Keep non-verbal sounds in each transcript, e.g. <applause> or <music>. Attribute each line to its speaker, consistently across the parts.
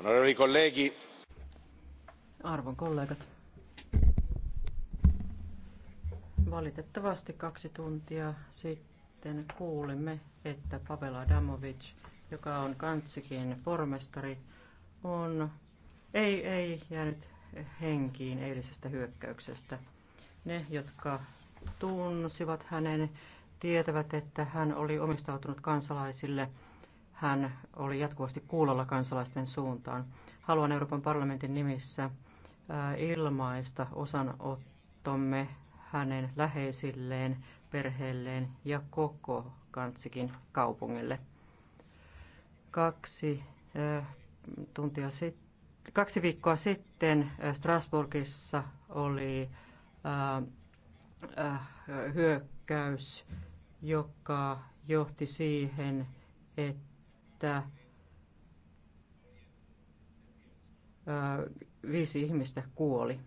Speaker 1: Onorevoli colleghi.
Speaker 2: Arvon kollegat. Valitettavasti kaksi tuntia sitten kuulimme, että Pavel Adamovic, joka on Kantsikin pormestari, on, ei, ei jäänyt henkiin eilisestä hyökkäyksestä. Ne, jotka tunsivat hänen, tietävät, että hän oli omistautunut kansalaisille – hän oli jatkuvasti kuulolla kansalaisten suuntaan. Haluan Euroopan parlamentin nimissä äh, ilmaista osanottomme hänen läheisilleen, perheelleen ja koko kantsikin kaupungille. Kaksi, äh, tuntia sit, kaksi viikkoa sitten äh, Strasbourgissa oli hyökkäys, joka johti siihen, että että viisi ihmistä kuoli.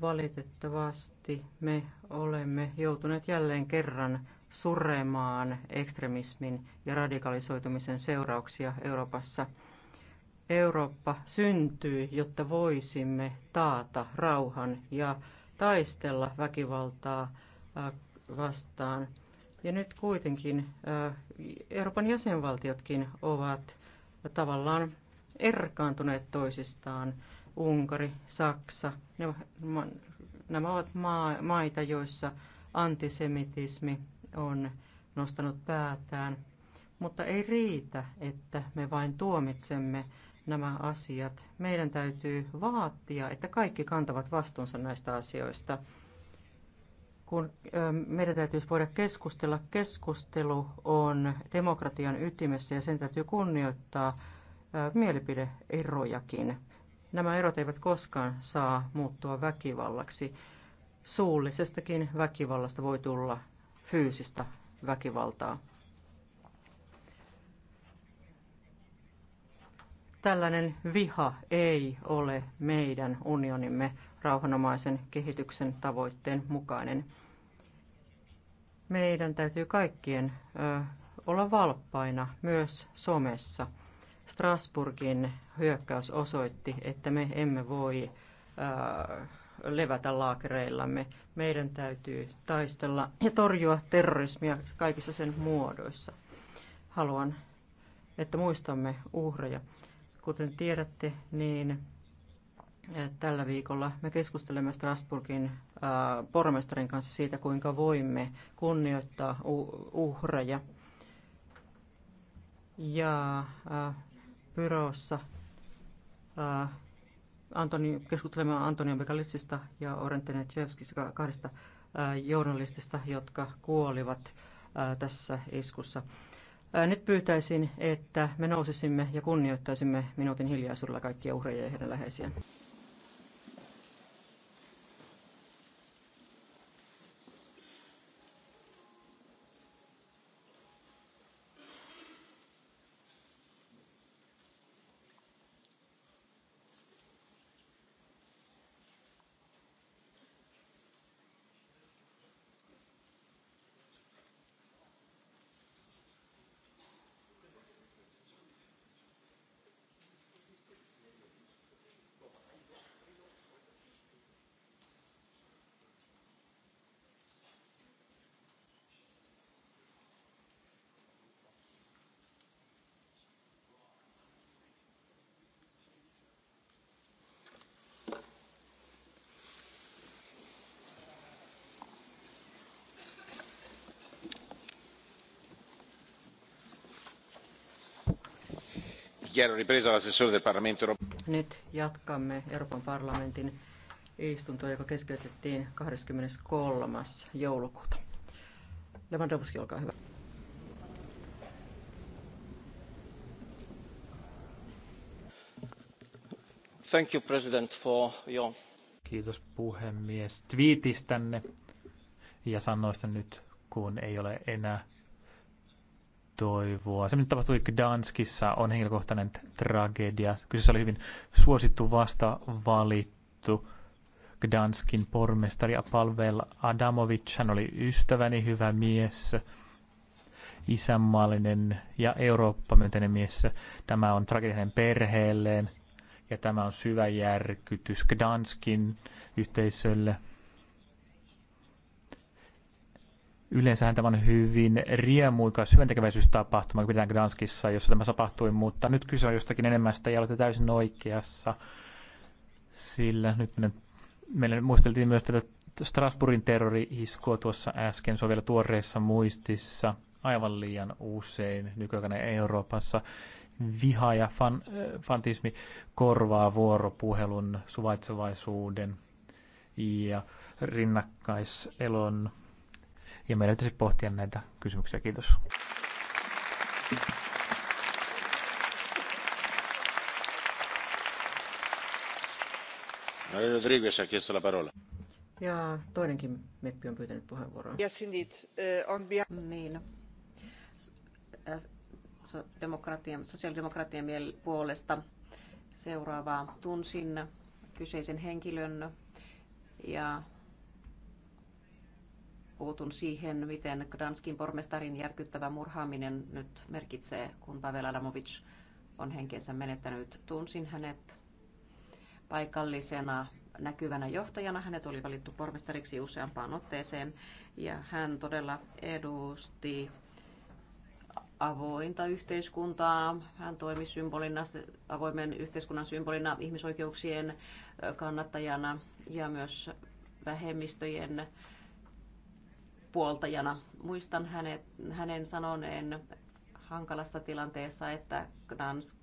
Speaker 2: Valitettavasti me olemme joutuneet jälleen kerran suremaan ekstremismin ja radikalisoitumisen seurauksia Euroopassa. Eurooppa syntyi, jotta voisimme taata rauhan ja taistella väkivaltaa vastaan. Ja nyt kuitenkin Euroopan jäsenvaltiotkin ovat tavallaan erkaantuneet toisistaan. Unkari, Saksa, ne, nämä ovat maa, maita, joissa antisemitismi on nostanut päätään. Mutta ei riitä, että me vain tuomitsemme nämä asiat. Meidän täytyy vaatia, että kaikki kantavat vastuunsa näistä asioista kun meidän täytyisi voida keskustella. Keskustelu on demokratian ytimessä ja sen täytyy kunnioittaa mielipideerojakin. Nämä erot eivät koskaan saa muuttua väkivallaksi. Suullisestakin väkivallasta voi tulla fyysistä väkivaltaa. Tällainen viha ei ole meidän unionimme rauhanomaisen kehityksen tavoitteen mukainen. Meidän täytyy kaikkien ö, olla valppaina myös somessa. Strasburgin hyökkäys osoitti, että me emme voi ö, levätä laakereillamme. Meidän täytyy taistella ja torjua terrorismia kaikissa sen muodoissa. Haluan, että muistamme uhreja. Kuten tiedätte, niin Tällä viikolla me keskustelemme Strasbourgin pormestarin kanssa siitä, kuinka voimme kunnioittaa uhreja. Ja Pyrossa Antoni, keskustelemme Antonio Begalitsista ja Orentene Chevskistä kahdesta journalistista, jotka kuolivat tässä iskussa. Nyt pyytäisin, että me nousisimme ja kunnioittaisimme minuutin hiljaisuudella kaikkia uhreja ja heidän läheisiään. Nyt jatkamme Euroopan parlamentin istuntoa, joka keskeytettiin 23. joulukuuta. Lewandowski, olkaa hyvä.
Speaker 3: Thank you, President, for your... Kiitos puhemies twiitistänne ja sanoista nyt, kun ei ole enää toivoa. Se, mitä tapahtui Gdanskissa, on henkilökohtainen tragedia. Kyseessä oli hyvin suosittu vasta valittu Gdanskin pormestari Palvel Adamovic. Hän oli ystäväni hyvä mies, isänmaallinen ja Eurooppa-myönteinen mies. Tämä on tragedia hänen perheelleen ja tämä on syvä järkytys Gdanskin yhteisölle – Yleensähän tämä on hyvin riemuikas hyöntekeväisyystapahtuma, pitää Gdanskissa, jossa tämä tapahtui, mutta nyt kyse on jostakin enemmästä ja olette täysin oikeassa, sillä nyt meidän, meillä muisteltiin myös tätä Strasbourgin terrori-iskua tuossa äsken, se on vielä tuoreessa muistissa, aivan liian usein nykyaikana Euroopassa. Viha ja fan, äh, fantismi korvaa vuoropuhelun, suvaitsevaisuuden ja rinnakkaiselon ja meidän pitäisi pohtia näitä kysymyksiä. Kiitos.
Speaker 1: Rodriguez ha chiesto la parola.
Speaker 2: Ja toinenkin meppi on pyytänyt puheenvuoroa. Yes, indeed. Uh, on behalf...
Speaker 4: Niin. demokratian, sosiaalidemokratian puolesta seuraavaa tunsin kyseisen henkilön ja puutun siihen, miten Gdanskin pormestarin järkyttävä murhaaminen nyt merkitsee, kun Pavel Adamovic on henkensä menettänyt. Tunsin hänet paikallisena näkyvänä johtajana. Hänet oli valittu pormestariksi useampaan otteeseen ja hän todella edusti avointa yhteiskuntaa. Hän toimi symbolina, avoimen yhteiskunnan symbolina, ihmisoikeuksien kannattajana ja myös vähemmistöjen puoltajana. Muistan hänet, hänen sanoneen hankalassa tilanteessa, että Gdansk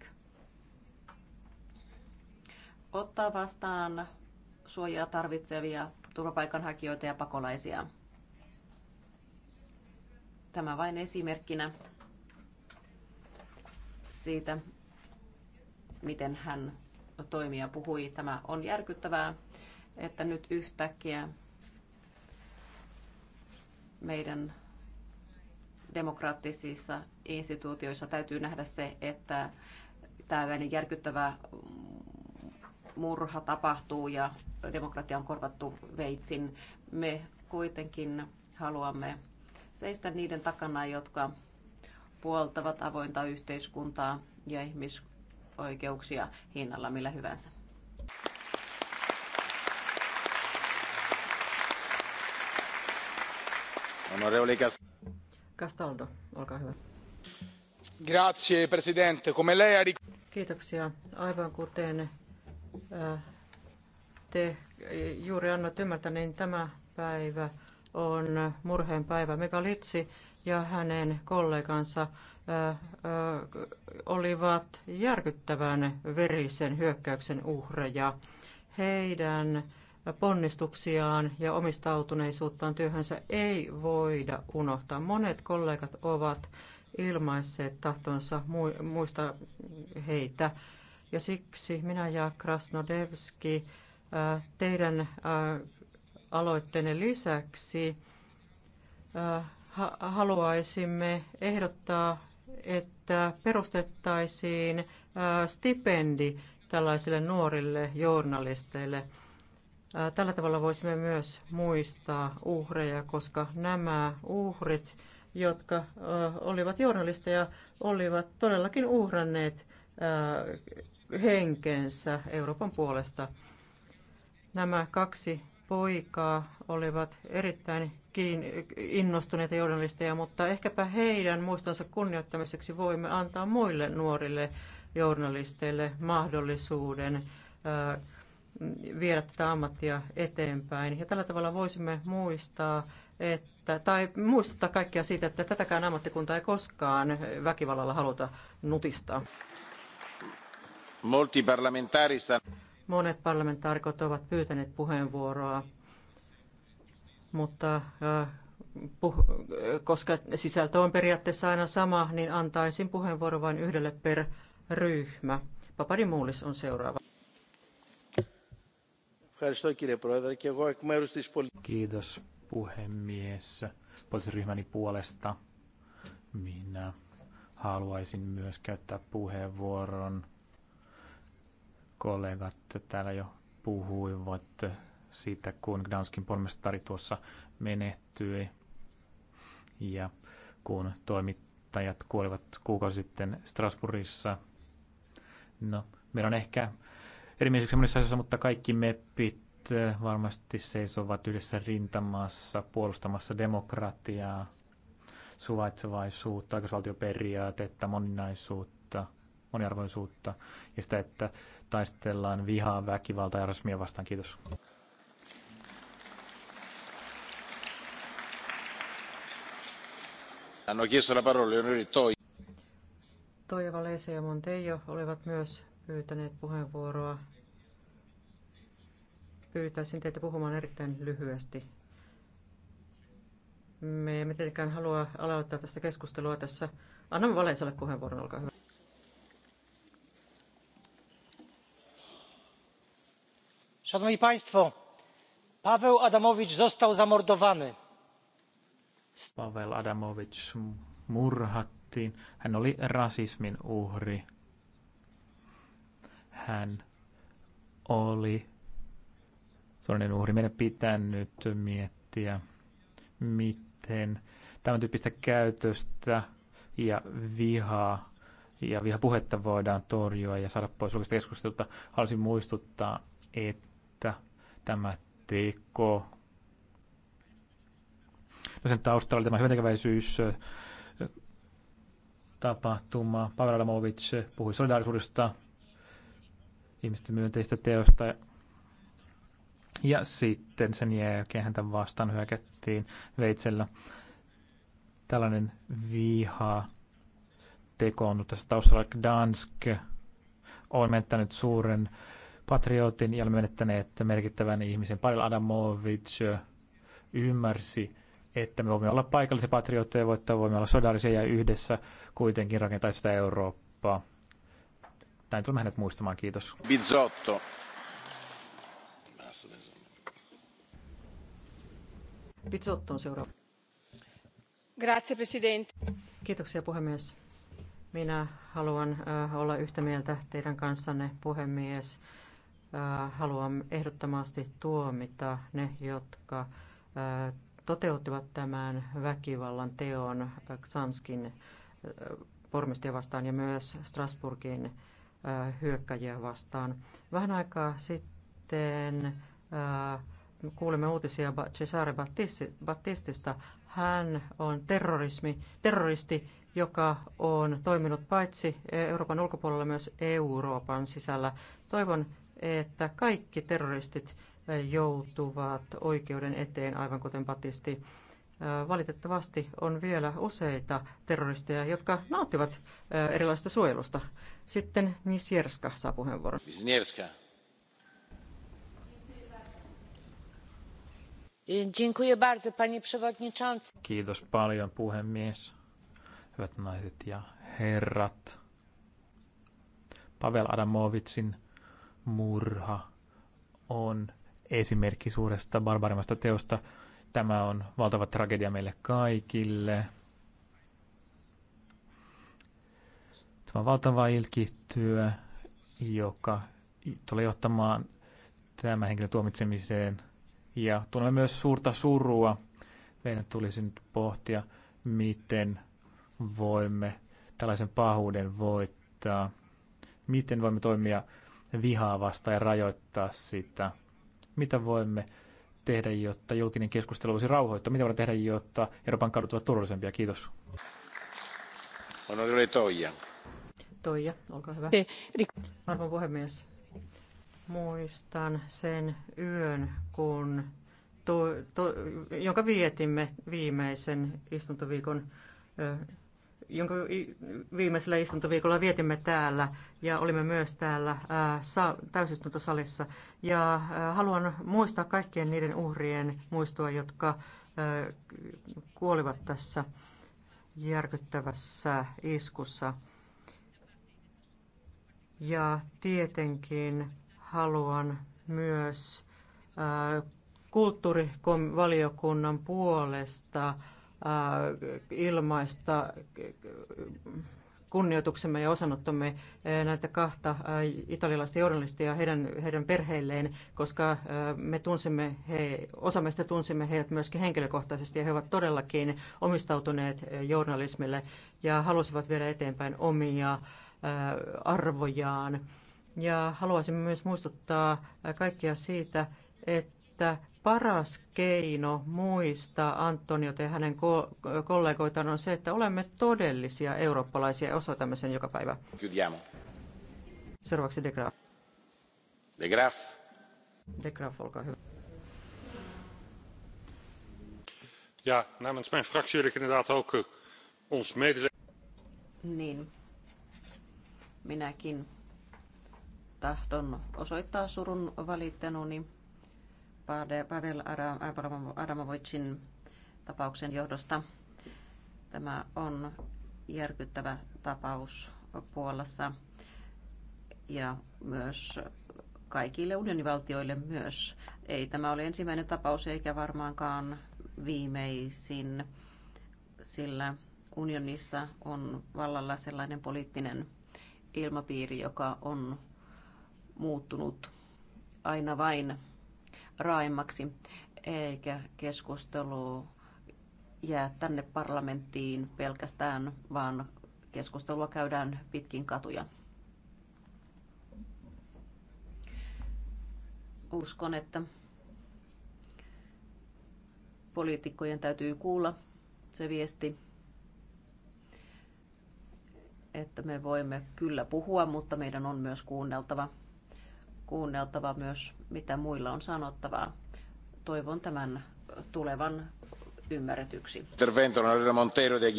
Speaker 4: ottaa vastaan suojaa tarvitsevia turvapaikanhakijoita ja pakolaisia. Tämä vain esimerkkinä siitä, miten hän toimia puhui. Tämä on järkyttävää, että nyt yhtäkkiä meidän demokraattisissa instituutioissa täytyy nähdä se, että tällainen järkyttävä murha tapahtuu ja demokratia on korvattu veitsin. Me kuitenkin haluamme seistä niiden takana, jotka puoltavat avointa yhteiskuntaa ja ihmisoikeuksia hinnalla millä hyvänsä.
Speaker 1: Castaldo, olkaa hyvä. Grazie, presidente. Come lei ha...
Speaker 2: Kiitoksia. Aivan kuten äh, te äh, juuri annoitte ymmärtää, niin tämä päivä on murheen päivä. Megalitsi ja hänen kollegansa äh, olivat järkyttävän verisen hyökkäyksen uhreja. Heidän ponnistuksiaan ja omistautuneisuuttaan työhönsä ei voida unohtaa. Monet kollegat ovat ilmaisseet tahtonsa muista heitä. Ja siksi minä ja Krasnodevski äh, teidän äh, aloitteenne lisäksi äh, haluaisimme ehdottaa, että perustettaisiin stipendi tällaisille nuorille journalisteille – Tällä tavalla voisimme myös muistaa uhreja, koska nämä uhrit, jotka olivat journalisteja, olivat todellakin uhranneet henkensä Euroopan puolesta. Nämä kaksi poikaa olivat erittäin innostuneita journalisteja, mutta ehkäpä heidän muistonsa kunnioittamiseksi voimme antaa muille nuorille journalisteille mahdollisuuden viedä tätä ammattia eteenpäin. Ja tällä tavalla voisimme muistaa, että, tai muistuttaa kaikkia siitä, että tätäkään ammattikuntaa ei koskaan väkivallalla haluta nutistaa. Monet parlamentaarikot ovat pyytäneet puheenvuoroa, mutta puh- koska sisältö on periaatteessa aina sama, niin antaisin puheenvuoro vain yhdelle per ryhmä. Papadimoulis on seuraava.
Speaker 3: Kiitos puhemies. Poliisiryhmäni puolesta minä haluaisin myös käyttää puheenvuoron. Kollegat täällä jo puhuivat siitä, kun Gdanskin pormestari tuossa menehtyi ja kun toimittajat kuolivat kuukausi sitten Strasbourgissa. No, meillä on ehkä erimielisyyksiä monissa asioissa, mutta kaikki meppit eh, varmasti seisovat yhdessä rintamassa puolustamassa demokratiaa, suvaitsevaisuutta, oikeusvaltioperiaatetta, moninaisuutta, moniarvoisuutta ja sitä, että taistellaan vihaa, väkivaltaa ja rasmia vastaan. Kiitos.
Speaker 2: Toivola Ese ja Montejo olivat myös pyytäneet puheenvuoroa. Pyytäisin teitä puhumaan erittäin lyhyesti. Me emme tietenkään halua aloittaa tästä keskustelua tässä. Anna Valensalle puheenvuoron, olkaa hyvä.
Speaker 5: Szanowni Państwo,
Speaker 6: Paweł Adamowicz został zamordowany.
Speaker 3: Paweł Adamowicz murhattiin. Hän oli rasismin uhri hän oli sellainen uhri. Meidän pitää nyt miettiä, miten tämän tyyppistä käytöstä ja vihaa ja vihapuhetta voidaan torjua ja saada pois julkista keskustelulta. Haluaisin muistuttaa, että tämä teko, no sen taustalla oli tämä hyötykäväisyys, tapahtuma. Pavel Adamovic puhui solidaarisuudesta ihmisten myönteistä teosta. Ja sitten sen jälkeen häntä vastaan hyökättiin veitsellä. Tällainen viha teko on tässä taustalla. Dansk on menettänyt suuren patriotin ja menettäneet merkittävän ihmisen. Paril Adamovic ymmärsi, että me voimme olla paikallisia patriotteja, voittaa voimme olla sodallisia ja yhdessä kuitenkin rakentaa sitä Eurooppaa. Näin tulemme hänet muistamaan, kiitos. Bizzotto.
Speaker 2: Bizzotto on seuraava. Grazie, presidente. Kiitoksia puhemies. Minä haluan olla yhtä mieltä teidän kanssanne, puhemies. Haluan ehdottomasti tuomita ne, jotka toteuttivat tämän väkivallan teon Sanskin pormistia vastaan ja myös Strasburgin hyökkäjiä vastaan. Vähän aikaa sitten kuulemme uutisia Cesare Battistista. Hän on terrorismi, terroristi, joka on toiminut paitsi Euroopan ulkopuolella myös Euroopan sisällä. Toivon, että kaikki terroristit joutuvat oikeuden eteen, aivan kuten Batisti. Valitettavasti on vielä useita terroristeja, jotka nauttivat erilaista suojelusta sitten
Speaker 3: Nisierska saa puheenvuoron. Nisierska. Kiitos paljon puhemies. Hyvät naiset ja herrat. Pavel Adamovitsin murha on esimerkki suuresta barbarimasta teosta. Tämä on valtava tragedia meille kaikille. Tämä on valtava ilkityö, joka tulee johtamaan tämän henkilön tuomitsemiseen. Ja tulee myös suurta surua. Meidän tulisi nyt pohtia, miten voimme tällaisen pahuuden voittaa. Miten voimme toimia vihaa vastaan ja rajoittaa sitä. Mitä voimme tehdä, jotta julkinen keskustelu olisi rauhoittaa? Mitä voidaan tehdä, jotta Euroopan kadut ovat turvallisempia? Kiitos.
Speaker 1: Onorevole Toija. Toija, olkaa hyvä. Niin,
Speaker 2: Arvon puhemies, muistan sen yön, kun to, to, jonka vietimme viimeisen istuntoviikon jonka viimeisellä istuntoviikolla vietimme täällä ja olimme myös täällä täysistuntosalissa. Ja haluan muistaa kaikkien niiden uhrien muistoa, jotka kuolivat tässä järkyttävässä iskussa. Ja tietenkin haluan myös kulttuurivaliokunnan puolesta ilmaista kunnioituksemme ja osanottomme näitä kahta italialaista journalistia heidän, heidän perheilleen, koska me tunsimme he, osa meistä tunsimme heidät myöskin henkilökohtaisesti ja he ovat todellakin omistautuneet journalismille ja halusivat viedä eteenpäin omia arvojaan. Ja haluaisin myös muistuttaa kaikkia siitä, että paras keino muistaa Antoniota ja hänen kollegoitaan on se, että olemme todellisia eurooppalaisia ja osoitamme sen joka päivä. Chiudiamo. Seuraavaksi De Graaf. De Graaf. De Graaf, olkaa hyvä.
Speaker 7: Ja namens mijn fractie wil ik inderdaad ook eh, ons medeleven.
Speaker 4: Niin, Minäkin tahdon osoittaa surun valitteluni Pavel Adamovicin tapauksen johdosta. Tämä on järkyttävä tapaus Puolassa ja myös kaikille unionivaltioille myös. Ei tämä ole ensimmäinen tapaus eikä varmaankaan viimeisin, sillä unionissa on vallalla sellainen poliittinen ilmapiiri, joka on muuttunut aina vain raaimmaksi, eikä keskustelu jää tänne parlamenttiin pelkästään, vaan keskustelua käydään pitkin katuja. Uskon, että poliitikkojen täytyy kuulla se viesti, että me voimme kyllä puhua, mutta meidän on myös kuunneltava, kuunneltava myös, mitä muilla on sanottavaa.
Speaker 2: Toivon tämän tulevan ymmärretyksi. Montero de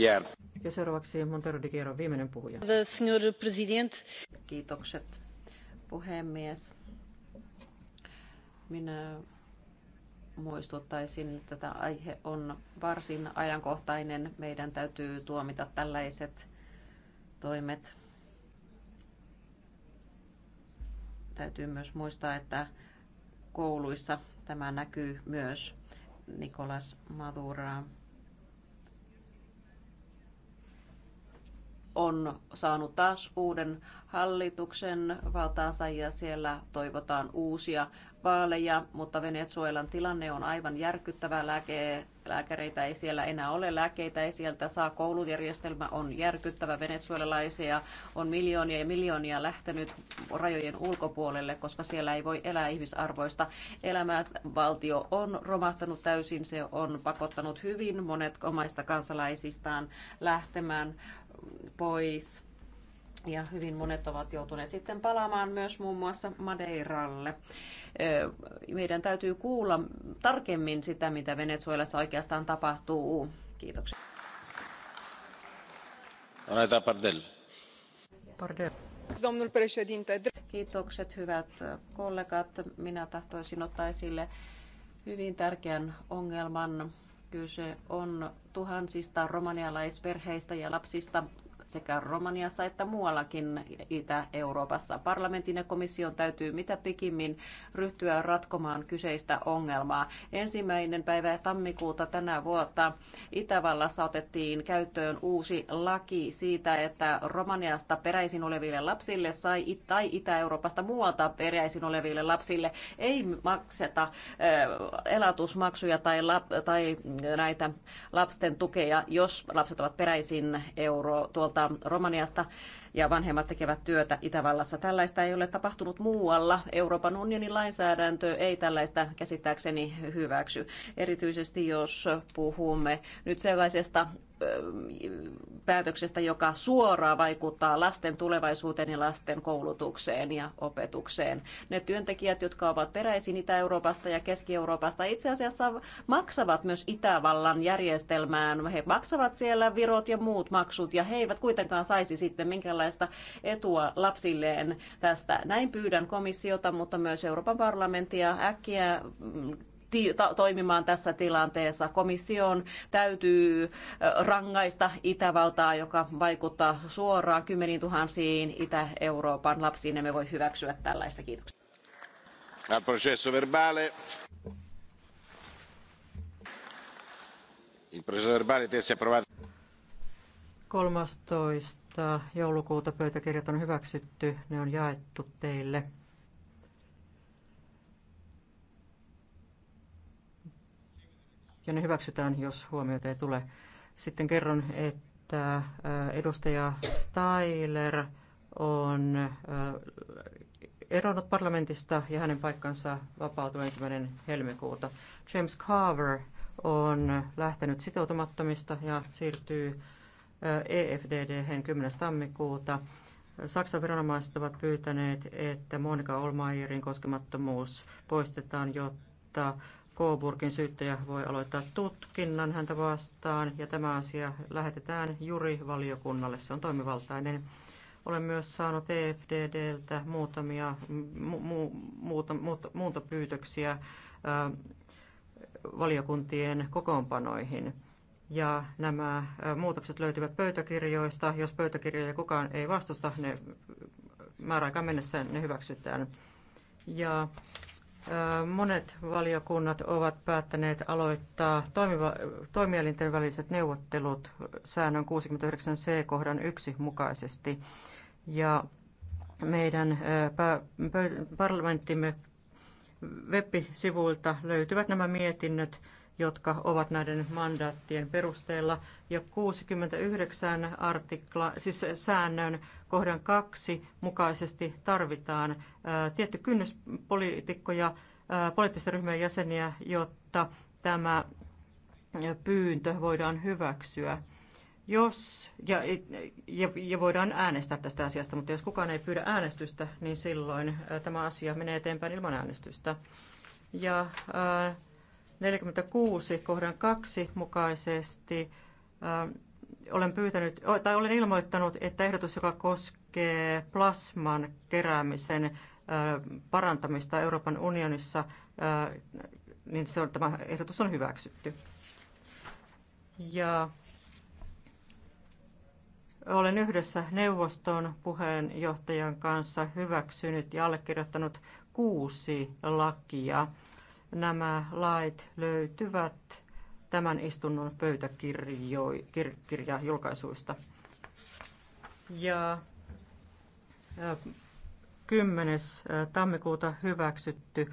Speaker 2: Ja seuraavaksi Montero de Guiar on viimeinen puhuja. The senior president. Kiitokset
Speaker 4: puhemies. Minä muistuttaisin, että tämä aihe on varsin ajankohtainen. Meidän täytyy tuomita tällaiset toimet. Täytyy myös muistaa, että kouluissa tämä näkyy myös Nikolas Maduraa on saanut taas uuden hallituksen valtaansa ja siellä toivotaan uusia vaaleja, mutta Venezuelan tilanne on aivan järkyttävä. Lääke, lääkäreitä ei siellä enää ole, lääkeitä ei sieltä saa, koulujärjestelmä on järkyttävä. Venezuelalaisia on miljoonia ja miljoonia lähtenyt rajojen ulkopuolelle, koska siellä ei voi elää ihmisarvoista elämää. Valtio on romahtanut täysin, se on pakottanut hyvin monet omaista kansalaisistaan lähtemään pois. Ja hyvin monet ovat joutuneet sitten palaamaan myös muun muassa Madeiralle. Meidän täytyy kuulla tarkemmin sitä, mitä Venezuelassa oikeastaan tapahtuu. Kiitoksia. Pardel. Pardel. Kiitokset hyvät kollegat. Minä tahtoisin ottaa esille hyvin tärkeän ongelman Kyse on tuhansista romanialaisperheistä ja lapsista sekä Romaniassa että muuallakin Itä-Euroopassa. Parlamentin ja komission täytyy mitä pikimmin ryhtyä ratkomaan kyseistä ongelmaa. Ensimmäinen päivä tammikuuta tänä vuotta Itävallassa otettiin käyttöön uusi laki siitä, että Romaniasta peräisin oleville lapsille tai Itä-Euroopasta muualta peräisin oleville lapsille ei makseta elatusmaksuja tai, lap, tai näitä lapsen tukea, jos lapset ovat peräisin euro, tuolta tuolta Romaniasta ja vanhemmat tekevät työtä Itävallassa. Tällaista ei ole tapahtunut muualla. Euroopan unionin lainsäädäntö ei tällaista käsittääkseni hyväksy. Erityisesti jos puhumme nyt sellaisesta päätöksestä, joka suoraan vaikuttaa lasten tulevaisuuteen ja lasten koulutukseen ja opetukseen. Ne työntekijät, jotka ovat peräisin Itä-Euroopasta ja Keski-Euroopasta, itse asiassa maksavat myös Itävallan järjestelmään. He maksavat siellä virot ja muut maksut ja he eivät kuitenkaan saisi sitten minkälaista etua lapsilleen tästä. Näin pyydän komissiota, mutta myös Euroopan parlamenttia äkkiä toimimaan tässä tilanteessa. Komission täytyy rangaista Itävaltaa, joka vaikuttaa suoraan kymmeniin tuhansiin Itä-Euroopan lapsiin. Emme voi hyväksyä tällaista. Kiitoksia.
Speaker 1: Al processo verbale. Il processo verbale tesi approvato.
Speaker 2: 13. joulukuuta pöytäkirjat on hyväksytty, ne on jaettu teille. ja ne hyväksytään, jos huomioita ei tule. Sitten kerron, että äh, edustaja Steiler on äh, eronnut parlamentista ja hänen paikkansa vapautui ensimmäinen helmikuuta. James Carver on lähtenyt sitoutumattomista ja siirtyy äh, EFDD 10. tammikuuta. Saksan viranomaiset ovat pyytäneet, että Monika Olmaierin koskemattomuus poistetaan, jotta Kooburgin syyttäjä voi aloittaa tutkinnan häntä vastaan ja tämä asia lähetetään jurivaliokunnalle. Se on toimivaltainen. Olen myös saanut EFDDltä muutamia mu, mu, muuta, muuntopyytöksiä ää, valiokuntien kokoonpanoihin. Ja nämä ää, muutokset löytyvät pöytäkirjoista. Jos pöytäkirjoja kukaan ei vastusta, ne määräaikaan mennessä ne hyväksytään. Ja Monet valiokunnat ovat päättäneet aloittaa toimiva, toimielinten väliset neuvottelut säännön 69c-kohdan 1 mukaisesti. Ja meidän parlamenttimme web-sivuilta löytyvät nämä mietinnöt jotka ovat näiden mandaattien perusteella. Ja 69 artikla, siis säännön kohdan kaksi mukaisesti tarvitaan tietty kynnys poliitikkoja, poliittisten ryhmien jäseniä, jotta tämä pyyntö voidaan hyväksyä. Jos, ja, ja, ja voidaan äänestää tästä asiasta, mutta jos kukaan ei pyydä äänestystä, niin silloin tämä asia menee eteenpäin ilman äänestystä. Ja 46 kohdan 2 mukaisesti äh, olen pyytänyt, tai olen ilmoittanut, että ehdotus, joka koskee plasman keräämisen äh, parantamista Euroopan unionissa, äh, niin se on, tämä ehdotus on hyväksytty. Ja olen yhdessä neuvoston puheenjohtajan kanssa hyväksynyt ja allekirjoittanut kuusi lakia. Nämä lait löytyvät tämän istunnon pöytäkirjajulkaisuista. Ja 10. tammikuuta hyväksytty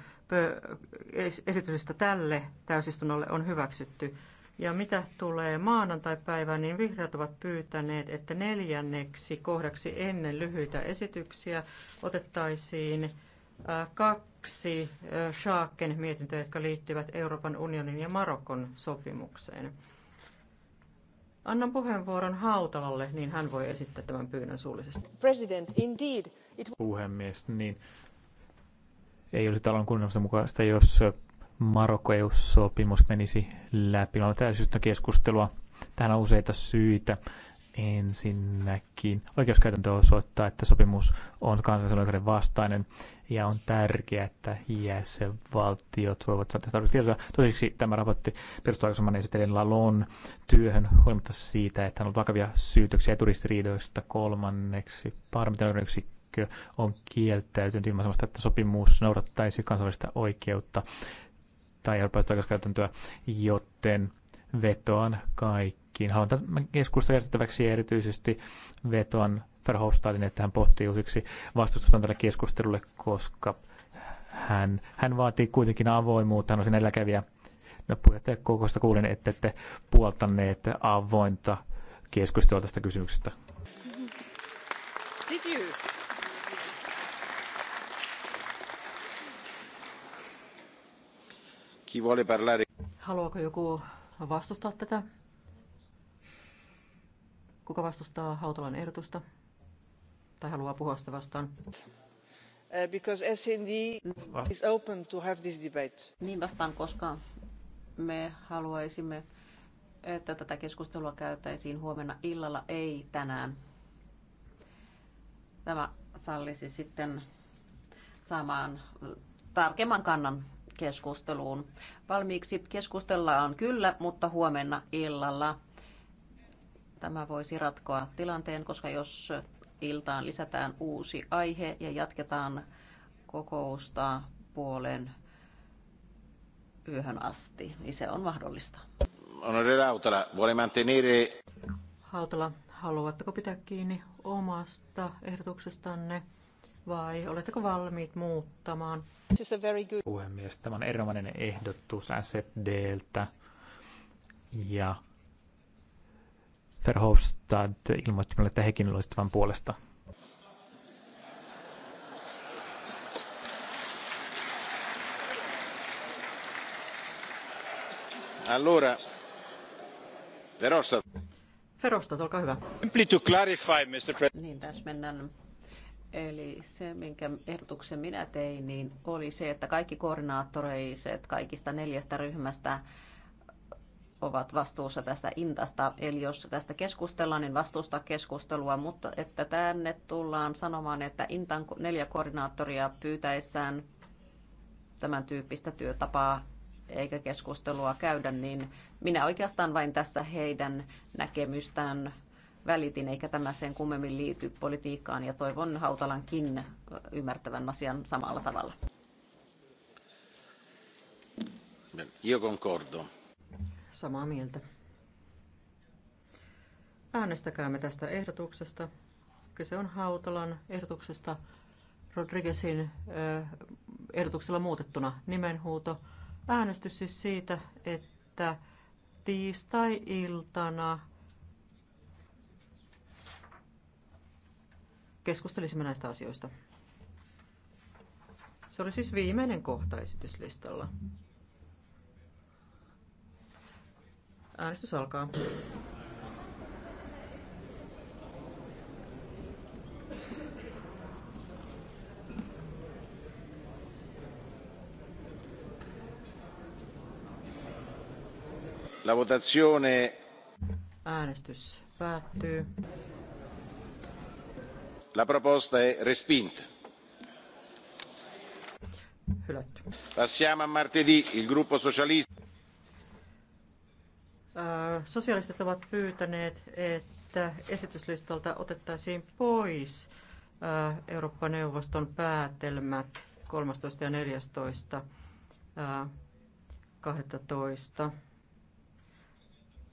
Speaker 2: esityksestä tälle täysistunnolle on hyväksytty. Ja mitä tulee maanantai-päivään, niin vihreät ovat pyytäneet, että neljänneksi kohdaksi ennen lyhyitä esityksiä otettaisiin kaksi Schaaken mietintöä, jotka liittyvät Euroopan unionin ja Marokon sopimukseen. Annan puheenvuoron Hautalalle, niin hän voi esittää tämän pyynnön suullisesti. President, indeed, it... Puhemies,
Speaker 3: niin ei olisi talon kunnossa mukaista, jos Marokko EU-sopimus menisi läpi. Meillä on täysistunto keskustelua. Tähän on useita syitä. Ensinnäkin oikeuskäytäntö osoittaa, että sopimus on kansallisen oikeuden vastainen ja on tärkeää, että jäsenvaltiot voivat saada tästä tietoa. Toiseksi tämä raportti perustuu aikaisemman esitellen Lalon työhön huolimatta siitä, että on ollut vakavia syytöksiä eturistiriidoista kolmanneksi. Parlamentin yksikkö on kieltäytynyt ilmaisemasta, että sopimus noudattaisi kansainvälistä oikeutta tai eurooppalaista oikeuskäytäntöä, joten vetoan kaikkiin. Haluan tämän keskustelun järjestettäväksi erityisesti vetoan Verhofstadin, että hän pohtii uusiksi vastustusta tälle keskustelulle, koska hän, hän vaatii kuitenkin avoimuutta, hän on sen eläkäviä. No kokoista kuulin, että ette puoltaneet avointa keskustelua tästä kysymyksestä.
Speaker 8: Did you?
Speaker 2: Haluaako joku vastustaa tätä? Kuka vastustaa Hautalan ehdotusta? tai haluaa puhua sitä vastaan? Uh,
Speaker 4: because SND ah. is open to have this debate. Niin vastaan, koska me haluaisimme, että tätä keskustelua käytäisiin huomenna illalla, ei tänään. Tämä sallisi sitten saamaan tarkemman kannan keskusteluun. Valmiiksi keskustellaan kyllä, mutta huomenna illalla. Tämä voisi ratkoa tilanteen, koska jos iltaan lisätään uusi aihe ja jatketaan kokousta puolen yöhön
Speaker 2: asti, niin se on mahdollista.
Speaker 1: Honorable Hautala, vuole
Speaker 2: Hautala, haluatteko pitää kiinni omasta ehdotuksestanne vai oletteko valmiit muuttamaan?
Speaker 3: This good... Puhemies, tämä on erinomainen ehdotus SDltä ja Verhofstadt ilmoitti minulle, että hekin olisivat puolesta.
Speaker 1: Allora, Verhofstadt.
Speaker 2: Verhofstadt,
Speaker 4: olkaa
Speaker 6: hyvä. Simply to clarify, Mr. President. Niin,
Speaker 4: mennään. Eli se, minkä ehdotuksen minä tein, niin oli se, että kaikki koordinaattoreiset kaikista neljästä ryhmästä ovat vastuussa tästä intasta. Eli jos tästä keskustellaan, niin vastuusta keskustelua, mutta että tänne tullaan sanomaan, että intan neljä koordinaattoria pyytäessään tämän tyyppistä työtapaa eikä keskustelua käydä, niin minä oikeastaan vain tässä heidän näkemystään välitin, eikä tämä sen kummemmin liity politiikkaan, ja toivon Hautalankin
Speaker 2: ymmärtävän asian samalla tavalla.
Speaker 1: Io concordo
Speaker 2: samaa mieltä. Äänestäkäämme tästä ehdotuksesta. Kyse on Hautalan ehdotuksesta Rodriguezin ehdotuksella muutettuna nimenhuuto. Äänestys siis siitä, että tiistai-iltana keskustelisimme näistä asioista. Se oli siis viimeinen kohta esityslistalla. Äänestys alkaa.
Speaker 1: La votazione.
Speaker 2: Äänestys päättyy.
Speaker 1: La proposta è respinta. Hylätty. Passiamo a martedì. Il gruppo socialista
Speaker 2: Sosiaaliset ovat pyytäneet, että esityslistalta otettaisiin pois Eurooppa-neuvoston päätelmät 13 ja 14. 12.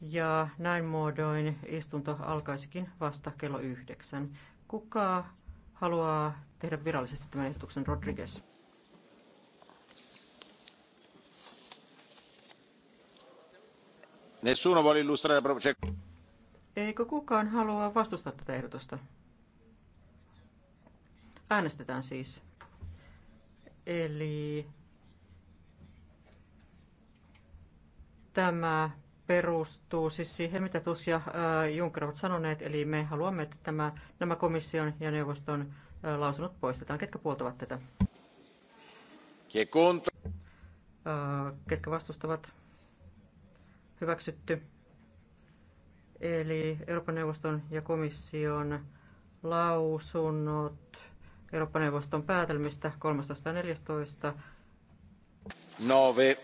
Speaker 2: Ja näin muodoin istunto alkaisikin vasta kello yhdeksän. Kuka haluaa tehdä virallisesti tämän ehdotuksen, Rodriguez?
Speaker 1: Nessuno vuole illustrare...
Speaker 2: Eikö kukaan halua vastustaa tätä ehdotusta? Äänestetään siis. Eli tämä perustuu siis siihen, mitä Tus ja Juncker ovat sanoneet, eli me haluamme, että tämä, nämä komission ja neuvoston lausunnot poistetaan. Ketkä puoltavat tätä? Ketkä vastustavat? hyväksytty. Eli Euroopan neuvoston ja komission lausunnot Euroopan neuvoston päätelmistä 13.14. Nove.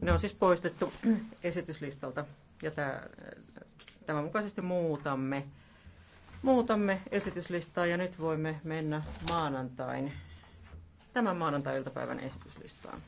Speaker 2: Ne on siis poistettu esityslistalta ja tämän mukaisesti muutamme, muutamme esityslistaa ja nyt voimme mennä maanantain, tämän maanantai-iltapäivän esityslistaan.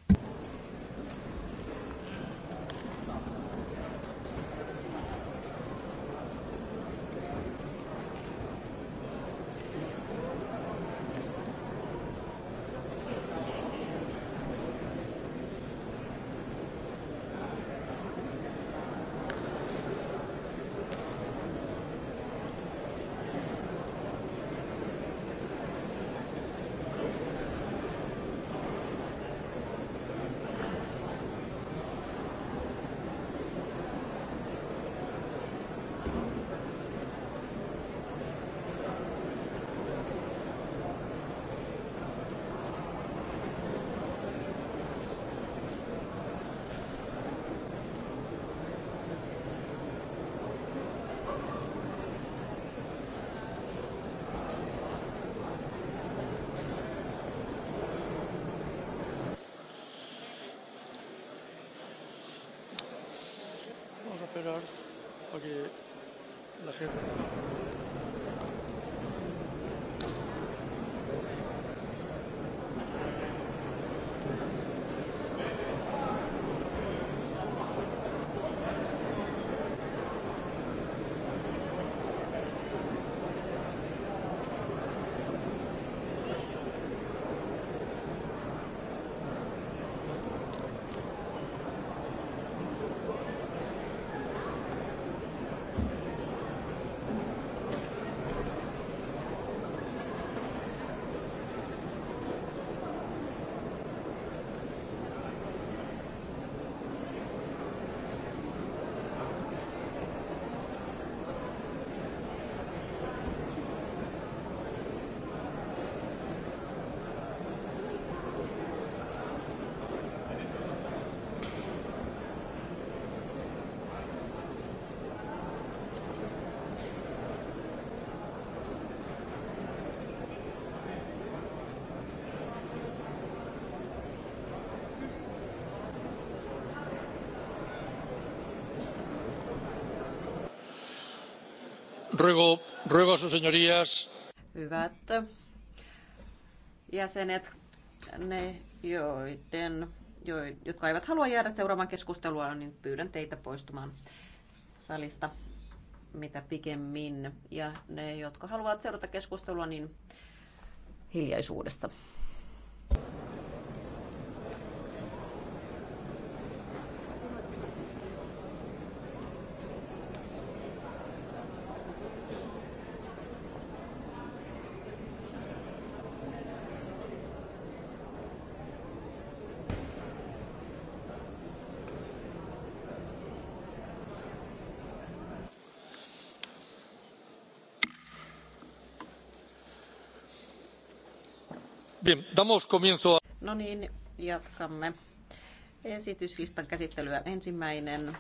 Speaker 4: Hyvät jäsenet, ne joiden, jo, jotka eivät halua jäädä seuraamaan keskustelua, niin pyydän teitä poistumaan salista mitä pikemmin. Ja ne, jotka haluavat seurata keskustelua, niin hiljaisuudessa. No niin, jatkamme esityslistan käsittelyä. Ensimmäinen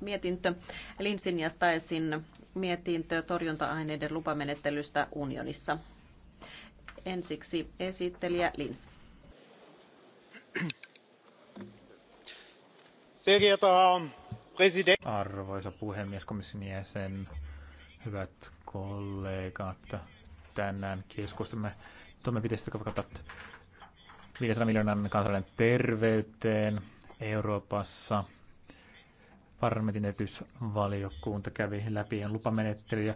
Speaker 4: mietintö Linsin ja Staesin mietintö torjunta-aineiden lupamenettelystä unionissa. Ensiksi esittelijä Lins.
Speaker 3: Arvoisa puhemies, komission jäsen, hyvät kollegat, tänään keskustelemme toimenpiteistä, jotka vaikuttavat 500 miljoonan kansalainen terveyteen Euroopassa. Parlamentin etysvaliokunta kävi läpi lupamenettelyjä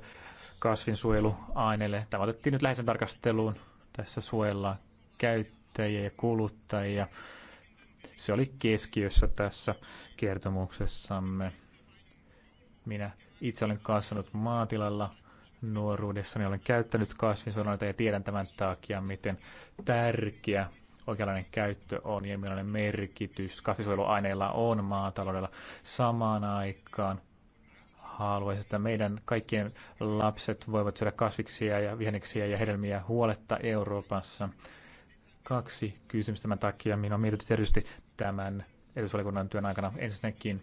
Speaker 3: kasvinsuojeluaineille. Tämä otettiin nyt läheisen tarkasteluun. Tässä suojellaan käyttäjiä ja kuluttajia. Se oli keskiössä tässä kertomuksessamme. Minä itse olen kasvanut maatilalla nuoruudessani olen käyttänyt kasvinsuojeluaineita ja tiedän tämän takia, miten tärkeä oikeanlainen käyttö on ja millainen merkitys kasvinsuojeluaineilla on maataloudella samaan aikaan. Haluaisin, että meidän kaikkien lapset voivat syödä kasviksia ja viheniksiä ja hedelmiä huoletta Euroopassa. Kaksi kysymystä tämän takia minä on mietitty erityisesti tämän edusvalikunnan työn aikana. Ensinnäkin,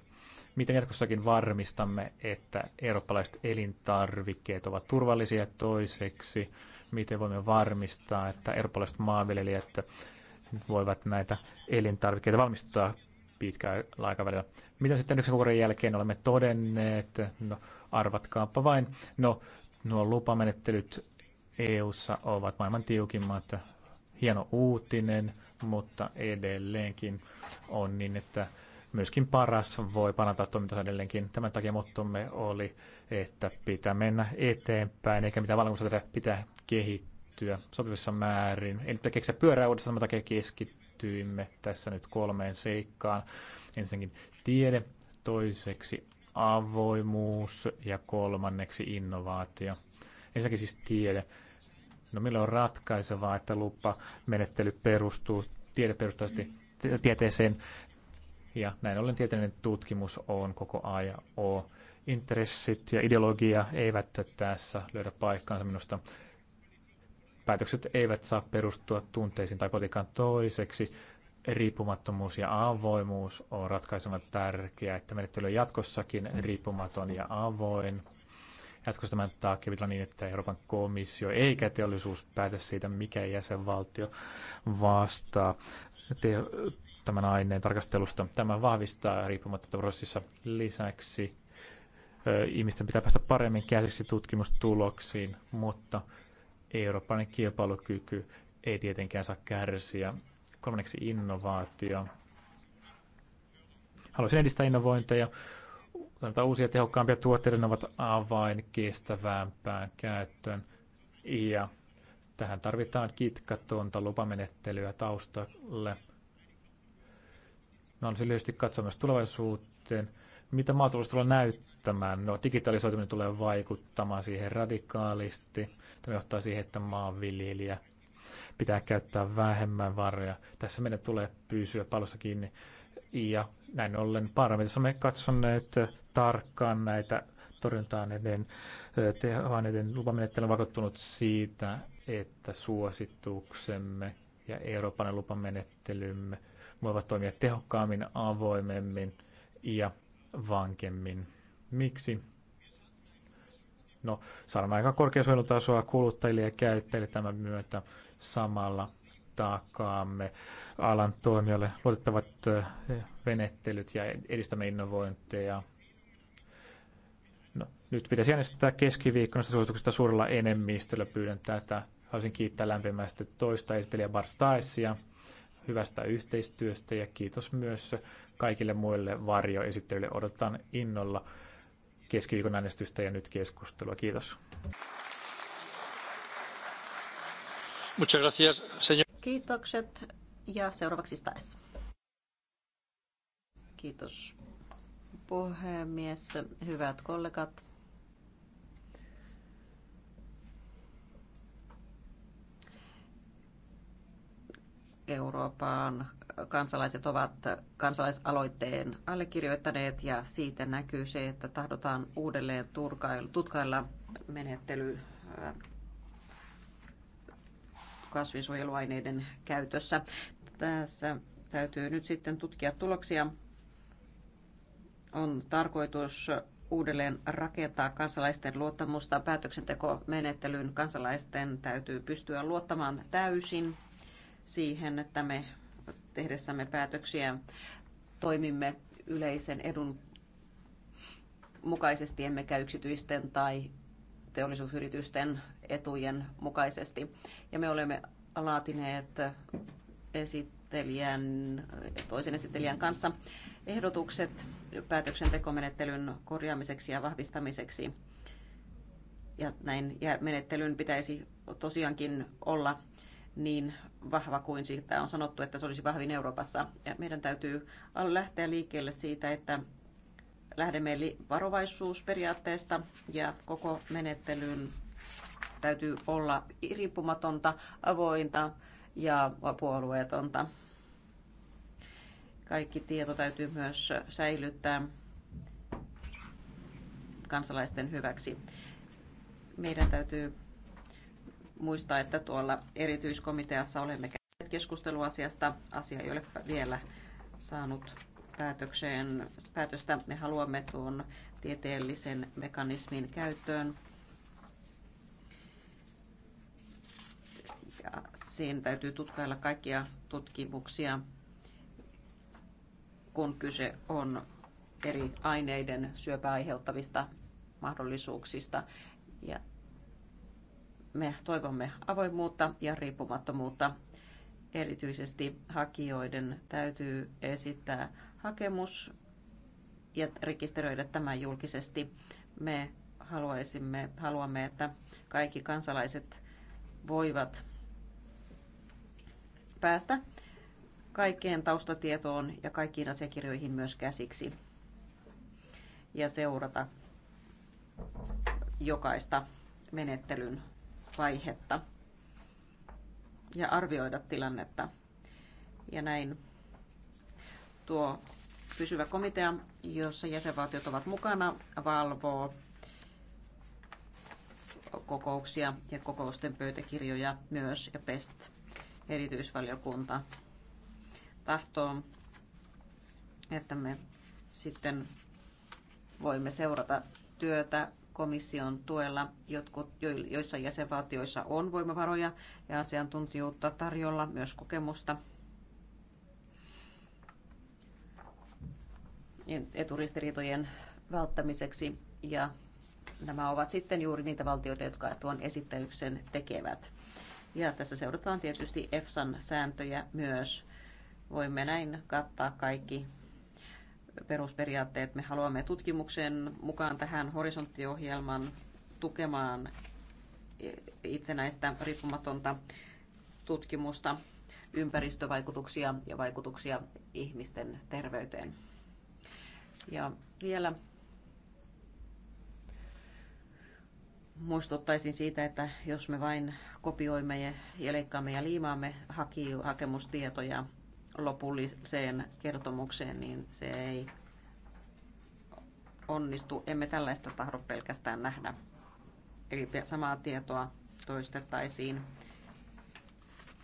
Speaker 3: miten jatkossakin varmistamme, että eurooppalaiset elintarvikkeet ovat turvallisia toiseksi, miten voimme varmistaa, että eurooppalaiset maanviljelijät voivat näitä elintarvikkeita valmistaa pitkällä aikavälillä. Mitä sitten yksi vuoden jälkeen olemme todenneet? No arvatkaapa vain. No nuo lupamenettelyt EU:ssa ovat maailman tiukimmat. Hieno uutinen, mutta edelleenkin on niin, että myöskin paras voi parantaa toimintansa edelleenkin. Tämän takia mottomme oli, että pitää mennä eteenpäin, eikä mitään valmiuksia tehdä, pitää kehittyä sopivissa määrin. Eli pitää keksiä pyörää uudestaan, tämän takia keskittyimme tässä nyt kolmeen seikkaan. Ensinnäkin tiede, toiseksi avoimuus ja kolmanneksi innovaatio. Ensinnäkin siis tiede. No millä on ratkaisevaa, että lupa menettely perustuu tiedeperustaisesti tieteeseen ja näin ollen tieteellinen tutkimus on koko A ja O. Intressit ja ideologia eivät tässä löydä paikkaansa minusta. Päätökset eivät saa perustua tunteisiin tai kotikaan toiseksi. Riippumattomuus ja avoimuus on ratkaisevan tärkeää, että menettely on jatkossakin riippumaton ja avoin. Jatkossa tämän takia pitää niin, että Euroopan komissio eikä teollisuus päätä siitä, mikä jäsenvaltio vastaa tämän aineen tarkastelusta. Tämä vahvistaa riippumattomuutta prosessissa lisäksi. Ihmisten pitää päästä paremmin käsiksi tutkimustuloksiin, mutta eurooppalainen kilpailukyky ei tietenkään saa kärsiä. Kolmanneksi innovaatio. Haluaisin edistää innovointeja. Sanotaan uusia tehokkaampia tuotteita ne ovat avain kestävämpään käyttöön. Ja tähän tarvitaan kitkatonta lupamenettelyä taustalle – me on lyhyesti katsoa myös tulevaisuuteen. Mitä maatalous tulee näyttämään? No, digitalisoituminen tulee vaikuttamaan siihen radikaalisti. Tämä johtaa siihen, että maanviljelijä pitää käyttää vähemmän varoja. Tässä meidän tulee pysyä palossa kiinni. Ja näin ollen parametissa me katsoneet tarkkaan näitä torjuntaan eden, tehoan eden lupamenettely on vakuuttunut siitä, että suosituksemme ja Euroopan lupamenettelymme – voivat toimia tehokkaammin, avoimemmin ja vankemmin. Miksi? No, saadaan aika korkea suojelutasoa kuluttajille ja käyttäjille tämän myötä samalla takaamme alan toimijoille luotettavat venettelyt ja edistämme innovointeja. No, nyt pitäisi äänestää keskiviikkona suosituksesta suurella enemmistöllä. Pyydän tätä. Haluaisin kiittää lämpimästi toista esittelijä Staisia hyvästä yhteistyöstä ja kiitos myös kaikille muille varjoesittelyille. Odotan innolla keskiviikon äänestystä ja nyt keskustelua. Kiitos.
Speaker 4: Kiitokset ja seuraavaksi taas. Kiitos puhemies, hyvät kollegat. Euroopan kansalaiset ovat kansalaisaloitteen allekirjoittaneet ja siitä näkyy se, että tahdotaan uudelleen tutkailla menettely äh, kasvinsuojeluaineiden käytössä. Tässä täytyy nyt sitten tutkia tuloksia. On tarkoitus uudelleen rakentaa kansalaisten luottamusta päätöksentekomenettelyyn. Kansalaisten täytyy pystyä luottamaan täysin siihen, että me tehdessämme päätöksiä toimimme yleisen edun mukaisesti, emmekä yksityisten tai teollisuusyritysten etujen mukaisesti. Ja me olemme laatineet esittelijän, toisen esittelijän kanssa ehdotukset päätöksentekomenettelyn korjaamiseksi ja vahvistamiseksi. Ja näin menettelyn pitäisi tosiaankin olla niin vahva kuin siitä on sanottu, että se olisi vahvin Euroopassa. Ja meidän täytyy lähteä liikkeelle siitä, että lähdemme varovaisuusperiaatteesta ja koko menettelyn täytyy olla riippumatonta, avointa ja puolueetonta. Kaikki tieto täytyy myös säilyttää kansalaisten hyväksi. Meidän täytyy muistaa, että tuolla erityiskomiteassa olemme käyneet asiasta. Asia ei ole vielä saanut päätökseen, päätöstä. Me haluamme tuon tieteellisen mekanismin käyttöön. Ja siinä täytyy tutkailla kaikkia tutkimuksia, kun kyse on eri aineiden syöpää aiheuttavista mahdollisuuksista. Ja me toivomme avoimuutta ja riippumattomuutta. Erityisesti hakijoiden täytyy esittää hakemus ja rekisteröidä tämä julkisesti. Me haluaisimme, haluamme, että kaikki kansalaiset voivat päästä kaikkeen taustatietoon ja kaikkiin asiakirjoihin myös käsiksi ja seurata jokaista menettelyn vaihetta ja arvioida tilannetta. Ja näin tuo pysyvä komitea, jossa jäsenvaltiot ovat mukana, valvoo kokouksia ja kokousten pöytäkirjoja myös ja PEST erityisvaliokunta tahtoo, että me sitten voimme seurata työtä komission tuella jotkut, joissa jäsenvaltioissa on voimavaroja ja asiantuntijuutta tarjolla, myös kokemusta. eturistiriitojen välttämiseksi ja nämä ovat sitten juuri niitä valtioita, jotka tuon esittelyksen tekevät. Ja tässä seurataan tietysti EFSAn sääntöjä myös. Voimme näin kattaa kaikki perusperiaatteet. Me haluamme tutkimuksen mukaan tähän horisonttiohjelman tukemaan itsenäistä riippumatonta tutkimusta, ympäristövaikutuksia ja vaikutuksia ihmisten terveyteen. Ja vielä muistuttaisin siitä, että jos me vain kopioimme ja leikkaamme ja liimaamme hakemustietoja lopulliseen kertomukseen, niin se ei onnistu. Emme tällaista tahdo pelkästään nähdä. Eli samaa tietoa toistettaisiin.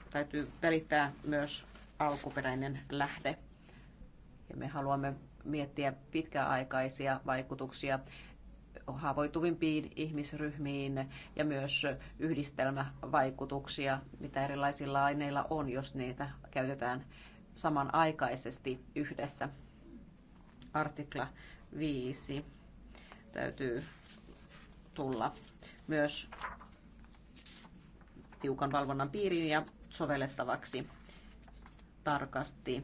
Speaker 4: Täytyy välittää myös alkuperäinen lähde. Ja me haluamme miettiä pitkäaikaisia vaikutuksia haavoituvimpiin ihmisryhmiin ja myös yhdistelmävaikutuksia, mitä erilaisilla aineilla on, jos niitä käytetään samanaikaisesti yhdessä. Artikla 5 täytyy tulla myös tiukan valvonnan piiriin ja sovellettavaksi tarkasti.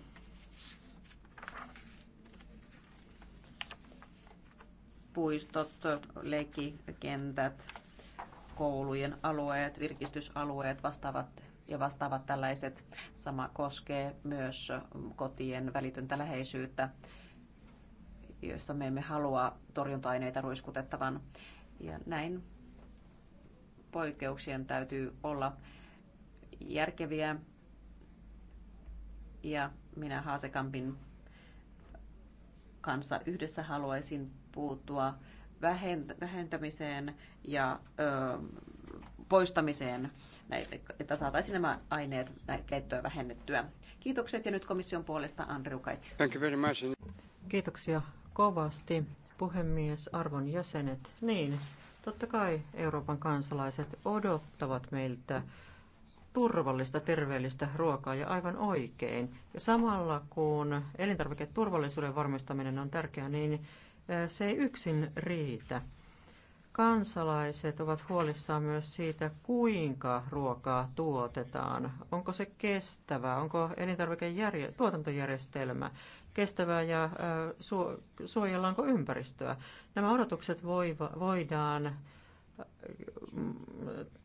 Speaker 4: Puistot, leikkikentät, koulujen alueet, virkistysalueet vastaavat ja vastaavat tällaiset. Sama koskee myös kotien välitöntä läheisyyttä, joissa me emme halua torjunta-aineita ruiskutettavan. Ja näin poikkeuksien täytyy olla järkeviä. Ja minä Haasekampin kanssa yhdessä haluaisin puuttua vähentämiseen ja ö, poistamiseen että saataisiin nämä aineet
Speaker 2: käyttöä vähennettyä. Kiitokset ja nyt komission puolesta Andrew Kaitis. Kiitoksia kovasti puhemies, arvon jäsenet. Niin, totta kai Euroopan kansalaiset odottavat meiltä turvallista, terveellistä ruokaa ja aivan oikein. Ja samalla kun elintarviketurvallisuuden varmistaminen on tärkeää, niin eh, se ei yksin riitä. Kansalaiset ovat huolissaan myös siitä, kuinka ruokaa tuotetaan. Onko se kestävää? Onko elintarviketuotantojärjestelmä kestävää ja suojellaanko ympäristöä? Nämä odotukset voidaan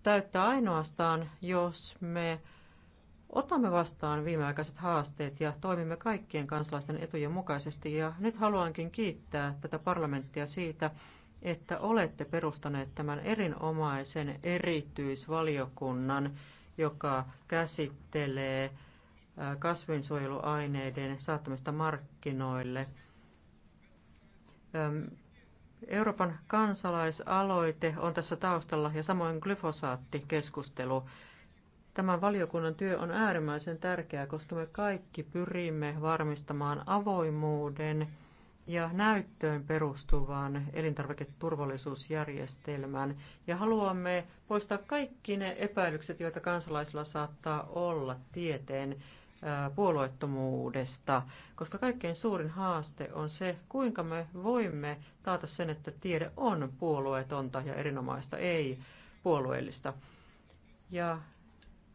Speaker 2: täyttää ainoastaan, jos me Otamme vastaan viimeaikaiset haasteet ja toimimme kaikkien kansalaisten etujen mukaisesti ja nyt haluankin kiittää tätä parlamenttia siitä, että olette perustaneet tämän erinomaisen erityisvaliokunnan, joka käsittelee äh, kasvinsuojeluaineiden saattamista markkinoille. Ähm, Euroopan kansalaisaloite on tässä taustalla ja samoin glyfosaattikeskustelu. Tämän valiokunnan työ on äärimmäisen tärkeää, koska me kaikki pyrimme varmistamaan avoimuuden ja näyttöön perustuvan elintarviketurvallisuusjärjestelmän ja haluamme poistaa kaikki ne epäilykset, joita kansalaisilla saattaa olla tieteen puolueettomuudesta, koska kaikkein suurin haaste on se, kuinka me voimme taata sen, että tiede on puolueetonta ja erinomaista, ei puolueellista. Ja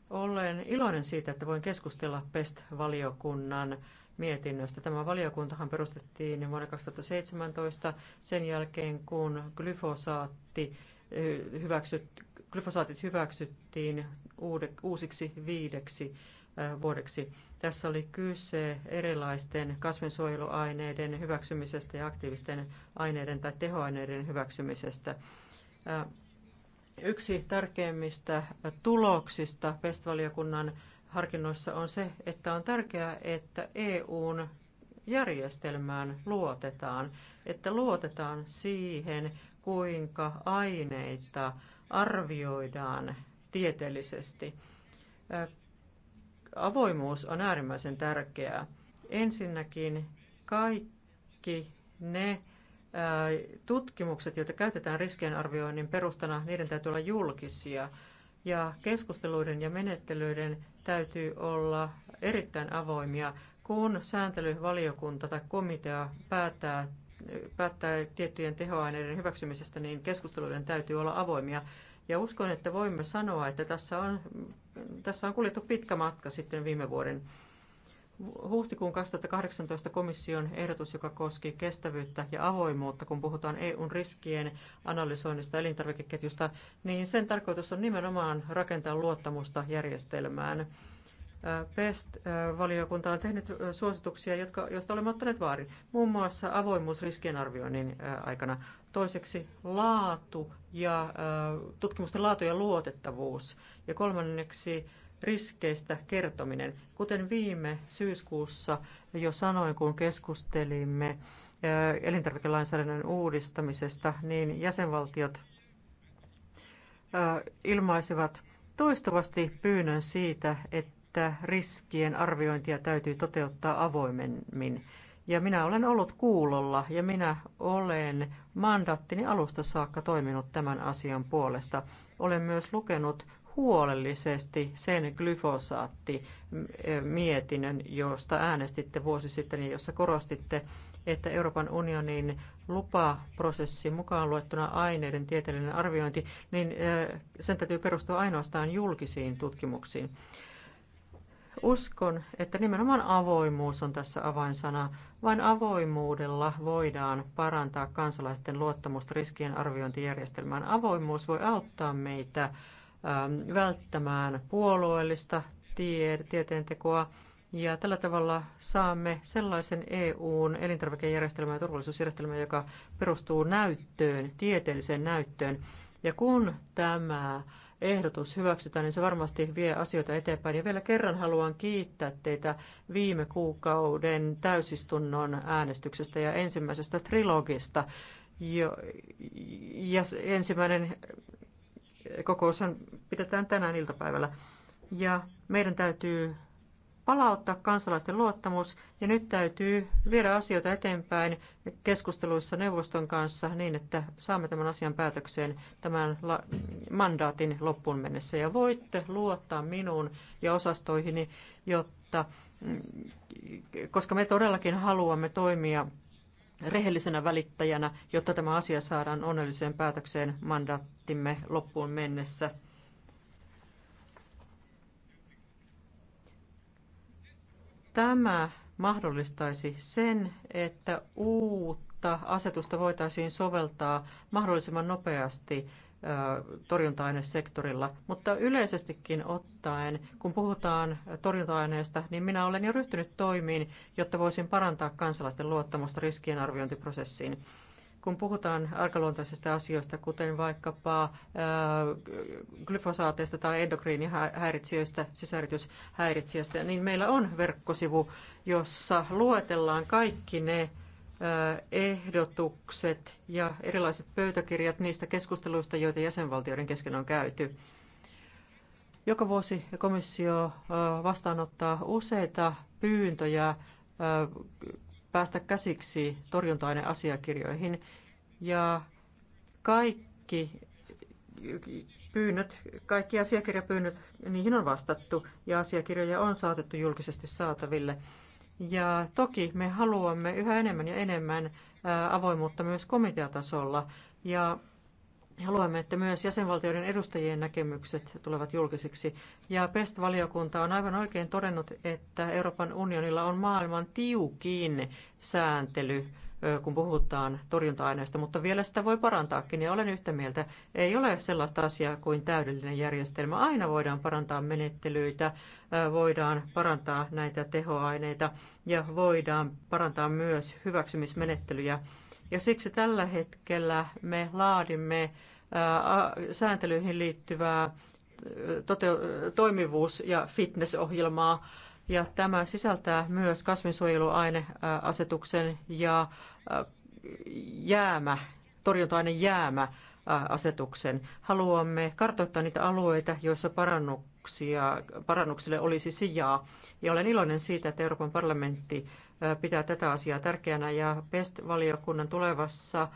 Speaker 2: olen iloinen siitä, että voin keskustella PEST-valiokunnan mietinnöstä. Tämä valiokuntahan perustettiin vuonna 2017 sen jälkeen, kun glyfosaatti eh, hyväksyt, glyfosaatit hyväksyttiin uusiksi viideksi eh, vuodeksi. Tässä oli kyse erilaisten kasvinsuojeluaineiden hyväksymisestä ja aktiivisten aineiden tai tehoaineiden hyväksymisestä. Eh, yksi tärkeimmistä tuloksista pestvaliokunnan valiokunnan harkinnoissa on se, että on tärkeää, että EUn järjestelmään luotetaan, että luotetaan siihen, kuinka aineita arvioidaan tieteellisesti. Avoimuus on äärimmäisen tärkeää. Ensinnäkin kaikki ne tutkimukset, joita käytetään riskienarvioinnin perustana, niiden täytyy olla julkisia. Ja keskusteluiden ja menettelyiden täytyy olla erittäin avoimia. Kun sääntelyvaliokunta tai komitea päättää, päättää tiettyjen tehoaineiden hyväksymisestä, niin keskusteluiden täytyy olla avoimia. Ja uskon, että voimme sanoa, että tässä on, tässä on kuljettu pitkä matka sitten viime vuoden Huhtikuun 2018 komission ehdotus, joka koski kestävyyttä ja avoimuutta, kun puhutaan EUn riskien analysoinnista elintarvikeketjusta, niin sen tarkoitus on nimenomaan rakentaa luottamusta järjestelmään. PEST-valiokunta on tehnyt suosituksia, jotka, joista olemme ottaneet vaarin, muun muassa avoimuus riskien arvioinnin aikana. Toiseksi laatu ja tutkimusten laatu ja luotettavuus. Ja kolmanneksi riskeistä kertominen. Kuten viime syyskuussa jo sanoin, kun keskustelimme eh, elintarvikelainsäädännön uudistamisesta, niin jäsenvaltiot eh, ilmaisivat toistuvasti pyynnön siitä, että riskien arviointia täytyy toteuttaa avoimemmin. Ja minä olen ollut kuulolla ja minä olen mandaattini alusta saakka toiminut tämän asian puolesta. Olen myös lukenut huolellisesti sen glyfosaatti-mietinnön, josta äänestitte vuosi sitten ja jossa korostitte, että Euroopan unionin lupaprosessi mukaan luettuna aineiden tieteellinen arviointi, niin sen täytyy perustua ainoastaan julkisiin tutkimuksiin. Uskon, että nimenomaan avoimuus on tässä avainsana. Vain avoimuudella voidaan parantaa kansalaisten luottamusta riskien arviointijärjestelmään. Avoimuus voi auttaa meitä Ähm, välttämään puolueellista tie- tieteentekoa. Ja tällä tavalla saamme sellaisen EUn elintarvikejärjestelmän ja turvallisuusjärjestelmän, joka perustuu näyttöön, tieteelliseen näyttöön. Ja kun tämä ehdotus hyväksytään, niin se varmasti vie asioita eteenpäin. Ja vielä kerran haluan kiittää teitä viime kuukauden täysistunnon äänestyksestä ja ensimmäisestä trilogista. Jo, ja ensimmäinen kokous pidetään tänään iltapäivällä. Ja meidän täytyy palauttaa kansalaisten luottamus ja nyt täytyy viedä asioita eteenpäin keskusteluissa neuvoston kanssa niin, että saamme tämän asian päätökseen tämän la- mandaatin loppuun mennessä. Ja voitte luottaa minuun ja osastoihini, jotta, mm, koska me todellakin haluamme toimia rehellisenä välittäjänä, jotta tämä asia saadaan onnelliseen päätökseen mandaattimme loppuun mennessä. Tämä mahdollistaisi sen, että uutta asetusta voitaisiin soveltaa mahdollisimman nopeasti torjunta-ainesektorilla, mutta yleisestikin ottaen, kun puhutaan torjunta-aineesta, niin minä olen jo ryhtynyt toimiin, jotta voisin parantaa kansalaisten luottamusta riskien arviointiprosessiin. Kun puhutaan arkaluontoisista asioista, kuten vaikkapa glyfosaateista tai endokriinihäiritsijöistä, sisärityshäiritsijöistä, niin meillä on verkkosivu, jossa luetellaan kaikki ne ehdotukset ja erilaiset pöytäkirjat niistä keskusteluista, joita jäsenvaltioiden kesken on käyty. Joka vuosi komissio vastaanottaa useita pyyntöjä päästä käsiksi torjunta-aineasiakirjoihin ja kaikki pyynnöt, kaikki asiakirjapyynnöt, niihin on vastattu ja asiakirjoja on saatettu julkisesti saataville. Ja toki me haluamme yhä enemmän ja enemmän avoimuutta myös komiteatasolla. Ja Haluamme, että myös jäsenvaltioiden edustajien näkemykset tulevat julkisiksi. Ja PEST-valiokunta on aivan oikein todennut, että Euroopan unionilla on maailman tiukin sääntely kun puhutaan torjunta-aineista, mutta vielä sitä voi parantaakin, ja olen yhtä mieltä. Ei ole sellaista asiaa kuin täydellinen järjestelmä. Aina voidaan parantaa menettelyitä, voidaan parantaa näitä tehoaineita, ja voidaan parantaa myös hyväksymismenettelyjä. Ja siksi tällä hetkellä me laadimme sääntelyihin liittyvää toimivuus- ja fitnessohjelmaa, ja tämä sisältää myös kasvinsuojeluaineasetuksen ja jäämä, torjunta-ainejäämä asetuksen. Haluamme kartoittaa niitä alueita, joissa parannuksia, parannuksille olisi sijaa. Ja olen iloinen siitä, että Euroopan parlamentti pitää tätä asiaa tärkeänä ja PEST-valiokunnan tulevassa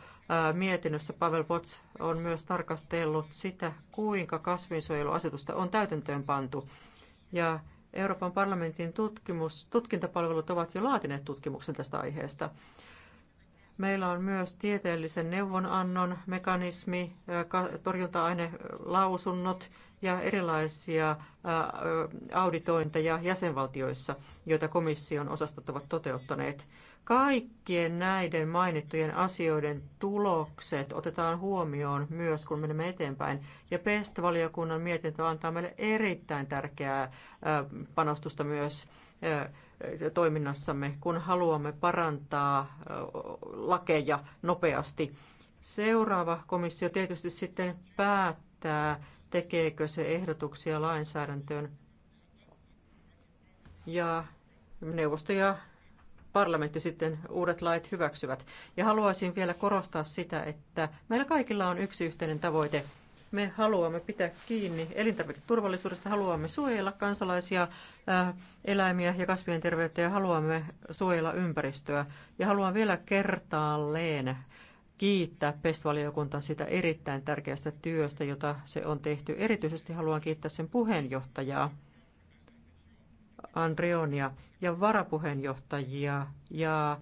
Speaker 2: mietinnössä Pavel Pots on myös tarkastellut sitä, kuinka kasvinsuojeluasetusta on täytäntöön pantu. Ja Euroopan parlamentin tutkimus, tutkintapalvelut ovat jo laatineet tutkimuksen tästä aiheesta. Meillä on myös tieteellisen neuvonannon mekanismi, torjunta-ainelausunnot ja erilaisia auditointeja jäsenvaltioissa, joita komission osastot ovat toteuttaneet. Kaikkien näiden mainittujen asioiden tulokset otetaan huomioon myös, kun menemme eteenpäin. Ja PEST-valiokunnan mietintö antaa meille erittäin tärkeää panostusta myös toiminnassamme, kun haluamme parantaa lakeja nopeasti. Seuraava komissio tietysti sitten päättää, tekeekö se ehdotuksia lainsäädäntöön. Ja neuvosto ja parlamentti sitten uudet lait hyväksyvät. Ja haluaisin vielä korostaa sitä, että meillä kaikilla on yksi yhteinen tavoite. Me haluamme pitää kiinni elintarviketurvallisuudesta, haluamme suojella kansalaisia, äh, eläimiä ja kasvien terveyttä ja haluamme suojella ympäristöä. Ja haluan vielä kertaalleen kiittää PEST-valiokuntaa erittäin tärkeästä työstä, jota se on tehty. Erityisesti haluan kiittää sen puheenjohtajaa Andrionia ja varapuheenjohtajia ja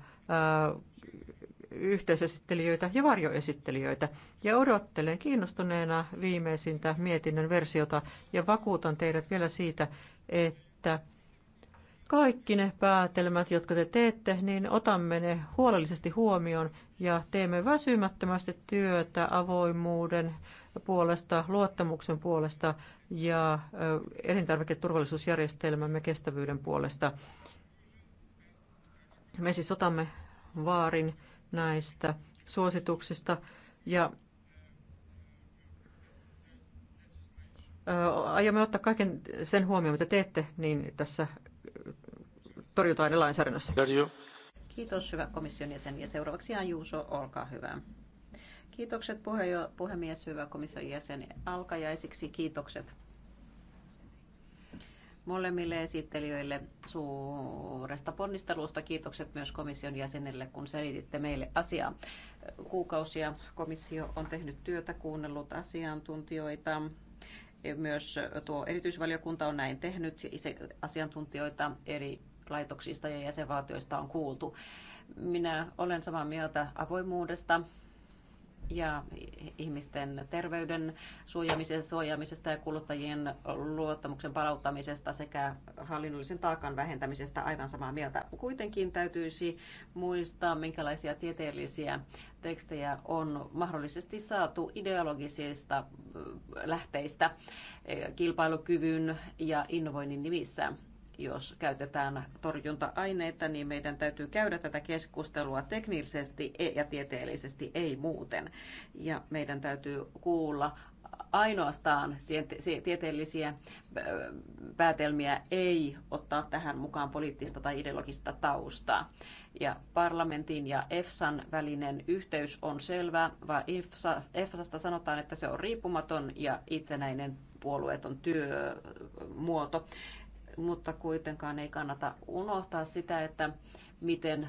Speaker 2: yhteisesittelijöitä ja varjoesittelijöitä ja odottelen kiinnostuneena viimeisintä mietinnön versiota ja vakuutan teidät vielä siitä, että kaikki ne päätelmät, jotka te teette, niin otamme ne huolellisesti huomioon ja teemme väsymättömästi työtä avoimuuden puolesta, luottamuksen puolesta ja elintarviketurvallisuusjärjestelmämme kestävyyden puolesta. Me siis otamme vaarin näistä suosituksista ja aiomme ottaa kaiken sen huomioon, mitä teette, niin tässä torjutaan lainsäädännössä. Kiitos, hyvä komission jäsen. Ja
Speaker 4: seuraavaksi Juuso, olkaa hyvä. Kiitokset puhemies, hyvä komission jäsen. Alkajaisiksi kiitokset molemmille esittelijöille suuresta ponnistelusta. Kiitokset myös komission jäsenelle, kun selititte meille asiaa. Kuukausia komissio on tehnyt työtä, kuunnellut asiantuntijoita. Myös tuo erityisvaliokunta on näin tehnyt. asiantuntijoita eri laitoksista ja jäsenvaltioista on kuultu. Minä olen samaa mieltä avoimuudesta ja ihmisten terveyden suojaamisesta, suojaamisesta ja kuluttajien luottamuksen palauttamisesta sekä hallinnollisen taakan vähentämisestä aivan samaa mieltä. Kuitenkin täytyisi muistaa, minkälaisia tieteellisiä tekstejä on mahdollisesti saatu ideologisista lähteistä kilpailukyvyn ja innovoinnin nimissä jos käytetään torjunta-aineita, niin meidän täytyy käydä tätä keskustelua teknisesti ja tieteellisesti, ei muuten. Ja meidän täytyy kuulla ainoastaan tieteellisiä päätelmiä ei ottaa tähän mukaan poliittista tai ideologista taustaa. Ja parlamentin ja EFSAn välinen yhteys on selvä, vaan EFSAsta sanotaan, että se on riippumaton ja itsenäinen puolueeton työmuoto mutta kuitenkaan ei kannata unohtaa sitä, että miten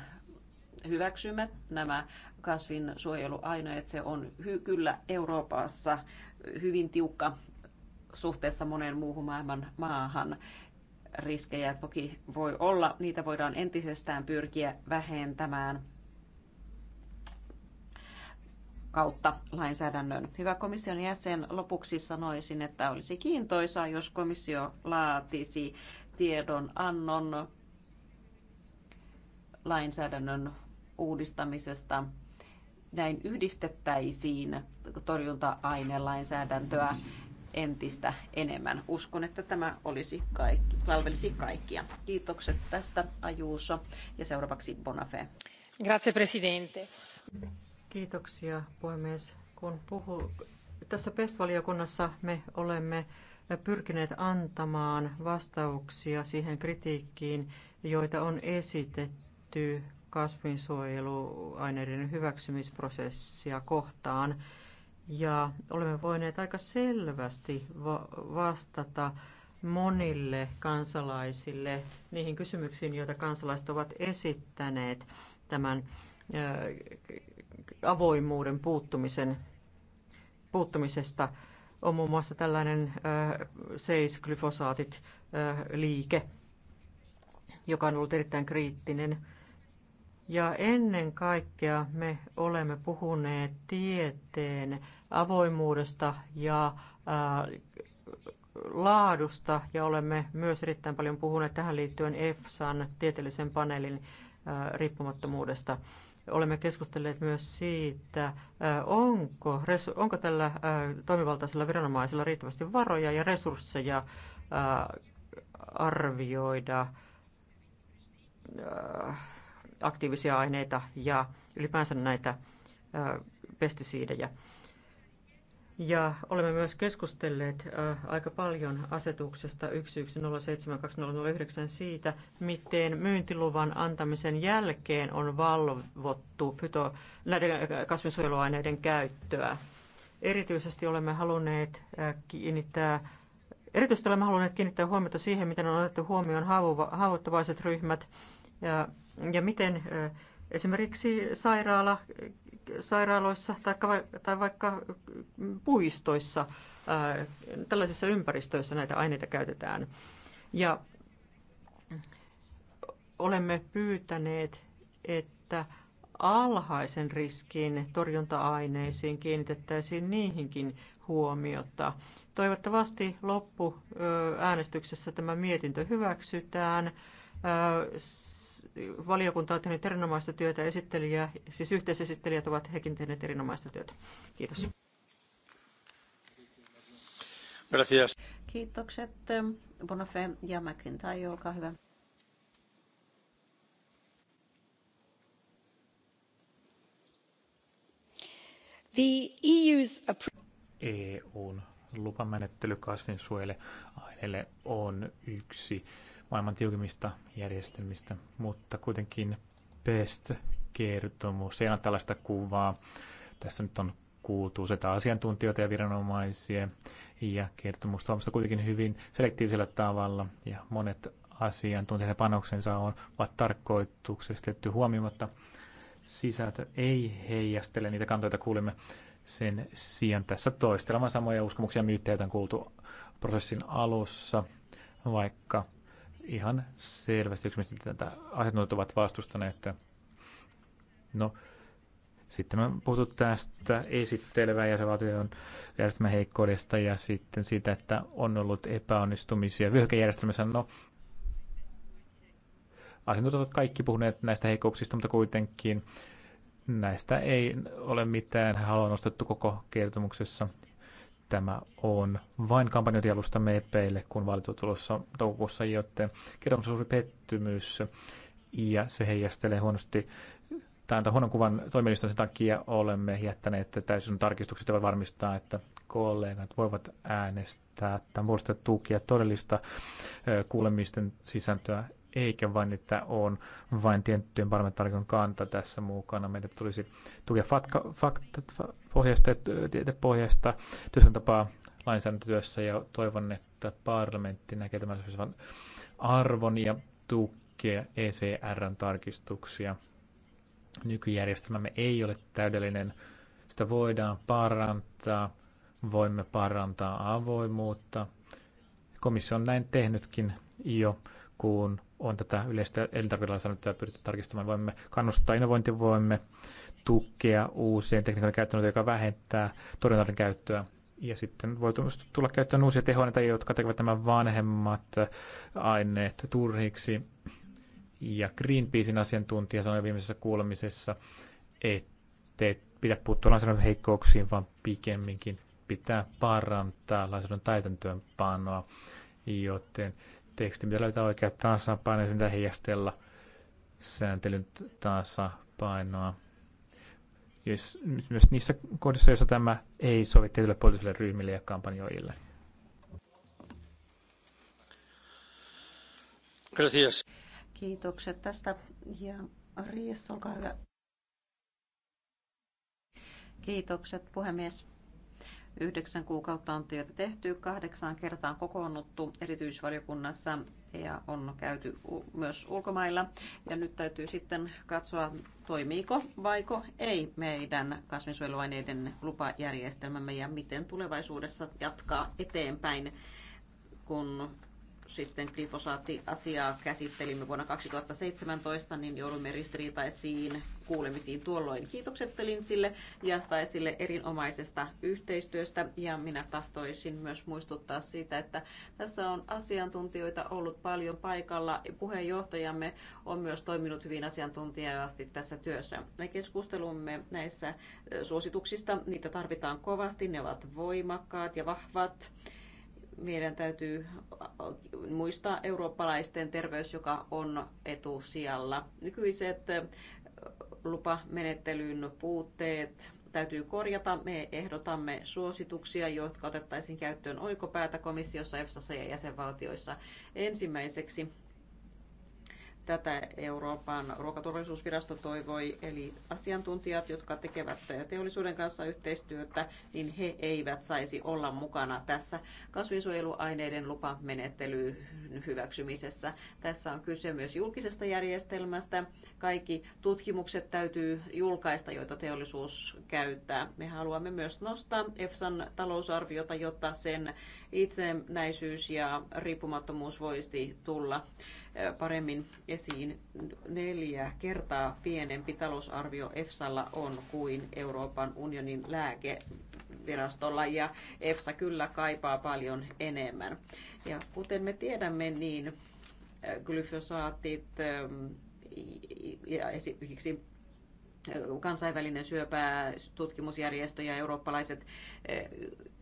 Speaker 4: hyväksymme nämä kasvinsuojeluaineet. Se on hy- kyllä Euroopassa hyvin tiukka suhteessa moneen muuhun maailman maahan. Riskejä toki voi olla, niitä voidaan entisestään pyrkiä vähentämään kautta lainsäädännön. Hyvä komission jäsen, lopuksi sanoisin, että olisi kiintoisaa, jos komissio laatisi tiedonannon lainsäädännön uudistamisesta näin yhdistettäisiin torjunta-ainelainsäädäntöä entistä enemmän. Uskon, että tämä olisi kaikki, palvelisi kaikkia. Kiitokset tästä Ajuuso ja seuraavaksi Bonafé.
Speaker 9: Grazie Presidente.
Speaker 2: Kiitoksia puhemies. Kun puhu, tässä PEST-valiokunnassa me olemme pyrkineet antamaan vastauksia siihen kritiikkiin, joita on esitetty kasvinsuojeluaineiden hyväksymisprosessia kohtaan. Ja olemme voineet aika selvästi va- vastata monille kansalaisille niihin kysymyksiin, joita kansalaiset ovat esittäneet tämän avoimuuden puuttumisen, puuttumisesta. On muun muassa tällainen äh, glyfosaatit äh, liike, joka on ollut erittäin kriittinen. Ja ennen kaikkea me olemme puhuneet tieteen avoimuudesta ja äh, laadusta ja olemme myös erittäin paljon puhuneet tähän liittyen EFSAn tieteellisen paneelin riippumattomuudesta olemme keskustelleet myös siitä, onko, onko tällä toimivaltaisella viranomaisella riittävästi varoja ja resursseja arvioida aktiivisia aineita ja ylipäänsä näitä pestisiidejä. Ja olemme myös keskustelleet aika paljon asetuksesta 1107-2009 siitä, miten myyntiluvan antamisen jälkeen on valvottu fyto, näiden kasvinsuojeluaineiden käyttöä. Erityisesti olemme halunneet kiinnittää Erityisesti olemme halunneet kiinnittää huomiota siihen, miten on otettu huomioon haavoittuvaiset ryhmät ja, ja miten esimerkiksi sairaala sairaaloissa tai vaikka puistoissa, tällaisissa ympäristöissä näitä aineita käytetään. Ja olemme pyytäneet, että alhaisen riskin torjunta-aineisiin kiinnitettäisiin niihinkin huomiota. Toivottavasti loppuäänestyksessä tämä mietintö hyväksytään valiokunta on tehnyt erinomaista työtä, esittelijä, siis yhteisesittelijät ovat hekin tehneet erinomaista työtä. Kiitos. Gracias. Kiitokset. Bonafé ja McIntyre, olkaa hyvä. The EU's
Speaker 3: EUn lupamenettely kasvinsuojeluaineille on yksi maailman tiukimmista järjestelmistä, mutta kuitenkin PEST-kertomus, ei anna tällaista kuvaa. Tässä nyt on kuultu useita asiantuntijoita ja viranomaisia ja kertomusta mutta kuitenkin hyvin selektiivisellä tavalla ja monet asiantuntijan panoksensa on, ovat tarkoituksessa tietty huomioimatta. Sisältö ei heijastele niitä kantoja, kuulimme sen sijaan tässä toistelemaan samoja uskomuksia ja myyttejä, joita on kuultu prosessin alussa, vaikka ihan selvästi yksimielisesti tätä asiantuntijat ovat vastustaneet. No, sitten on puhuttu tästä esittelevän jäsenvaltion järjestelmän heikkoudesta ja sitten siitä, että on ollut epäonnistumisia vyöhykejärjestelmässä. No, asiantuntijat ovat kaikki puhuneet näistä heikkouksista, mutta kuitenkin näistä ei ole mitään halua nostettu koko kertomuksessa tämä on vain kampanjointialusta MEPille, kun valittu tulossa toukokuussa, joten kertomus on suuri pettymys ja se heijastelee huonosti tai huonon kuvan toimieliston sen takia olemme jättäneet täysin tarkistukset, ja varmistaa, että kollegat voivat äänestää tämän puolesta tukia todellista kuulemisten sisältöä eikä vain, että on vain tiettyjen parlamentaarikon kanta tässä mukana. Meidän tulisi tukea fatka, fakta, pohjasta, tietepohjasta, työskentapaa lainsäädäntötyössä ja toivon, että parlamentti näkee tämän arvon ja tukee ECRn tarkistuksia. Nykyjärjestelmämme ei ole täydellinen, sitä voidaan parantaa, voimme parantaa avoimuutta. Komissio on näin tehnytkin jo, kun on tätä yleistä elintarvikelainsäädäntöä pyritty tarkistamaan. Voimme kannustaa innovointia, voimme tukea uusien tekniikan käyttöön, joka vähentää torjuntaiden käyttöä. Ja sitten voi tulla käyttöön uusia tehoaineita, jotka tekevät nämä vanhemmat aineet turhiksi. Ja Greenpeacein asiantuntija sanoi viimeisessä kuulemisessa, et pidä puuttua lainsäädännön heikkouksiin, vaan pikemminkin pitää parantaa lainsäädännön täytäntöönpanoa, joten teksti mitä löytää oikea tasapaino, se pitää heijastella sääntelyn tasapainoa. Jos, myös niissä kohdissa, joissa tämä ei sovi tietylle poliisille ryhmille ja kampanjoille. Gracias.
Speaker 4: Kiitokset tästä. Ja Ries, olkaa hyvä. Kiitokset puhemies. Yhdeksän kuukautta on työtä tehty, kahdeksaan kertaan kokoonnuttu erityisvaliokunnassa ja on käyty myös ulkomailla. Ja nyt täytyy sitten katsoa, toimiiko vaiko ei meidän kasvinsuojeluaineiden lupajärjestelmämme ja miten tulevaisuudessa jatkaa eteenpäin, kun sitten glyfosaattiasiaa käsittelimme vuonna 2017, niin joudumme ristiriitaisiin kuulemisiin tuolloin. Kiitokset Linsille ja Staisille erinomaisesta yhteistyöstä ja minä tahtoisin myös muistuttaa siitä, että tässä on asiantuntijoita ollut paljon paikalla. Puheenjohtajamme on myös toiminut hyvin asiantuntijavasti tässä työssä. Me keskustelumme näissä suosituksista, niitä tarvitaan kovasti, ne ovat voimakkaat ja vahvat meidän täytyy muistaa eurooppalaisten terveys, joka on etusijalla. Nykyiset lupamenettelyn puutteet täytyy korjata. Me ehdotamme suosituksia, jotka otettaisiin käyttöön oikopäätä komissiossa, EFSAssa ja jäsenvaltioissa. Ensimmäiseksi Tätä Euroopan ruokaturvallisuusvirasto toivoi, eli asiantuntijat, jotka tekevät teollisuuden kanssa yhteistyötä, niin he eivät saisi olla mukana tässä kasvinsuojeluaineiden lupamenettelyyn hyväksymisessä. Tässä on kyse myös julkisesta järjestelmästä. Kaikki tutkimukset täytyy julkaista, joita teollisuus käyttää. Me haluamme myös nostaa EFSAn talousarviota, jotta sen itsenäisyys ja riippumattomuus voisi tulla paremmin esiin. Neljä kertaa pienempi talousarvio EFSAlla on kuin Euroopan unionin lääkevirastolla ja EFSA kyllä kaipaa paljon enemmän. Ja kuten me tiedämme, niin glyfosaatit ähm, ja esimerkiksi kansainvälinen tutkimusjärjestö ja eurooppalaiset eh,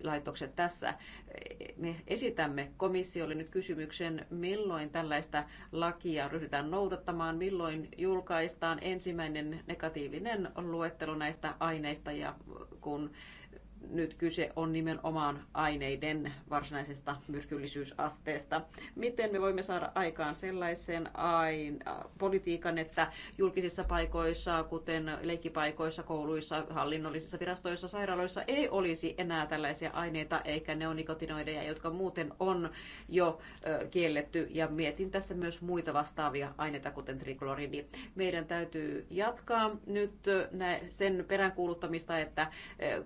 Speaker 4: laitokset tässä. Me esitämme komissiolle nyt kysymyksen, milloin tällaista lakia ryhdytään noudattamaan, milloin julkaistaan ensimmäinen negatiivinen luettelo näistä aineista ja kun nyt kyse on nimenomaan aineiden varsinaisesta myrkyllisyysasteesta. Miten me voimme saada aikaan sellaisen ain, politiikan, että julkisissa paikoissa, kuten leikkipaikoissa, kouluissa, hallinnollisissa virastoissa, sairaaloissa ei olisi enää tällaisia aineita eikä neonikotinoideja, jotka muuten on jo kielletty. Ja mietin tässä myös muita vastaavia aineita, kuten trikloridi. Meidän täytyy jatkaa nyt sen peräänkuuluttamista, että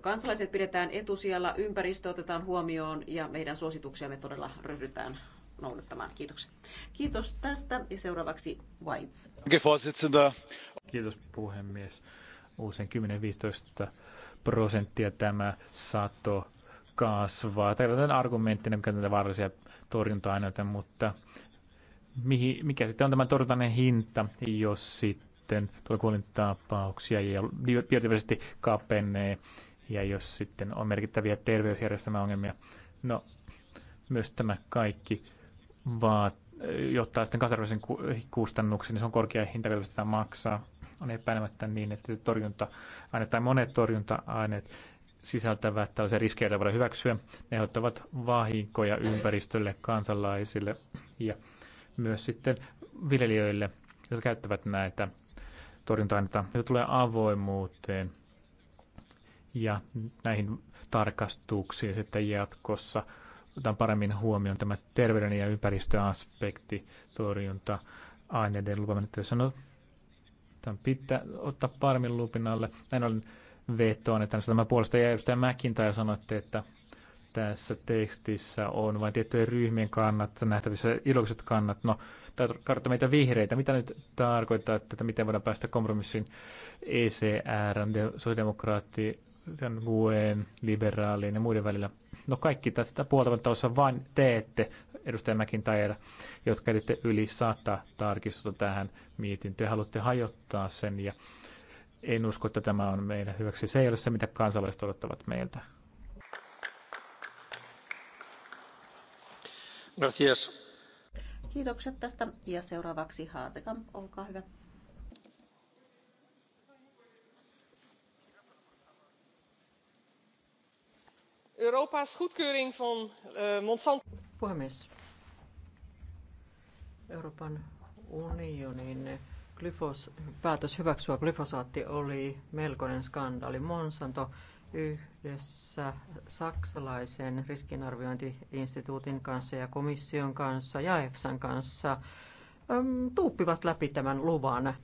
Speaker 4: kansalaiset pidetään pidetään etusijalla, ympäristö otetaan huomioon ja meidän suosituksiamme todella ryhdytään noudattamaan. Kiitokset. Kiitos tästä ja seuraavaksi Whites.
Speaker 3: Kiitos puhemies. Uusen 10-15 prosenttia tämä sato kasvaa. Tällainen argumentti, mikä tätä vaarallisia torjunta-aineita, mutta mihin, mikä sitten on tämä torjuntainen hinta, jos sitten tulee kuolintapauksia ja biodiversiteetti kapenee ja jos sitten on merkittäviä terveysjärjestelmäongelmia, no myös tämä kaikki vaat, jotta sitten kansainvälisen kustannuksen, niin se on korkea hinta, jolla sitä maksaa. On epäilemättä niin, että torjunta-aineet tai monet torjunta-aineet sisältävät tällaisia riskejä, joita voidaan hyväksyä. Ne aiheuttavat vahinkoja ympäristölle, kansalaisille ja myös sitten viljelijöille, jotka käyttävät näitä torjunta-aineita, tulee avoimuuteen ja näihin tarkastuksiin sitten jatkossa otetaan paremmin huomioon tämä terveyden ja ympäristöaspekti torjunta aineiden lupamenettelyssä. No, tämän pitää ottaa paremmin lupin alle. Näin olen vetoon, että tämä puolesta ja edustaja McIntyre sanoitte, että tässä tekstissä on vain tiettyjen ryhmien kannat, nähtävissä iloiset kannat. No, tämä tarkoittaa meitä vihreitä. Mitä nyt tarkoittaa, että miten voidaan päästä kompromissiin ECR, sosiaalidemokraatti, tämän GUEn, liberaaliin ja muiden välillä. No kaikki tästä puolta vain teette, edustaja Taira, jotka editte yli sata tarkistusta tähän mietintöön. Haluatte hajottaa sen ja en usko, että tämä on meidän hyväksi. Se ei ole se, mitä kansalaiset odottavat meiltä.
Speaker 5: Gracias.
Speaker 4: Kiitokset tästä. Ja seuraavaksi Haasekamp, olkaa hyvä.
Speaker 5: Europa's goedkeuring van eh, Monsanto...
Speaker 2: Puhemies. Euroopan unionin glyfos, päätös hyväksyä glyfosaatti oli melkoinen skandaali. Monsanto yhdessä saksalaisen riskinarviointiinstituutin kanssa ja komission kanssa ja EFSAn kanssa äm, tuuppivat läpi tämän luvan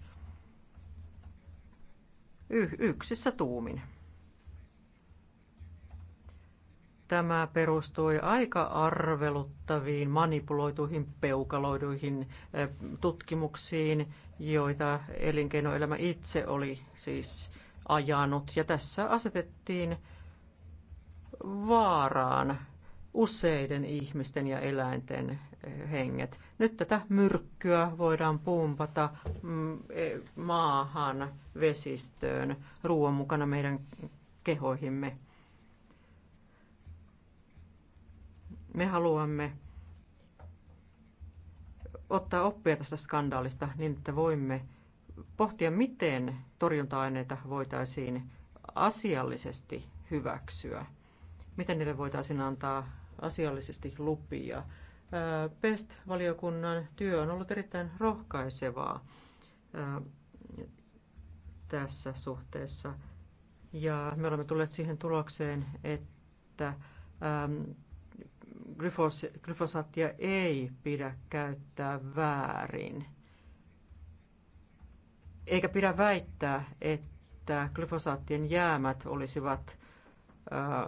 Speaker 2: y- yksissä tuumin. Tämä perustui aika arveluttaviin, manipuloituihin, peukaloiduihin eh, tutkimuksiin, joita elinkeinoelämä itse oli siis ajanut. Ja tässä asetettiin vaaraan useiden ihmisten ja eläinten eh, henget. Nyt tätä myrkkyä voidaan pumpata mm, eh, maahan, vesistöön, ruoan mukana meidän kehoihimme. Me haluamme ottaa oppia tästä skandaalista niin, että voimme pohtia, miten torjunta-aineita voitaisiin asiallisesti hyväksyä, miten niille voitaisiin antaa asiallisesti lupia. PEST-valiokunnan työ on ollut erittäin rohkaisevaa tässä suhteessa. Ja me olemme tulleet siihen tulokseen, että glyfos, glyfosaattia ei pidä käyttää väärin. Eikä pidä väittää, että glyfosaattien jäämät olisivat, ää,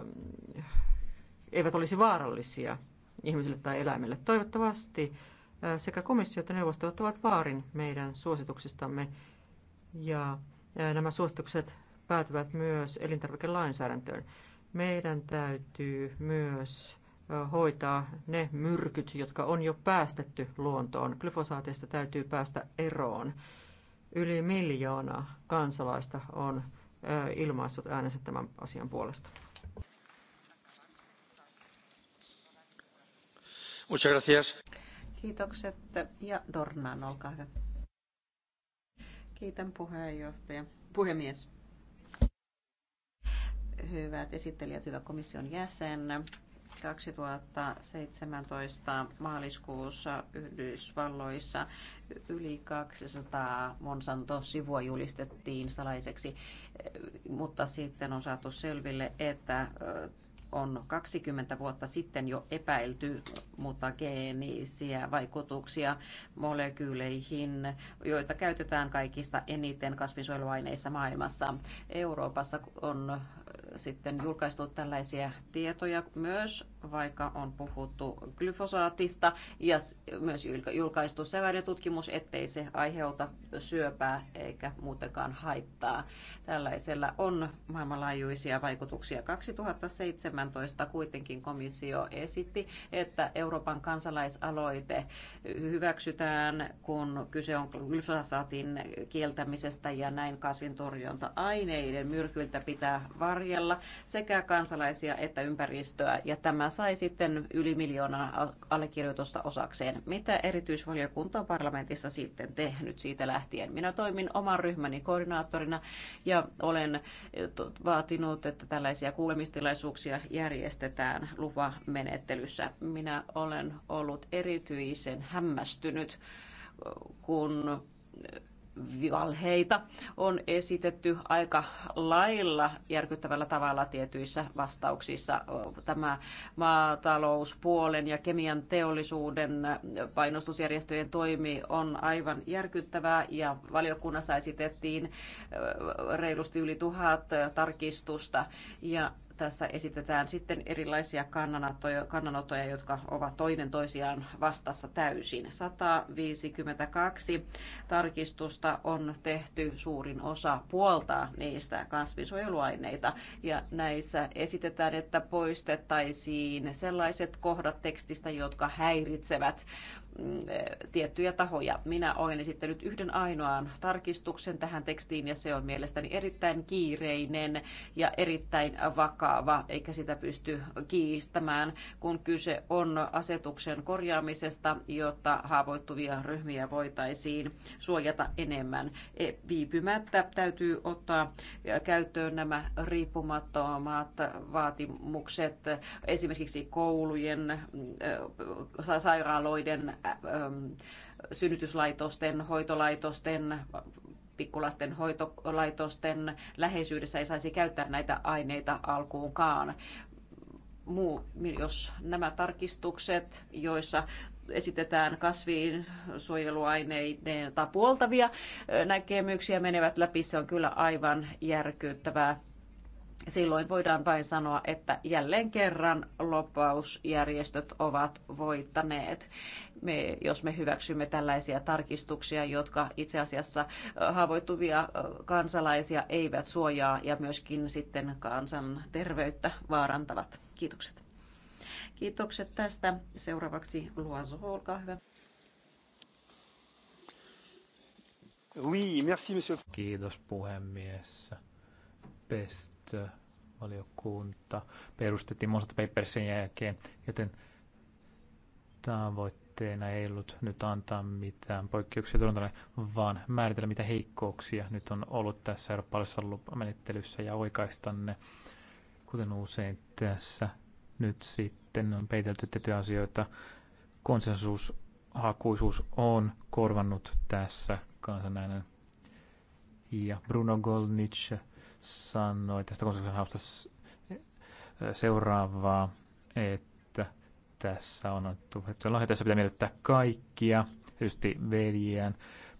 Speaker 2: eivät olisi vaarallisia ihmisille tai eläimille. Toivottavasti ää, sekä komissio että neuvosto ottavat vaarin meidän suosituksistamme ja ää, nämä suositukset päätyvät myös elintarvikelainsäädäntöön. Meidän täytyy myös hoitaa ne myrkyt, jotka on jo päästetty luontoon. Glyfosaatista täytyy päästä eroon. Yli miljoona kansalaista on ilmaissut äänensä tämän asian puolesta.
Speaker 5: Muchas gracias.
Speaker 2: Kiitokset. Ja Dornan,
Speaker 4: olkaa hyvä. Kiitän puheenjohtaja. Puhemies. Hyvät esittelijät, hyvä komission jäsen 2017 maaliskuussa Yhdysvalloissa yli 200 Monsanto-sivua julistettiin salaiseksi, mutta sitten on saatu selville, että on 20 vuotta sitten jo epäilty mutageenisiä vaikutuksia molekyyleihin, joita käytetään kaikista eniten kasvinsuojeluaineissa maailmassa. Euroopassa on sitten julkaistu tällaisia tietoja myös vaikka on puhuttu glyfosaatista ja myös julkaistu sellainen tutkimus, ettei se aiheuta syöpää eikä muutenkaan haittaa. Tällaisella on maailmanlaajuisia vaikutuksia. 2017 kuitenkin komissio esitti, että Euroopan kansalaisaloite hyväksytään, kun kyse on glyfosaatin kieltämisestä ja näin kasvintorjunta-aineiden myrkyiltä pitää varjella sekä kansalaisia että ympäristöä. Ja tämä sai sitten yli miljoonaa allekirjoitusta osakseen. Mitä erityisvaliokunta on parlamentissa sitten tehnyt siitä lähtien? Minä toimin oman ryhmäni koordinaattorina ja olen eh, vaatinut, että tällaisia kuulemistilaisuuksia järjestetään lupamenettelyssä. Minä olen ollut erityisen hämmästynyt, kun eh, valheita on esitetty aika lailla järkyttävällä tavalla tietyissä vastauksissa. Tämä maatalouspuolen ja kemian teollisuuden painostusjärjestöjen toimi on aivan järkyttävää ja valiokunnassa esitettiin reilusti yli tuhat tarkistusta ja tässä esitetään sitten erilaisia kannanottoja, kannanottoja jotka ovat toinen toisiaan vastassa täysin. 152 tarkistusta on tehty, suurin osa puoltaa niistä kasvinsuojeluaineita. Ja näissä esitetään, että poistettaisiin sellaiset kohdat tekstistä, jotka häiritsevät Mm, tiettyjä tahoja. Minä olen esittänyt yhden ainoan tarkistuksen tähän tekstiin ja se on mielestäni erittäin kiireinen ja erittäin vakava, eikä sitä pysty kiistämään, kun kyse on asetuksen korjaamisesta, jotta haavoittuvia ryhmiä voitaisiin suojata enemmän. E, viipymättä täytyy ottaa käyttöön nämä riippumattomat vaatimukset esimerkiksi koulujen, mm, sairaaloiden, Ähm, synnytyslaitosten, hoitolaitosten, pikkulasten hoitolaitosten läheisyydessä ei saisi käyttää näitä aineita alkuunkaan. Muu, jos nämä tarkistukset, joissa esitetään suojeluaineiden tai puoltavia näkemyksiä menevät läpi, se on kyllä aivan järkyttävää. Silloin voidaan vain sanoa, että jälleen kerran lopausjärjestöt ovat voittaneet me, jos me hyväksymme tällaisia tarkistuksia, jotka itse asiassa haavoittuvia kansalaisia eivät suojaa ja myöskin sitten kansan terveyttä vaarantavat. Kiitokset. Kiitokset tästä. Seuraavaksi Luazo, olkaa hyvä.
Speaker 3: Oui, merci, monsieur. Kiitos puhemies. Best valiokunta perustettiin Mosat Papersin jälkeen, joten tämä voi tavoitteena ei ollut nyt antaa mitään poikkeuksia Torontolle, vaan määritellä mitä heikkouksia nyt on ollut tässä eurooppalaisessa lupamenettelyssä ja oikaista ne, kuten usein tässä nyt sitten on peitelty tiettyjä asioita. Konsensushakuisuus on korvannut tässä kansanäänen. Ja Bruno Golnic sanoi tästä konsensushausta seuraavaa, että tässä on otettu. että Tässä pitää miellyttää kaikkia, tietysti veljiään,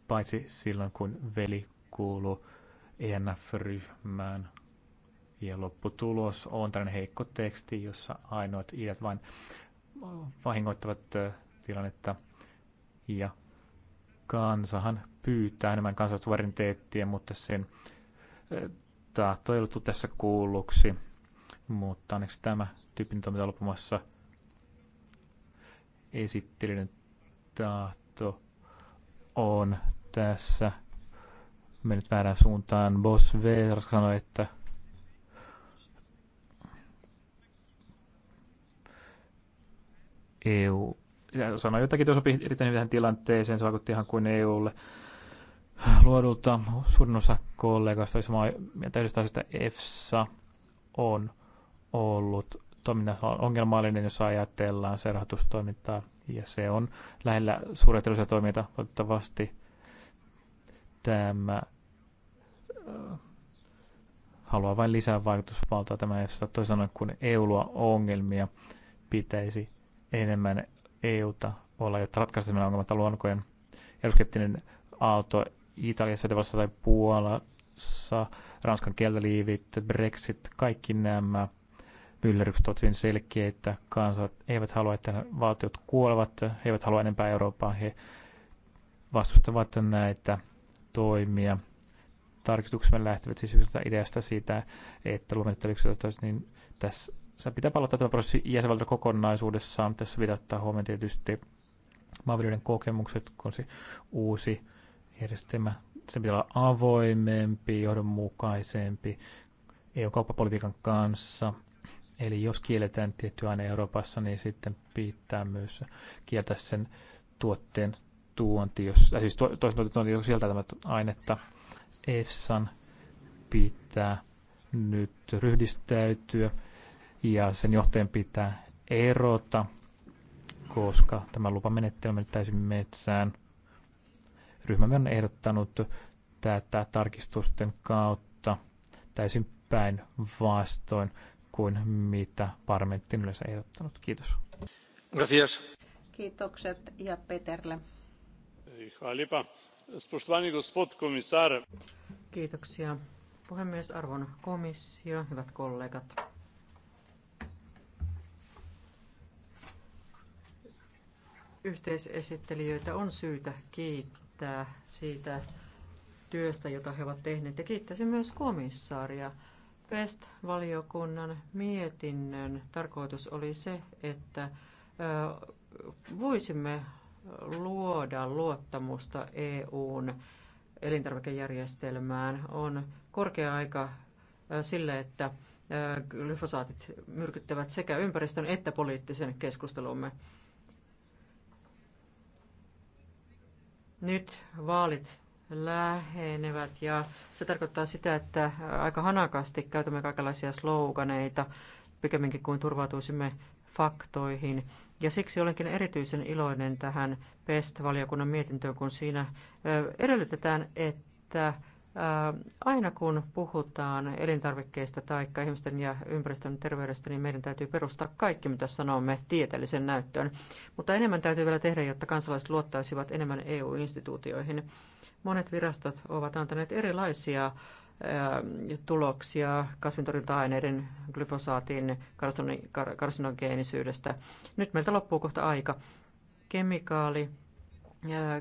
Speaker 3: paitsi silloin kun veli kuuluu ENF-ryhmään. Ja lopputulos on tällainen heikko teksti, jossa ainoat iät vain vahingoittavat tilannetta. Ja kansahan pyytää enemmän kansallista mutta sen tahto ei ollut tässä kuulluksi. Mutta onneksi tämä tyyppinen toiminta on loppumassa – esittelijän tahto on tässä mennyt väärään suuntaan. Boss V sanoi, että EU sanoi jotakin, että sopii erittäin hyvin tähän tilanteeseen, se vaikutti ihan kuin EUlle luodulta. Suurin osa kollegasta oli samaa mieltä yhdestä asiasta EFSA on ollut rahoitustoiminnan ongelmallinen, jos ajatellaan se rahoitustoimintaa, ja se on lähellä suuria toimijoita valitettavasti. Tämä äh, haluaa vain lisää vaikutusvaltaa tämä jossa toisaalta kun EU luo ongelmia, pitäisi enemmän EUta olla, jotta ratkaistaan nämä ongelmat luonkojen euroskeptinen aalto Italiassa, Etelässä tai Puolassa, ranskan kieltä liivit, Brexit, kaikki nämä – myllerrykset ovat hyvin selkeitä. Kansat eivät halua, että valtiot kuolevat, he eivät halua enempää Eurooppaa, he vastustavat näitä toimia. Tarkistuksemme lähtevät siis yhdeltä ideasta siitä, että luomennettelyksellä niin tässä pitää palauttaa tämä prosessi jäsenvaltio kokonaisuudessaan. Tässä vidattaa huomioon tietysti maanviljelijöiden kokemukset, kun se uusi järjestelmä, se pitää olla avoimempi, johdonmukaisempi EU-kauppapolitiikan kanssa – Eli jos kielletään tietty aine Euroopassa, niin sitten pitää myös kieltää sen tuotteen tuonti, jos, äh, siis to, toisen tuotteen tuonti, jos sieltä tämä ainetta EFSAn pitää nyt ryhdistäytyä ja sen johtajan pitää erota, koska tämä lupamenettelmä täysin metsään. Ryhmämme on ehdottanut tätä tarkistusten kautta täysin päin vastoin kuin mitä parlamentti on yleensä ehdottanut. Kiitos.
Speaker 7: Gracias.
Speaker 2: Kiitokset ja Peterle. Kiitoksia. Puhemies, arvon komissio, hyvät kollegat. Yhteisesittelijöitä on syytä kiittää siitä työstä, jota he ovat tehneet, ja kiittäisin myös komissaaria PEST-valiokunnan mietinnön tarkoitus oli se, että voisimme luoda luottamusta EUn elintarvikejärjestelmään. On korkea aika sille, että glyfosaatit myrkyttävät sekä ympäristön että poliittisen keskustelumme. Nyt vaalit lähenevät ja se tarkoittaa sitä, että aika hanakasti käytämme kaikenlaisia sloganeita pikemminkin kuin turvautuisimme faktoihin. Ja siksi olenkin erityisen iloinen tähän PEST-valiokunnan mietintöön, kun siinä edellytetään, että Aina kun puhutaan elintarvikkeista tai ihmisten ja ympäristön terveydestä, niin meidän täytyy perustaa kaikki, mitä sanomme, tieteellisen näyttöön. Mutta enemmän täytyy vielä tehdä, jotta kansalaiset luottaisivat enemmän EU-instituutioihin. Monet virastot ovat antaneet erilaisia tuloksia kasvintorjunta-aineiden glyfosaatin karsinogeenisyydestä. Nyt meiltä loppuu kohta aika. Kemikaali,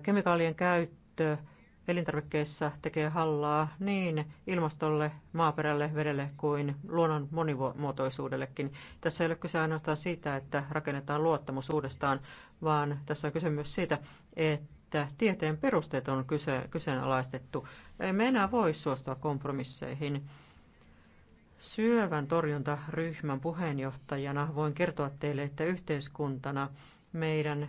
Speaker 2: kemikaalien käyttö elintarvikkeissa tekee hallaa niin ilmastolle, maaperälle, vedelle kuin luonnon monimuotoisuudellekin. Tässä ei ole kyse ainoastaan siitä, että rakennetaan luottamus uudestaan, vaan tässä on kyse myös siitä, että tieteen perusteet on kyse, kyseenalaistettu. Emme enää voi suostua kompromisseihin. Syövän torjuntaryhmän puheenjohtajana voin kertoa teille, että yhteiskuntana meidän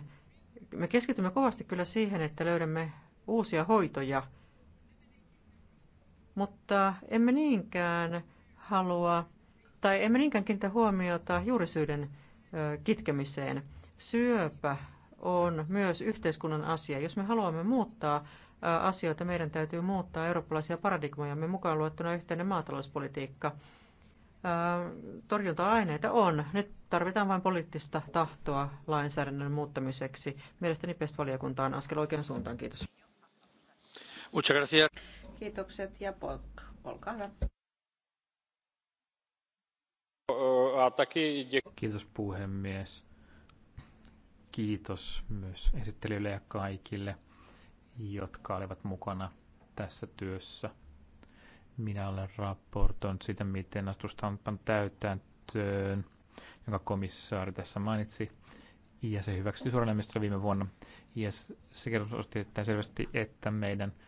Speaker 2: me keskitymme kovasti kyllä siihen, että löydämme uusia hoitoja, mutta emme niinkään halua tai emme niinkään kiinnitä huomiota juurisyiden kitkemiseen. Syöpä on myös yhteiskunnan asia. Jos me haluamme muuttaa asioita, meidän täytyy muuttaa eurooppalaisia paradigmoja, me mukaan luettuna yhteinen maatalouspolitiikka. Torjunta-aineita on. Nyt tarvitaan vain poliittista tahtoa lainsäädännön muuttamiseksi. Mielestäni PEST-valiokunta on askel oikean suuntaan. Kiitos.
Speaker 3: Muchas
Speaker 8: gracias.
Speaker 10: Kiitokset ja Polk, olkaa hyvä.
Speaker 3: Kiitos puhemies. Kiitos myös esittelijöille ja kaikille, jotka olivat mukana tässä työssä. Minä olen raportoinut sitä, miten astusta on pannut täytäntöön, jonka komissaari tässä mainitsi. Ja se hyväksytti suoraan viime vuonna. Ja se kertoo selvästi, että meidän –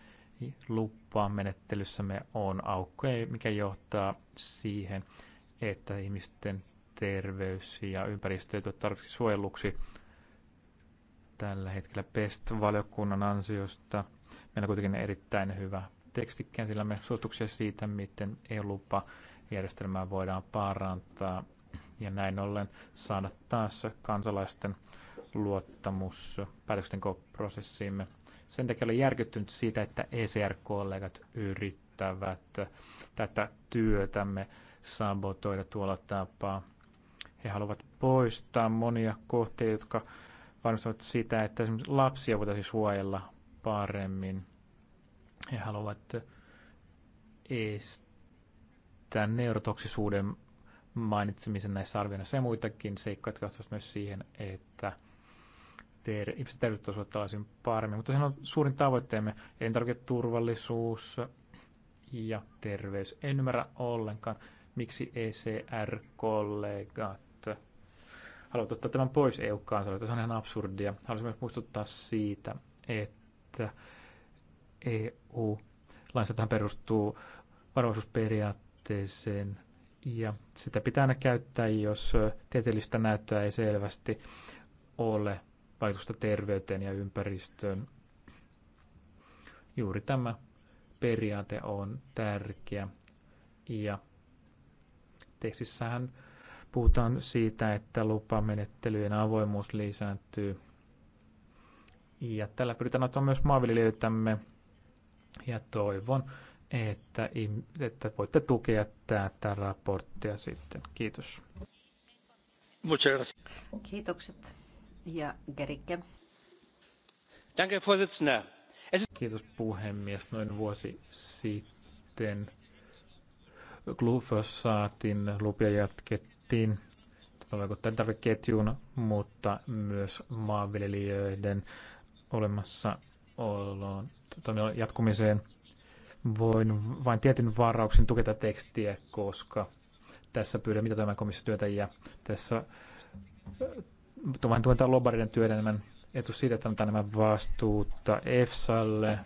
Speaker 3: lupamenettelyssämme on aukkoja, mikä johtaa siihen, että ihmisten terveys ja ympäristö ei tarvitse suojelluksi tällä hetkellä PEST-valiokunnan ansiosta. Meillä on kuitenkin erittäin hyvä teksti me suosituksia siitä, miten e järjestelmää voidaan parantaa ja näin ollen saada taas kansalaisten luottamus päätöksentekoprosessiimme. Sen takia olen järkyttynyt siitä, että ECR-kollegat yrittävät tätä työtämme sabotoida tuolla tapaa. He haluavat poistaa monia kohteita, jotka varmistavat sitä, että esimerkiksi lapsia voitaisiin suojella paremmin. He haluavat estää neurotoksisuuden mainitsemisen näissä arvioinnissa ja muitakin seikkoja, jotka myös siihen, että tehdä, ihmiset täytyy tällaisin paremmin. Mutta sehän on suurin tavoitteemme, elintarviketurvallisuus ja terveys. En ymmärrä ollenkaan, miksi ECR-kollegat haluavat ottaa tämän pois EU-kansalaisilta. Se on ihan absurdia. Haluaisin myös muistuttaa siitä, että EU-lainsäädäntö perustuu varovaisuusperiaatteeseen ja sitä pitää aina käyttää, jos tieteellistä näyttöä ei selvästi ole vaikutusta terveyteen ja ympäristöön. Juuri tämä periaate on tärkeä. Ja tekstissähän puhutaan siitä, että lupamenettelyjen avoimuus lisääntyy. Ja tällä pyritään auttamaan myös maanviljelijöitämme. Ja toivon, että, että voitte tukea tätä raporttia sitten. Kiitos.
Speaker 2: Kiitokset.
Speaker 3: Kiitos puhemies. Noin vuosi sitten glufosaatin lupia jatkettiin. Tämä tarvikeketjuun, mutta myös maanviljelijöiden olemassaoloon jatkumiseen. Voin vain tietyn varauksin tuketa tekstiä, koska tässä pyydän mitä tämä komissio työtä ja tässä tuon tuon lobariden työ enemmän etu siitä, että antaa nämä vastuutta EFSAlle.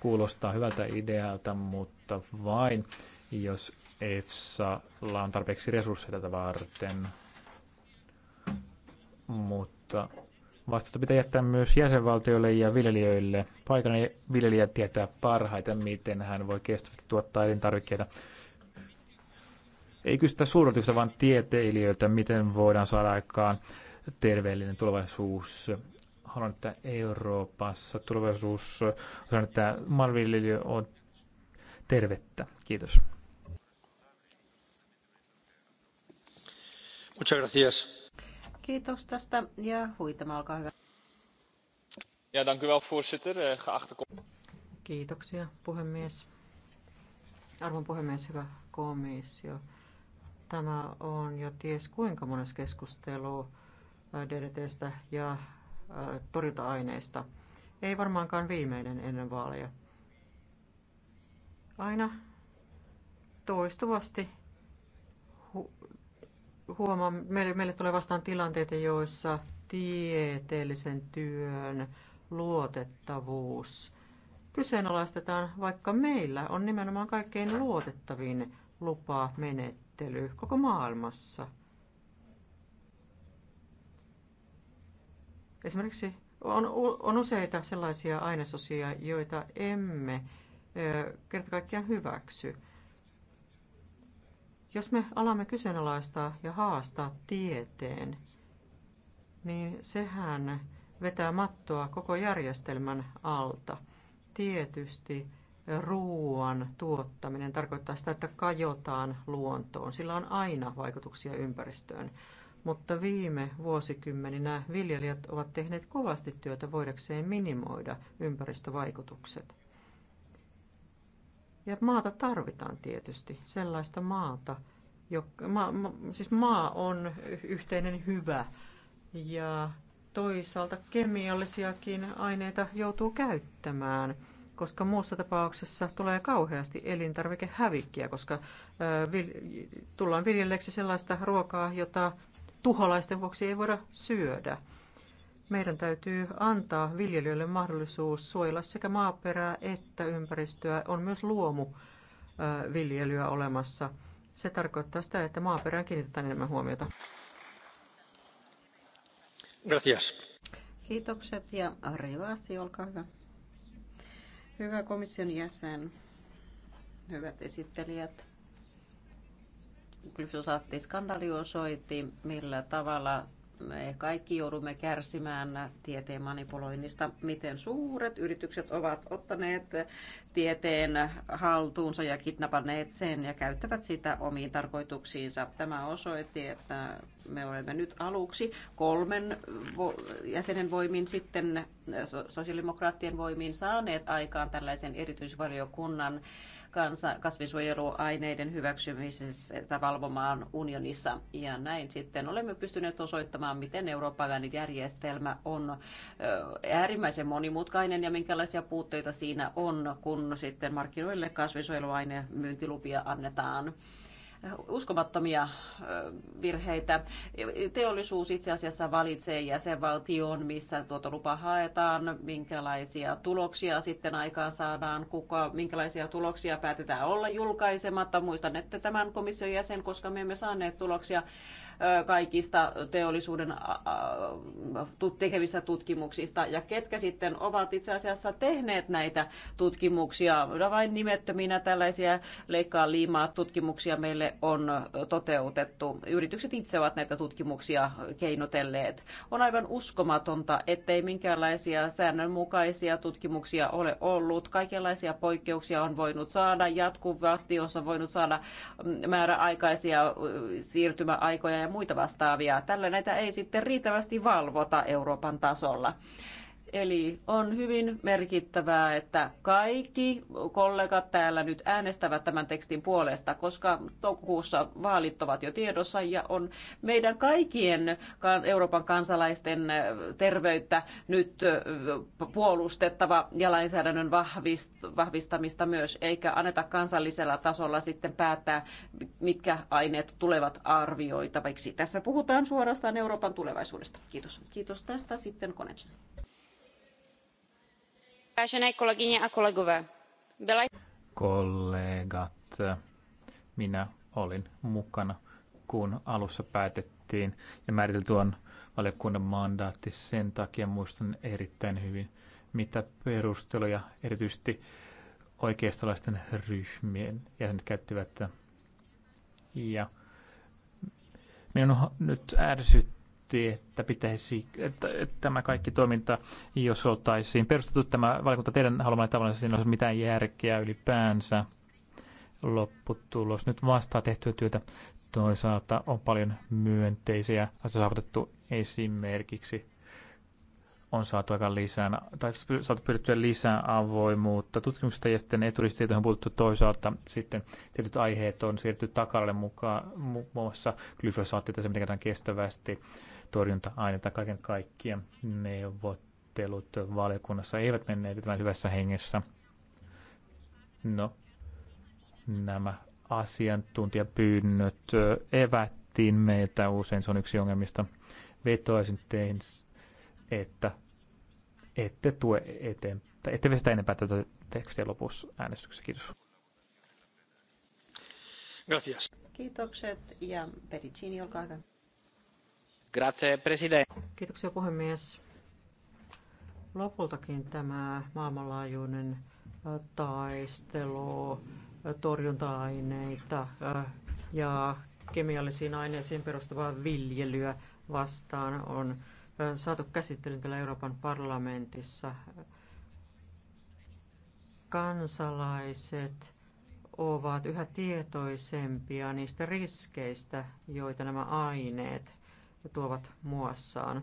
Speaker 3: Kuulostaa hyvältä idealta, mutta vain jos EFSAlla on tarpeeksi resursseja tätä varten. Mutta vastuuta pitää jättää myös jäsenvaltioille ja viljelijöille. Paikallinen viljelijä tietää parhaiten, miten hän voi kestävästi tuottaa elintarvikkeita. Ei kysytä suurotusta, vaan tieteilijöiltä, miten voidaan saada aikaan terveellinen tulevaisuus. Haluan, että Euroopassa tulevaisuus, haluan, että maanviljelijö on tervettä. Kiitos.
Speaker 5: Muchas gracias.
Speaker 11: Kiitos tästä
Speaker 2: ja huitama, olkaa hyvä.
Speaker 7: Ja, dank u wel, voorzitter. Eh, geachte...
Speaker 2: Kiitoksia, puhemies. Arvon puhemies, hyvä komissio. Tämä on jo ties kuinka mones keskustelu DDTstä ja äh, torjunta-aineista. Ei varmaankaan viimeinen ennen vaaleja. Aina toistuvasti hu- huomaan, meille, meille tulee vastaan tilanteita, joissa tieteellisen työn luotettavuus kyseenalaistetaan, vaikka meillä on nimenomaan kaikkein luotettavin lupamenettely koko maailmassa – Esimerkiksi on, on useita sellaisia ainesosia, joita emme kerta kaikkiaan hyväksy. Jos me alamme kyseenalaistaa ja haastaa tieteen, niin sehän vetää mattoa koko järjestelmän alta. Tietysti ruoan tuottaminen tarkoittaa sitä, että kajotaan luontoon. Sillä on aina vaikutuksia ympäristöön mutta viime vuosikymmeninä viljelijät ovat tehneet kovasti työtä voidakseen minimoida ympäristövaikutukset. Ja maata tarvitaan tietysti, sellaista maata, joka, ma, ma, siis maa on yhteinen hyvä ja toisaalta kemiallisiakin aineita joutuu käyttämään, koska muussa tapauksessa tulee kauheasti elintarvikehävikkiä, koska ö, vil, tullaan viljelleeksi sellaista ruokaa, jota tuholaisten vuoksi ei voida syödä. Meidän täytyy antaa viljelijöille mahdollisuus suojella sekä maaperää että ympäristöä. On myös luomuviljelyä olemassa. Se tarkoittaa sitä, että maaperään kiinnitetään enemmän huomiota. Gracias. Kiitokset ja Rivasi, olkaa hyvä.
Speaker 4: Hyvä komission jäsen, hyvät esittelijät glyfosaattiskandaali osoitti, millä tavalla me kaikki joudumme kärsimään tieteen manipuloinnista, miten suuret yritykset ovat ottaneet tieteen haltuunsa ja kidnapanneet sen ja käyttävät sitä omiin tarkoituksiinsa. Tämä osoitti, että me olemme nyt aluksi kolmen jäsenen voimin sitten sosiaalidemokraattien voimin saaneet aikaan tällaisen erityisvaliokunnan kansa, kasvinsuojeluaineiden hyväksymisestä valvomaan unionissa. Ja näin sitten olemme pystyneet osoittamaan, miten eurooppalainen järjestelmä on äärimmäisen monimutkainen ja minkälaisia puutteita siinä on, kun sitten markkinoille kasvinsuojeluaine myyntilupia annetaan uskomattomia virheitä. Teollisuus itse asiassa valitsee jäsenvaltion, missä tuota lupa haetaan, minkälaisia tuloksia sitten aikaan saadaan, kuka, minkälaisia tuloksia päätetään olla julkaisematta. Muistan, että tämän komission jäsen, koska me emme saaneet tuloksia kaikista teollisuuden tekemistä tutkimuksista ja ketkä sitten ovat itse asiassa tehneet näitä tutkimuksia. No, vain nimettöminä tällaisia leikkaa liimaa tutkimuksia meille on toteutettu. Yritykset itse ovat näitä tutkimuksia keinotelleet. On aivan uskomatonta, ettei minkäänlaisia säännönmukaisia tutkimuksia ole ollut. Kaikenlaisia poikkeuksia on voinut saada jatkuvasti, jos on voinut saada mm, määräaikaisia siirtymäaikoja ja muita vastaavia. Tällä näitä ei sitten riittävästi valvota Euroopan tasolla. Eli on hyvin merkittävää, että kaikki kollegat täällä nyt äänestävät tämän tekstin puolesta, koska toukokuussa vaalit ovat jo tiedossa ja on meidän kaikkien Euroopan kansalaisten terveyttä nyt puolustettava ja lainsäädännön vahvistamista myös, eikä anneta kansallisella tasolla sitten päättää, mitkä aineet tulevat arvioitaviksi. Tässä puhutaan suorastaan Euroopan tulevaisuudesta. Kiitos. Kiitos tästä sitten Konechna. Vážené kolegyně a kolegové.
Speaker 3: Kollegat, minä olin mukana, kun alussa päätettiin ja määritelty on valiokunnan mandaatti. Sen takia muistan erittäin hyvin, mitä perusteluja erityisesti oikeistolaisten ryhmien jäsenet käyttivät. Ja minun nyt ärsyttää tietysti, että pitäisi, että, että tämä kaikki toiminta, jos oltaisiin perustettu tämä valiokunta teidän haluamalla tavalla, niin siinä olisi mitään järkeä ylipäänsä lopputulos. Nyt vastaa tehtyä työtä toisaalta on paljon myönteisiä asioita saavutettu esimerkiksi on saatu aika lisää, tai saatu pyydettyä lisää avoimuutta tutkimuksesta ja sitten eturistietoihin on puhuttu toisaalta. Sitten tietyt aiheet on siirtynyt takaralle mukaan, muun muassa glyfosaatti tai se, miten kestävästi torjunta-aineita kaiken kaikkiaan. Neuvottelut valiokunnassa eivät menneet tämän hyvässä hengessä. No, nämä asiantuntijapyynnöt evättiin meiltä usein, se on yksi ongelmista. Vetoisin tein, että ette tue eteen, tai ette vestä enempää tätä tekstiä lopussa äänestyksessä. Kiitos.
Speaker 5: Gracias.
Speaker 2: Kiitokset ja Pericini, olkaa hyvä. Grazie, Kiitoksia puhemies. Lopultakin tämä maailmanlaajuinen taistelu torjunta-aineita ja kemiallisiin aineisiin perustuvaa viljelyä vastaan on saatu käsittelyyn täällä Euroopan parlamentissa. Kansalaiset ovat yhä tietoisempia niistä riskeistä, joita nämä aineet tuovat muassaan.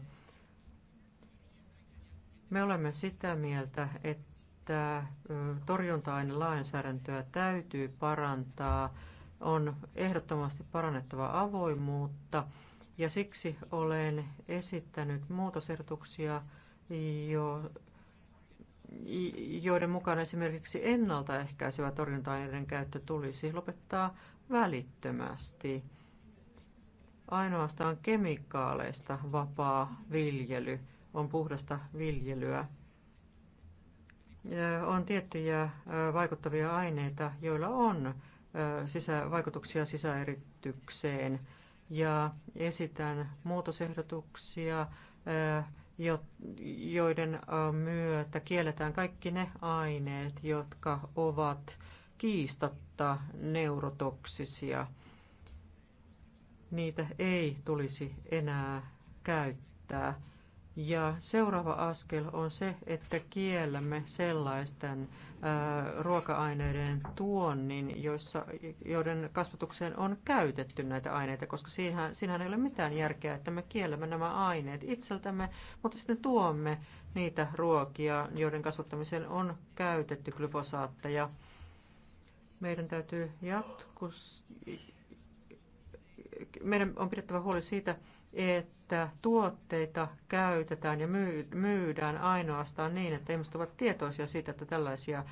Speaker 2: Me olemme sitä mieltä, että torjunta-ainelainsäädäntöä täytyy parantaa. On ehdottomasti parannettava avoimuutta ja siksi olen esittänyt muutosehdotuksia, jo, joiden mukaan esimerkiksi ennaltaehkäisevä torjunta-aineiden käyttö tulisi lopettaa välittömästi. Ainoastaan kemikaaleista vapaa viljely on puhdasta viljelyä. On tiettyjä vaikuttavia aineita, joilla on sisä, vaikutuksia sisäeritykseen. Ja esitän muutosehdotuksia, joiden myötä kielletään kaikki ne aineet, jotka ovat kiistatta neurotoksisia – niitä ei tulisi enää käyttää. Ja seuraava askel on se, että kiellämme sellaisten ruoka-aineiden tuonnin, joissa, joiden kasvatukseen on käytetty näitä aineita, koska siinähän, siinähän ei ole mitään järkeä, että me kiellämme nämä aineet itseltämme, mutta sitten tuomme niitä ruokia, joiden kasvattamiseen on käytetty glyfosaatteja. Meidän täytyy jatkus, meidän on pidettävä huoli siitä, että tuotteita käytetään ja myydään ainoastaan niin, että ihmiset ovat tietoisia siitä, että tällaisia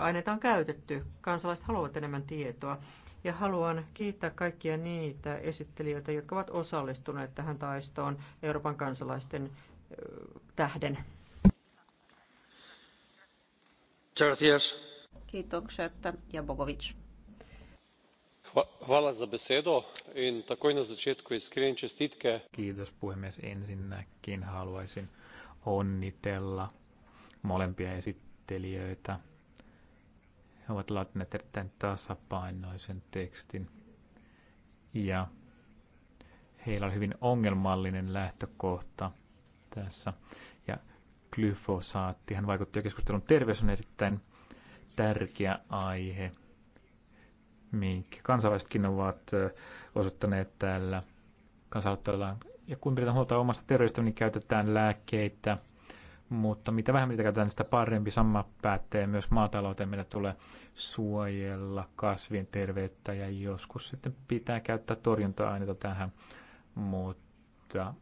Speaker 2: aineita on käytetty. Kansalaiset haluavat enemmän tietoa. Ja haluan kiittää kaikkia niitä esittelijöitä, jotka ovat osallistuneet tähän taistoon Euroopan kansalaisten tähden.
Speaker 3: Kiitokset ja Bogovic
Speaker 7: in takoj na začetku iskrene čestitke.
Speaker 3: Kiitos puhemies. Ensinnäkin haluaisin onnitella molempia esittelijöitä. He ovat laatineet erittäin tasapainoisen tekstin ja heillä on hyvin ongelmallinen lähtökohta tässä. Ja glyfosaattihan vaikutti keskustelun terveys on erittäin tärkeä aihe minkä kansalaisetkin ovat osoittaneet täällä kansalaisella. Ja kun pidetään huolta omasta terveydestä, niin käytetään lääkkeitä, mutta mitä vähemmän niitä käytetään, niin sitä parempi. Sama päättää. myös maatalouteen. Meidän tulee suojella kasvien terveyttä ja joskus sitten pitää käyttää torjunta-aineita tähän, mutta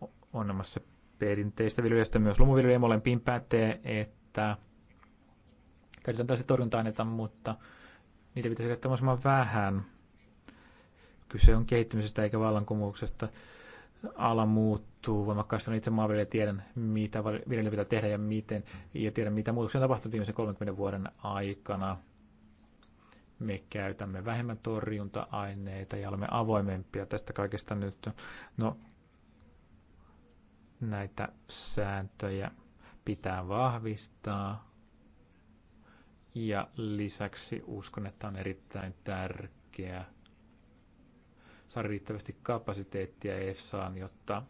Speaker 3: on olemassa perinteistä viljelystä myös lumuviljelyä molempiin päättää, että käytetään tällaisia torjunta-aineita, mutta niitä pitäisi käyttää mahdollisimman vähän. Kyse on kehittymisestä eikä vallankumouksesta. Ala muuttuu voimakkaasti. On itse maanviljelijä tiedän, mitä viljelijä pitää tehdä ja miten. Ja tiedän, mitä muutoksia on tapahtunut viimeisen 30 vuoden aikana. Me käytämme vähemmän torjunta-aineita ja olemme avoimempia tästä kaikesta nyt. No, näitä sääntöjä pitää vahvistaa ja lisäksi uskon, että on erittäin tärkeää saada riittävästi kapasiteettia EFSAan, jotta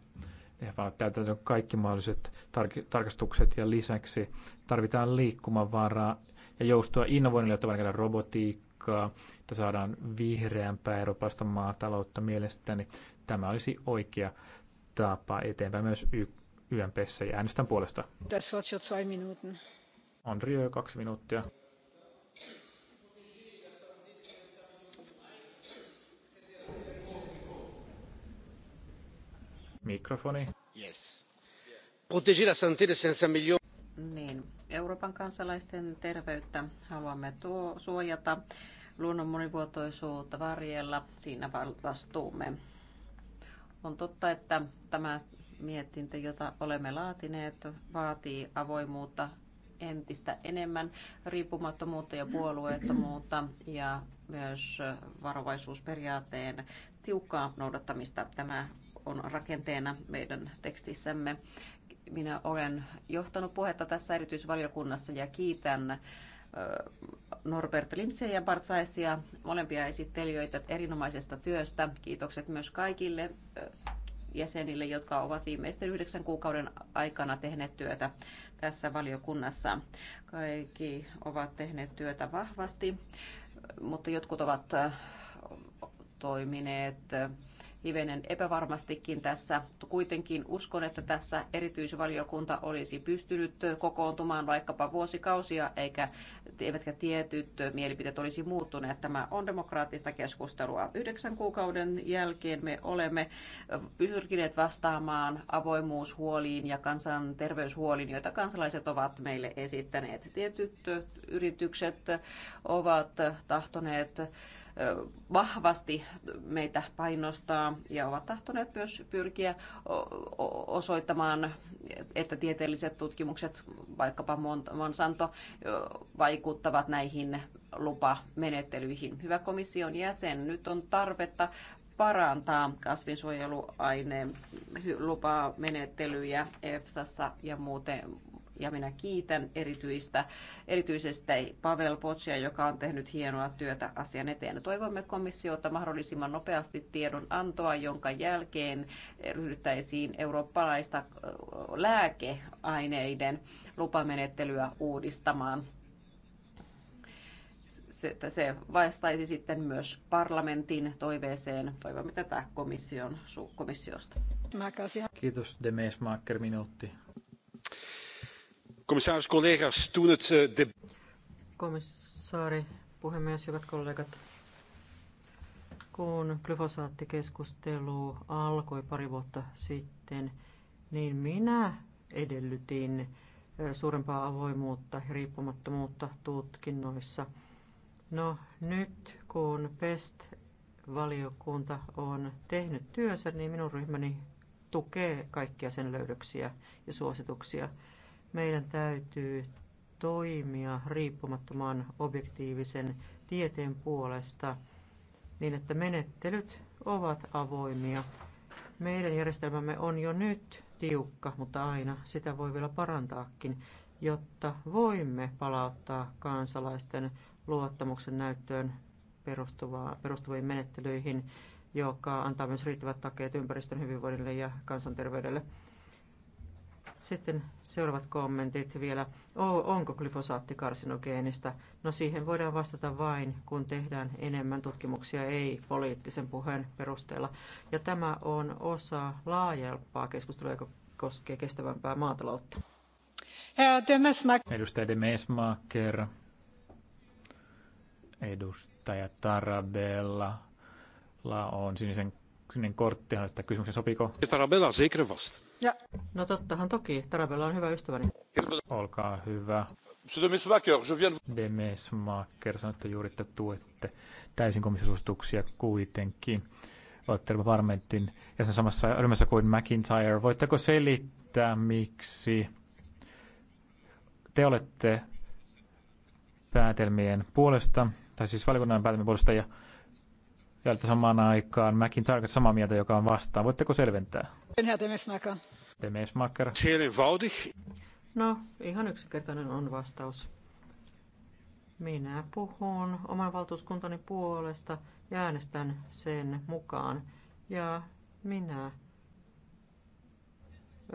Speaker 3: ne täytetään kaikki mahdolliset tar- tarkastukset ja lisäksi tarvitaan liikkumavaraa ja joustoa innovoinnille, jotta voidaan robotiikkaa, että saadaan vihreämpää eurooppalaista maataloutta mielestäni. Tämä olisi oikea tapa eteenpäin myös y- YMPssä ja äänestän puolesta. Tässä on kaksi minuuttia.
Speaker 6: Mikrofoni. Yes. Protegera santé de 500 miljoonaa. Niin,
Speaker 4: Euroopan kansalaisten terveyttä haluamme tuo, suojata, luonnon monivuotoisuutta varjella, siinä vastuumme. On totta, että tämä mietintö, jota olemme laatineet, vaatii avoimuutta entistä enemmän, riippumattomuutta ja puolueettomuutta ja myös varovaisuusperiaatteen tiukkaa noudattamista. Tämä on rakenteena meidän tekstissämme. Minä olen johtanut puhetta tässä erityisvaliokunnassa ja kiitän Norbert Lindsey ja Bart Saesia, molempia esittelijöitä erinomaisesta työstä. Kiitokset myös kaikille jäsenille, jotka ovat viimeisten yhdeksän kuukauden aikana tehneet työtä tässä valiokunnassa. Kaikki ovat tehneet työtä vahvasti, mutta jotkut ovat toimineet hivenen epävarmastikin tässä. Kuitenkin uskon, että tässä erityisvaliokunta olisi pystynyt kokoontumaan vaikkapa vuosikausia, eikä, eivätkä tietyt mielipiteet olisi muuttuneet. Tämä on demokraattista keskustelua. Yhdeksän kuukauden jälkeen me olemme pyrkineet vastaamaan avoimuushuoliin ja kansanterveyshuoliin, joita kansalaiset ovat meille esittäneet. Tietyt yritykset ovat tahtoneet vahvasti meitä painostaa ja ovat tahtoneet myös pyrkiä osoittamaan, että tieteelliset tutkimukset, vaikkapa Monsanto, vaikuttavat näihin lupamenettelyihin. Hyvä komission jäsen, nyt on tarvetta parantaa kasvinsuojeluaineen lupamenettelyjä EFSassa ja muuten ja minä kiitän erityistä, erityisesti Pavel Potsia, joka on tehnyt hienoa työtä asian eteen. Toivomme komissiota mahdollisimman nopeasti antoa, jonka jälkeen ryhdyttäisiin eurooppalaista lääkeaineiden lupamenettelyä uudistamaan se, se vastaisi sitten myös parlamentin toiveeseen. Toivomme tätä komission, komissiosta.
Speaker 3: Kiitos Demes Maakker, minuutti. Commissaris, collega's, toen het eh, debat...
Speaker 2: puhemies, hyvät kollegat. Kun glyfosaattikeskustelu alkoi pari vuotta sitten, niin minä edellytin eh, suurempaa avoimuutta ja riippumattomuutta tutkinnoissa. No nyt kun PEST-valiokunta on tehnyt työnsä, niin minun ryhmäni tukee kaikkia sen löydöksiä ja suosituksia – meidän täytyy toimia riippumattoman objektiivisen tieteen puolesta niin, että menettelyt ovat avoimia. Meidän järjestelmämme on jo nyt tiukka, mutta aina sitä voi vielä parantaakin, jotta voimme palauttaa kansalaisten luottamuksen näyttöön perustuviin menettelyihin, joka antaa myös riittävät takeet ympäristön hyvinvoinnille ja kansanterveydelle. Sitten seuraavat kommentit vielä. Onko glyfosaatti karsinogeenista? No siihen voidaan vastata vain, kun tehdään enemmän tutkimuksia, ei poliittisen puheen perusteella. Ja tämä on osa laajempaa keskustelua, joka koskee kestävämpää maataloutta.
Speaker 3: Edustaja de Mesmaker, edustaja Tarabella, La on sinisen, sininen kortti, että kysymyksen, sopiiko?
Speaker 7: Tarabella, zeker vast.
Speaker 2: Ja. No tottahan toki. Tarabella on hyvä ystäväni.
Speaker 3: Olkaa hyvä. De sanoi, että juuri, että tuette täysin komissiosuustuksia kuitenkin. Olette Varmentin ja sen samassa ryhmässä kuin McIntyre. Voitteko selittää, miksi te olette päätelmien puolesta, tai siis valiokunnan päätelmien puolesta, ja, ja samaan aikaan McIntyre samaa mieltä, joka on vastaan. Voitteko selventää?
Speaker 2: Enää Demesmaker.
Speaker 3: Demesmaker.
Speaker 2: No, ihan yksinkertainen on vastaus. Minä puhun oman valtuuskuntani puolesta ja äänestän sen mukaan. Ja minä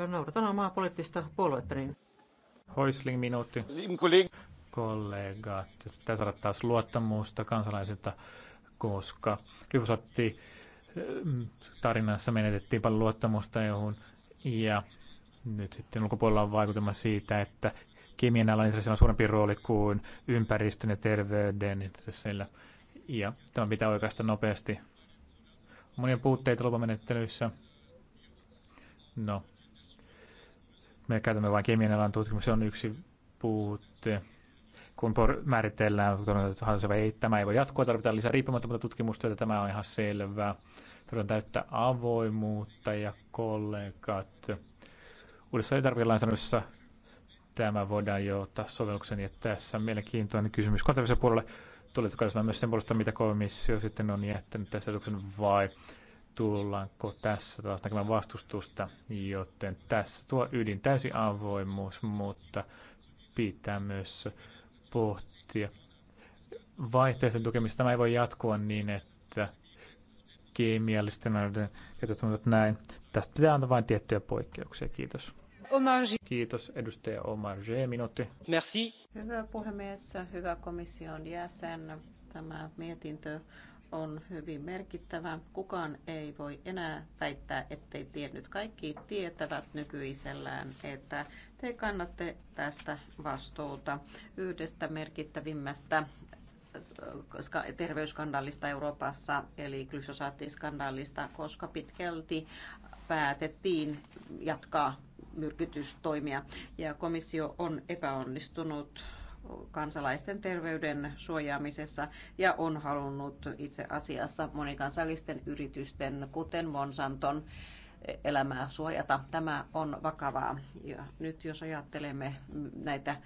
Speaker 2: noudatan omaa poliittista puoluettani.
Speaker 3: Hoisling minuutti. Kollegat, tässä saada taas luottamusta kansalaisilta, koska glyfosaatti tarinassa menetettiin paljon luottamusta johon. ja nyt sitten ulkopuolella on vaikutelma siitä, että kemian alan on suurempi rooli kuin ympäristön ja terveyden intresseillä. Ja tämä pitää oikeastaan nopeasti. monia puutteita lupamenettelyissä. No, me käytämme vain kemian alan tutkimus, se on yksi puutte, Kun por- määritellään, että ei, tämä ei voi jatkoa tarvitaan lisää riippumattomuutta tutkimustyötä, tämä on ihan selvää on täyttä avoimuutta ja kollegat. Uudessa elintarvikelainsäädännössä tämä voidaan jo ottaa sovelluksen. Ja tässä on mielenkiintoinen kysymys kansainvälisen puolelle. Tuletko katsomaan myös sen puolesta, mitä komissio sitten on jättänyt tässä edukseen, vai tullaanko tässä taas näkemään vastustusta, joten tässä tuo ydin täysi avoimuus, mutta pitää myös pohtia vaihtoehtojen tukemista. Tämä ei voi jatkua niin, että kemiallisten aineiden käytöt näin. Tästä pitää antaa vain tiettyjä poikkeuksia. Kiitos. Omar G. Kiitos edustaja Omar G. Minuutti. Merci. Hyvä
Speaker 4: puhemies, hyvä komission jäsen. Tämä mietintö on hyvin merkittävä. Kukaan ei voi enää väittää, ettei tiennyt. Kaikki tietävät nykyisellään, että te kannatte tästä vastuuta yhdestä merkittävimmästä terveysskandaalista Euroopassa, eli glyfosaattiskandaalista, koska pitkälti päätettiin jatkaa myrkytystoimia. Ja komissio on epäonnistunut kansalaisten terveyden suojaamisessa ja on halunnut itse asiassa monikansallisten yritysten, kuten Monsanton, elämää suojata. Tämä on vakavaa. Ja nyt jos ajattelemme näitä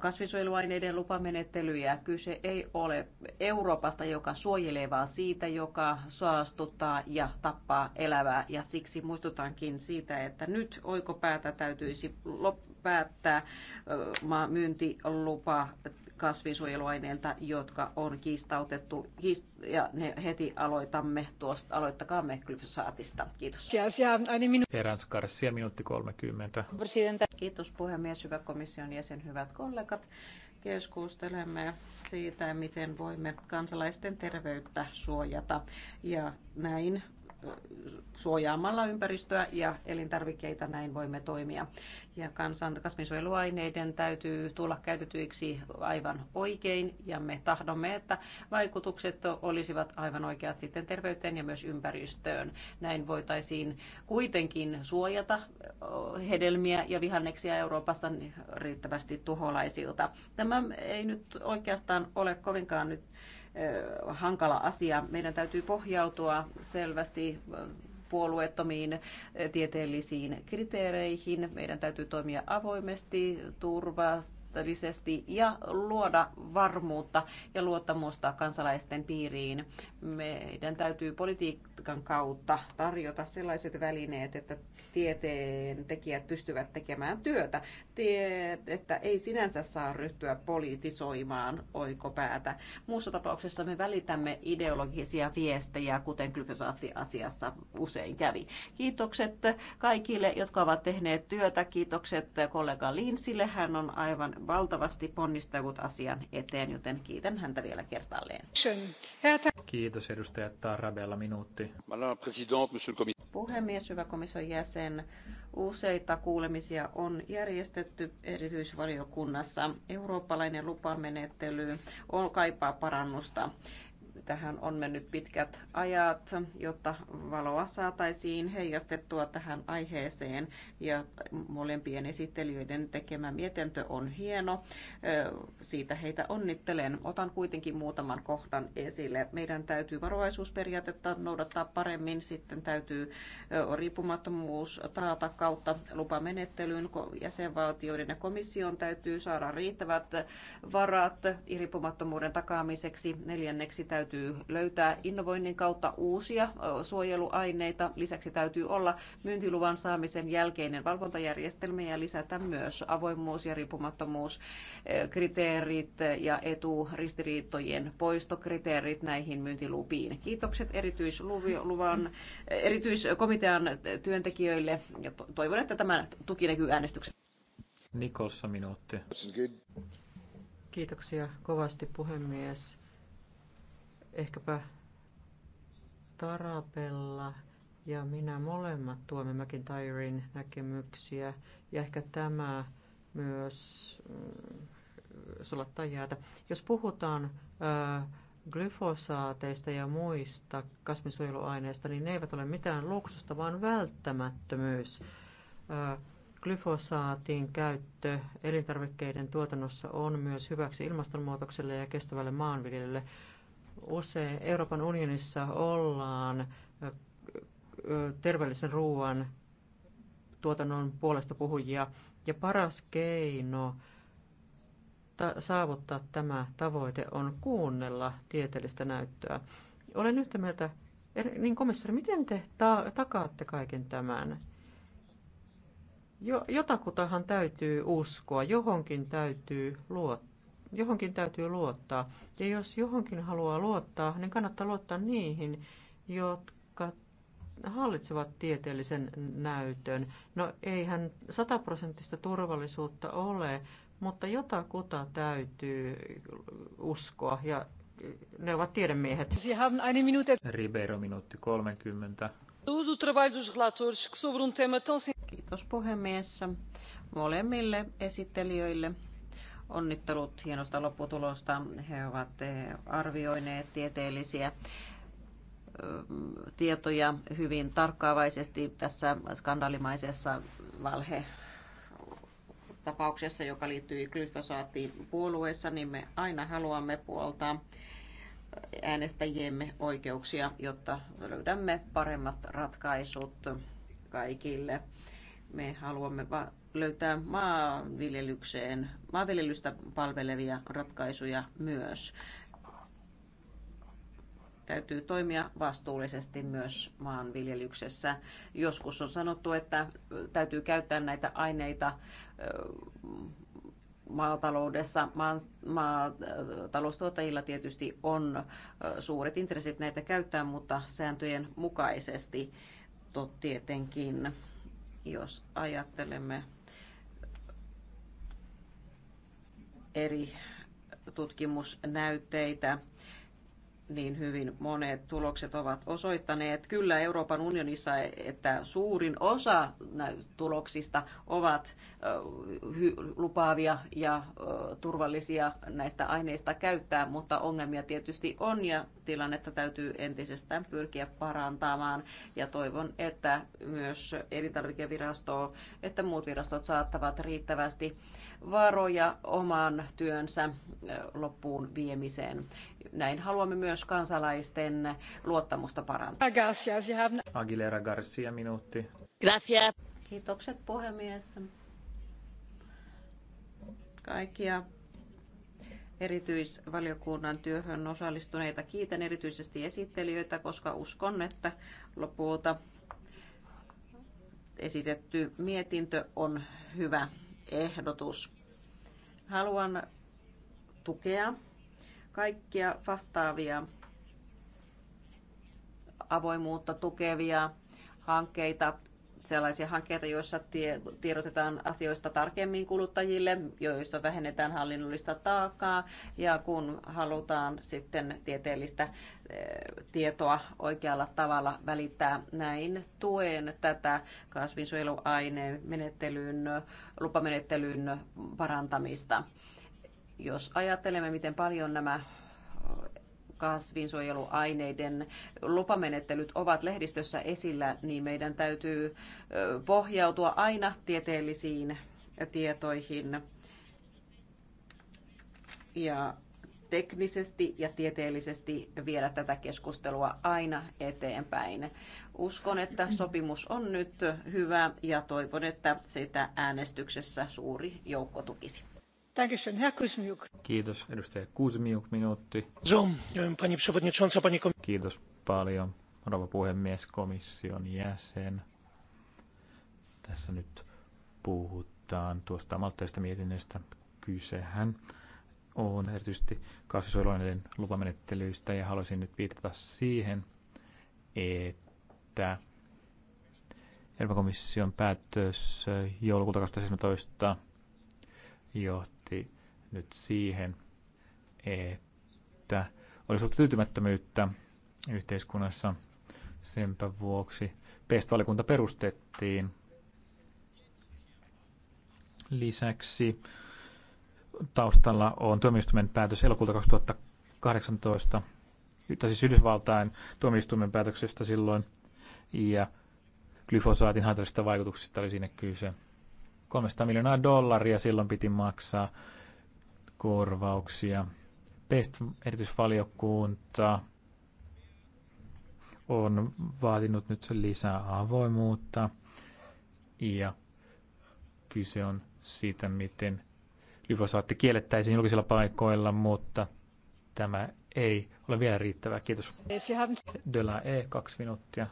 Speaker 4: kasvinsuojeluaineiden lupamenettelyjä, kyse ei ole Euroopasta, joka suojelee, vaan siitä, joka saastuttaa ja tappaa elävää. Ja siksi muistutankin siitä, että nyt oikopäätä täytyisi päättää myyntilupa kasvinsuojeluaineilta, jotka on kiistautettu, ja ne heti aloitamme tuosta, aloittakaamme glyfosaatista. Kiitos.
Speaker 3: Niin Herans Garcia, minuutti 30.
Speaker 4: Kiitos puhemies, hyvä komission jäsen, hyvät kollegat keskustelemme siitä, miten voimme kansalaisten terveyttä suojata. Ja näin suojaamalla ympäristöä ja elintarvikkeita näin voimme toimia. Ja kansan kasvinsuojeluaineiden täytyy tulla käytetyiksi aivan oikein ja me tahdomme, että vaikutukset olisivat aivan oikeat sitten terveyteen ja myös ympäristöön. Näin voitaisiin kuitenkin suojata hedelmiä ja vihanneksia Euroopassa riittävästi tuholaisilta. Tämä ei nyt oikeastaan ole kovinkaan nyt hankala asia. Meidän täytyy pohjautua selvästi puolueettomiin tieteellisiin kriteereihin. Meidän täytyy toimia avoimesti, turvasti vastuullisesti ja luoda varmuutta ja luottamusta kansalaisten piiriin. Meidän täytyy politiikan kautta tarjota sellaiset välineet, että tieteen tekijät pystyvät tekemään työtä. että ei sinänsä saa ryhtyä politisoimaan oikopäätä. Muussa tapauksessa me välitämme ideologisia viestejä, kuten glyfosaattiasiassa usein kävi. Kiitokset kaikille, jotka ovat tehneet työtä. Kiitokset kollega Linsille. Hän on aivan valtavasti ponnistellut asian eteen, joten kiitän häntä vielä kertaalleen.
Speaker 3: Kiitos edustaja Tarabella minuutti.
Speaker 4: Puhemies, hyvä komission jäsen. Useita kuulemisia on järjestetty erityisvaliokunnassa. Eurooppalainen lupamenettely on kaipaa parannusta. Tähän on mennyt pitkät ajat, jotta valoa saataisiin heijastettua tähän aiheeseen. Ja molempien esittelijöiden tekemä mietintö on hieno. Siitä heitä onnittelen. Otan kuitenkin muutaman kohdan esille. Meidän täytyy varovaisuusperiaatetta noudattaa paremmin. Sitten täytyy riippumattomuus taata kautta lupamenettelyyn. Jäsenvaltioiden ja komission täytyy saada riittävät varat riippumattomuuden takaamiseksi. Neljänneksi täytyy täytyy löytää innovoinnin kautta uusia suojeluaineita. Lisäksi täytyy olla myyntiluvan saamisen jälkeinen valvontajärjestelmä ja lisätä myös avoimuus ja riippumattomuus kriteerit ja eturistiriitojen poistokriteerit näihin myyntilupiin. Kiitokset erityisluvan, erityiskomitean työntekijöille ja toivon,
Speaker 2: että tämä tuki näkyy äänestyksen.
Speaker 3: Nikolsa minuutti.
Speaker 2: Kiitoksia kovasti puhemies. Ehkäpä Tarapella ja minä molemmat tuomme McIntyren näkemyksiä ja ehkä tämä myös mm, sulattaa jäätä. Jos puhutaan glyfosaateista ja muista kasvinsuojeluaineista, niin ne eivät ole mitään luksusta, vaan välttämättömyys. Glyfosaatin käyttö elintarvikkeiden tuotannossa on myös hyväksi ilmastonmuutokselle ja kestävälle maanviljelylle usein Euroopan unionissa ollaan terveellisen ruoan tuotannon puolesta puhujia. Ja paras keino saavuttaa tämä tavoite on kuunnella tieteellistä näyttöä. Olen yhtä mieltä, er, niin komissari, miten te ta- takaatte kaiken tämän? Jo- jotakutahan täytyy uskoa, johonkin täytyy luottaa johonkin täytyy luottaa. Ja jos johonkin haluaa luottaa, niin kannattaa luottaa niihin, jotka hallitsevat tieteellisen näytön. No eihän sataprosenttista turvallisuutta ole, mutta jotakuta täytyy uskoa ja ne ovat tiedemiehet.
Speaker 3: Ribeiro minuutti 30.
Speaker 2: Um Kiitos
Speaker 4: puhemies molemmille esittelijöille onnittelut hienosta lopputulosta. He ovat eh, arvioineet tieteellisiä eh, tietoja hyvin tarkkaavaisesti tässä skandaalimaisessa valhe tapauksessa, joka liittyy glyfosaattiin puolueessa, niin me aina haluamme puoltaa äänestäjiemme oikeuksia, jotta löydämme paremmat ratkaisut kaikille. Me haluamme löytää maanviljelykseen, maanviljelystä palvelevia ratkaisuja myös. Täytyy toimia vastuullisesti myös maanviljelyksessä. Joskus on sanottu, että täytyy käyttää näitä aineita maataloudessa. maataloustuottajilla tietysti on suuret intressit näitä käyttää, mutta sääntöjen mukaisesti tietenkin, jos ajattelemme eri tutkimusnäytteitä, niin hyvin monet tulokset ovat osoittaneet kyllä Euroopan unionissa, että suurin osa tuloksista ovat lupaavia ja turvallisia näistä aineista käyttää, mutta ongelmia tietysti on ja tilannetta täytyy entisestään pyrkiä parantamaan. Ja toivon, että myös elintarvikevirasto, että muut virastot saattavat riittävästi varoja oman työnsä loppuun viemiseen. Näin haluamme myös kansalaisten luottamusta parantaa.
Speaker 3: Aguilera Garcia, minuutti.
Speaker 4: Gracias. Kiitokset puhemies. Kaikkia erityisvaliokunnan työhön osallistuneita. Kiitän erityisesti esittelijöitä, koska uskon, että lopulta esitetty mietintö on hyvä ehdotus. Haluan tukea kaikkia vastaavia avoimuutta tukevia hankkeita sellaisia hankkeita, joissa tie, tiedotetaan asioista tarkemmin kuluttajille, joissa vähennetään hallinnollista taakkaa ja kun halutaan sitten tieteellistä eh, tietoa oikealla tavalla välittää näin tuen tätä kasvinsuojeluaineen menettelyn, lupamenettelyn parantamista. Jos ajattelemme, miten paljon nämä kasvinsuojeluaineiden lupamenettelyt ovat lehdistössä esillä, niin meidän täytyy pohjautua aina tieteellisiin tietoihin. Ja teknisesti ja tieteellisesti viedä tätä keskustelua aina eteenpäin. Uskon, että sopimus on nyt hyvä ja toivon, että sitä äänestyksessä suuri joukko tukisi.
Speaker 3: Kiitos, edustaja Kuzmiuk, minuutti. Eh, Kiitos paljon, rouva puhemies, komission jäsen. Tässä nyt puhutaan tuosta maltteista mietinnöstä. Kysehän on erityisesti kasvisuojeluaineiden lupamenettelyistä ja haluaisin nyt viitata siihen, että Euroopan komission päätös joulukuuta 2017 johtaa johti nyt siihen, että oli ollut tyytymättömyyttä yhteiskunnassa. Senpä vuoksi Pestvalikunta perustettiin. Lisäksi taustalla on tuomioistuimen päätös elokuuta 2018, tai siis Yhdysvaltain tuomioistuimen päätöksestä silloin, ja glyfosaatin haitallisista vaikutuksista oli siinä kyse. 300 miljoonaa dollaria silloin piti maksaa korvauksia. Best erityisvaliokunta on vaatinut nyt lisää avoimuutta ja kyse on siitä, miten glyfosaatti kiellettäisiin julkisilla paikoilla, mutta tämä ei ole vielä riittävää. Kiitos. Dela E, kaksi minuuttia.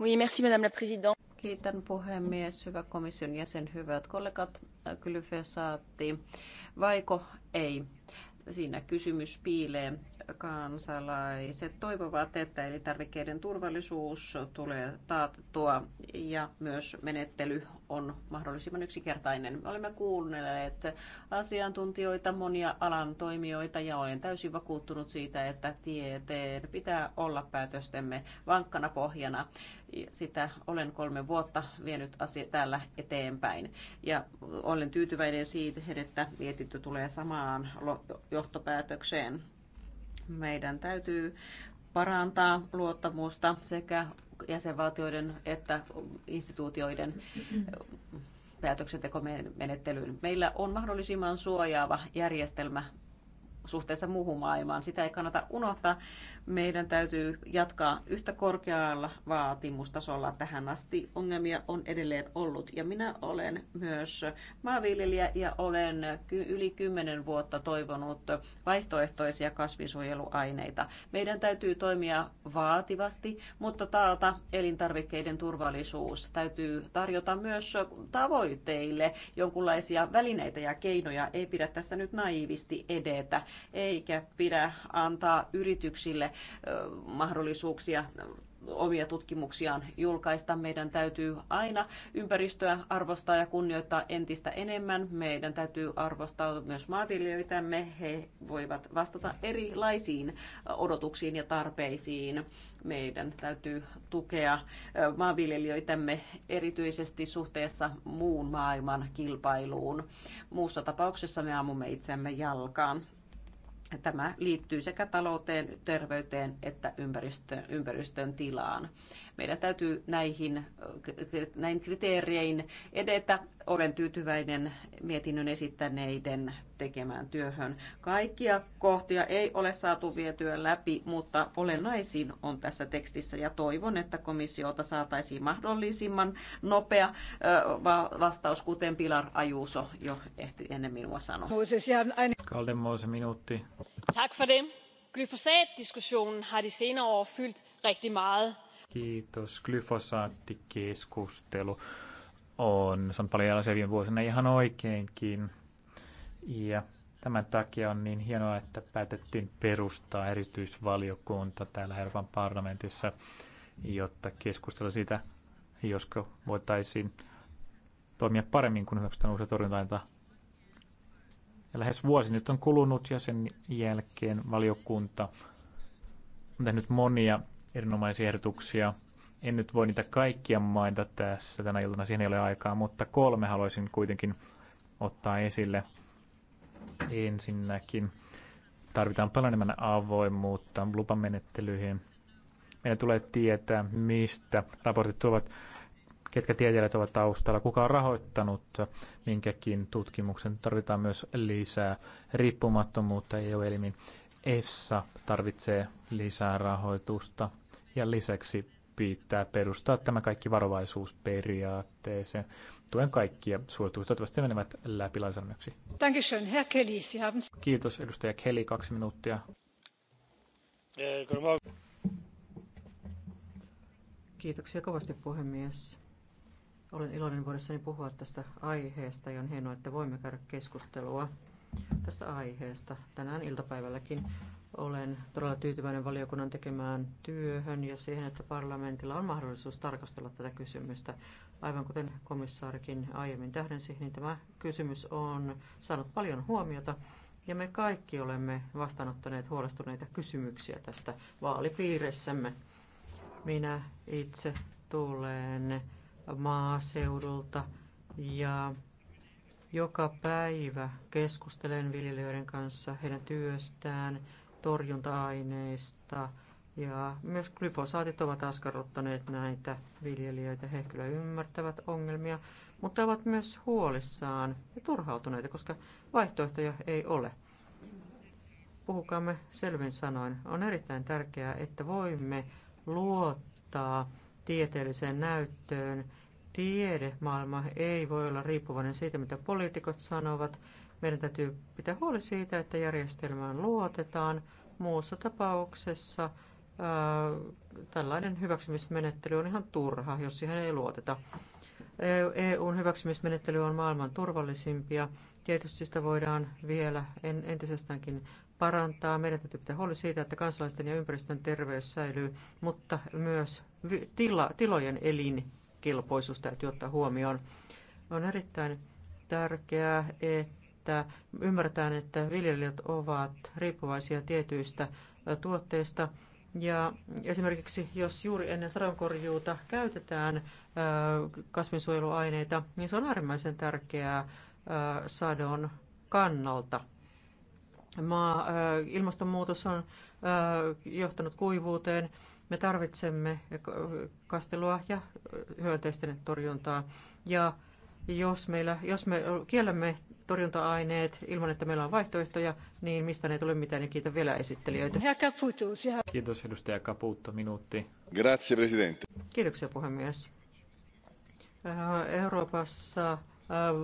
Speaker 4: Oui, merci, madame la présidente. Kiitän puhemies, hyvä komission jäsen, hyvät kollegat. Glyfesaatti, vaiko ei? Siinä kysymys piilee. Kansalaiset toivovat, että elintarvikkeiden turvallisuus tulee taattua ja myös menettely on mahdollisimman yksinkertainen. olemme kuunnelleet asiantuntijoita, monia alan toimijoita ja olen täysin vakuuttunut siitä, että tieteen pitää olla päätöstemme vankkana pohjana. Sitä olen kolme vuotta vienyt asia täällä eteenpäin. Ja olen tyytyväinen siitä, että mietintö tulee samaan johtopäätökseen. Meidän täytyy parantaa luottamusta sekä jäsenvaltioiden että instituutioiden päätöksentekomenettelyyn. Meillä on mahdollisimman suojaava järjestelmä suhteessa muuhun maailmaan. Sitä ei kannata unohtaa. Meidän täytyy jatkaa yhtä korkealla vaatimustasolla. Tähän asti ongelmia on edelleen ollut. Ja minä olen myös maanviljelijä ja olen yli kymmenen vuotta toivonut vaihtoehtoisia kasvinsuojeluaineita. Meidän täytyy toimia vaativasti, mutta taata elintarvikkeiden turvallisuus. Täytyy tarjota myös tavoitteille jonkunlaisia välineitä ja keinoja. Ei pidä tässä nyt naivisti edetä eikä pidä antaa yrityksille mahdollisuuksia omia tutkimuksiaan julkaista. Meidän täytyy aina ympäristöä arvostaa ja kunnioittaa entistä enemmän. Meidän täytyy arvostaa myös maanviljelijöitämme. He voivat vastata erilaisiin odotuksiin ja tarpeisiin. Meidän täytyy tukea maanviljelijöitämme erityisesti suhteessa muun maailman kilpailuun. Muussa tapauksessa me ammumme itsemme jalkaan. Tämä liittyy sekä talouteen, terveyteen että ympäristön, ympäristön tilaan. Meidän täytyy näihin, näin kriteerein edetä. Olen tyytyväinen mietinnön esittäneiden tekemään työhön. Kaikkia kohtia ei ole saatu vietyä läpi, mutta olennaisin on tässä tekstissä ja toivon, että komissiota saataisiin mahdollisimman nopea vastaus, kuten Pilar Ajuso jo ehti ennen
Speaker 3: minua sanoa. Kaldemose minuutti.
Speaker 9: Tack för det. Glyfosat-diskussionen har de senere år fyldt rigtig meget
Speaker 3: Kiitos. Glyfosaattikeskustelu on saanut paljon jalaisia viime vuosina ihan oikeinkin. Ja tämän takia on niin hienoa, että päätettiin perustaa erityisvaliokunta täällä Euroopan parlamentissa, jotta keskustella siitä, josko voitaisiin toimia paremmin, kuin hyväksytään uusia torjunta Ja lähes vuosi nyt on kulunut ja sen jälkeen valiokunta on tehnyt monia erinomaisia ehdotuksia. En nyt voi niitä kaikkia mainita tässä tänä iltana, siihen ei ole aikaa, mutta kolme haluaisin kuitenkin ottaa esille. Ensinnäkin tarvitaan paljon enemmän avoimuutta lupamenettelyihin. Meidän tulee tietää, mistä raportit tulevat, ketkä tieteilijät ovat taustalla, kuka on rahoittanut minkäkin tutkimuksen. Tarvitaan myös lisää riippumattomuutta eu elimiin EFSA tarvitsee lisää rahoitusta ja lisäksi pitää perustaa tämä kaikki varovaisuusperiaatteeseen. Tuen kaikkia suosituksia. Toivottavasti menevät läpi lainsäädännöksi. Kiitos edustaja Kelly, kaksi minuuttia.
Speaker 7: Eh,
Speaker 2: Kiitoksia kovasti puhemies. Olen iloinen vuodessani puhua tästä aiheesta ja on hienoa, että voimme käydä keskustelua tästä aiheesta tänään iltapäivälläkin. Olen todella tyytyväinen valiokunnan tekemään työhön ja siihen, että parlamentilla on mahdollisuus tarkastella tätä kysymystä. Aivan kuten komissaarikin aiemmin tähdensi, niin tämä kysymys on saanut paljon huomiota ja me kaikki olemme vastaanottaneet huolestuneita kysymyksiä tästä vaalipiirissämme. Minä itse tulen maaseudulta ja joka päivä keskustelen viljelijöiden kanssa heidän työstään, torjunta-aineista ja myös glyfosaatit ovat askarruttaneet näitä viljelijöitä. He kyllä ymmärtävät ongelmia, mutta ovat myös huolissaan ja turhautuneita, koska vaihtoehtoja ei ole. Puhukaamme selvin sanoin. On erittäin tärkeää, että voimme luottaa tieteelliseen näyttöön tiedemaailma ei voi olla riippuvainen siitä, mitä poliitikot sanovat. Meidän täytyy pitää huoli siitä, että järjestelmään luotetaan. Muussa tapauksessa ää, äh, tällainen hyväksymismenettely on ihan turha, jos siihen ei luoteta. Äh, EUn hyväksymismenettely on maailman turvallisimpia. Tietysti sitä voidaan vielä entisestäänkin parantaa. Meidän täytyy pitää huoli siitä, että kansalaisten ja ympäristön terveys säilyy, mutta myös tila, tilojen elin kelpoisuus täytyy ottaa huomioon. On erittäin tärkeää, että ymmärretään, että viljelijät ovat riippuvaisia tietyistä tuotteista. Ja esimerkiksi jos juuri ennen sadonkorjuuta käytetään kasvinsuojeluaineita, niin se on äärimmäisen tärkeää sadon kannalta. Maa, ilmastonmuutos on johtanut kuivuuteen me tarvitsemme kastelua ja hyönteisten torjuntaa. Ja jos, meillä, jos me kiellämme torjunta-aineet ilman, että meillä on vaihtoehtoja, niin mistä ne tulee mitään, ja niin kiitän vielä esittelijöitä.
Speaker 3: Kiitos edustaja Caputo, minuutti.
Speaker 1: Grazie, presidente.
Speaker 2: Kiitoksia
Speaker 3: puhemies.
Speaker 2: Äh, Euroopassa äh,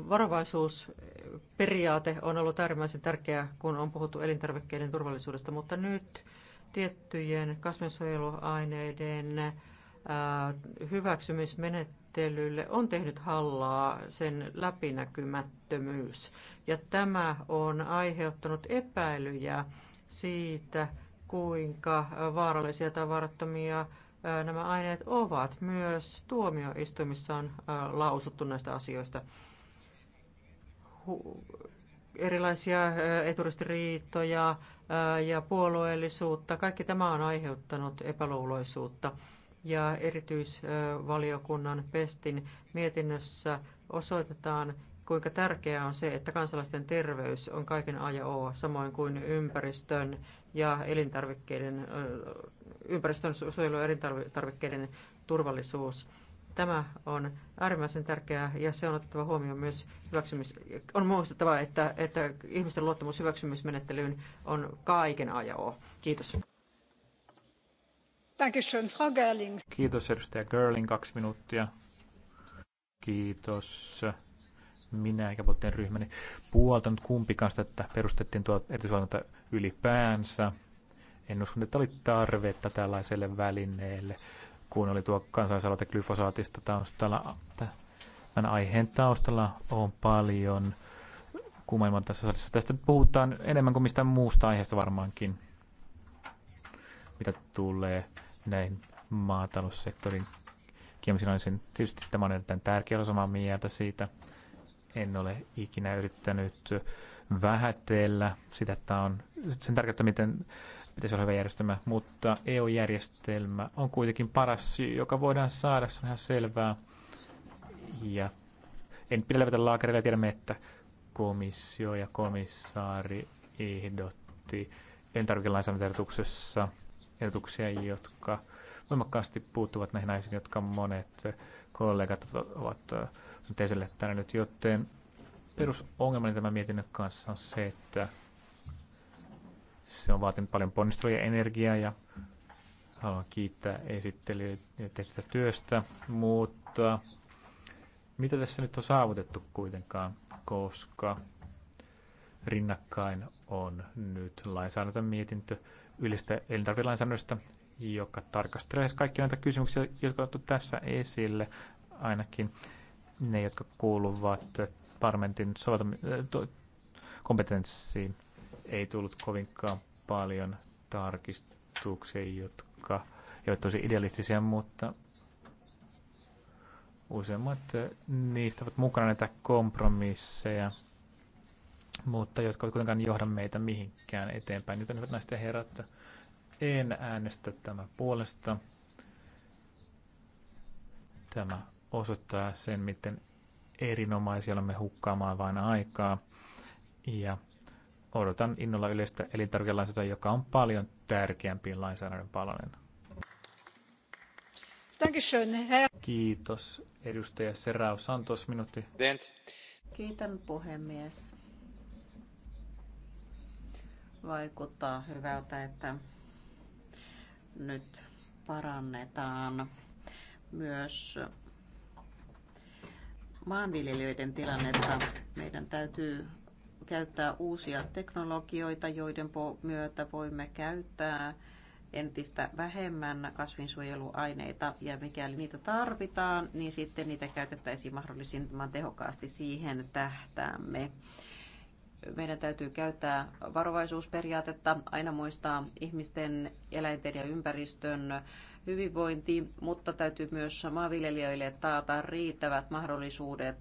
Speaker 2: varovaisuusperiaate on ollut äärimmäisen tärkeä, kun on puhuttu elintarvikkeiden turvallisuudesta, mutta nyt tiettyjen kasvinsuojeluaineiden hyväksymismenettelylle on tehnyt hallaa sen läpinäkymättömyys. Ja tämä on aiheuttanut epäilyjä siitä, kuinka vaarallisia tai vaarattomia nämä aineet ovat. Myös tuomioistuimissa on lausuttu näistä asioista. Erilaisia eturistiriitoja, ja puolueellisuutta. Kaikki tämä on aiheuttanut epäluuloisuutta. Ja erityisvaliokunnan pestin mietinnössä osoitetaan, kuinka tärkeää on se, että kansalaisten terveys on kaiken A ja O, samoin kuin ympäristön ja elintarvikkeiden, ympäristön suojelu ja elintarvikkeiden turvallisuus. Tämä on äärimmäisen tärkeää ja se on otettava huomioon myös hyväksymis... On muistettava, että, että ihmisten luottamus hyväksymismenettelyyn on kaiken ajan. Kiitos.
Speaker 3: Kiitos edustaja Görling, kaksi minuuttia. Kiitos. Minä eikä poliittinen ryhmäni puoltanut kumpikaan sitä, että perustettiin tuo erityisvalvonta ylipäänsä. En usko, että oli tarvetta tällaiselle välineelle kun oli tuo kansalaisaloite glyfosaatista taustalla. Tämän aiheen taustalla on paljon kuumailman tässä salissa. Tästä puhutaan enemmän kuin mistään muusta aiheesta varmaankin, mitä tulee näihin maataloussektorin kiemsinaisiin. Tietysti tämä on erittäin tärkeä, osa samaa mieltä siitä. En ole ikinä yrittänyt vähätellä sitä, että on sen tärkeyttä, miten pitäisi olla hyvä järjestelmä, mutta EU-järjestelmä on kuitenkin paras, joka voidaan saada, se on ihan selvää. Ja en pidä levätä laakereilla, tiedämme, että komissio ja komissaari ehdotti elintarvikelainsäädäntöehdotuksessa ehdotuksia, jotka voimakkaasti puuttuvat näihin naisiin, jotka monet kollegat ovat esille tänne nyt, joten perusongelmani tämän mietinnön kanssa on se, että se on vaatinut paljon ponnisteluja ja energiaa ja haluan kiittää esittelijöitä tehdystä työstä, mutta mitä tässä nyt on saavutettu kuitenkaan, koska rinnakkain on nyt lainsäädäntömietintö yleistä elintarvilainsäädännöstä, joka tarkastelee kaikki näitä kysymyksiä, jotka on tässä esille, ainakin ne, jotka kuuluvat parlamentin soveltam- äh, kompetenssiin ei tullut kovinkaan paljon tarkistuksia, jotka eivät tosi idealistisia, mutta useimmat eh, niistä ovat mukana näitä kompromisseja, mutta jotka eivät kuitenkaan johda meitä mihinkään eteenpäin. Nyt on hyvät naiset ja herrat, en äänestä tämän puolesta. Tämä osoittaa sen, miten erinomaisia olemme hukkaamaan vain aikaa. Ja odotan innolla yleistä elintarvikelainsäädäntöä, joka on paljon tärkeämpi lainsäädännön palanen. Kiitos. Edustaja Serau Santos, minuutti.
Speaker 4: Kiitän puhemies. Vaikuttaa hyvältä, että nyt parannetaan myös maanviljelijöiden tilannetta. Meidän täytyy käyttää uusia teknologioita, joiden myötä voimme käyttää entistä vähemmän kasvinsuojeluaineita ja mikäli niitä tarvitaan, niin sitten niitä käytettäisiin mahdollisimman tehokkaasti siihen tähtäämme. Meidän täytyy käyttää varovaisuusperiaatetta, aina muistaa ihmisten, eläinten ja ympäristön hyvinvointi, mutta täytyy myös maanviljelijöille taata riittävät mahdollisuudet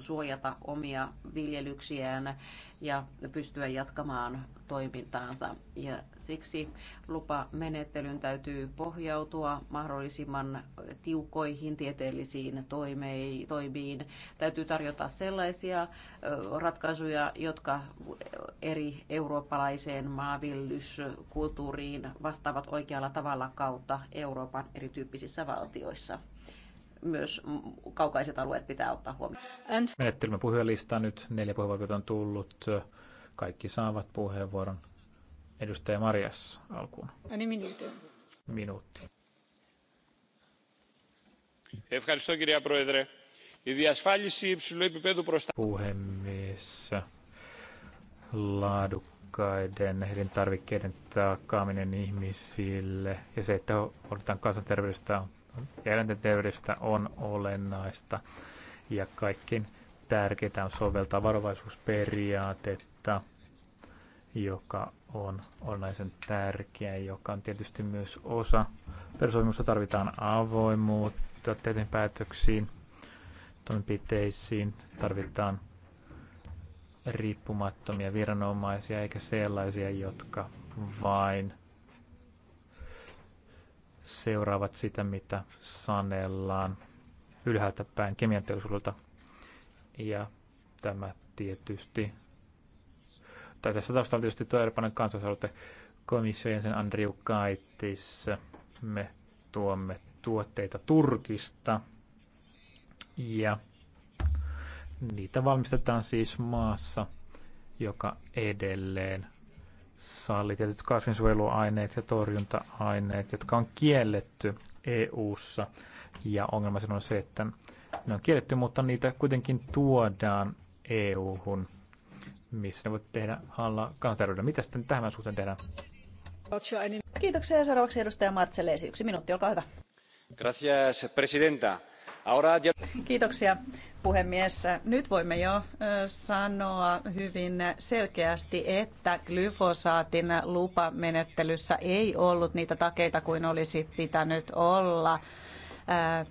Speaker 4: suojata omia viljelyksiään ja pystyä jatkamaan toimintaansa. Ja siksi lupamenettelyn täytyy pohjautua mahdollisimman tiukoihin tieteellisiin toimiin. Täytyy tarjota sellaisia ratkaisuja, jotka eri eurooppalaiseen maanviljelyskulttuuriin vastaavat oikealla tavalla kautta Euroopan erityyppisissä valtioissa myös kaukaiset alueet pitää ottaa huomioon.
Speaker 3: And... Menettelemme puhujalistaa nyt. Neljä puheenvuoroa on tullut. Kaikki saavat puheenvuoron. Edustaja Marias alkuun.
Speaker 2: Ani niin, minuutti.
Speaker 3: Minuutti.
Speaker 7: Ευχαριστώ κυρία Πρόεδρε. Η διασφάλιση υψηλού επίπεδου
Speaker 3: Puhemies. Laadukkaiden elintarvikkeiden takaaminen ihmisille ja se, että huolehditaan kansanterveydestä on ja eläintenterveydestä on olennaista. Ja kaikkein tärkeintä on soveltaa varovaisuusperiaatetta, joka on olennaisen tärkeä, joka on tietysti myös osa. Perusopimusta tarvitaan avoimuutta tietyn päätöksiin, toimenpiteisiin, tarvitaan riippumattomia viranomaisia eikä sellaisia, jotka vain – seuraavat sitä, mitä sanellaan ylhäältä päin kemianteollisuudelta. Ja tämä tietysti, tai tässä taustalla tietysti tuo Euroopan kansalaisaloite komissio sen Andriu Kaitis. Me tuomme tuotteita Turkista ja niitä valmistetaan siis maassa, joka edelleen salli tietyt kasvinsuojeluaineet ja torjunta-aineet, jotka on kielletty EU-ssa. Ja ongelma on se, että ne on kielletty, mutta niitä kuitenkin tuodaan EU-hun, missä ne voi tehdä halla kansanterveydellä. Mitä sitten tähän suhteen tehdään?
Speaker 11: Kiitoksia. seuraavaksi edustaja Martseleesi. Yksi minuutti, olkaa hyvä.
Speaker 3: Gracias, presidenta
Speaker 11: Kiitoksia puhemies. Nyt voimme jo sanoa hyvin selkeästi, että glyfosaatin lupamenettelyssä ei ollut niitä takeita kuin olisi pitänyt olla.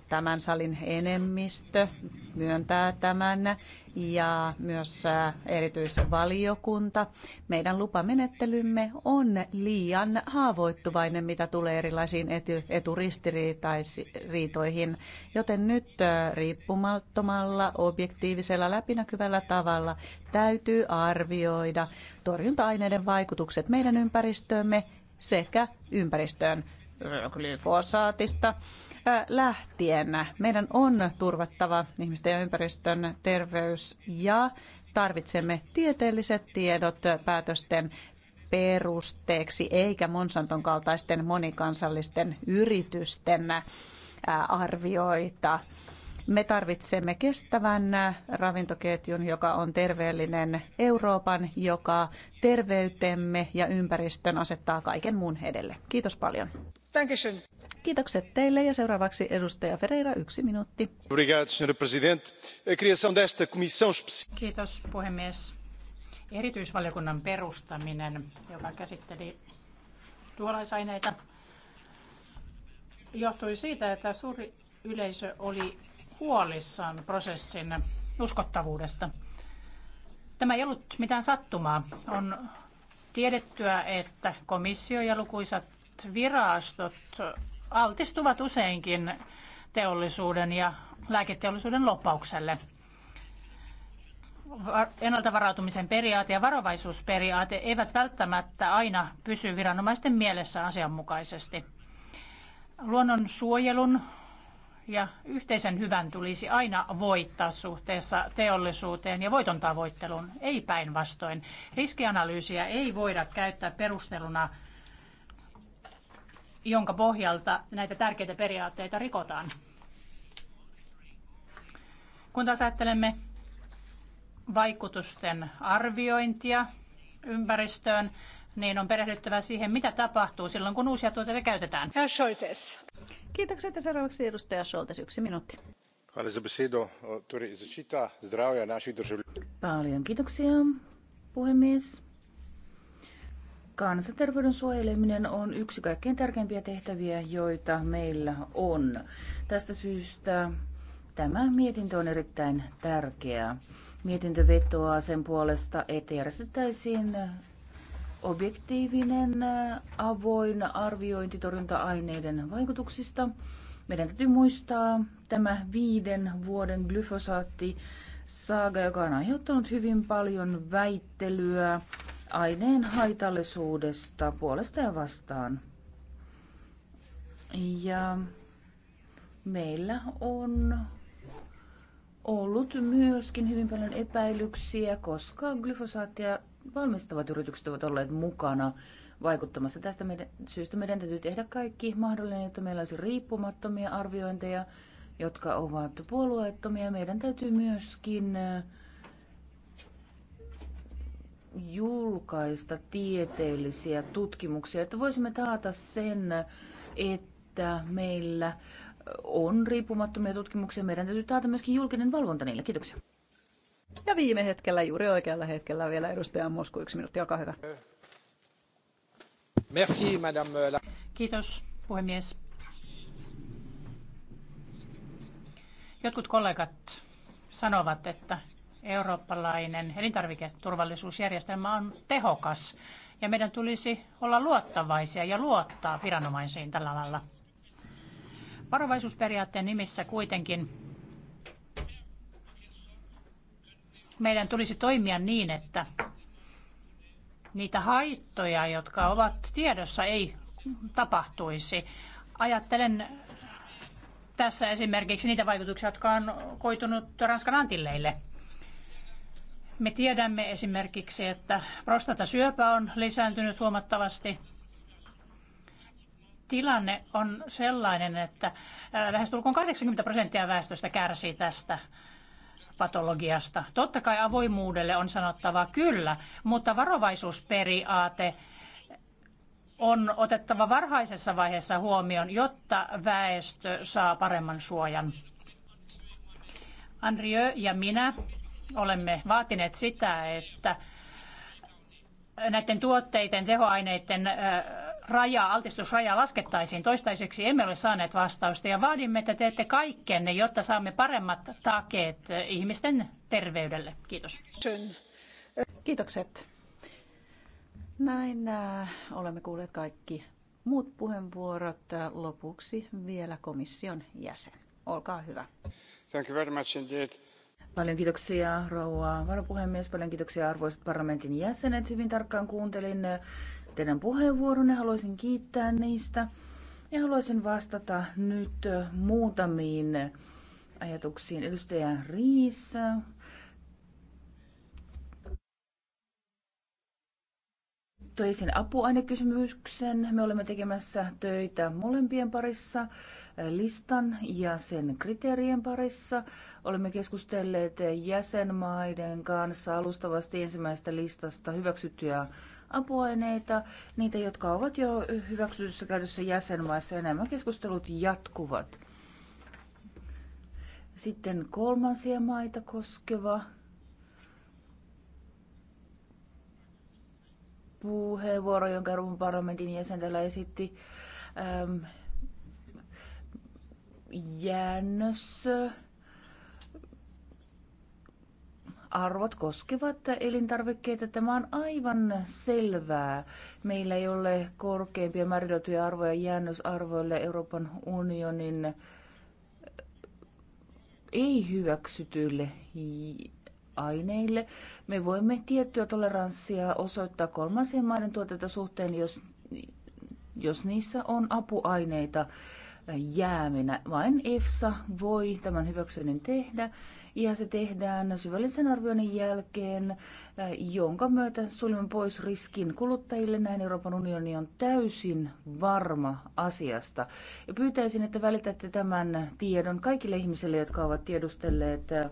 Speaker 11: Tämän salin enemmistö myöntää tämän ja myös äh, erityisvaliokunta. Meidän lupamenettelymme on liian haavoittuvainen, mitä tulee erilaisiin eturistiriitoihin, joten nyt äh, riippumattomalla, objektiivisella, läpinäkyvällä tavalla täytyy arvioida torjunta-aineiden vaikutukset meidän ympäristöömme sekä ympäristöön äh, glyfosaatista lähtien. Meidän on turvattava ihmisten ja ympäristön terveys ja tarvitsemme tieteelliset tiedot päätösten perusteeksi, eikä Monsanton kaltaisten monikansallisten yritysten arvioita. Me tarvitsemme kestävän ravintoketjun, joka on terveellinen Euroopan, joka terveytemme ja ympäristön asettaa kaiken muun edelle. Kiitos paljon. Kiitokset teille ja seuraavaksi edustaja Ferreira, yksi minuutti.
Speaker 9: Kiitos puhemies. Erityisvaliokunnan perustaminen, joka käsitteli tuolaisaineita, johtui siitä, että suuri yleisö oli huolissaan prosessin uskottavuudesta. Tämä ei ollut mitään sattumaa. On tiedettyä, että komissio ja lukuisat virastot altistuvat useinkin teollisuuden ja lääketeollisuuden loppaukselle. Ennalta varautumisen periaate ja varovaisuusperiaate eivät välttämättä aina pysy viranomaisten mielessä asianmukaisesti. Luonnonsuojelun ja yhteisen hyvän tulisi aina voittaa suhteessa teollisuuteen ja voiton tavoitteluun, ei päinvastoin. Riskianalyysiä ei voida käyttää perusteluna jonka pohjalta näitä tärkeitä periaatteita rikotaan. Kun taas ajattelemme vaikutusten arviointia ympäristöön, niin on perehdyttävä siihen, mitä tapahtuu silloin, kun uusia tuotteita käytetään. Herr Scholtes. Kiitokset ja seuraavaksi edustaja Scholtes, yksi minuutti.
Speaker 10: Paljon kiitoksia, puhemies. Kansanterveyden suojeleminen on yksi kaikkein tärkeimpiä tehtäviä, joita meillä on. Tästä syystä tämä mietintö on erittäin tärkeä. Mietintö vetoaa sen puolesta, että järjestettäisiin objektiivinen, avoin arviointi torjunta-aineiden vaikutuksista. Meidän täytyy muistaa tämä viiden vuoden glyfosaatti saaga, joka on aiheuttanut hyvin paljon väittelyä aineen haitallisuudesta puolesta ja vastaan. Ja meillä on ollut myöskin hyvin paljon epäilyksiä, koska glyfosaattia valmistavat yritykset ovat olleet mukana vaikuttamassa. Tästä meidän, syystä meidän täytyy tehdä kaikki mahdollinen, että meillä olisi riippumattomia arviointeja, jotka ovat puolueettomia. Meidän täytyy myöskin äh, julkaista tieteellisiä tutkimuksia, että voisimme taata sen, että meillä on riippumattomia tutkimuksia. Meidän täytyy taata myöskin julkinen valvonta niille. Kiitoksia. Ja viime hetkellä, juuri oikealla hetkellä vielä edustaja
Speaker 9: Mosku, yksi minuutti, olkaa hyvä.
Speaker 6: Merci, madame.
Speaker 9: Kiitos, puhemies. Jotkut kollegat sanovat, että eurooppalainen elintarviketurvallisuusjärjestelmä on tehokas ja meidän tulisi olla luottavaisia ja luottaa viranomaisiin tällä alalla. Varovaisuusperiaatteen nimissä kuitenkin meidän tulisi toimia niin, että niitä haittoja, jotka ovat tiedossa, ei tapahtuisi. Ajattelen tässä esimerkiksi niitä vaikutuksia, jotka on koitunut Ranskan antilleille – me tiedämme esimerkiksi, että prostatasyöpä on lisääntynyt huomattavasti. Tilanne on sellainen, että lähestulkoon 80 prosenttia väestöstä kärsii tästä patologiasta. Totta kai avoimuudelle on sanottava kyllä, mutta varovaisuusperiaate on otettava varhaisessa vaiheessa huomioon, jotta väestö saa paremman suojan. Andrieu ja minä olemme vaatineet sitä, että näiden tuotteiden, tehoaineiden äh, raja, altistusraja laskettaisiin. Toistaiseksi emme ole saaneet vastausta ja vaadimme, että teette kaikkenne, jotta saamme paremmat takeet ihmisten terveydelle. Kiitos. Kiitokset. Näin äh, olemme kuulleet kaikki muut
Speaker 11: puheenvuorot.
Speaker 10: Lopuksi vielä komission
Speaker 11: jäsen. Olkaa hyvä. Thank you very much indeed.
Speaker 10: Paljon kiitoksia rouva varapuhemies, paljon kiitoksia arvoisat parlamentin jäsenet. Hyvin tarkkaan kuuntelin eh, teidän puheenvuoronne, haluaisin kiittää niistä. Ja haluaisin vastata nyt eh, muutamiin ajatuksiin. Edustaja Riis. Toisin apuainekysymyksen. Me olemme tekemässä töitä molempien parissa listan ja sen kriteerien parissa. Olemme keskustelleet jäsenmaiden kanssa alustavasti ensimmäistä listasta hyväksyttyjä apuaineita, niitä, jotka ovat jo hyväksytyssä käytössä jäsenmaissa, ja nämä keskustelut jatkuvat. Sitten kolmansia maita koskeva puheenvuoro, jonka Euroopan parlamentin jäsen täällä esitti. Ähm, jäännös arvot koskevat elintarvikkeita. Tämä on aivan selvää. Meillä ei ole korkeimpia määriteltyjä arvoja jäännösarvoille Euroopan unionin eh, ei hyväksytyille aineille. Me voimme tiettyä toleranssia osoittaa kolmansien maiden tuotetta suhteen, jos, jos niissä on apuaineita jääminä. Vain EFSA voi tämän hyväksyminen tehdä ja se tehdään syvällisen arvioinnin jälkeen, eh, jonka myötä suljemme pois riskin kuluttajille. Näin Euroopan unioni on täysin varma asiasta. Ja pyytäisin, että välitätte tämän tiedon kaikille ihmisille, jotka ovat tiedustelleet eh,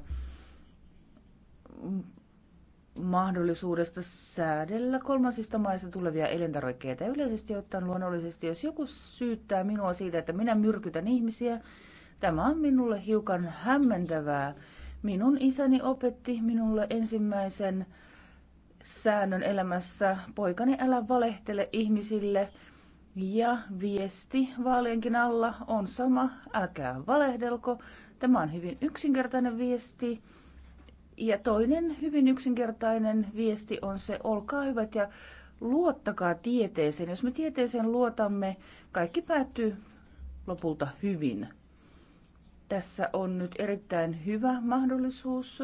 Speaker 10: mahdollisuudesta säädellä kolmansista maista tulevia elintarvikkeita. Yleisesti ottaen luonnollisesti, jos joku syyttää minua siitä, että minä myrkytän ihmisiä, tämä on minulle hiukan hämmentävää. Minun isäni opetti minulle ensimmäisen säännön elämässä, poikani älä valehtele ihmisille, ja viesti vaalienkin alla on sama, älkää valehdelko. Tämä on hyvin yksinkertainen viesti ja toinen hyvin yksinkertainen viesti on se, olkaa hyvät ja luottakaa tieteeseen. Jos me tieteeseen luotamme, kaikki päättyy lopulta hyvin. Tässä on nyt erittäin hyvä mahdollisuus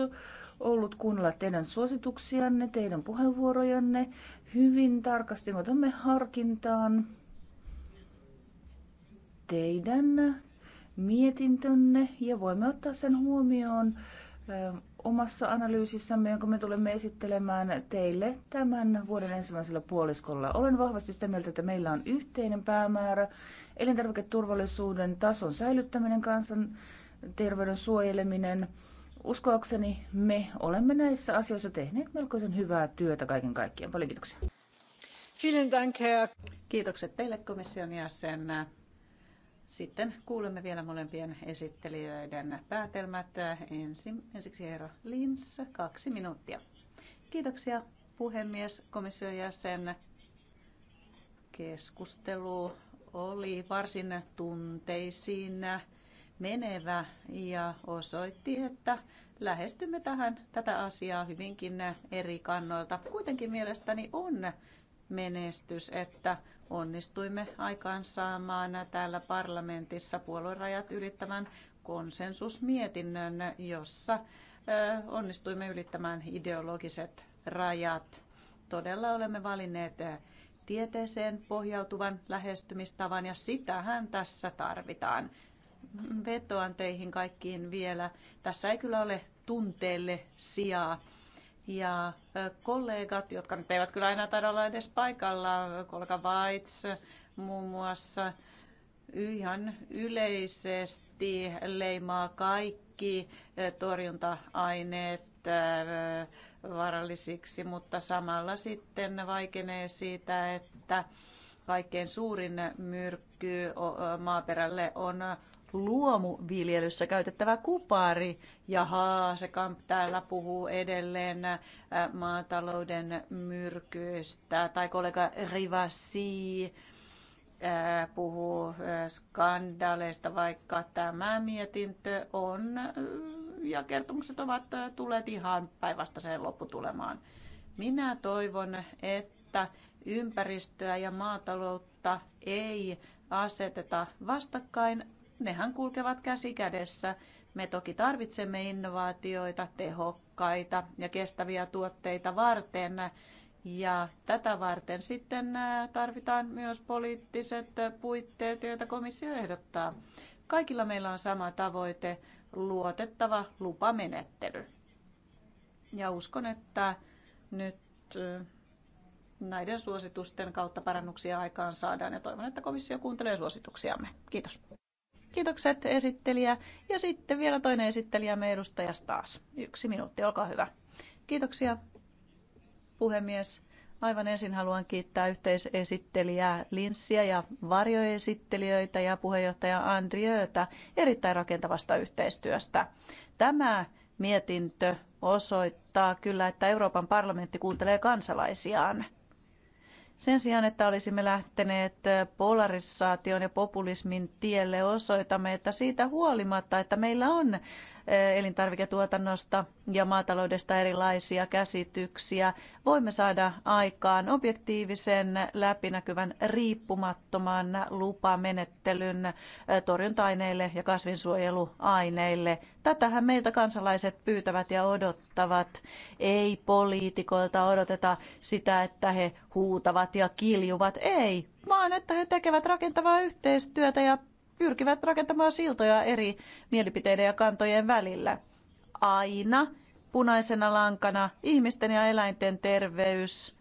Speaker 10: ollut kuunnella teidän suosituksianne, teidän puheenvuorojanne. Hyvin tarkasti otamme harkintaan teidän mietintönne ja voimme ottaa sen huomioon omassa analyysissämme, jonka me tulemme esittelemään teille tämän vuoden ensimmäisellä puoliskolla. Olen vahvasti sitä mieltä, että meillä on yhteinen päämäärä, elintarviketurvallisuuden tason säilyttäminen, kansan terveyden suojeleminen. Uskoakseni me olemme näissä asioissa tehneet melkoisen hyvää työtä kaiken kaikkiaan. Paljon kiitoksia.
Speaker 11: Vielen Dank, Herr. Kiitokset teille komission jäsen. Sitten kuulemme vielä molempien esittelijöiden päätelmät. Ensin, ensiksi Eero Lins, kaksi minuuttia. Kiitoksia puhemies, komission jäsen. Keskustelu oli varsin tunteisiin menevä ja osoitti, että lähestymme tähän tätä asiaa hyvinkin eri kannoilta. Kuitenkin mielestäni on menestys, että onnistuimme aikaansaamaan täällä parlamentissa puoluerajat ylittävän konsensusmietinnön, jossa onnistuimme ylittämään ideologiset rajat. Todella olemme valinneet tieteeseen pohjautuvan lähestymistavan ja sitähän tässä tarvitaan. Vetoan teihin kaikkiin vielä. Tässä ei kyllä ole tunteelle sijaa ja kollegat, jotka nyt eivät kyllä enää taida olla edes paikalla, kollega Weitz muun muassa, ihan yleisesti leimaa kaikki torjunta-aineet vaarallisiksi, mutta samalla sitten vaikenee siitä, että kaikkein suurin myrkky maaperälle on luomuviljelyssä käytettävä kupari. Jaha, se kamp täällä puhuu edelleen äh, maatalouden myrkyistä. Tai kollega Rivasi äh, puhuu äh, skandaaleista, vaikka tämä mietintö on ja kertomukset ovat tulleet ihan päinvastaiseen lopputulemaan. Minä toivon, että ympäristöä ja maataloutta ei aseteta vastakkain, nehän kulkevat käsi kädessä. Me toki tarvitsemme innovaatioita, tehokkaita ja kestäviä tuotteita varten. Ja tätä varten sitten tarvitaan myös poliittiset puitteet, joita komissio ehdottaa. Kaikilla meillä on sama tavoite, luotettava lupamenettely. Ja uskon, että nyt näiden suositusten kautta parannuksia aikaan saadaan ja toivon, että komissio kuuntelee suosituksiamme. Kiitos. Kiitokset esittelijä. Ja sitten vielä toinen esittelijä me edustajas taas. Yksi minuutti, olkaa hyvä. Kiitoksia puhemies. Aivan ensin haluan kiittää yhteisesittelijää Linssiä ja varjoesittelijöitä ja puheenjohtaja Andriötä erittäin rakentavasta yhteistyöstä. Tämä mietintö osoittaa kyllä, että Euroopan parlamentti kuuntelee kansalaisiaan. Sen sijaan, että olisimme lähteneet polarisaation ja populismin tielle, osoitamme, että siitä huolimatta, että meillä on Eh, elintarviketuotannosta ja maataloudesta erilaisia käsityksiä, voimme saada aikaan objektiivisen, läpinäkyvän, riippumattoman lupamenettelyn eh, torjunta-aineille ja kasvinsuojeluaineille. Tätähän meiltä kansalaiset pyytävät ja odottavat. Ei poliitikoilta odoteta sitä, että he huutavat ja kiljuvat. Ei, vaan että he tekevät rakentavaa yhteistyötä ja pyrkivät rakentamaan siltoja eri mielipiteiden ja kantojen välillä. Aina punaisena lankana ihmisten ja eläinten terveys,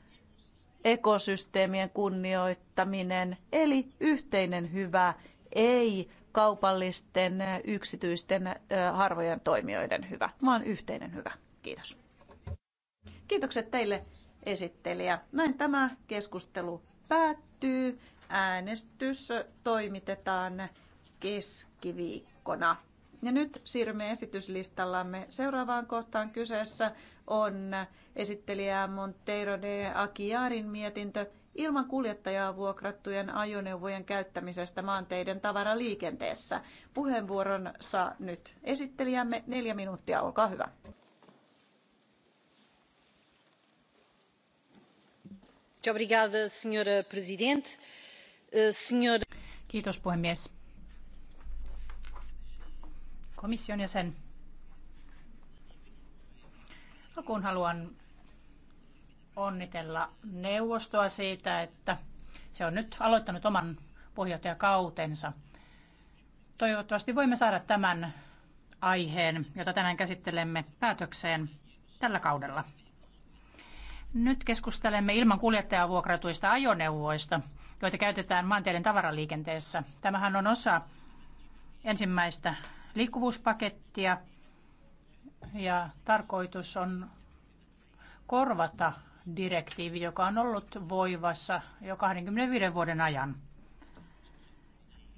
Speaker 11: ekosysteemien kunnioittaminen, eli yhteinen hyvä, ei kaupallisten, yksityisten, harvojen toimijoiden hyvä, vaan yhteinen hyvä. Kiitos. Kiitokset teille esittelijä. Näin tämä keskustelu päättyy. Äänestys toimitetaan keskiviikkona. Ja nyt siirrymme esityslistallamme seuraavaan kohtaan. Kyseessä on esittelijä Monteiro de Akiarin mietintö ilman kuljettajaa vuokrattujen ajoneuvojen käyttämisestä maanteiden tavaraliikenteessä. Puheenvuoron saa nyt esittelijämme. Neljä minuuttia, olkaa hyvä.
Speaker 9: Eh, Kiitos puhemies komission jäsen. Alkuun haluan onnitella neuvostoa siitä, että se on nyt aloittanut oman puheenjohtajakautensa. Toivottavasti voimme saada tämän aiheen, jota tänään käsittelemme päätökseen tällä kaudella. Nyt keskustelemme ilman kuljettajaa vuokratuista ajoneuvoista, joita käytetään maanteiden tavaraliikenteessä. Tämähän on osa ensimmäistä liikkuvuuspakettia ja tarkoitus on korvata direktiivi, joka on ollut voivassa jo 25 vuoden ajan.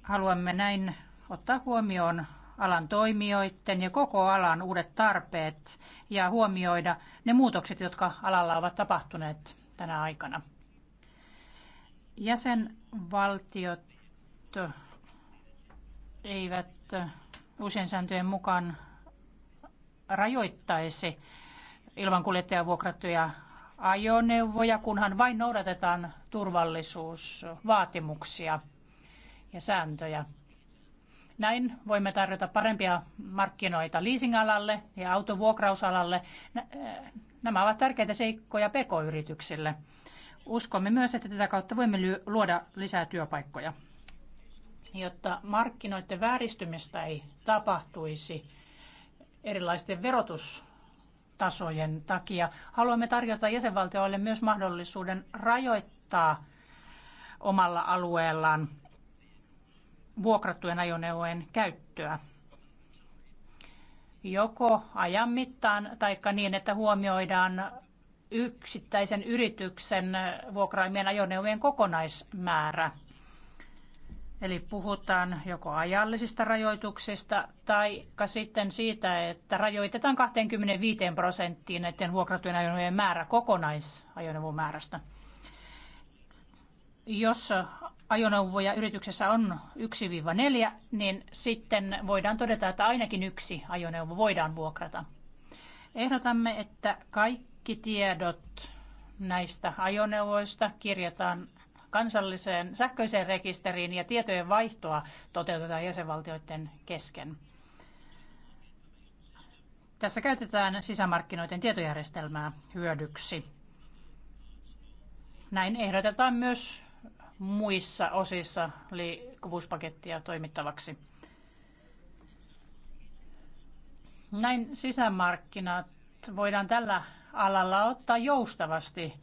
Speaker 9: Haluamme näin ottaa huomioon alan toimijoiden ja koko alan uudet tarpeet ja huomioida ne muutokset, jotka alalla ovat tapahtuneet tänä aikana. Jäsenvaltiot eivät uusien sääntöjen mukaan rajoittaisi ilman kuljettajan vuokrattuja ajoneuvoja, kunhan vain noudatetaan turvallisuusvaatimuksia ja sääntöjä. Näin voimme tarjota parempia markkinoita leasingalalle ja autovuokrausalalle. Eh, nämä ovat tärkeitä seikkoja pk-yrityksille. Uskomme myös, että tätä kautta voimme luoda lisää työpaikkoja jotta markkinoiden vääristymistä ei tapahtuisi erilaisten verotustasojen takia. Haluamme tarjota jäsenvaltioille myös mahdollisuuden rajoittaa omalla alueellaan vuokrattujen ajoneuvojen käyttöä. Joko ajan mittaan tai niin, että huomioidaan yksittäisen yrityksen vuokraimien ajoneuvojen kokonaismäärä – Eli puhutaan joko ajallisista rajoituksista tai sitten siitä, että rajoitetaan 25 prosenttiin näiden vuokratyönajoneuvojen määrä kokonaisajoneuvon määrästä. Jos ajoneuvoja yrityksessä on 1-4, niin sitten voidaan todeta, että ainakin yksi ajoneuvo voidaan vuokrata. Ehdotamme, että kaikki tiedot näistä ajoneuvoista kirjataan kansalliseen sähköiseen rekisteriin ja tietojen vaihtoa toteutetaan jäsenvaltioiden kesken. Tässä käytetään sisämarkkinoiden tietojärjestelmää hyödyksi. Näin ehdotetaan myös muissa osissa liikkuvuuspakettia toimittavaksi. Näin sisämarkkinat voidaan tällä alalla ottaa joustavasti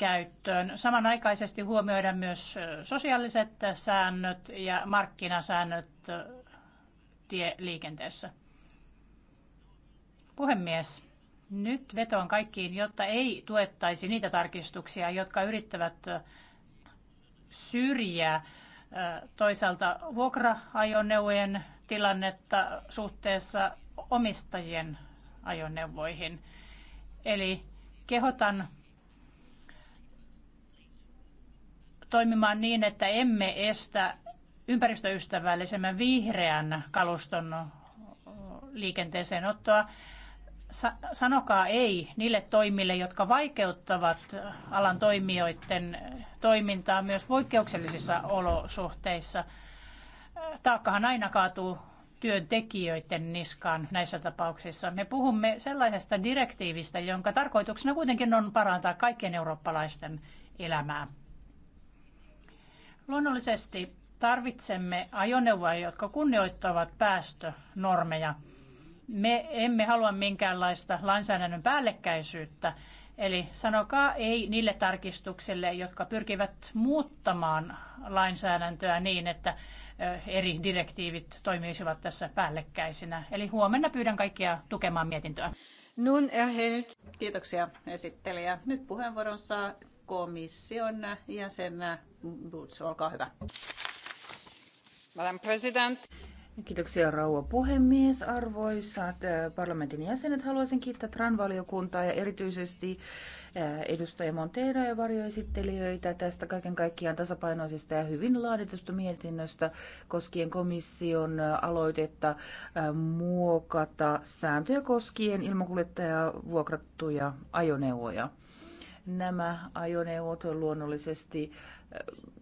Speaker 9: käyttöön. Samanaikaisesti huomioida myös sosiaaliset säännöt ja markkinasäännöt tieliikenteessä. Puhemies, nyt vetoan kaikkiin, jotta ei tuettaisi niitä tarkistuksia, jotka yrittävät syrjää toisaalta vuokra-ajoneuvojen tilannetta suhteessa omistajien ajoneuvoihin. Eli kehotan toimimaan niin, että emme estä ympäristöystävällisemmän vihreän kaluston liikenteeseen ottoa. Sanokaa ei niille toimille, jotka vaikeuttavat alan toimijoiden toimintaa myös poikkeuksellisissa olosuhteissa. Taakkahan aina kaatuu työntekijöiden niskaan näissä tapauksissa. Me puhumme sellaisesta direktiivistä, jonka tarkoituksena kuitenkin on parantaa kaikkien eurooppalaisten elämää. Luonnollisesti tarvitsemme ajoneuvoja, jotka kunnioittavat päästönormeja. Me emme halua minkäänlaista lainsäädännön päällekkäisyyttä, eli sanokaa ei niille tarkistuksille, jotka pyrkivät muuttamaan lainsäädäntöä niin, että eri direktiivit toimisivat tässä päällekkäisinä. Eli huomenna pyydän kaikkia tukemaan mietintöä. Nun erhält. Kiitoksia esittelijä. Nyt puheenvuoron saa
Speaker 11: komission Boots, olkaa hyvä.
Speaker 10: Madam President. Kiitoksia rouva puhemies. Arvoisat äh, parlamentin jäsenet, haluaisin kiittää TRAN-valiokuntaa ja erityisesti äh, edustaja Monteira ja varjoesittelijöitä tästä kaiken kaikkiaan tasapainoisesta ja hyvin laaditusta mietinnöstä koskien komission äh, aloitetta muokata sääntöjä koskien ilmakuljettajaa vuokrattuja ajoneuvoja nämä ajoneuvot luonnollisesti äh,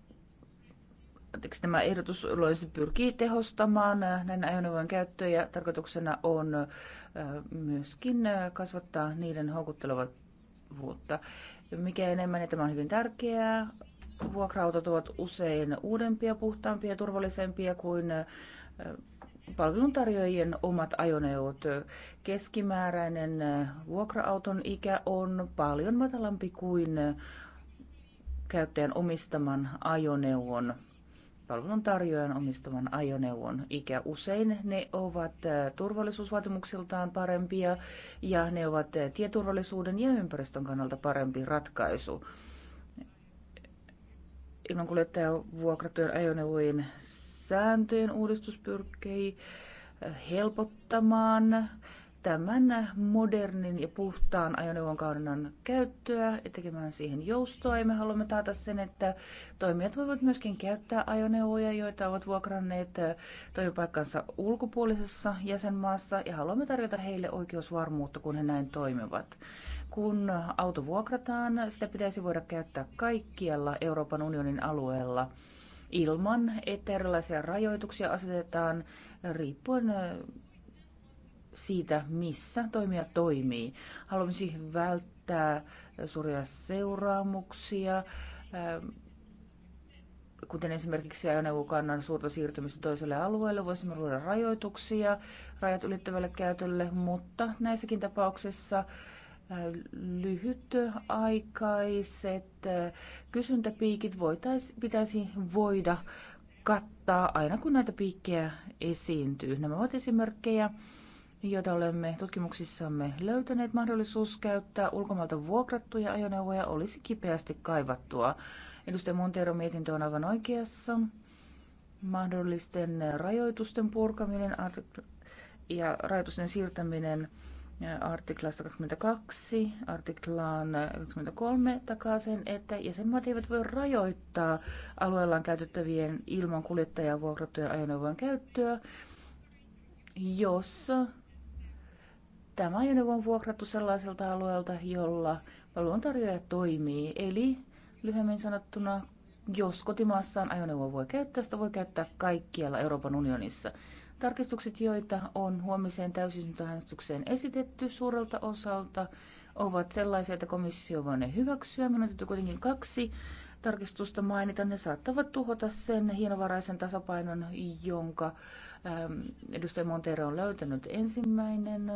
Speaker 10: Anteeksi, tämä ehdotus pyrkii tehostamaan äh, näiden ajoneuvojen käyttöä ja tarkoituksena on äh, myöskin kasvattaa niiden houkuttelevuutta. Mikä enemmän, niin tämä on hyvin tärkeää. vuokra ovat usein uudempia, puhtaampia ja turvallisempia kuin palveluntarjoajien omat ajoneuvot. Keskimääräinen vuokra-auton ikä on paljon matalampi kuin käyttäjän omistaman ajoneuvon palveluntarjoajan omistavan ajoneuvon ikä. Usein ne ovat äh, turvallisuusvaatimuksiltaan parempia ja ne ovat äh, tieturvallisuuden ja ympäristön kannalta parempi ratkaisu. Ilman kuljettaja vuokratyön ajoneuvojen sääntöjen uudistus pyrkii eh, helpottamaan tämän modernin ja puhtaan ajoneuvon kaudennan käyttöä ja tekemään siihen joustoa. Ja me haluamme taata sen, että toimijat voivat myöskin käyttää ajoneuvoja, joita ovat vuokranneet eh, toimipaikkansa ulkopuolisessa jäsenmaassa ja haluamme tarjota heille oikeusvarmuutta, kun he näin toimivat. Kun auto vuokrataan, sitä pitäisi voida käyttää kaikkialla Euroopan unionin alueella ilman, että erilaisia rajoituksia asetetaan riippuen siitä, missä toimija toimii. Haluaisi välttää suuria seuraamuksia, kuten esimerkiksi ajoneuvokannan suurta siirtymistä toiselle alueelle, voisimme luoda rajoituksia rajat ylittävälle käytölle, mutta näissäkin tapauksissa lyhytaikaiset äh, kysyntäpiikit voitais, pitäisi voida kattaa aina, kun näitä piikkejä esiintyy. Nämä ovat esimerkkejä, joita olemme tutkimuksissamme löytäneet. Mahdollisuus käyttää ulkomailta vuokrattuja ajoneuvoja olisi kipeästi kaivattua. Edustaja Montero mietintö on aivan oikeassa. Mahdollisten rajoitusten purkaminen ja rajoitusten siirtäminen artiklasta 22 artiklaan 23 takaa sen, että jäsenmaat eivät voi rajoittaa alueellaan käytettävien ilman kuljettajaa vuokrattujen ajoneuvojen käyttöä, jos tämä ajoneuvo on vuokrattu sellaiselta alueelta, jolla palveluntarjoaja toimii. Eli lyhyemmin sanottuna, jos kotimaassaan ajoneuvo voi käyttää, sitä voi käyttää kaikkialla Euroopan unionissa – Tarkistukset, joita on huomiseen täysistuntoäänestykseen esitetty suurelta osalta, ovat sellaisia, että komissio voi ne hyväksyä. Minun täytyy kuitenkin kaksi tarkistusta mainita. Ne saattavat tuhota sen hienovaraisen tasapainon, jonka edustaja Montero on löytänyt. Ensimmäinen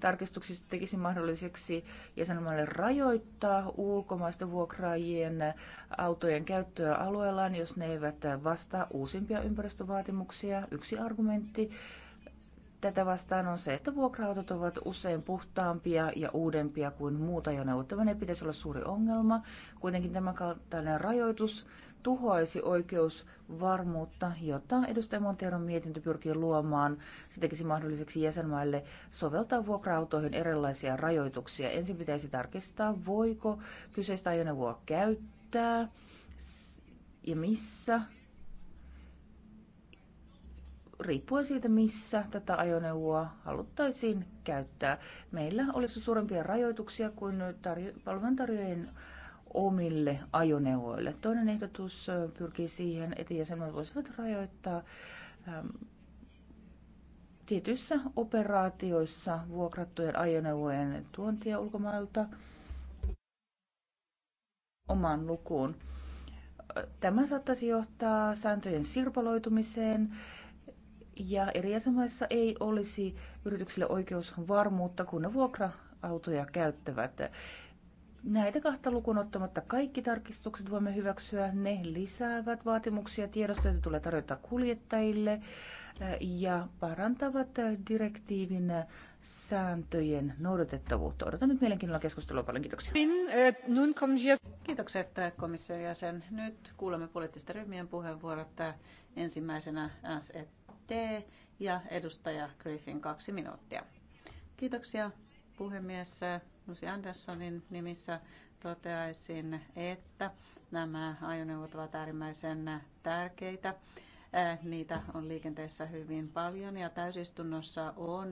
Speaker 10: tarkistuksista tekisi mahdolliseksi jäsenmaille rajoittaa ulkomaisten vuokraajien autojen käyttöä alueellaan, jos ne eivät vastaa uusimpia ympäristövaatimuksia. Yksi argumentti tätä vastaan on se, että vuokra-autot ovat usein puhtaampia ja uudempia kuin muut ajoneuvot. Tämä ei pitäisi olla suuri ongelma. Kuitenkin tämä kaltainen rajoitus tuhoaisi oikeusvarmuutta, jota edustaja Monteron mietintö pyrkii luomaan. Se tekisi mahdolliseksi jäsenmaille soveltaa vuokra-autoihin erilaisia rajoituksia. Ensin pitäisi tarkistaa, voiko kyseistä ajoneuvoa käyttää ja missä riippuen siitä, missä tätä ajoneuvoa haluttaisiin käyttää. Meillä olisi suurempia rajoituksia kuin tarjo- palveluntarjoajien omille ajoneuvoille. Toinen ehdotus pyrkii siihen, että jäsenmaat voisivat rajoittaa tietyissä operaatioissa vuokrattujen ajoneuvojen tuontia ulkomailta omaan lukuun. Tämä saattaisi johtaa sääntöjen sirpaloitumiseen ja eri jäsenmaissa ei olisi yrityksille oikeusvarmuutta, kun ne vuokra-autoja käyttävät. Näitä kahta lukuun ottamatta kaikki tarkistukset voimme hyväksyä. Ne lisäävät vaatimuksia tiedosta, joita tulee tarjota kuljettajille eh, ja parantavat eh, direktiivin eh, sääntöjen noudatettavuutta. Odotan nyt mielenkiinnolla keskustelua. Paljon kiitoksia.
Speaker 11: Kiitokset komission jäsen. Nyt kuulemme poliittisten ryhmien puheenvuorot. Ensimmäisenä SED ja edustaja Griffin kaksi minuuttia. Kiitoksia puhemies äh, Lucy Anderssonin nimissä toteaisin, että nämä ajoneuvot ovat äärimmäisen äh, tärkeitä. Äh, niitä on liikenteessä hyvin paljon ja täysistunnossa on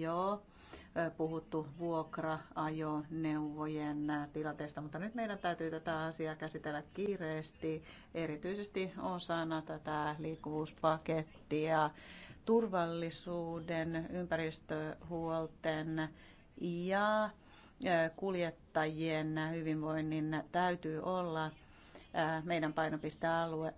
Speaker 11: jo puhuttu vuokra-ajoneuvojen tilanteesta, mutta nyt meidän täytyy tätä asiaa käsitellä kiireesti, erityisesti osana tätä liikkuvuuspakettia turvallisuuden, ympäristöhuolten ja kuljettajien hyvinvoinnin täytyy olla meidän painopistealue,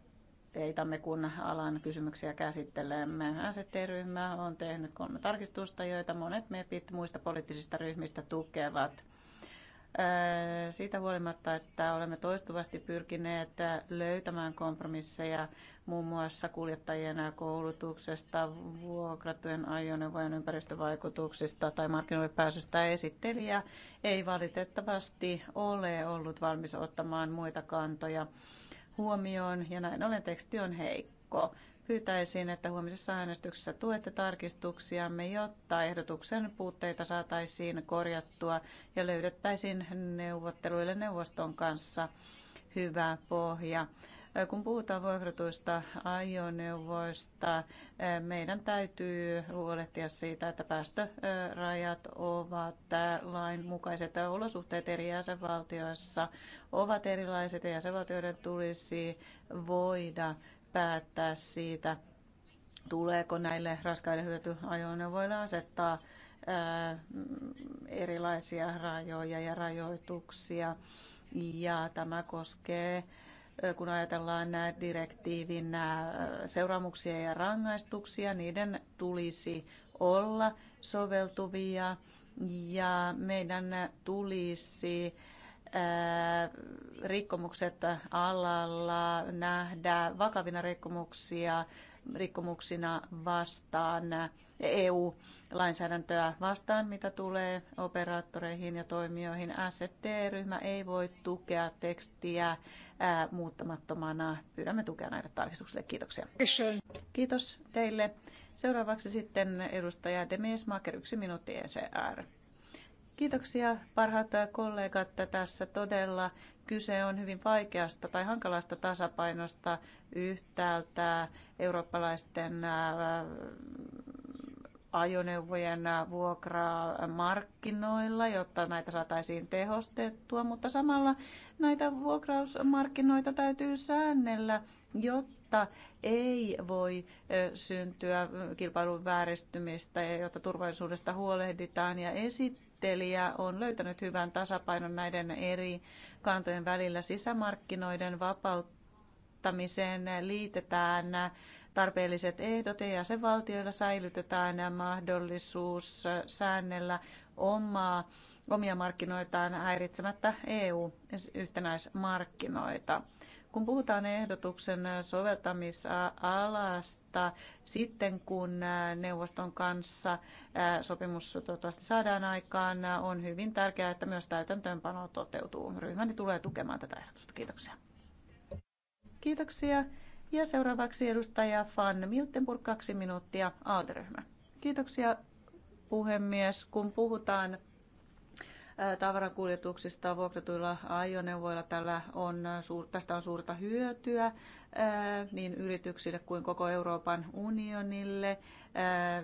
Speaker 11: eitamme, kun alan kysymyksiä käsittelemme. ST-ryhmä on tehnyt kolme tarkistusta, joita monet MEPit muista poliittisista ryhmistä tukevat. Öö, siitä huolimatta, että olemme toistuvasti pyrkineet löytämään kompromisseja muun muassa kuljettajien koulutuksesta, vuokrattujen ajoneuvojen ympäristövaikutuksista tai markkinoille pääsystä esittelijä ei valitettavasti ole ollut valmis ottamaan muita kantoja huomioon ja näin ollen teksti on heikko pyytäisin, että huomisessa äänestyksessä tuette tarkistuksiamme, jotta ehdotuksen puutteita saataisiin korjattua ja löydettäisiin neuvotteluille neuvoston kanssa hyvä pohja. Kun puhutaan vuokratuista ajoneuvoista, meidän täytyy huolehtia siitä, että päästörajat ovat lain mukaiset. Olosuhteet eri jäsenvaltioissa ovat erilaiset ja jäsenvaltioiden tulisi voida päättää siitä, tuleeko näille raskaiden hyötyajoneuvoille asettaa erilaisia rajoja ja rajoituksia. Ja tämä koskee, kun ajatellaan nämä direktiivin seuraamuksia ja rangaistuksia, niiden tulisi olla soveltuvia ja meidän tulisi rikkomukset alalla nähdä vakavina rikkomuksia rikkomuksina vastaan EU-lainsäädäntöä vastaan, mitä tulee operaattoreihin ja toimijoihin. SFT-ryhmä ei voi tukea tekstiä ää, muuttamattomana. Pyydämme tukea näille tarkistuksille. Kiitoksia. Kiitos teille. Seuraavaksi sitten edustaja Maker, yksi minuutti ECR. Kiitoksia parhaat kollegat. Tässä todella kyse on hyvin vaikeasta tai hankalasta tasapainosta yhtäältä eurooppalaisten äh, ajoneuvojen äh, vuokraa markkinoilla, jotta näitä saataisiin tehostettua, mutta samalla näitä vuokrausmarkkinoita täytyy säännellä, jotta ei voi äh, syntyä kilpailun vääristymistä ja jotta turvallisuudesta huolehditaan. Ja esit- esittelijä on löytänyt hyvän tasapainon näiden eri kantojen välillä sisämarkkinoiden vapauttamiseen liitetään tarpeelliset ehdot ja jäsenvaltioilla säilytetään mahdollisuus säännellä omaa, omia markkinoitaan häiritsemättä EU-yhtenäismarkkinoita. Kun puhutaan ehdotuksen soveltamisalasta, sitten kun neuvoston kanssa sopimus toivottavasti saadaan aikaan, on hyvin tärkeää, että myös täytäntöönpano toteutuu. Ryhmäni tulee tukemaan tätä ehdotusta. Kiitoksia. Kiitoksia. Ja seuraavaksi edustaja Van Miltenburg, kaksi minuuttia, Alderyhmä. Kiitoksia puhemies. Kun puhutaan tavarankuljetuksista vuokratuilla ajoneuvoilla. Tällä on, tästä on suurta hyötyä niin yrityksille kuin koko Euroopan unionille.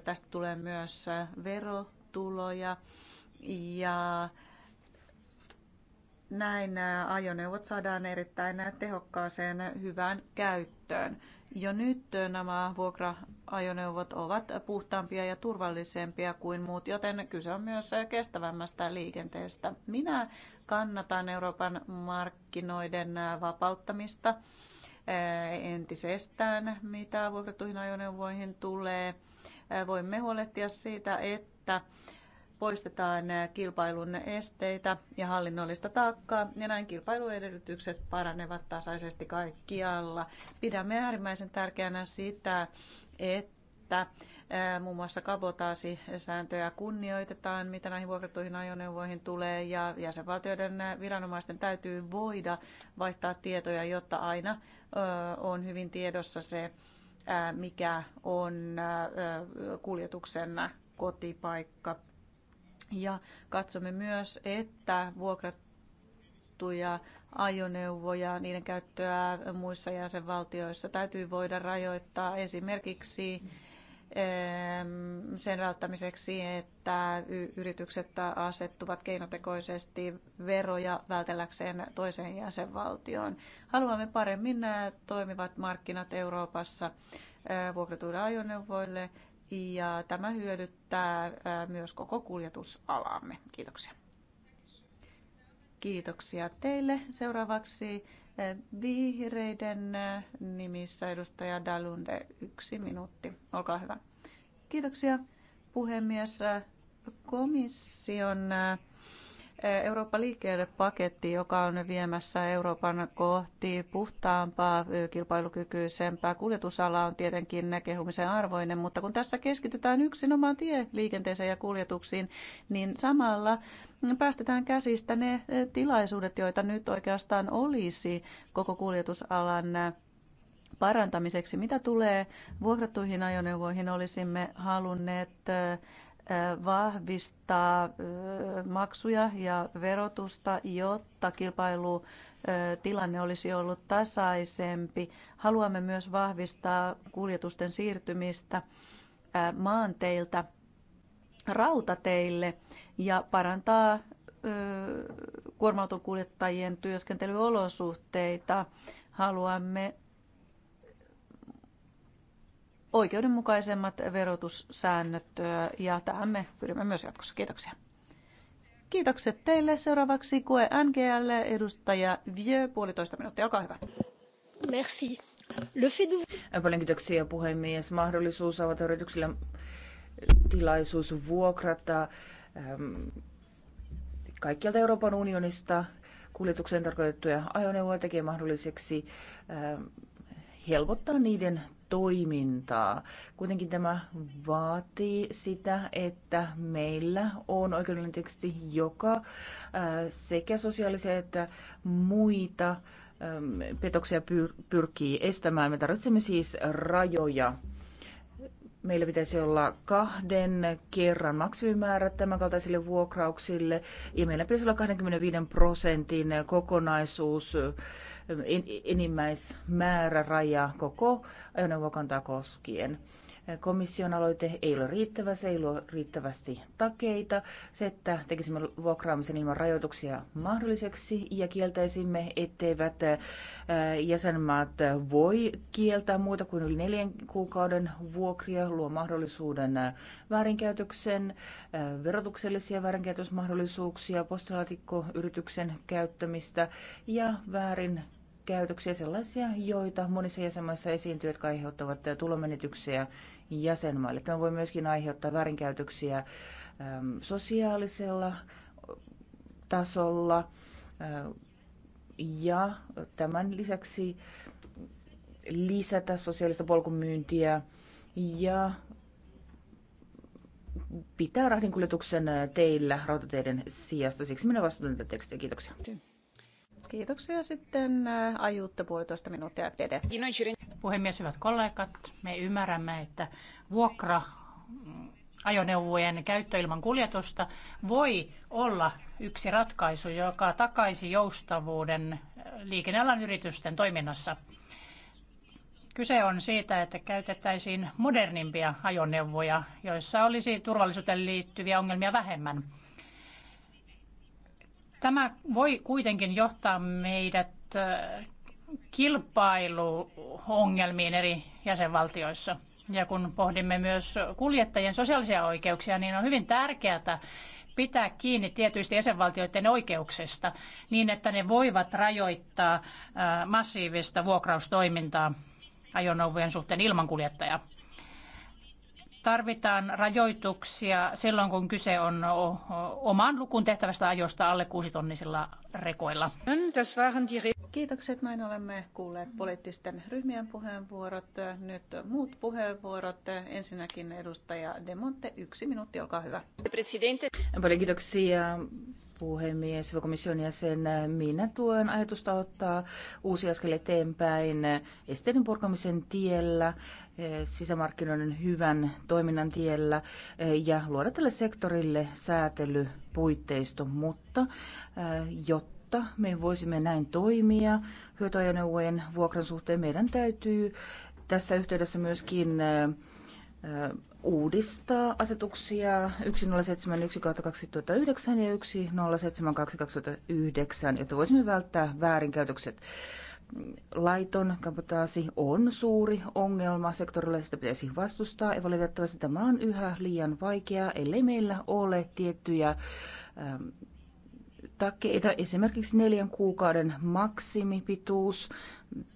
Speaker 11: Tästä tulee myös verotuloja ja näin ajoneuvot saadaan erittäin tehokkaaseen hyvään käyttöön. Jo nyt nämä vuokra-ajoneuvot ovat puhtaampia ja turvallisempia kuin muut, joten kyse on myös kestävämmästä liikenteestä. Minä kannatan Euroopan markkinoiden vapauttamista entisestään, mitä vuokrattuihin ajoneuvoihin tulee. Voimme huolehtia siitä, että poistetaan äh, kilpailun esteitä ja hallinnollista taakkaa, ja näin kilpailuedellytykset paranevat tasaisesti kaikkialla. Pidämme äärimmäisen tärkeänä sitä, että äh, muun muassa kabotaasisääntöjä kunnioitetaan, mitä näihin vuokratuihin ajoneuvoihin tulee, ja jäsenvaltioiden äh, viranomaisten täytyy voida vaihtaa tietoja, jotta aina on hyvin tiedossa se, mikä on kuljetuksen kotipaikka. Ja katsomme myös, että vuokrattuja ajoneuvoja, niiden käyttöä muissa jäsenvaltioissa täytyy voida rajoittaa esimerkiksi sen välttämiseksi, että yritykset asettuvat keinotekoisesti veroja vältelläkseen toiseen jäsenvaltioon. Haluamme paremmin toimivat markkinat Euroopassa vuokratuille ajoneuvoille ja tämä hyödyttää myös koko kuljetusalaamme. Kiitoksia. Kiitoksia teille. Seuraavaksi vihreiden nimissä edustaja Dalunde, yksi minuutti. Olkaa hyvä. Kiitoksia puhemies. Komission Eurooppa liikkeelle paketti, joka on viemässä Euroopan kohti puhtaampaa, kilpailukykyisempää. Kuljetusala on tietenkin kehumisen arvoinen, mutta kun tässä keskitytään yksinomaan tieliikenteeseen ja kuljetuksiin, niin samalla päästetään käsistä ne tilaisuudet, joita nyt oikeastaan olisi koko kuljetusalan parantamiseksi. Mitä tulee vuokrattuihin ajoneuvoihin, olisimme halunneet vahvistaa maksuja ja verotusta, jotta kilpailutilanne olisi ollut tasaisempi. Haluamme myös vahvistaa kuljetusten siirtymistä maanteiltä rautateille ja parantaa kuorma-autokuljettajien työskentelyolosuhteita. Haluamme oikeudenmukaisemmat verotussäännöt ja tähän me pyrimme myös jatkossa. Kiitoksia. Kiitokset teille. Seuraavaksi koe NGL edustaja
Speaker 10: Vieux, puolitoista minuuttia. Olkaa hyvä. Merci. Le fait de... Paljon kiitoksia puhemies. Mahdollisuus avata yrityksille tilaisuus vuokrata ähm, kaikkialta Euroopan unionista kuljetukseen tarkoitettuja ajoneuvoja tekee mahdolliseksi ähm, helpottaa niiden toimintaa. Kuitenkin tämä vaatii sitä, että meillä on oikeudellinen teksti, joka äh, sekä sosiaalisia että muita ähm, petoksia pyrkii estämään. Me tarvitsemme siis rajoja meillä pitäisi olla kahden kerran maksimimäärä tämänkaltaisille vuokrauksille ja meillä pitäisi olla 25 prosentin kokonaisuus enimmäismääräraja koko ajoneuvokantaa koskien. Komission aloite ei ole riittävä, se ei luo riittävästi takeita. Se, että tekisimme vuokraamisen ilman rajoituksia mahdolliseksi ja kieltäisimme, etteivät jäsenmaat voi kieltää muuta kuin yli neljän kuukauden vuokria, luo mahdollisuuden väärinkäytöksen, verotuksellisia väärinkäytösmahdollisuuksia, postilaatikkoyrityksen käyttämistä ja väärin käytöksiä, sellaisia, joita monissa jäsenmaissa esiintyy, jotka aiheuttavat tulomenetyksiä jäsenmaille. Tämä voi myöskin aiheuttaa väärinkäytöksiä äm, sosiaalisella tasolla ja tämän lisäksi lisätä sosiaalista polkumyyntiä ja pitää rahdinkuljetuksen teillä rautateiden sijasta. Siksi minä vastustan tätä tekstiä. Kiitoksia.
Speaker 9: Kiitoksia sitten äh, ajuutta puolitoista minuuttia FDD. Puhemies, hyvät kollegat, me ymmärrämme, että vuokra mm, ajoneuvojen käyttö ilman kuljetusta voi olla yksi ratkaisu, joka takaisi joustavuuden äh, liikennealan yritysten toiminnassa. Kyse on siitä, että käytettäisiin modernimpia ajoneuvoja, joissa olisi turvallisuuteen liittyviä ongelmia vähemmän. Tämä voi kuitenkin johtaa meidät kilpailuongelmiin eri jäsenvaltioissa. Ja kun pohdimme myös kuljettajien sosiaalisia oikeuksia, niin on hyvin tärkeää pitää kiinni tietyistä jäsenvaltioiden oikeuksista niin, että ne voivat rajoittaa massiivista vuokraustoimintaa ajoneuvojen suhteen ilman kuljettajaa tarvitaan rajoituksia silloin, kun kyse on oman lukuun tehtävästä ajosta alle tonnisilla rekoilla.
Speaker 11: Kiitokset. Näin olemme kuulleet poliittisten ryhmien puheenvuorot. Nyt muut puheenvuorot. Ensinnäkin edustaja Demonte, yksi minuutti, olkaa hyvä.
Speaker 10: Paljon kiitoksia puhemies, hyvä komission jäsen. Minä tuen ajatusta ottaa uusi askel eteenpäin esteiden purkamisen tiellä, sisämarkkinoiden hyvän toiminnan tiellä ja luoda tälle sektorille säätelypuitteisto, mutta eh, jotta me voisimme näin toimia hyötyajoneuvojen vuokran suhteen, meidän täytyy tässä yhteydessä myöskin eh, eh, uudistaa asetuksia 1071-2009 ja 1072-2009, jotta voisimme välttää väärinkäytökset. Laiton kabotaasi on suuri ongelma sektorilla, sitä pitäisi vastustaa ja valitettavasti tämä on yhä liian vaikeaa, ellei meillä ole tiettyjä ähm, takkeita. esimerkiksi neljän kuukauden maksimipituus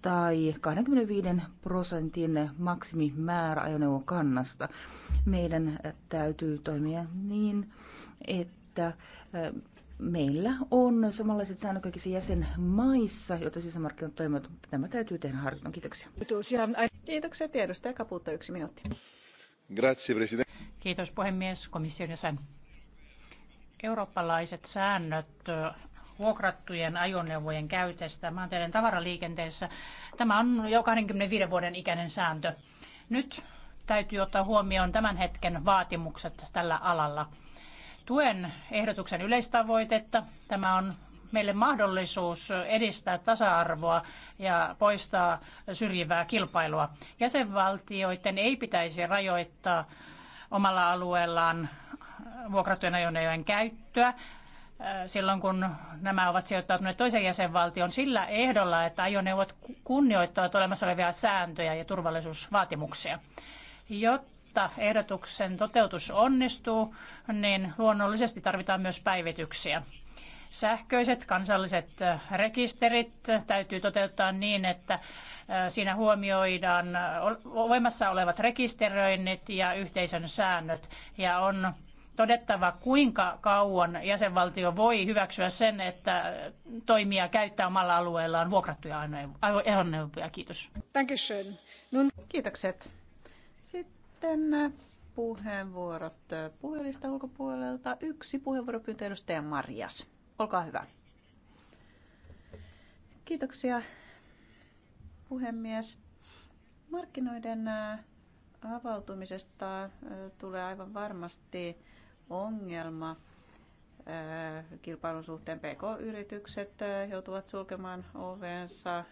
Speaker 10: tai 25 prosentin maksimimäärä ajoneuvon kannasta. Meidän täytyy toimia niin, että meillä on samanlaiset säännöt kaikissa jäsenmaissa, jotta sisämarkkinat toimivat. Tämä täytyy tehdä harkinnan. Kiitoksia. Kiitoksia tiedosta ja yksi minuutti.
Speaker 1: Grazie, president.
Speaker 10: Kiitos puhemies komission jäsen.
Speaker 9: Eurooppalaiset säännöt vuokrattujen ajoneuvojen käytöstä maanteiden tavaraliikenteessä. Tämä on jo 25 vuoden ikäinen sääntö. Nyt täytyy ottaa huomioon tämän hetken vaatimukset tällä alalla. Tuen ehdotuksen yleistavoitetta. Tämä on meille mahdollisuus edistää tasa-arvoa ja poistaa syrjivää kilpailua. Jäsenvaltioiden ei pitäisi rajoittaa omalla alueellaan vuokratyön ajoneuvojen käyttöä silloin, kun nämä ovat sijoittautuneet toisen jäsenvaltion sillä ehdolla, että ajoneuvot kunnioittavat olemassa olevia sääntöjä ja turvallisuusvaatimuksia. Jotta ehdotuksen toteutus onnistuu, niin luonnollisesti tarvitaan myös päivityksiä. Sähköiset kansalliset rekisterit täytyy toteuttaa niin, että siinä huomioidaan voimassa olevat rekisteröinnit ja yhteisön säännöt ja on todettava, kuinka kauan jäsenvaltio voi hyväksyä sen, että toimija käyttää omalla alueellaan vuokrattuja ajoneuvoja. Kiitos. Kiitokset.
Speaker 11: Sitten äh, puheenvuorot äh, puhelista ulkopuolelta. Yksi puheenvuoropyyntö edustaja Marjas. Olkaa hyvä. Kiitoksia puhemies. Markkinoiden äh, avautumisesta tulee aivan varmasti ongelma äh, kilpailun suhteen. PK-yritykset äh, joutuvat sulkemaan ovensa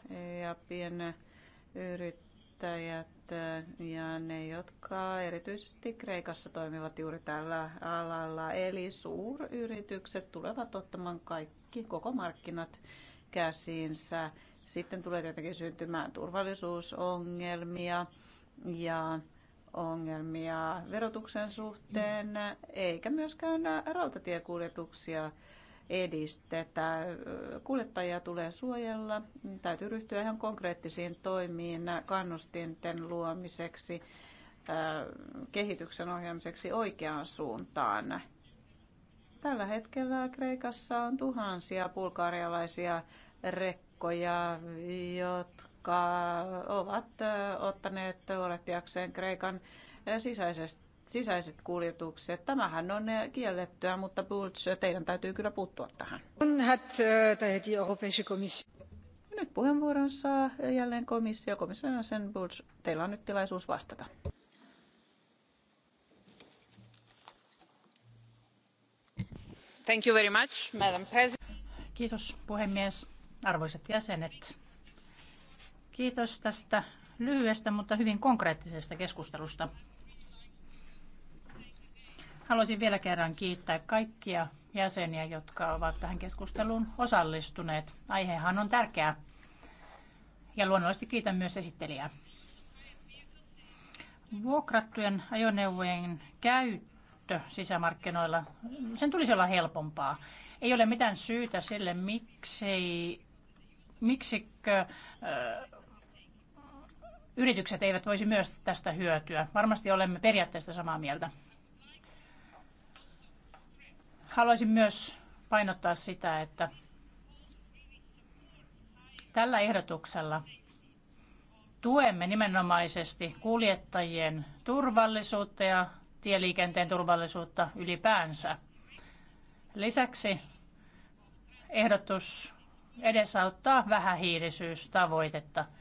Speaker 11: ja pienyrittäjät äh, ja ne, jotka erityisesti Kreikassa toimivat juuri tällä alalla. Eli suuryritykset tulevat ottamaan kaikki, koko markkinat käsiinsä. Sitten tulee tietenkin syntymään turvallisuusongelmia ja ongelmia verotuksen suhteen, eikä myöskään rautatiekuljetuksia edistetä. Kuljettajia tulee suojella. Täytyy ryhtyä ihan konkreettisiin toimiin kannustinten luomiseksi, äh, kehityksen ohjaamiseksi oikeaan suuntaan. Tällä hetkellä Kreikassa on tuhansia bulgarialaisia rekkoja, jotka jotka ovat ottaneet huolehtiakseen Kreikan sisäisestä sisäiset kuljetukset. Tämähän on kiellettyä, mutta Bulge, teidän täytyy kyllä puuttua tähän. Nyt puheenvuoronsa jälleen komissio. Komissio, sen Bulge, teillä on nyt tilaisuus
Speaker 9: vastata. Thank you very much, Madam President. Kiitos puhemies, arvoisat jäsenet. Kiitos tästä lyhyestä, mutta hyvin konkreettisesta keskustelusta. Haluaisin vielä kerran kiittää kaikkia jäseniä, jotka ovat tähän keskusteluun osallistuneet. Aihehan on tärkeä. Ja luonnollisesti kiitän myös esittelijää. Vuokrattujen ajoneuvojen käyttö sisämarkkinoilla, sen tulisi olla helpompaa. Ei ole mitään syytä sille, miksei, miksikö äh, yritykset eivät voisi myös tästä hyötyä. Varmasti olemme periaatteesta samaa mieltä. Haluaisin myös painottaa sitä, että tällä ehdotuksella tuemme nimenomaisesti kuljettajien turvallisuutta ja tieliikenteen turvallisuutta ylipäänsä. Lisäksi ehdotus edesauttaa vähähiilisyystavoitetta –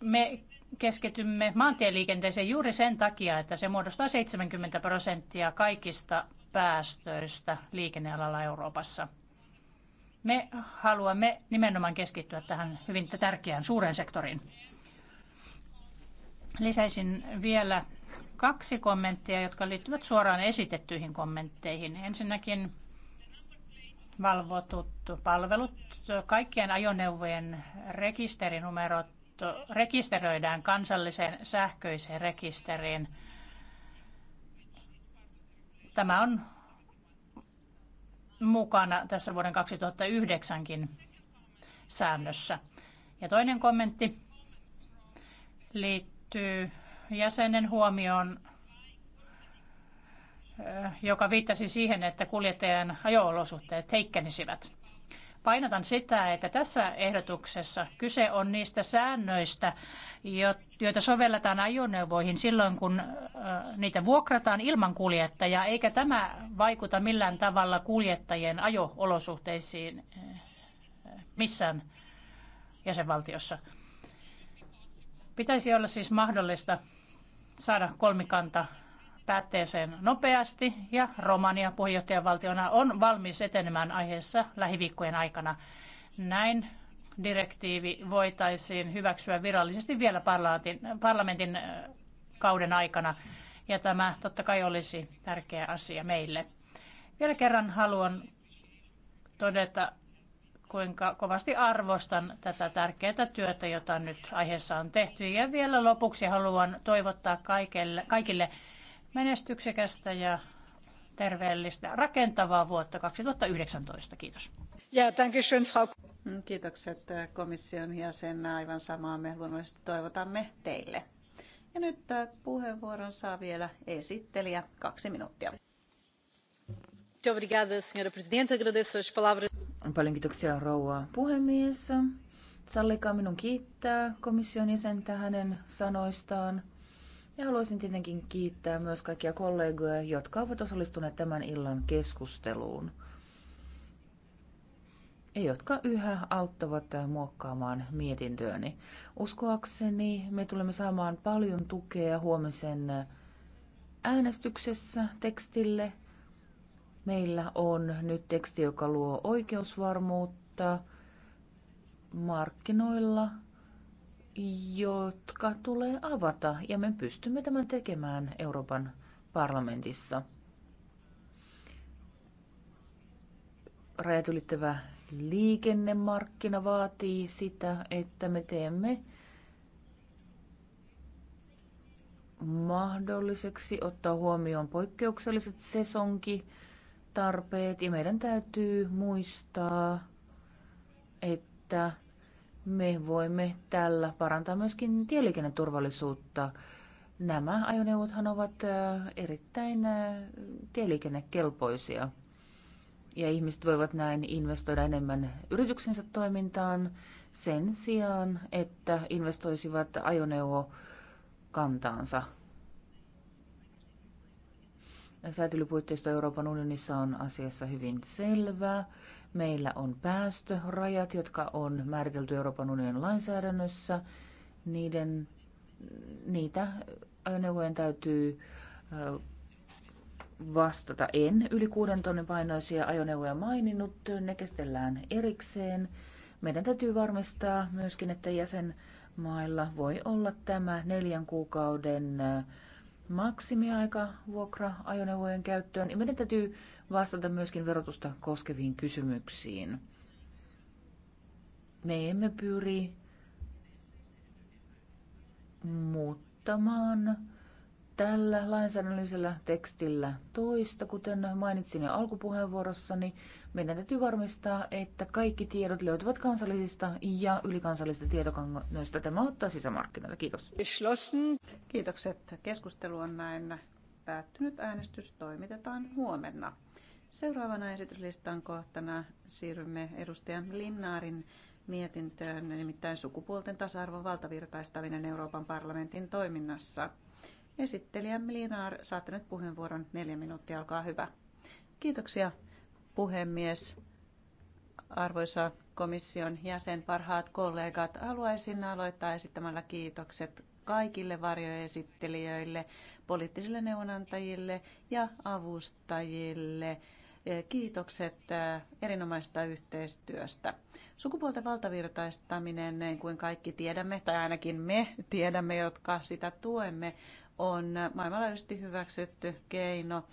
Speaker 9: me keskitymme maantieliikenteeseen juuri sen takia, että se muodostaa 70 prosenttia kaikista päästöistä liikennealalla Euroopassa. Me haluamme nimenomaan keskittyä tähän hyvin tärkeään suureen sektoriin. Lisäisin vielä kaksi kommenttia, jotka liittyvät suoraan esitettyihin kommentteihin. Ensinnäkin valvotut palvelut, kaikkien ajoneuvojen rekisterinumerot rekisteröidään kansalliseen sähköiseen rekisteriin. Tämä on mukana tässä vuoden 2009kin säännössä. Ja toinen kommentti liittyy jäsenen huomioon, joka viittasi siihen, että kuljettajan ajo-olosuhteet heikkenisivät. Painotan sitä, että tässä ehdotuksessa kyse on niistä säännöistä, joita sovelletaan ajoneuvoihin silloin, kun niitä vuokrataan ilman kuljettajaa, eikä tämä vaikuta millään tavalla kuljettajien ajo-olosuhteisiin missään jäsenvaltiossa. Pitäisi olla siis mahdollista saada kolmikanta päätteeseen nopeasti ja Romania puheenjohtajavaltiona on valmis etenemään aiheessa lähiviikkojen aikana. Näin direktiivi voitaisiin hyväksyä virallisesti vielä parlamentin, parlamentin kauden aikana ja tämä totta kai olisi tärkeä asia meille. Vielä kerran haluan todeta, kuinka kovasti arvostan tätä tärkeää työtä, jota nyt aiheessa on tehty. Ja vielä lopuksi haluan toivottaa kaikille, kaikille menestyksekästä ja terveellistä rakentavaa vuotta 2019. Kiitos.
Speaker 11: Ja, schön, Frau. Kiitokset äh, komission jäsen. Aivan samaa me luonnollisesti toivotamme teille. Ja nyt äh, puheenvuoron saa vielä esittelijä. Kaksi minuuttia.
Speaker 10: Paljon kiitoksia rouva puhemies. Sallikaa minun kiittää komission jäsentä hänen sanoistaan. Ja haluaisin tietenkin kiittää myös kaikkia kollegoja, jotka ovat osallistuneet tämän illan keskusteluun ja jotka yhä auttavat muokkaamaan mietintöäni. Uskoakseni me tulemme saamaan paljon tukea huomisen äänestyksessä tekstille. Meillä on nyt teksti, joka luo oikeusvarmuutta markkinoilla – jotka tulee avata, ja me pystymme tämän tekemään Euroopan parlamentissa. Rajat ylittävä liikennemarkkina vaatii sitä, että me teemme mahdolliseksi ottaa huomioon poikkeukselliset sesonkitarpeet, ja meidän täytyy muistaa, että me voimme tällä parantaa myöskin tieliikenneturvallisuutta. Nämä ajoneuvothan ovat äh, erittäin äh, tieliikennekelpoisia ja ihmiset voivat näin investoida enemmän yrityksensä toimintaan sen sijaan, että investoisivat ajoneuvokantaansa säätelypuitteisto Euroopan unionissa on asiassa hyvin selvä. Meillä on päästörajat, jotka on määritelty Euroopan unionin lainsäädännössä. Niiden, niitä ajoneuvojen täytyy vastata. En yli kuuden tonnin painoisia ajoneuvoja maininnut, ne käsitellään erikseen. Meidän täytyy varmistaa myöskin, että jäsenmailla voi olla tämä neljän kuukauden maksimiaika vuokra-ajoneuvojen käyttöön. Ja niin meidän täytyy vastata myöskin verotusta koskeviin kysymyksiin. Me emme pyri muuttamaan tällä lainsäädännöllisellä tekstillä toista. Kuten mainitsin jo alkupuheenvuorossani, meidän täytyy varmistaa, että kaikki tiedot löytyvät kansallisista ja ylikansallisista tietokannoista. Tämä ottaa sisämarkkinoita. Kiitos. Kiitokset. Keskustelu on näin päättynyt.
Speaker 11: Äänestys toimitetaan huomenna. Seuraavana esityslistan kohtana siirrymme edustajan Linnaarin mietintöön, nimittäin sukupuolten tasa-arvon valtavirtaistaminen Euroopan parlamentin toiminnassa. Esittelijämme Liinaar, saatte nyt puheenvuoron. Neljä minuuttia, olkaa hyvä. Kiitoksia puhemies. Arvoisa komission jäsen, parhaat kollegat, haluaisin aloittaa esittämällä kiitokset kaikille varjoesittelijöille, poliittisille neuvonantajille ja avustajille. Kiitokset äh, erinomaisesta yhteistyöstä. Sukupuolten valtavirtaistaminen, niin kuin kaikki tiedämme, tai ainakin me tiedämme, jotka sitä tuemme, on maailmanlaajuisesti hyväksytty keino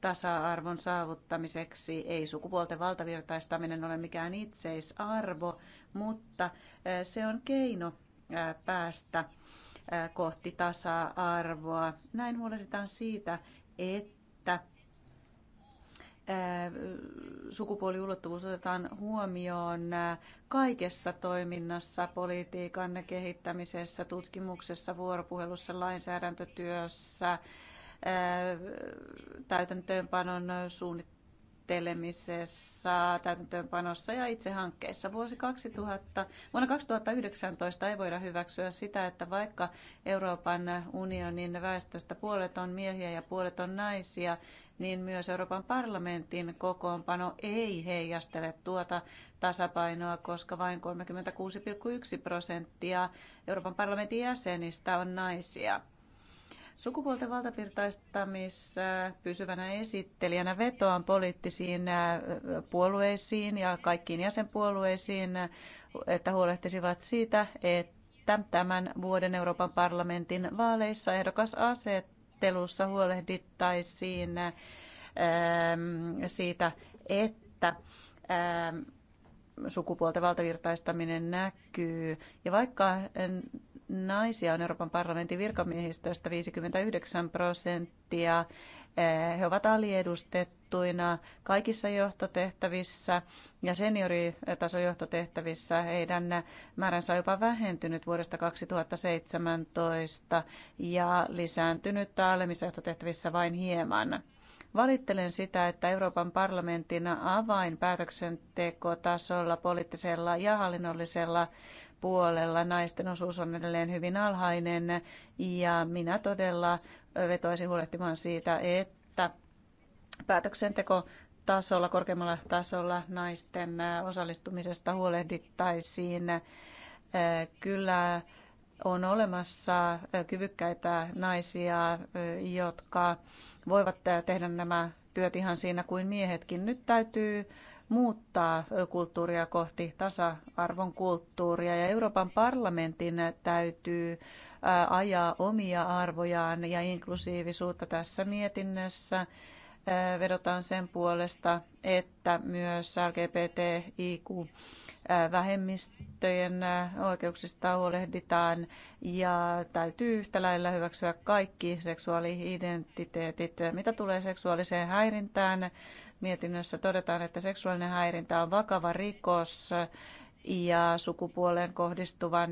Speaker 11: tasa-arvon saavuttamiseksi. Ei sukupuolten valtavirtaistaminen ole mikään itseisarvo, mutta eh, se on keino eh, päästä eh, kohti tasa-arvoa. Näin huolehditaan siitä, että sukupuoliulottuvuus otetaan huomioon kaikessa toiminnassa, politiikan kehittämisessä, tutkimuksessa, vuoropuhelussa, lainsäädäntötyössä, täytäntöönpanon suunnittelemisessa, täytäntöönpanossa ja itse hankkeissa. Vuosi 2000, vuonna 2019 ei voida hyväksyä sitä, että vaikka Euroopan unionin väestöstä puolet on miehiä ja puolet on naisia, niin myös Euroopan parlamentin kokoonpano ei heijastele tuota tasapainoa, koska vain 36,1 prosenttia Euroopan parlamentin jäsenistä on naisia. Sukupuolten valtavirtaistamissa pysyvänä esittelijänä vetoan poliittisiin äh, puolueisiin ja kaikkiin jäsenpuolueisiin, että huolehtisivat siitä, että tämän vuoden Euroopan parlamentin vaaleissa ehdokas aset neuvottelussa huolehdittaisiin ähm, siitä, että ähm, sukupuolten valtavirtaistaminen näkyy. Ja vaikka ähm, naisia on Euroopan parlamentin virkamiehistöstä 59 prosenttia, Eh, he ovat aliedustettuina kaikissa johtotehtävissä ja senioritason johtotehtävissä heidän määränsä on jopa vähentynyt vuodesta 2017 ja lisääntynyt alemmissa johtotehtävissä vain hieman. Valittelen sitä, että Euroopan parlamentin avain päätöksentekotasolla, poliittisella ja hallinnollisella puolella naisten osuus on edelleen hyvin alhainen ja minä todella vetoisin huolehtimaan siitä, että päätöksenteko tasolla, korkeammalla tasolla naisten osallistumisesta huolehdittaisiin. Kyllä on olemassa kyvykkäitä naisia, jotka voivat tehdä nämä työt ihan siinä kuin miehetkin. Nyt täytyy muuttaa kulttuuria kohti tasa-arvon kulttuuria ja Euroopan parlamentin täytyy ajaa omia arvojaan ja inklusiivisuutta tässä mietinnössä. Vedotaan sen puolesta, että myös LGBTIQ vähemmistöjen oikeuksista huolehditaan ja täytyy yhtä lailla hyväksyä kaikki seksuaali-identiteetit. Mitä tulee seksuaaliseen häirintään, mietinnössä todetaan, että seksuaalinen häirintä on vakava rikos ja sukupuoleen kohdistuvan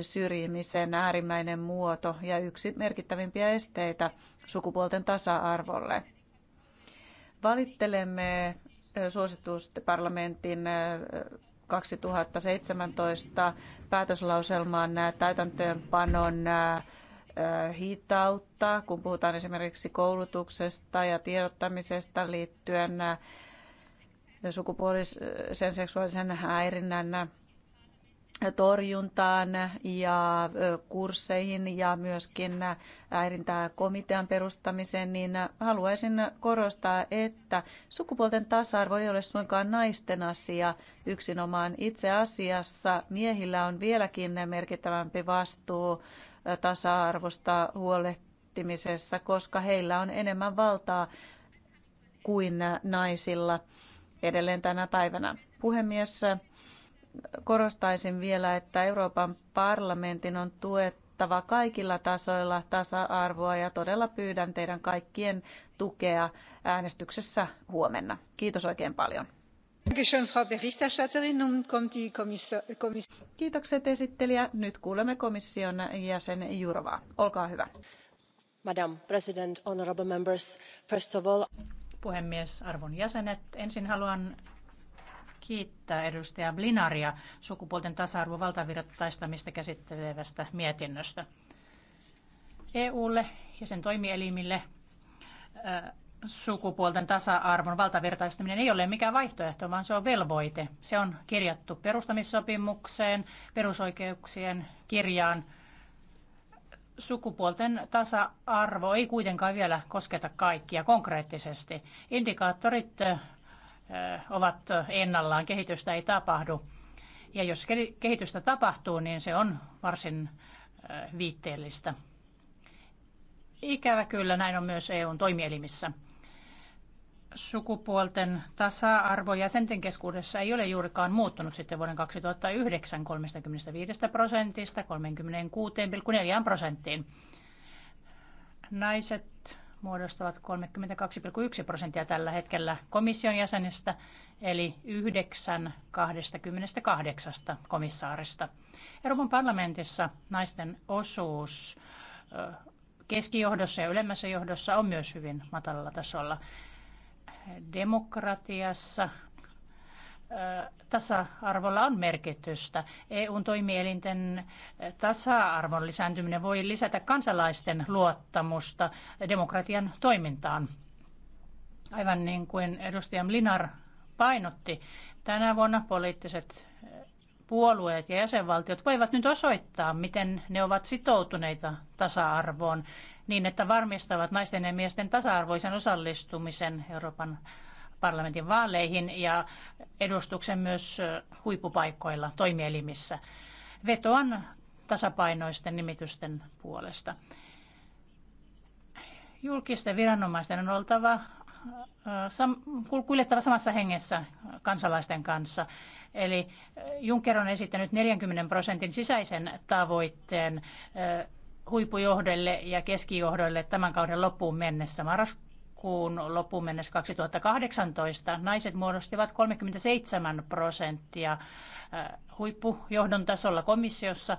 Speaker 11: syrjimisen äärimmäinen muoto ja yksi merkittävimpiä esteitä sukupuolten tasa-arvolle. Valittelemme suositusten parlamentin 2017 päätöslauselman täytäntöönpanon hitautta, kun puhutaan esimerkiksi koulutuksesta ja tiedottamisesta liittyen sukupuolisen seksuaalisen häirinnän torjuntaan ja kursseihin ja myöskin äirintää komitean perustamiseen, niin haluaisin korostaa, että sukupuolten tasa-arvo ei ole suinkaan naisten asia yksinomaan. Itse asiassa miehillä on vieläkin merkittävämpi vastuu tasa-arvosta huolehtimisessa, koska heillä on enemmän valtaa kuin naisilla edelleen tänä päivänä. Puhemies, korostaisin vielä, että Euroopan parlamentin on tuettava kaikilla tasoilla tasa-arvoa ja todella pyydän teidän kaikkien tukea äänestyksessä huomenna. Kiitos oikein paljon. Kiitokset esittelijä. Nyt kuulemme komission
Speaker 9: jäsen Jurovaa. Olkaa hyvä. Madam President, Puhemies, arvon jäsenet, ensin haluan kiittää edustaja Blinaria sukupuolten tasa-arvo valtavirtaistamista käsittelevästä mietinnöstä. EUlle ja sen toimielimille sukupuolten tasa-arvon valtavirtaistaminen ei ole mikään vaihtoehto, vaan se on velvoite. Se on kirjattu perustamissopimukseen, perusoikeuksien kirjaan. Sukupuolten tasa-arvo ei kuitenkaan vielä kosketa kaikkia konkreettisesti. Indikaattorit ovat ennallaan, kehitystä ei tapahdu. Ja jos kehitystä tapahtuu, niin se on varsin viitteellistä. Ikävä kyllä näin on myös EUn toimielimissä sukupuolten tasa-arvo jäsenten keskuudessa ei ole juurikaan muuttunut sitten vuoden 2009 35 prosentista 36,4 prosenttiin. Naiset muodostavat 32,1 prosenttia tällä hetkellä komission jäsenistä, eli 9 28 komissaarista. Euroopan parlamentissa naisten osuus keskijohdossa ja ylemmässä johdossa on myös hyvin matalalla tasolla demokratiassa tasa-arvolla on merkitystä. EUn toimielinten tasa-arvon lisääntyminen voi lisätä kansalaisten luottamusta demokratian toimintaan. Aivan niin kuin edustaja Linar painotti, tänä vuonna poliittiset puolueet ja jäsenvaltiot voivat nyt osoittaa, miten ne ovat sitoutuneita tasa-arvoon niin, että varmistavat naisten ja miesten tasa-arvoisen osallistumisen Euroopan parlamentin vaaleihin ja edustuksen myös huippupaikoilla toimielimissä. Vetoan tasapainoisten nimitysten puolesta. Julkisten viranomaisten on oltava kuljettava samassa hengessä kansalaisten kanssa. Eli Juncker on esittänyt 40 prosentin sisäisen tavoitteen huippujohdolle ja keskijohdolle tämän kauden loppuun mennessä. Marraskuun loppuun mennessä 2018 naiset muodostivat 37 prosenttia äh, huippujohdon tasolla komissiossa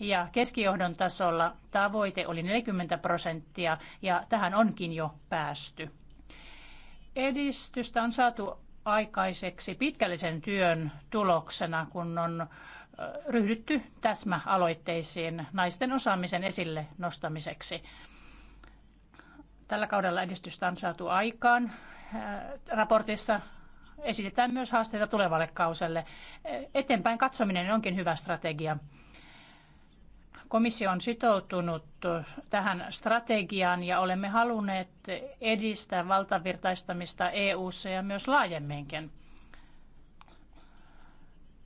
Speaker 9: ja keskijohdon tasolla tavoite oli 40 prosenttia ja tähän onkin jo päästy. Edistystä on saatu aikaiseksi pitkällisen työn tuloksena, kun on ryhdytty täsmäaloitteisiin naisten osaamisen esille nostamiseksi. Tällä kaudella edistystä on saatu aikaan. Raportissa esitetään myös haasteita tulevalle kauselle. Eteenpäin katsominen onkin hyvä strategia. Komissio on sitoutunut tähän strategiaan ja olemme halunneet edistää valtavirtaistamista EU:ssa ja myös laajemminkin.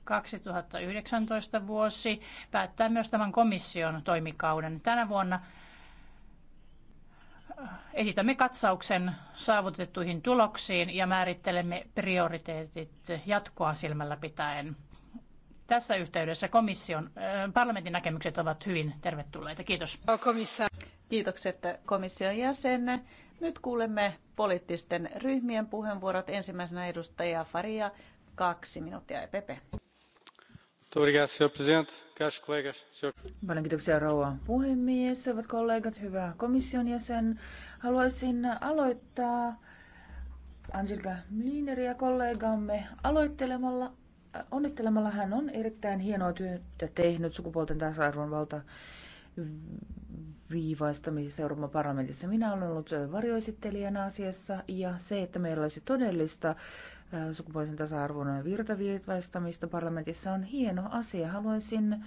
Speaker 9: 2019 vuosi päättää myös tämän komission toimikauden. Tänä vuonna esitämme katsauksen saavutettuihin tuloksiin ja määrittelemme prioriteetit jatkoa silmällä pitäen. Tässä yhteydessä komission, äh, parlamentin näkemykset ovat hyvin tervetulleita. Kiitos. Kiitokset komission jäsen. Nyt kuulemme
Speaker 11: poliittisten ryhmien puheenvuorot. Ensimmäisenä edustaja Faria, kaksi minuuttia EPP.
Speaker 6: Paljon
Speaker 10: kiitoksia rouva puhemies, hyvät kollegat, hyvä komission jäsen. Haluaisin aloittaa Angelika Mlineria kollegamme aloittelemalla onnittelemalla hän on erittäin hienoa työtä tehnyt sukupuolten tasa-arvon valta viivaistamisessa Euroopan parlamentissa. Minä olen ollut varjoesittelijänä asiassa ja se, että meillä olisi todellista sukupuolisen tasa-arvon virtaviivaistamista parlamentissa on hieno asia. Haluaisin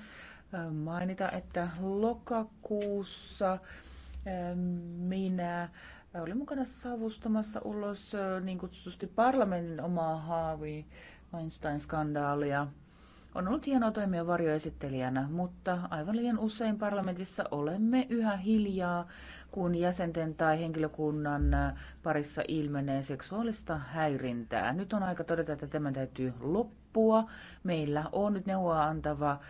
Speaker 10: mainita, että lokakuussa minä olin mukana savustamassa ulos niin kutsutusti parlamentin omaa haavi Weinstein-skandaalia. On ollut hienoa toimia varjoesittelijänä, mutta aivan liian usein parlamentissa olemme yhä hiljaa kun jäsenten tai henkilökunnan parissa ilmenee seksuaalista häirintää. Nyt on aika todeta, että tämä täytyy loppua. Meillä on nyt neuvoa antava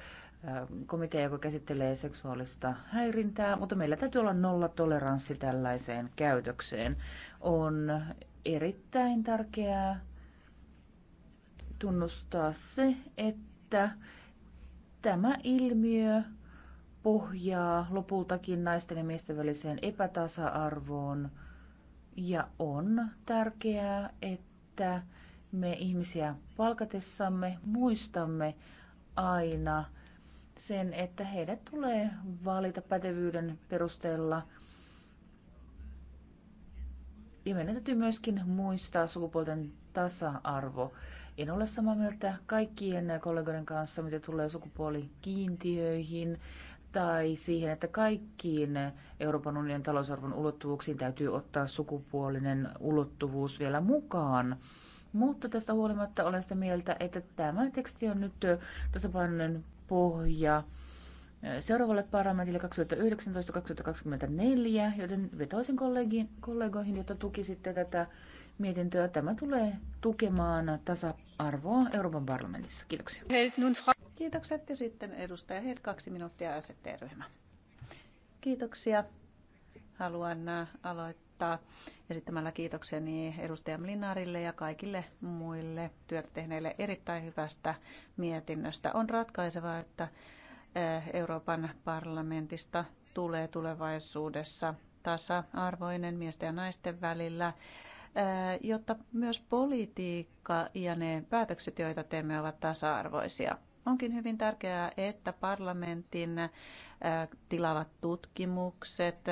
Speaker 10: komitea, joka käsittelee seksuaalista häirintää, mutta meillä täytyy olla nolla toleranssi tällaiseen käytökseen. On erittäin tärkeää tunnustaa se, että tämä ilmiö pohjaa lopultakin naisten ja miesten väliseen epätasa-arvoon. Ja on tärkeää, että me ihmisiä palkatessamme muistamme aina sen, että heidät tulee valita pätevyyden perusteella. Ja meidän täytyy myöskin muistaa sukupuolten tasa-arvo. En ole samaa mieltä kaikkien kollegoiden kanssa, mitä tulee sukupuolikiintiöihin tai siihen, että kaikkiin Euroopan unionin talousarvon ulottuvuuksiin täytyy ottaa sukupuolinen ulottuvuus vielä mukaan. Mutta tästä huolimatta olen sitä mieltä, että tämä teksti on nyt tasapainoinen pohja seuraavalle parlamentille 2019-2024, joten vetoisin kollegoihin, jotta tukisitte tätä mietintöä. Tämä tulee tukemaan tasa-arvoa Euroopan parlamentissa. Kiitoksia.
Speaker 11: Kiitokset ja sitten edustaja Hed, kaksi minuuttia ST-ryhmä. Kiitoksia. Haluan äh, aloittaa esittämällä kiitokseni edustaja Mlinarille ja kaikille muille työtä tehneille erittäin hyvästä mietinnöstä. On ratkaisevaa, että äh, Euroopan parlamentista tulee tulevaisuudessa tasa-arvoinen miesten ja naisten välillä, äh, jotta myös politiikka ja ne päätökset, joita teemme, ovat tasa-arvoisia. Onkin hyvin tärkeää, että parlamentin äh, tilavat tutkimukset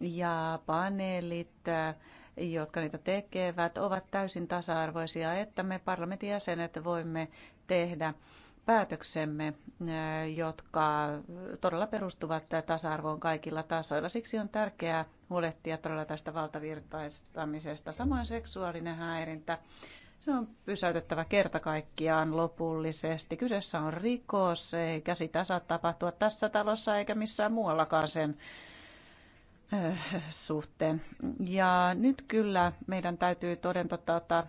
Speaker 11: ja paneelit, äh, jotka niitä tekevät, ovat täysin tasa-arvoisia, että me parlamentin jäsenet voimme tehdä päätöksemme, äh, jotka todella perustuvat tasa-arvoon kaikilla tasoilla. Siksi on tärkeää huolehtia todella tästä valtavirtaistamisesta. Samoin seksuaalinen häirintä se on pysäytettävä kerta kaikkiaan lopullisesti. Kyseessä on rikos, eikä sitä saa tapahtua tässä talossa eikä missään muuallakaan sen äh, suhteen. Ja nyt kyllä meidän täytyy toden totta ottaa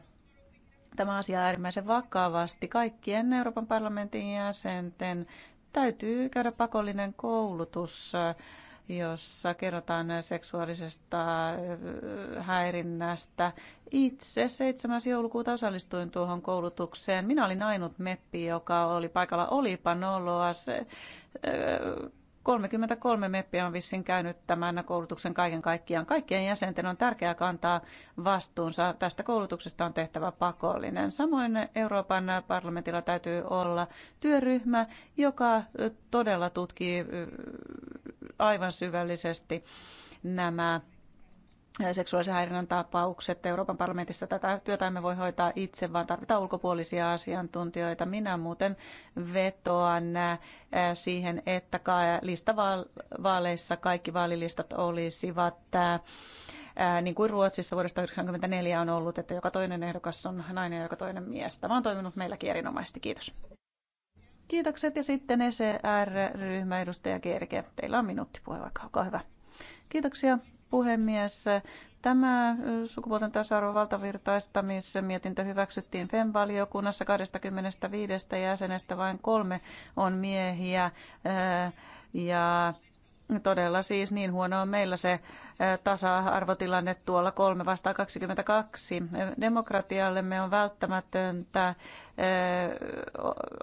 Speaker 11: tämä asia äärimmäisen vakavasti. Kaikkien Euroopan parlamentin jäsenten täytyy käydä pakollinen koulutus äh, jossa kerrotaan seksuaalisesta äh, häirinnästä. Itse 7. joulukuuta osallistuin tuohon koulutukseen. Minä olin ainut meppi, joka oli paikalla. Olipa noloa. Se, äh, 33 meppiä on vissiin käynyt tämän koulutuksen kaiken kaikkiaan. Kaikkien jäsenten on tärkeää kantaa vastuunsa. Tästä koulutuksesta on tehtävä pakollinen. Samoin Euroopan parlamentilla täytyy olla työryhmä, joka todella tutkii aivan syvällisesti nämä seksuaalisen häirinnän tapaukset. Euroopan parlamentissa tätä työtä emme voi hoitaa itse, vaan tarvitaan ulkopuolisia asiantuntijoita. Minä muuten vetoan siihen, että listavaaleissa kaikki vaalilistat olisivat niin kuin Ruotsissa vuodesta 1994 on ollut, että joka toinen ehdokas on nainen ja joka toinen mies. Tämä on toiminut meilläkin erinomaisesti. Kiitos. Kiitokset ja sitten ECR-ryhmä edustaja Kerke. Teillä on minuutti puheenvuoro. Olkaa hyvä. Kiitoksia puhemies. Tämä sukupuolten tasa-arvon valtavirtaistamismietintö hyväksyttiin FEM-valiokunnassa. 25 jäsenestä vain kolme on miehiä. Ja Todella siis niin huono on meillä se tasa-arvotilanne tuolla kolme vastaan 22. Demokratiallemme on välttämätöntä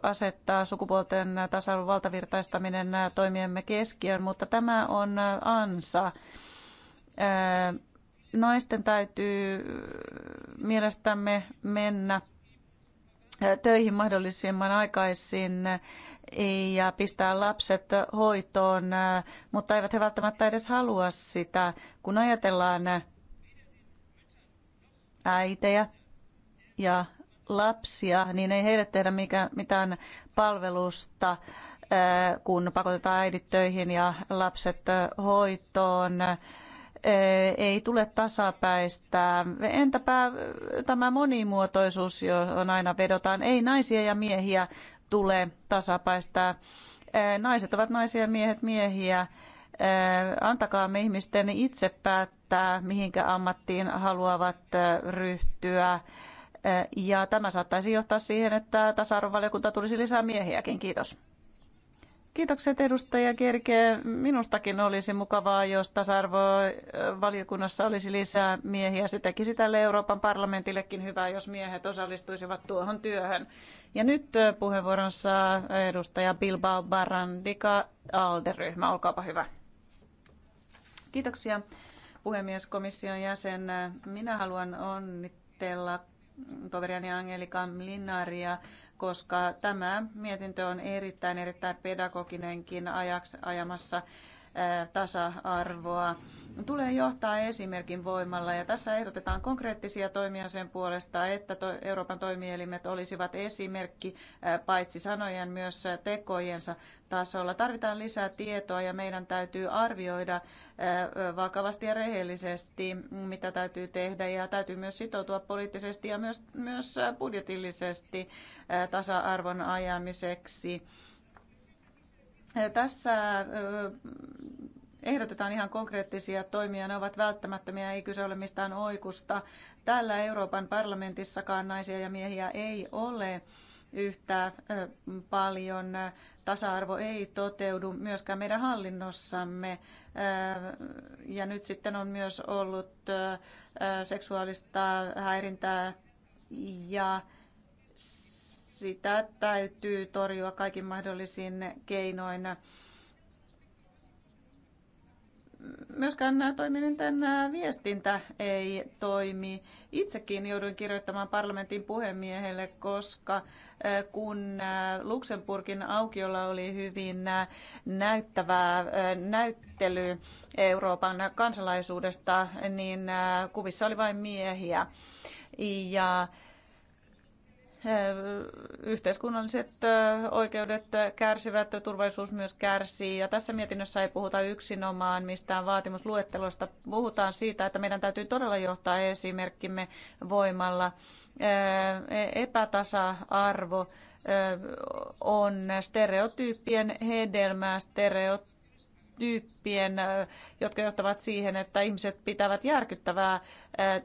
Speaker 11: asettaa sukupuolten tasa-arvon valtavirtaistaminen toimiemme keskiöön, mutta tämä on ansa. Naisten täytyy mielestämme mennä töihin mahdollisimman aikaisin ja pistää lapset hoitoon, mutta eivät he välttämättä edes halua sitä, kun ajatellaan äitejä ja lapsia, niin ei heille tehdä mitään palvelusta, kun pakotetaan äidit töihin ja lapset hoitoon. Eh, ei tule tasapäistä. Entäpä tämä monimuotoisuus, johon aina vedotaan, ei naisia ja miehiä tule tasapäistää. Eh, naiset ovat naisia ja miehet miehiä. Eh, me ihmisten itse päättää, mihinkä ammattiin haluavat ryhtyä. Ja tämä saattaisi johtaa siihen, että tasa-arvovaliokunta tulisi lisää miehiäkin. Kiitos. Kiitokset edustaja Kerke. Minustakin olisi mukavaa, jos tasa-arvovaliokunnassa olisi lisää miehiä. Se tekisi tälle Euroopan parlamentillekin hyvää, jos miehet osallistuisivat tuohon työhön. Ja nyt puheenvuoronsa edustaja Bilbao Barandika, Alderyhmä. Olkaapa hyvä. Kiitoksia puhemies, komission jäsen. Minä haluan onnitella toveriani Angelika Linnaria koska tämä mietintö on erittäin, erittäin pedagoginenkin ajaksi ajamassa tasa-arvoa tulee johtaa esimerkin voimalla. Ja tässä ehdotetaan konkreettisia toimia sen puolesta, että Euroopan toimielimet olisivat esimerkki paitsi sanojen myös tekojensa tasolla. Tarvitaan lisää tietoa ja meidän täytyy arvioida vakavasti ja rehellisesti, mitä täytyy tehdä. Ja täytyy myös sitoutua poliittisesti ja myös, myös budjetillisesti tasa-arvon ajamiseksi tässä ehdotetaan ihan konkreettisia toimia. Ne ovat välttämättömiä, ei kyse ole mistään oikusta. Täällä Euroopan parlamentissakaan naisia ja miehiä ei ole yhtä paljon. Tasa-arvo ei toteudu myöskään meidän hallinnossamme. Ja nyt sitten on myös ollut seksuaalista häirintää ja sitä täytyy torjua kaikin mahdollisin keinoin. Myöskään toiminnan viestintä ei toimi. Itsekin jouduin kirjoittamaan parlamentin puhemiehelle, koska kun Luxemburgin aukiolla oli hyvin näyttävä näyttely Euroopan kansalaisuudesta, niin kuvissa oli vain miehiä. Ja Eh, yhteiskunnalliset eh, oikeudet kärsivät, turvallisuus myös kärsii. Ja tässä mietinnössä ei puhuta yksinomaan mistään vaatimusluettelosta. Puhutaan siitä, että meidän täytyy todella johtaa esimerkkimme voimalla. Eh, e- epätasa-arvo on stereotyyppien hedelmää, stereotyyppien, jotka johtavat siihen, että ihmiset pitävät järkyttävää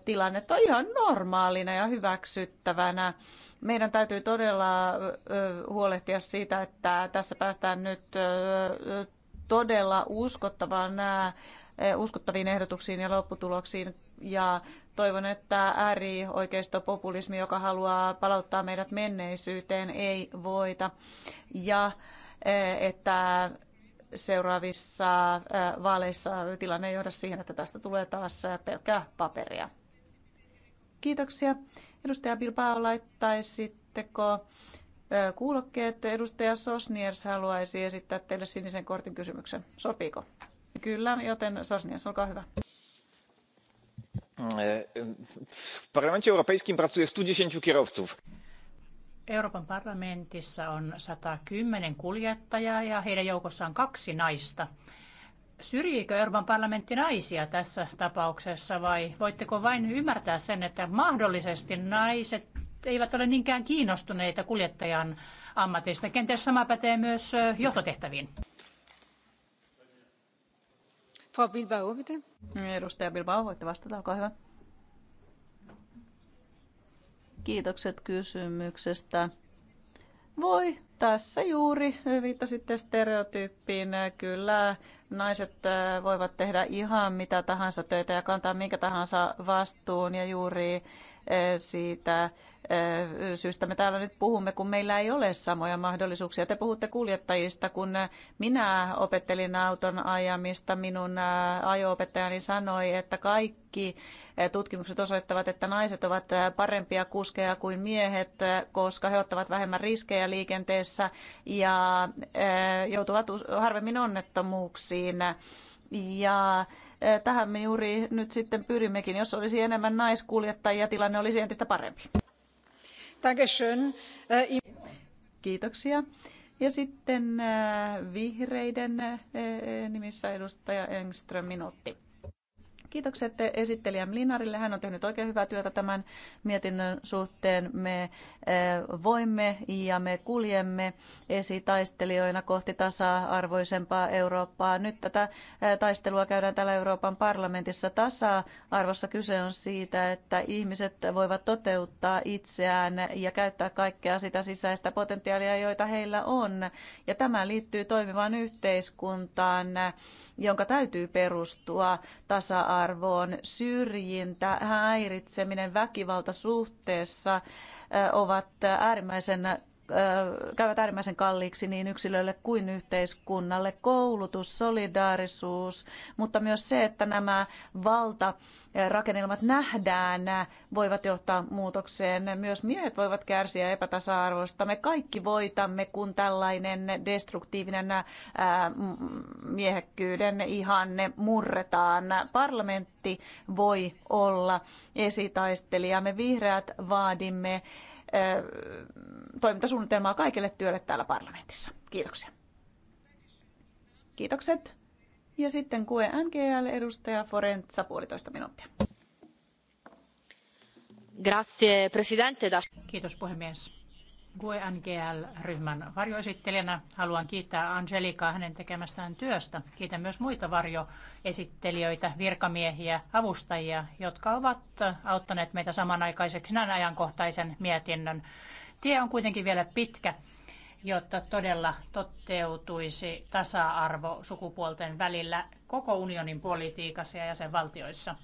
Speaker 11: tilannetta ihan normaalina ja hyväksyttävänä meidän täytyy todella huolehtia siitä, että tässä päästään nyt todella uskottavaan uskottaviin ehdotuksiin ja lopputuloksiin. Ja toivon, että äärioikeistopopulismi, joka haluaa palauttaa meidät menneisyyteen, ei voita. Ja että seuraavissa vaaleissa tilanne ei johda siihen, että tästä tulee taas pelkkää paperia. Kiitoksia. Edustaja Bilbao, laittaisitteko kuulokkeet? Edustaja Sosniers haluaisi esittää teille sinisen kortin kysymyksen. Sopiiko? Kyllä, joten Sosniers, olkaa hyvä.
Speaker 8: E, w
Speaker 3: Parlamencie Europejskim pracuje 110 kierowców.
Speaker 9: Euroopan parlamentissa on 110 kuljettajaa ja heidän joukossaan kaksi naista. Syrjiikö Euroopan parlamentti naisia tässä tapauksessa vai voitteko vain ymmärtää sen, että mahdollisesti naiset eivät ole niinkään kiinnostuneita kuljettajan ammatista? Kenties sama pätee myös johtotehtäviin.
Speaker 11: Bilbao, Edustaja Bilbao, voitte vastata, olkaa hyvä. Kiitokset kysymyksestä. Voi, tässä juuri viittasitte stereotyyppiin. Kyllä naiset äh, voivat tehdä ihan mitä tahansa töitä ja kantaa minkä tahansa vastuun ja juuri Eh, siitä eh, syystä me täällä nyt puhumme, kun meillä ei ole samoja mahdollisuuksia. Te puhutte kuljettajista, kun minä opettelin auton ajamista, minun eh, ajo sanoi, että kaikki tutkimukset osoittavat, että naiset ovat parempia kuskeja kuin miehet, koska he ottavat vähemmän riskejä liikenteessä ja joutuvat harvemmin onnettomuuksiin. Ja Tähän me juuri nyt sitten pyrimmekin. Jos olisi enemmän naiskuljettajia, tilanne olisi entistä parempi. Kiitoksia. Ja sitten vihreiden nimissä edustaja Engström minuutti. Kiitokset esittelijä Linarille. Hän on tehnyt oikein hyvää työtä tämän mietinnön suhteen. Me eh, voimme ja me kuljemme esitaistelijoina kohti tasa-arvoisempaa Eurooppaa. Nyt tätä eh, taistelua käydään täällä Euroopan parlamentissa tasa-arvossa. Kyse on siitä, että ihmiset voivat toteuttaa itseään ja käyttää kaikkea sitä sisäistä potentiaalia, joita heillä on. Ja tämä liittyy toimivaan yhteiskuntaan, eh, jonka täytyy perustua tasa-arvoon tasa-arvoon, syrjintä, häiritseminen, väkivalta suhteessa ovat äärimmäisen käyvät äärimmäisen kalliiksi niin yksilölle kuin yhteiskunnalle. Koulutus, solidaarisuus, mutta myös se, että nämä valtarakennelmat nähdään, voivat johtaa muutokseen. Myös miehet voivat kärsiä epätasa-arvosta. Me kaikki voitamme, kun tällainen destruktiivinen miehekkyyden ihanne murretaan. Parlamentti voi olla esitaistelija. Me vihreät vaadimme toimintasuunnitelmaa kaikelle työlle täällä parlamentissa. Kiitoksia. Kiitokset. Ja sitten kue NGL edustaja Forenza puolitoista minuuttia.
Speaker 9: Grazie, presidente. Kiitos puhemies. QE NGL-ryhmän varjoesittelijänä haluan kiittää Angelikaa hänen tekemästään työstä. Kiitän myös muita varjoesittelijöitä, virkamiehiä, avustajia, jotka ovat auttaneet meitä samanaikaiseksi näin ajankohtaisen mietinnön. Tie on kuitenkin vielä pitkä, jotta todella toteutuisi tasa-arvo sukupuolten välillä koko unionin politiikassa ja jäsenvaltioissa.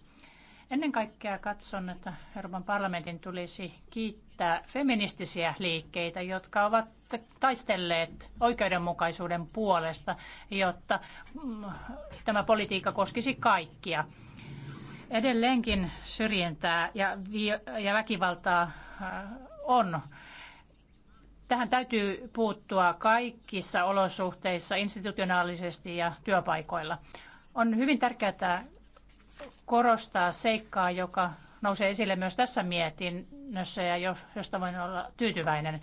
Speaker 9: Ennen kaikkea katson, että Euroopan parlamentin tulisi kiittää feministisiä liikkeitä, jotka ovat taistelleet oikeudenmukaisuuden puolesta, jotta mm, tämä politiikka koskisi kaikkia. Edelleenkin syrjintää ja, ja väkivaltaa äh, on Tähän täytyy puuttua kaikissa olosuhteissa, institutionaalisesti ja työpaikoilla. On hyvin tärkeää korostaa seikkaa, joka nousee esille myös tässä mietinnössä ja josta voin olla tyytyväinen.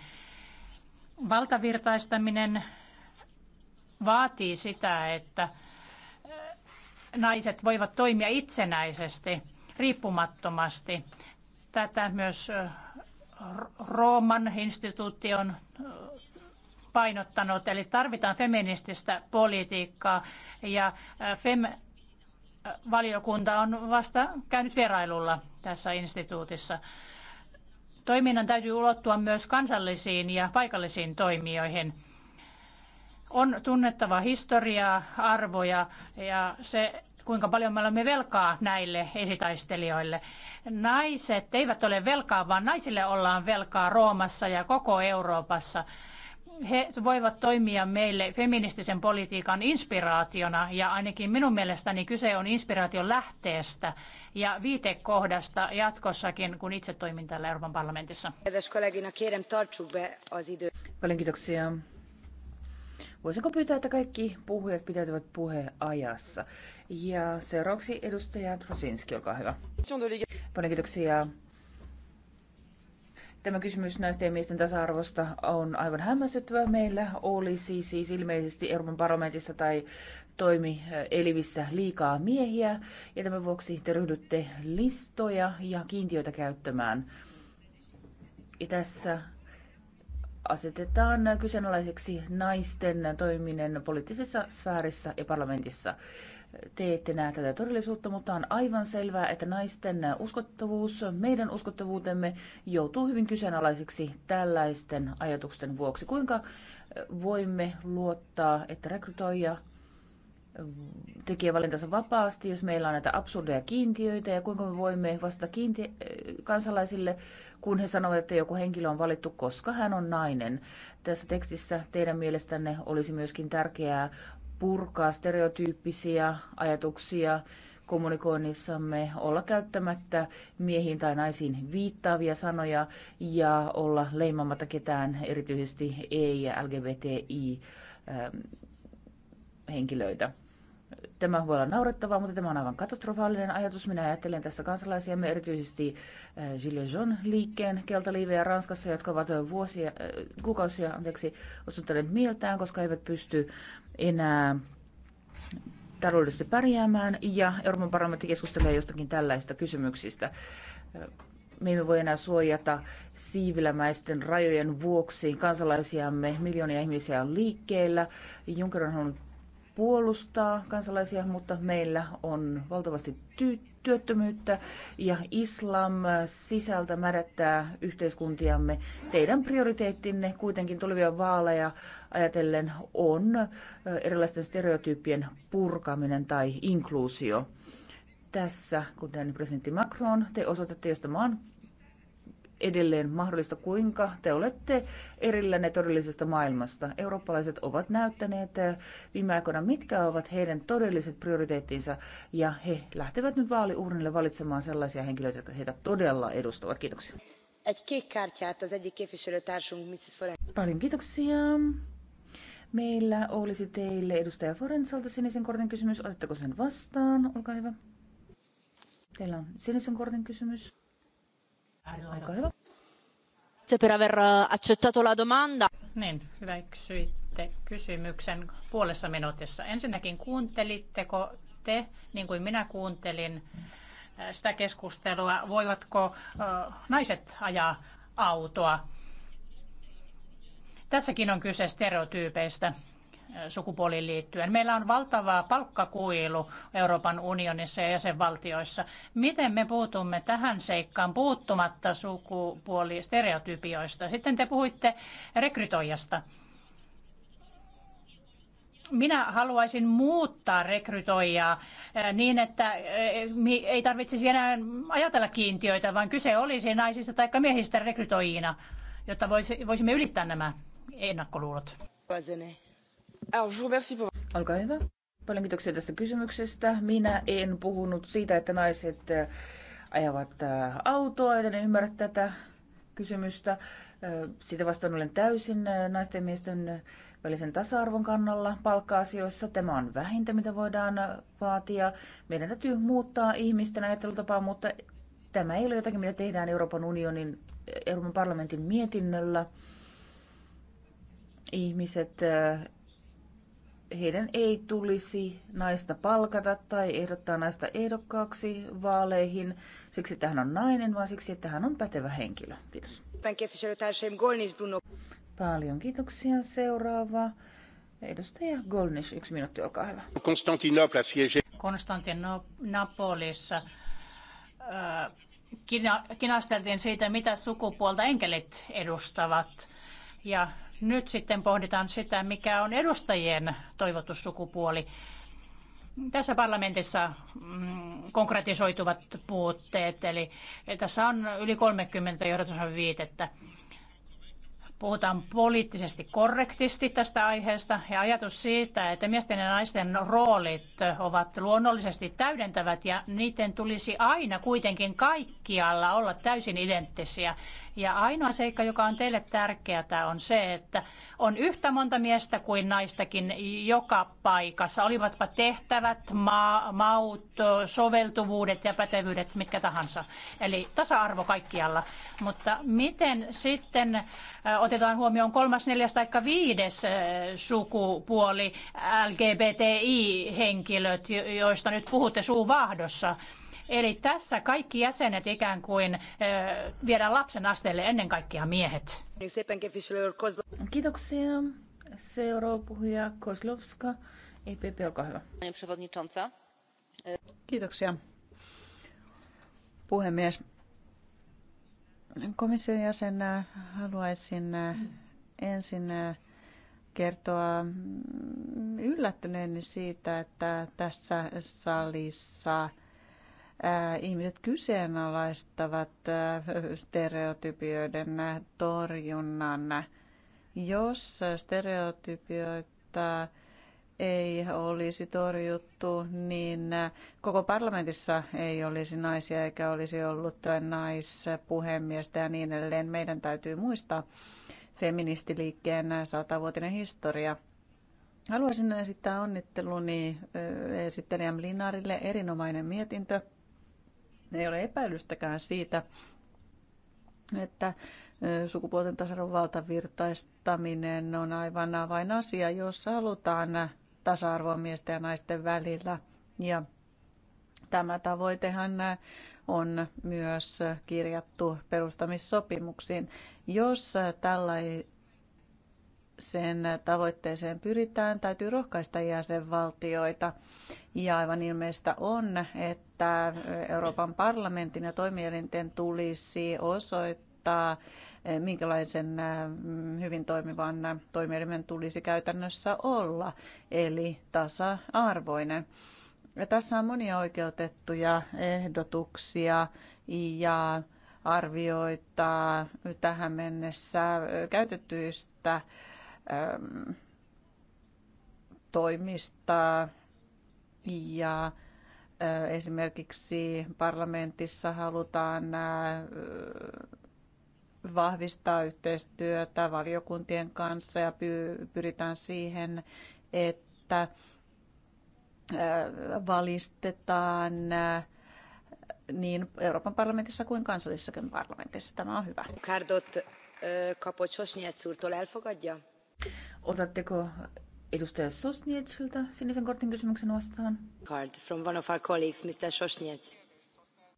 Speaker 9: Valtavirtaistaminen vaatii sitä, että naiset voivat toimia itsenäisesti, riippumattomasti. Tätä myös Rooman instituutti on painottanut, eli tarvitaan feminististä politiikkaa ja fem valiokunta on vasta käynyt vierailulla tässä instituutissa. Toiminnan täytyy ulottua myös kansallisiin ja paikallisiin toimijoihin. On tunnettava historiaa, arvoja ja se, kuinka paljon me olemme velkaa näille esitaistelijoille naiset eivät ole velkaa, vaan naisille ollaan velkaa Roomassa ja koko Euroopassa. He voivat toimia meille feministisen politiikan inspiraationa ja ainakin minun mielestäni kyse on inspiraation lähteestä ja viitekohdasta jatkossakin, kun itse toimin täällä Euroopan parlamentissa.
Speaker 10: Paljon kiitoksia. Voisinko pyytää, että kaikki puhujat pitäytyvät puheajassa? Ja seuraavaksi edustaja Trosinski, olkaa hyvä. Paljon kiitoksia. Tämä kysymys naisten ja miesten tasa-arvosta on aivan hämmästyttävä. Meillä olisi siis ilmeisesti Euroopan parlamentissa tai toimi elivissä liikaa miehiä, ja tämän vuoksi te ryhdytte listoja ja kiintiöitä käyttämään. Ja tässä asetetaan kyseenalaiseksi naisten toiminen poliittisessa sfäärissä ja parlamentissa te ette näe tätä todellisuutta, mutta on aivan selvää, että naisten uskottavuus, meidän uskottavuutemme joutuu hyvin kyseenalaiseksi tällaisten ajatusten vuoksi. Kuinka voimme luottaa, että rekrytoija tekee valintansa vapaasti, jos meillä on näitä absurdeja kiintiöitä, ja kuinka me voimme vastata kiinti- kansalaisille, kun he sanovat, että joku henkilö on valittu, koska hän on nainen. Tässä tekstissä teidän mielestänne olisi myöskin tärkeää purkaa stereotyyppisiä ajatuksia kommunikoinnissamme, olla käyttämättä miehiin tai naisiin viittaavia sanoja ja olla leimamatta ketään, erityisesti E- ja LGBTI-henkilöitä. Ähm, tämä voi olla naurettavaa, mutta tämä on aivan katastrofaalinen ajatus. Minä ajattelen tässä kansalaisiamme erityisesti äh, Gilles Jean liikkeen keltaliivejä Ranskassa, jotka ovat vuosia, äh, kuukausia anteeksi, osuttaneet mieltään, koska eivät pysty enää taloudellisesti pärjäämään ja Euroopan parlamentti keskustelee jostakin tällaista kysymyksistä. Me emme voi enää suojata siivilämäisten rajojen vuoksi kansalaisiamme. Miljoonia ihmisiä on liikkeellä. Juncker on halunnut puolustaa kansalaisia, mutta meillä on valtavasti työttömyyttä ja islam sisältä märättää yhteiskuntiamme. Teidän prioriteettinne kuitenkin tulevia vaaleja ajatellen on erilaisten stereotyyppien purkaminen tai inkluusio. Tässä, kuten presidentti Macron, te osoitatte, josta maan edelleen mahdollista, kuinka te olette erillänne todellisesta maailmasta. Eurooppalaiset ovat näyttäneet eh, viime aikoina, mitkä ovat heidän todelliset prioriteettinsa, ja he lähtevät nyt vaaliuurnille valitsemaan sellaisia henkilöitä, jotka heitä todella edustavat. Kiitoksia. Paljon kiitoksia. Meillä olisi teille edustaja Forensalta sinisen kortin kysymys. Otetteko sen vastaan? Olkaa hyvä. Teillä on sinisen kortin kysymys. Olkaa hyvä. Per aver accettato la domanda. Niin,
Speaker 9: hyväksyitte kysymyksen puolessa minuutissa. Ensinnäkin kuuntelitteko te, niin kuin minä kuuntelin, äh, sitä keskustelua, voivatko äh, naiset ajaa autoa. Tässäkin on kyse stereotyypeistä sukupuoliin liittyen. Meillä on valtava palkkakuilu Euroopan unionissa ja jäsenvaltioissa. Miten me puutumme tähän seikkaan puuttumatta sukupuolistereotypioista? Sitten te puhuitte rekrytoijasta. Minä haluaisin muuttaa rekrytoijaa eh, niin, että eh, ei tarvitsisi enää ajatella kiintiöitä, vaan kyse olisi naisista tai miehistä rekrytoijina, jotta voisimme ylittää nämä
Speaker 10: ennakkoluulot. Olkaa hyvä. Paljon kiitoksia tästä kysymyksestä. Minä en puhunut siitä, että naiset äh, ajavat äh, autoa, joten en ymmärrä tätä kysymystä. Äh, sitä vastaan olen täysin naisten ja miesten välisen tasa-arvon kannalla palkka-asioissa. Tämä on vähintä, mitä voidaan vaatia. Meidän täytyy muuttaa ihmisten ajattelutapaa, mutta tämä ei ole jotakin, mitä tehdään Euroopan unionin, Euroopan parlamentin mietinnöllä. Ihmiset heidän ei tulisi naista palkata tai ehdottaa naista ehdokkaaksi vaaleihin siksi, että hän on nainen, vaan siksi, että hän on pätevä henkilö. Kiitos. Paljon kiitoksia. Seuraava edustaja Golnish, yksi minuutti, olkaa hyvä.
Speaker 9: Konstantinopolissa äh, kinasteltiin siitä, mitä sukupuolta enkelit edustavat. Ja nyt sitten pohditaan sitä, mikä on edustajien toivottu sukupuoli. Tässä parlamentissa mm, konkretisoituvat puutteet, eli tässä on yli 30 johdatusan viitettä. Puhutaan poliittisesti korrektisti tästä aiheesta ja ajatus siitä, että miesten ja naisten roolit ovat luonnollisesti täydentävät ja niiden tulisi aina kuitenkin kaikkialla olla täysin identtisiä. Ja ainoa seikka, joka on teille tärkeää, on se, että on yhtä monta miestä kuin naistakin joka paikassa. Olivatpa tehtävät, ma- maut, soveltuvuudet ja pätevyydet mitkä tahansa. Eli tasa-arvo kaikkialla. Mutta miten sitten otetaan huomioon kolmas, neljäs tai viides sukupuoli, LGBTI-henkilöt, joista nyt puhutte suun vahdossa? Eli tässä kaikki jäsenet ikään kuin viedään lapsen asteelle ennen kaikkea miehet. Kiitoksia.
Speaker 10: Seuraava puhuja Kozlovska. EPP, olkaa hyvä. Kiitoksia. Puhemies,
Speaker 11: komission jäsenä äh, haluaisin äh, ensin äh, kertoa mm, yllättyneeni siitä, että tässä salissa – Äh, ihmiset kyseenalaistavat äh, stereotypioiden äh, torjunnan. Jos stereotypioita ei olisi torjuttu, niin koko parlamentissa ei olisi naisia eikä olisi ollut naispuhemiestä ja niin edelleen. Meidän täytyy muistaa feministiliikkeen satavuotinen historia. Haluaisin esittää onnitteluni esittelijän Linarille erinomainen mietintö. Ei ole epäilystäkään siitä, että sukupuolten tasa-arvon valtavirtaistaminen on aivan avainasia, jossa halutaan tasa-arvoa miesten ja naisten välillä. Ja tämä tavoitehan on myös kirjattu perustamissopimuksiin. Jos tällaisen tavoitteeseen pyritään, täytyy rohkaista jäsenvaltioita. Ja aivan ilmeistä on, että että Euroopan parlamentin ja toimielinten tulisi osoittaa, minkälaisen mm, hyvin toimivan toimielimen tulisi käytännössä olla, eli tasa-arvoinen. Ja tässä on monia oikeutettuja ehdotuksia ja arvioita tähän mennessä käytetyistä mm, toimista ja Esimerkiksi parlamentissa halutaan vahvistaa yhteistyötä valiokuntien kanssa ja pyritään siihen, että valistetaan niin Euroopan parlamentissa kuin kansallisessakin parlamentissa. Tämä
Speaker 10: on hyvä. Otatteko Edustaja Sosnietsiltä sinisen kortin kysymyksen vastaan.
Speaker 9: Card from one
Speaker 10: of our colleagues, Mr. Sosniets.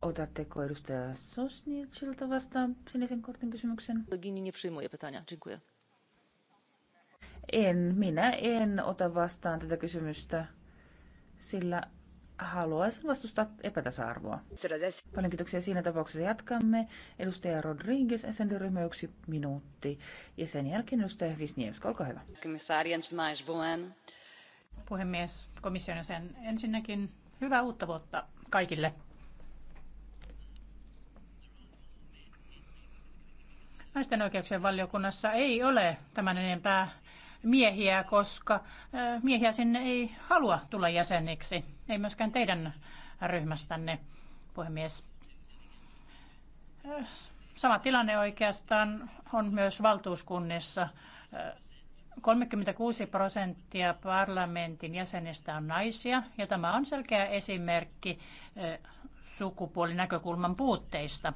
Speaker 10: Otatteko edustaja Sosnietsilta vastaan sinisen kortin kysymyksen? Logini nie przyjmuje pytania. Dziękuję. En, minä en ota vastaan tätä kysymystä, sillä haluaisin vastustaa epätasa-arvoa. Paljon kiitoksia siinä tapauksessa. Jatkamme. Edustaja Rodriguez, sen ryhmä yksi minuutti. Ja sen jälkeen edustaja Visnievska, olkaa hyvä.
Speaker 9: Puhemies, komission sen ensinnäkin hyvää uutta vuotta kaikille. Naisten oikeuksien valiokunnassa ei ole tämän enempää miehiä, koska miehiä sinne ei halua tulla jäseniksi. Ei myöskään teidän ryhmästänne, puhemies. Sama tilanne oikeastaan on myös valtuuskunnissa. 36 prosenttia parlamentin jäsenistä on naisia, ja tämä on selkeä esimerkki sukupuolinäkökulman puutteista.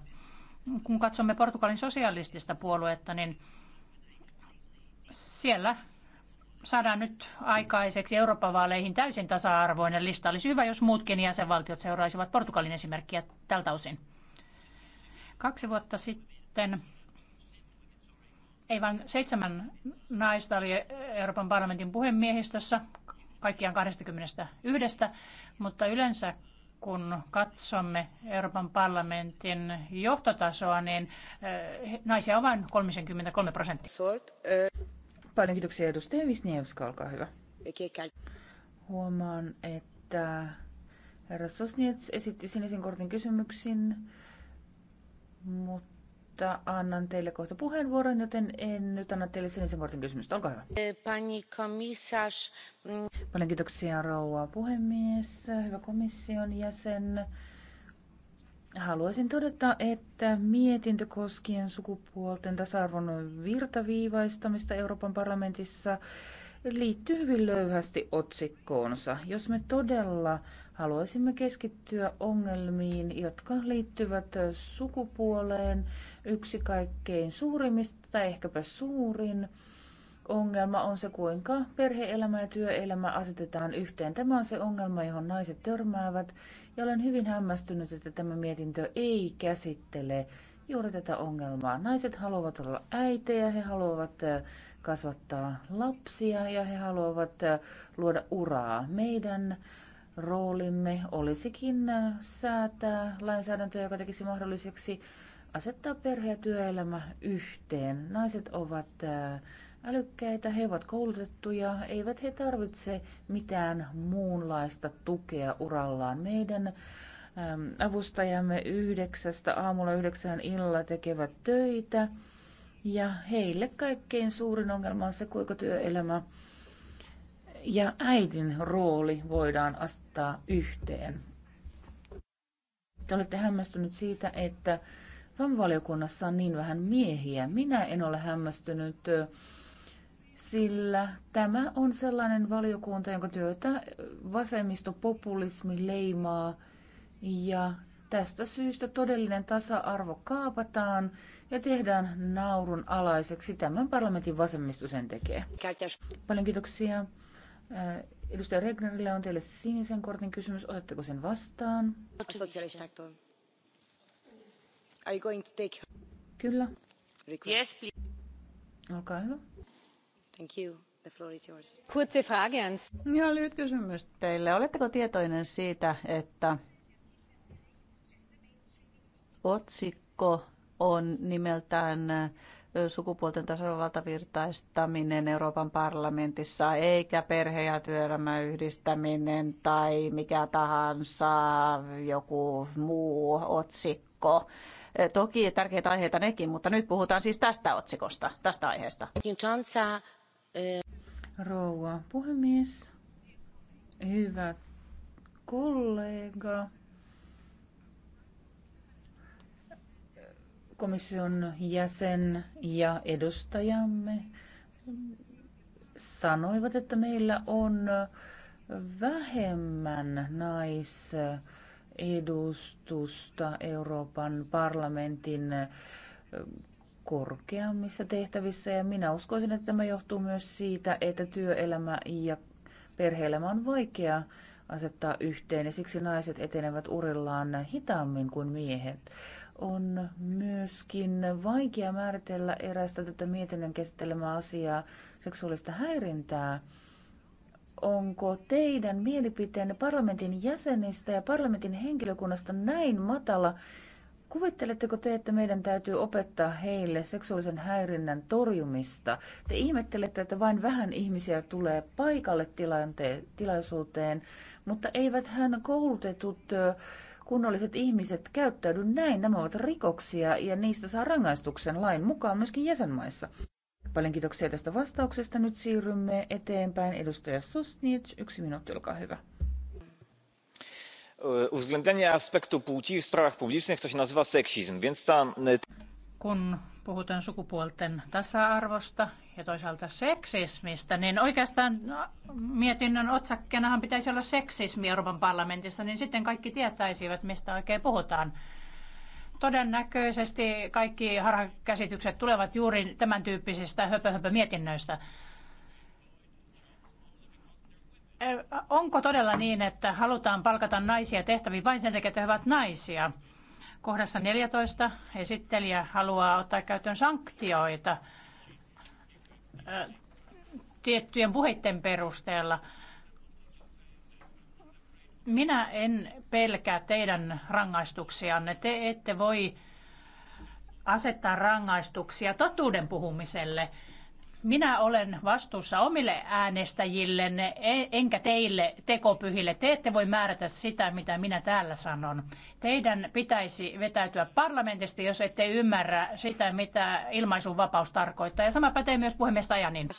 Speaker 9: Kun katsomme Portugalin sosialistista puoluetta, niin siellä saadaan nyt aikaiseksi Euroopan vaaleihin täysin tasa-arvoinen lista. Olisi hyvä, jos muutkin jäsenvaltiot seuraisivat Portugalin esimerkkiä tältä osin. Kaksi vuotta sitten ei vain seitsemän naista oli Euroopan parlamentin puhemiehistössä, kaikkiaan 21, mutta yleensä kun katsomme Euroopan parlamentin johtotasoa, niin eh, naisia on vain 33 prosenttia.
Speaker 10: Eh. Paljon kiitoksia edustaja Visnievska, olkaa hyvä. Huomaan, että herra Sosniets esitti sinisen kortin kysymyksin, mutta annan teille kohta puheenvuoron, joten en nyt anna teille sinisen kortin kysymystä. Olkaa hyvä. Pani komissas. Mm. Paljon kiitoksia rouva puhemies, hyvä komission jäsen. Haluaisin todeta, että mietintö koskien sukupuolten tasa-arvon virtaviivaistamista Euroopan parlamentissa liittyy hyvin löyhästi otsikkoonsa. Jos me todella haluaisimme keskittyä ongelmiin, jotka liittyvät sukupuoleen, yksi kaikkein suurimmista tai ehkäpä suurin, ongelma on se, kuinka perhe-elämä ja työelämä asetetaan yhteen. Tämä on se ongelma, johon naiset törmäävät ja olen hyvin hämmästynyt, että tämä mietintö ei käsittele juuri tätä ongelmaa. Naiset haluavat olla äitejä, he haluavat äh, kasvattaa lapsia ja he haluavat äh, luoda uraa. Meidän roolimme olisikin äh, säätää lainsäädäntöä, joka tekisi mahdolliseksi asettaa perhe ja työelämä yhteen. Naiset ovat älykkäitä, he ovat koulutettuja, eivät he tarvitse mitään muunlaista tukea urallaan. Meidän avustajamme yhdeksästä aamulla yhdeksään illalla tekevät töitä ja heille kaikkein suurin ongelma on se, kuinka työelämä ja äidin rooli voidaan astaa yhteen. Te olette hämmästynyt siitä, että VAM-valiokunnassa on niin vähän miehiä. Minä en ole hämmästynyt sillä tämä on sellainen valiokunta, jonka työtä vasemmistopopulismi leimaa ja tästä syystä todellinen tasa-arvo kaapataan ja tehdään naurun alaiseksi. Tämän parlamentin vasemmisto sen tekee. Paljon kiitoksia. Äh, edustaja Regnerille on teille sinisen kortin kysymys. Otatteko sen vastaan? Are you going to take... Kyllä.
Speaker 9: Yes, please.
Speaker 10: Olkaa hyvä
Speaker 11: lyhyt kysymys teille. Oletteko tietoinen siitä, että otsikko on nimeltään sukupuolten tasa-arvovaltavirtaistaminen Euroopan parlamentissa, eikä perhe- ja yhdistäminen tai mikä tahansa joku muu otsikko. Toki tärkeitä aiheita nekin, mutta nyt puhutaan siis tästä otsikosta, tästä aiheesta.
Speaker 10: Rouva puhemies, hyvä kollega, komission jäsen ja edustajamme sanoivat, että meillä on vähemmän naisedustusta Euroopan parlamentin korkeammissa tehtävissä ja minä uskoisin, että tämä johtuu myös siitä, että työelämä ja perhe-elämä on vaikea asettaa yhteen ja siksi naiset etenevät urillaan hitaammin kuin miehet. On myöskin vaikea määritellä erästä tätä mietinnön käsittelemää asiaa seksuaalista häirintää. Onko teidän mielipiteenne parlamentin jäsenistä ja parlamentin henkilökunnasta näin matala, Kuvitteletteko te, että meidän täytyy opettaa heille seksuaalisen häirinnän torjumista? Te ihmettelette, että vain vähän ihmisiä tulee paikalle tilante- tilaisuuteen, mutta eivät hän koulutetut kunnolliset ihmiset käyttäydy näin. Nämä ovat rikoksia ja niistä saa rangaistuksen lain mukaan myöskin jäsenmaissa. Paljon kiitoksia tästä vastauksesta. Nyt siirrymme eteenpäin. Edustaja niin yksi minuutti, olkaa hyvä.
Speaker 3: E, uwzględnianie aspektu płci w sprawach publicznych to się nazywa seksizm, więc ta... E,
Speaker 9: Kun puhutaan sukupuolten tasa-arvosta ja toisaalta seksismistä, niin oikeastaan no, mietinnön otsakkeenahan pitäisi olla seksismi Euroopan parlamentissa, niin sitten kaikki tietäisivät, mistä oikein puhutaan. Todennäköisesti kaikki harhakäsitykset tulevat juuri tämän tyyppisistä höpö, höpö mietinnöistä. Onko todella niin, että halutaan palkata naisia tehtäviin vain sen takia, että he ovat naisia? Kohdassa 14 esittelijä haluaa ottaa käyttöön sanktioita tiettyjen puheiden perusteella. Minä en pelkää teidän rangaistuksianne. Te ette voi asettaa rangaistuksia totuuden puhumiselle minä olen vastuussa omille äänestäjillenne, e, enkä teille tekopyhille. Te ette voi määrätä sitä, mitä minä täällä sanon. Teidän pitäisi vetäytyä parlamentista, jos ette ymmärrä sitä, mitä ilmaisunvapaus tarkoittaa. Ja sama pätee myös puhemies Tajanin.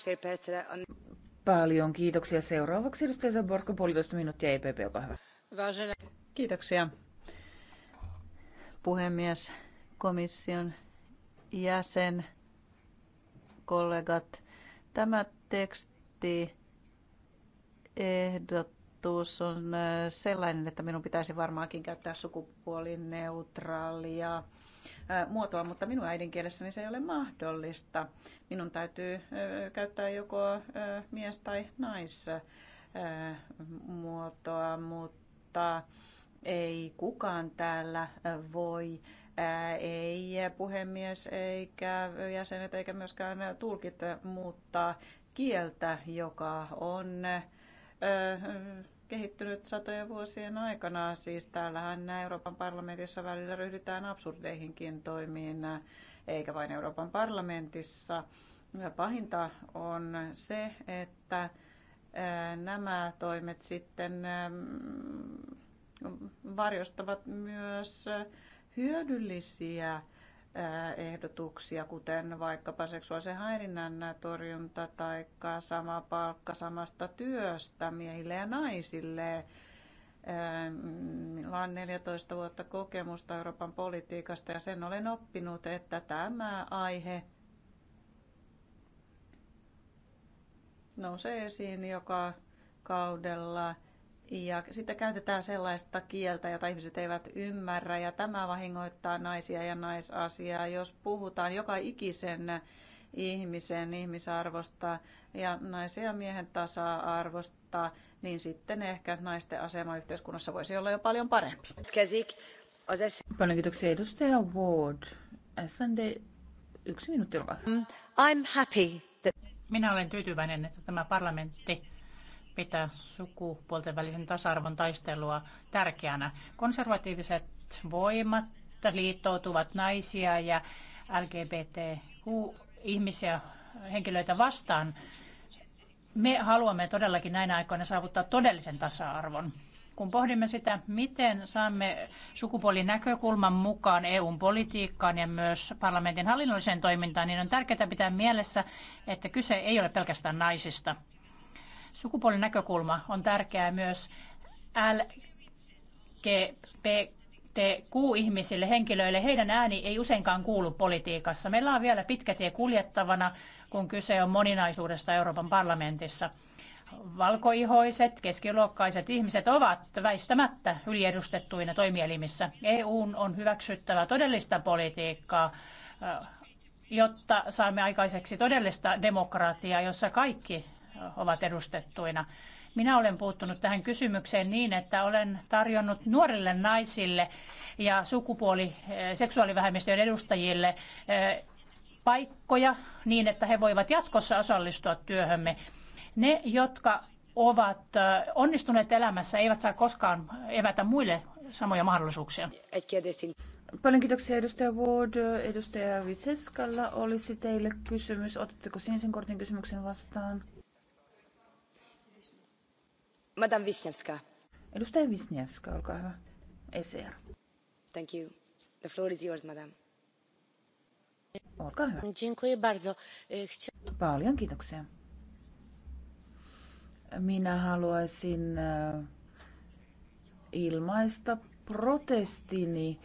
Speaker 10: Paljon kiitoksia. Seuraavaksi edustaja Zaborko, puolitoista minuuttia EPP, olkaa hyvä. Kiitoksia. Puhemies, komission
Speaker 11: jäsen, kollegat. Tämä teksti ehdotus on äh, sellainen, että minun pitäisi varmaankin käyttää sukupuolineutraalia äh, muotoa, mutta minun äidinkielessäni se ei ole mahdollista. Minun täytyy äh, käyttää joko mies- tai naismuotoa, mutta ei kukaan täällä voi ei puhemies eikä jäsenet eikä myöskään tulkit mutta kieltä, joka on kehittynyt satojen vuosien aikana. Siis täällähän Euroopan parlamentissa välillä ryhdytään absurdeihinkin toimiin, eikä vain Euroopan parlamentissa. Pahinta on se, että nämä toimet sitten varjostavat myös hyödyllisiä ehdotuksia, kuten vaikkapa seksuaalisen häirinnän torjunta tai sama palkka samasta työstä miehille ja naisille. Minulla on 14 vuotta kokemusta Euroopan politiikasta ja sen olen oppinut, että tämä aihe nousee esiin joka kaudella – ja sitä käytetään sellaista kieltä, jota ihmiset eivät ymmärrä ja tämä vahingoittaa naisia ja naisasiaa, jos puhutaan joka ikisen ihmisen ihmisarvosta ja naisen ja miehen tasa-arvosta, niin sitten ehkä naisten asema yhteiskunnassa voisi olla jo paljon
Speaker 9: parempi.
Speaker 10: Paljon kiitoksia edustaja Ward. SND, yksi minuutti, olkaa. Mm,
Speaker 9: I'm happy that... Minä olen tyytyväinen, että tämä parlamentti pitää sukupuolten välisen tasa-arvon taistelua tärkeänä. Konservatiiviset voimat liittoutuvat naisia ja LGBTQ-ihmisiä henkilöitä vastaan. Me haluamme todellakin näinä aikoina saavuttaa todellisen tasa-arvon. Kun pohdimme sitä, miten saamme sukupuolinäkökulman mukaan EUn politiikkaan ja myös parlamentin hallinnolliseen toimintaan, niin on tärkeää pitää mielessä, että kyse ei ole pelkästään naisista. Sukupuolinäkökulma on tärkeää myös LGBTQ-ihmisille, henkilöille. Heidän ääni ei useinkaan kuulu politiikassa. Meillä on vielä pitkä tie kuljettavana, kun kyse on moninaisuudesta Euroopan parlamentissa. Valkoihoiset, keskiluokkaiset ihmiset ovat väistämättä yliedustettuina toimielimissä. EUn on hyväksyttävä todellista politiikkaa, jotta saamme aikaiseksi todellista demokratiaa, jossa kaikki ovat edustettuina. Minä olen puuttunut tähän kysymykseen niin, että olen tarjonnut nuorille naisille ja sukupuoli- eh, seksuaalivähemmistöjen edustajille eh, paikkoja niin, että he voivat jatkossa osallistua työhömme. Ne, jotka ovat eh, onnistuneet elämässä, eivät saa koskaan evätä muille samoja mahdollisuuksia.
Speaker 10: Paljon kiitoksia edustaja Wood. Edustaja Viseskalla olisi teille kysymys. Otatteko sinisen kortin kysymyksen vastaan?
Speaker 6: Madame Wisniewska.
Speaker 10: Edustaja Wisniewska, olkaa hyvä. ECR.
Speaker 9: Thank you. The floor is yours, madam.
Speaker 10: Olkaa hyvä. Dziękuję bardzo. E, Paljon kiitoksia. Minä haluaisin e, ilmaista protestini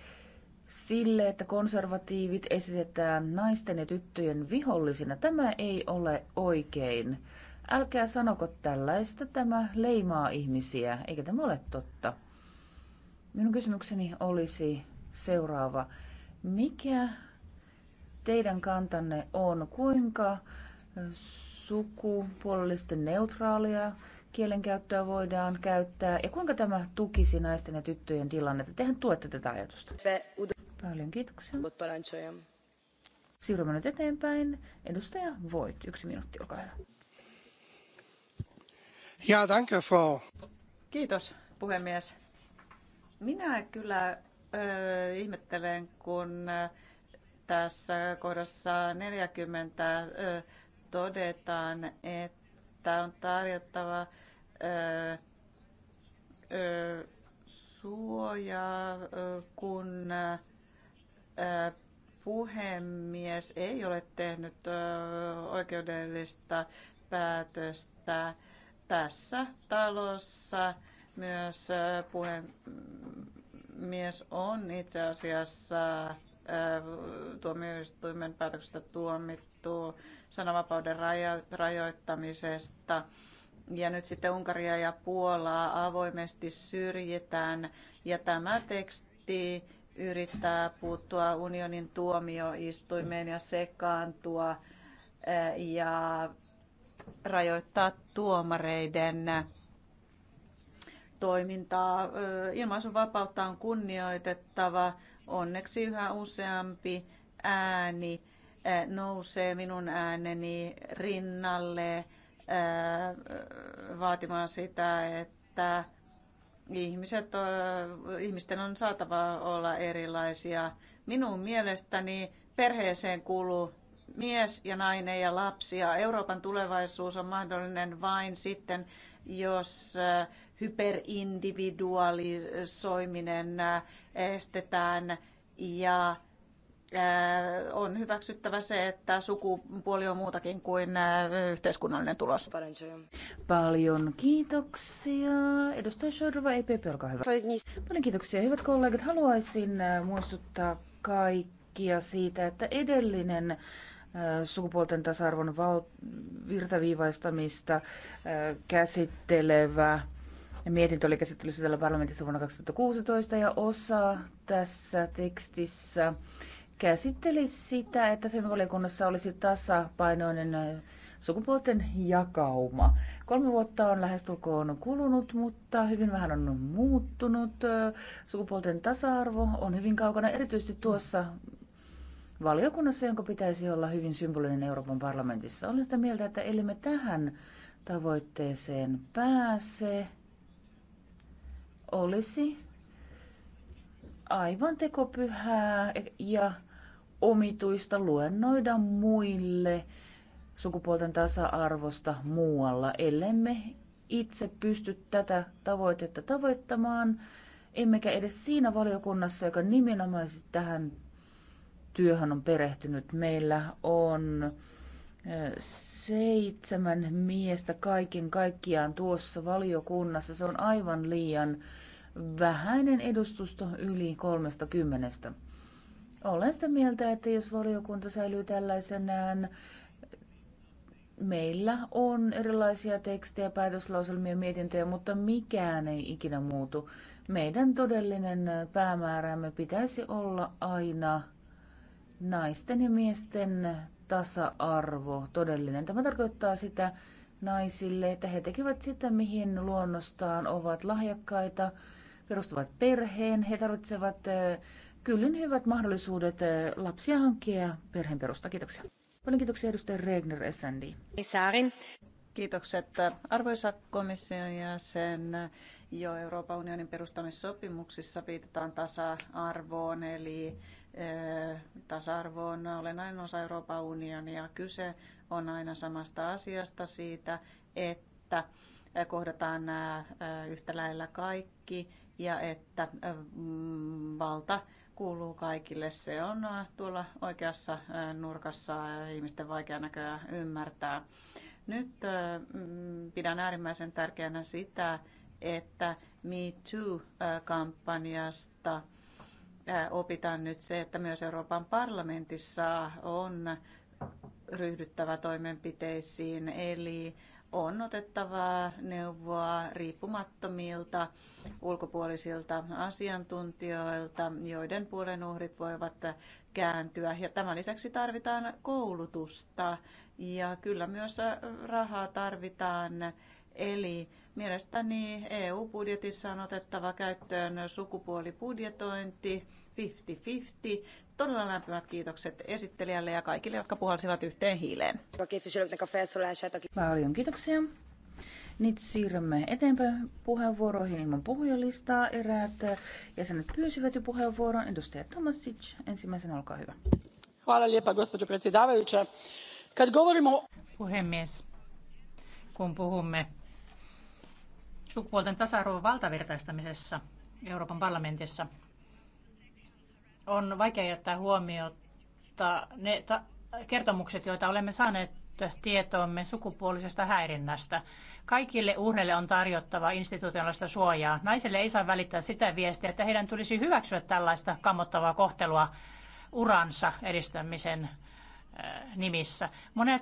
Speaker 10: sille, että konservatiivit esitetään naisten ja tyttöjen vihollisina. Tämä ei ole oikein. Älkää sanoko tällaista, tämä leimaa ihmisiä, eikä tämä ole totta. Minun kysymykseni olisi seuraava. Mikä teidän kantanne on? Kuinka sukupuolellisesti neutraalia kielenkäyttöä voidaan käyttää ja kuinka tämä tukisi naisten ja tyttöjen tilannetta? Tehän tuette tätä ajatusta.
Speaker 9: Paljon kiitoksia.
Speaker 10: Siirrymme nyt eteenpäin. Edustaja Voit, yksi minuutti, olkaa hyvä.
Speaker 5: Ja,
Speaker 11: Kiitos, puhemies. Minä kyllä ihmettelen, kun tässä kohdassa 40 todetaan, että on tarjottava suojaa, kun puhemies ei ole tehnyt oikeudellista päätöstä tässä talossa myös puhemies on itse asiassa tuomioistuimen päätöksestä tuomittu sananvapauden rajoittamisesta. Ja nyt sitten Unkaria ja Puolaa avoimesti syrjitään. Ja tämä teksti yrittää puuttua unionin tuomioistuimeen ja sekaantua ja rajoittaa tuomareiden äh, toimintaa. Ilmaisuvapautta on kunnioitettava. Onneksi yhä useampi ääni äh, nousee minun ääneni rinnalle äh, vaatimaan sitä, että ihmiset, ihmisten on saatava olla erilaisia. Minun mielestäni perheeseen kuuluu mies ja nainen ja lapsia. Euroopan tulevaisuus on mahdollinen vain sitten, jos äh, hyperindividualisoiminen äh, estetään ja äh, on hyväksyttävä se, että sukupuoli on muutakin kuin yhteiskunnallinen tulos.
Speaker 10: Paljon kiitoksia. Edustaja Shodrova, EPP, olkaa hyvä. Paljon kiitoksia. Hyvät kollegat, haluaisin muistuttaa kaikkia siitä, että edellinen sukupuolten tasa-arvon val- virtaviivaistamista käsittelevä mietintö oli käsittelyssä täällä parlamentissa vuonna 2016 ja osa tässä tekstissä käsitteli sitä, että FEMI-valiokunnassa olisi tasapainoinen sukupuolten jakauma. Kolme vuotta on lähestulkoon kulunut, mutta hyvin vähän on muuttunut. Sukupuolten tasa-arvo on hyvin kaukana, erityisesti tuossa valiokunnassa, jonka pitäisi olla hyvin symbolinen Euroopan parlamentissa. Olen sitä mieltä, että me tähän tavoitteeseen pääse, olisi aivan tekopyhää ja omituista luennoida muille sukupuolten tasa-arvosta muualla, ellemme itse pysty tätä tavoitetta tavoittamaan, emmekä edes siinä valiokunnassa, joka nimenomaisesti tähän työhön on perehtynyt. Meillä on seitsemän miestä kaiken kaikkiaan tuossa valiokunnassa. Se on aivan liian vähäinen edustusto yli 30. Olen sitä mieltä, että jos valiokunta säilyy tällaisenään, meillä on erilaisia tekstejä, päätöslauselmia, mietintöjä, mutta mikään ei ikinä muutu. Meidän todellinen päämäärämme pitäisi olla aina naisten ja miesten tasa-arvo todellinen. Tämä tarkoittaa sitä naisille, että he tekevät sitä, mihin luonnostaan ovat lahjakkaita, perustuvat perheen, he tarvitsevat kyllin hyvät mahdollisuudet lapsia hankkia ja perheen perustaa. Kiitoksia. Paljon kiitoksia edustaja Regner SND.
Speaker 11: Kiitokset. Arvoisa komission jäsen, jo Euroopan unionin perustamissopimuksissa viitataan tasa-arvoon, eli tasa-arvo on olennainen osa Euroopan unionia. Kyse on aina samasta asiasta siitä, että kohdataan nämä yhtä lailla kaikki ja että mm, valta kuuluu kaikille. Se on tuolla oikeassa nurkassa ihmisten vaikea näköä ymmärtää. Nyt mm, pidän äärimmäisen tärkeänä sitä, että Me Too-kampanjasta – Äh, opitaan nyt se, että myös Euroopan parlamentissa on ryhdyttävä toimenpiteisiin, eli on otettavaa neuvoa riippumattomilta ulkopuolisilta asiantuntijoilta, joiden puolen uhrit voivat kääntyä. Ja tämän lisäksi tarvitaan koulutusta ja kyllä myös rahaa tarvitaan Eli mielestäni EU-budjetissa on otettava käyttöön sukupuolibudjetointi 50-50. Todella lämpimät kiitokset esittelijälle ja kaikille, jotka puhalsivat yhteen hiileen.
Speaker 10: Paljon kiitoksia. Nyt siirrymme eteenpäin puheenvuoroihin ilman puhujalistaa. Eräät jäsenet pyysivät jo puheenvuoron. Edustaja Tomasic, ensimmäisenä olkaa hyvä.
Speaker 9: Hvala lijepa, gospođo predsjedavajuća. Kad govorimo... Puhemies,
Speaker 10: kun puhumme
Speaker 9: sukupuolten tasa-arvon valtavirtaistamisessa Euroopan parlamentissa on vaikea jättää huomiota ne kertomukset, joita olemme saaneet tietoomme sukupuolisesta häirinnästä. Kaikille uhreille on tarjottava institutionaalista suojaa. Naisille ei saa välittää sitä viestiä, että heidän tulisi hyväksyä tällaista kammottavaa kohtelua uransa edistämisen nimissä. Monet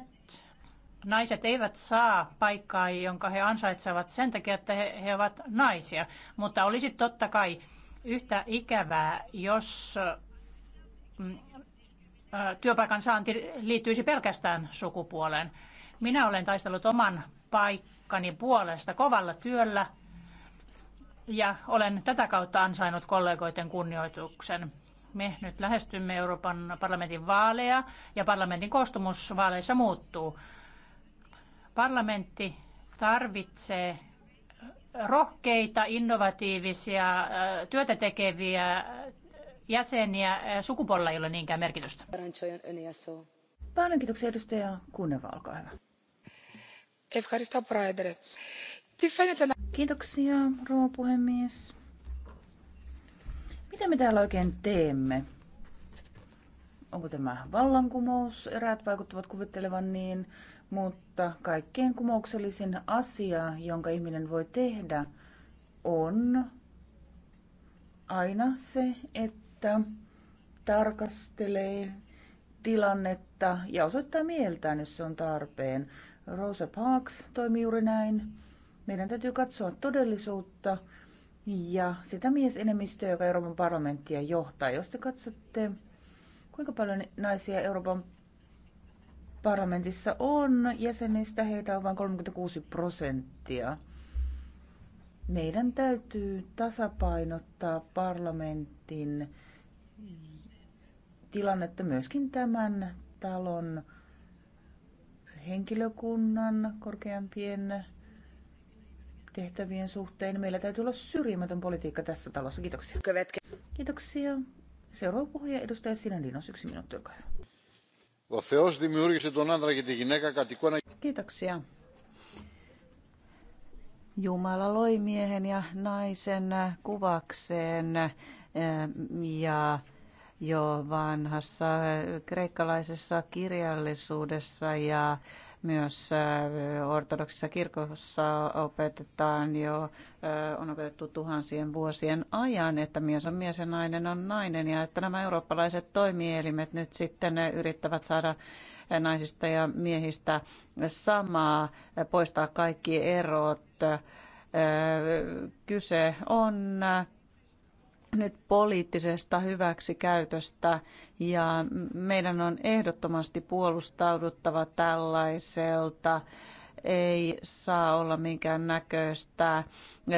Speaker 9: naiset eivät saa paikkaa, jonka he ansaitsevat sen takia, että he, he ovat naisia. Mutta olisi totta kai yhtä ikävää, jos mm, työpaikan saanti liittyisi pelkästään sukupuoleen. Minä olen taistellut oman paikkani puolesta kovalla työllä ja olen tätä kautta ansainnut kollegoiden kunnioituksen. Me nyt lähestymme Euroopan parlamentin vaaleja ja parlamentin koostumus vaaleissa muuttuu. Parlamentti tarvitsee rohkeita, innovatiivisia, äh, työtä tekeviä jäseniä. Äh, sukupuolella ei ole niinkään merkitystä.
Speaker 10: Paljon kiitoksia edustaja Kunneva, olkaa hyvä. Kiitoksia, rouva puhemies. Mitä me täällä oikein teemme? Onko tämä vallankumous? Eräät vaikuttavat kuvittelevan niin. Mutta kaikkein kumouksellisin asia, jonka ihminen voi tehdä, on aina se, että tarkastelee tilannetta ja osoittaa mieltään, jos se on tarpeen. Rosa Parks toimi juuri näin. Meidän täytyy katsoa todellisuutta ja sitä miesenemmistöä, joka Euroopan parlamenttia johtaa. Jos te katsotte, kuinka paljon naisia Euroopan parlamentissa on jäsenistä, heitä on vain 36 prosenttia. Meidän täytyy tasapainottaa parlamentin tilannetta myöskin tämän talon henkilökunnan korkeampien tehtävien suhteen. Meillä täytyy olla syrjimätön politiikka tässä talossa. Kiitoksia. Kiitoksia. Seuraava puhuja edustaja Sinandinos, yksi minuutti, olkaa hyvä.
Speaker 7: Ο Θεός δημιούργησε τον άντρα και τη γυναίκα
Speaker 10: Kiitoksia.
Speaker 11: Jumala loi miehen ja naisen kuvakseen eh, ja jo vanhassa eh, kreikkalaisessa kirjallisuudessa ja myös äh, ortodoksissa kirkossa opetetaan jo, äh, on opetettu tuhansien vuosien ajan, että mies on mies ja nainen on nainen ja että nämä eurooppalaiset toimielimet nyt sitten yrittävät saada äh, naisista ja miehistä samaa, poistaa kaikki erot. Kyse on nyt poliittisesta hyväksikäytöstä ja meidän on ehdottomasti puolustauduttava tällaiselta. Ei saa olla minkään näköistä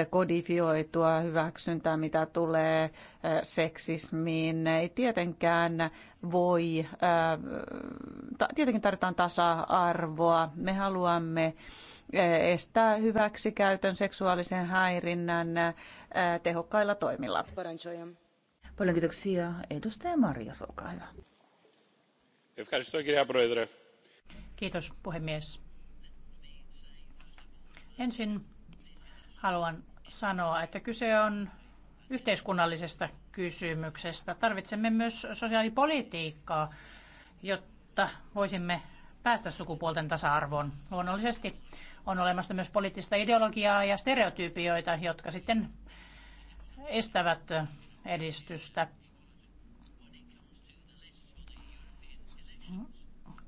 Speaker 11: kodifioitua hyväksyntää, mitä tulee äh, seksismiin. Ei tietenkään voi, äh, tietenkin tarvitaan tasa-arvoa. Me haluamme estää hyväksikäytön, seksuaalisen häirinnän tehokkailla toimilla.
Speaker 10: Paljon kiitoksia. Edustaja Marja, olkaa hyvä. Kiitos puhemies.
Speaker 9: Ensin haluan sanoa, että kyse on yhteiskunnallisesta kysymyksestä. Tarvitsemme myös sosiaalipolitiikkaa, jotta voisimme päästä sukupuolten tasa-arvoon. Luonnollisesti on olemassa myös poliittista ideologiaa ja stereotypioita, jotka sitten estävät edistystä.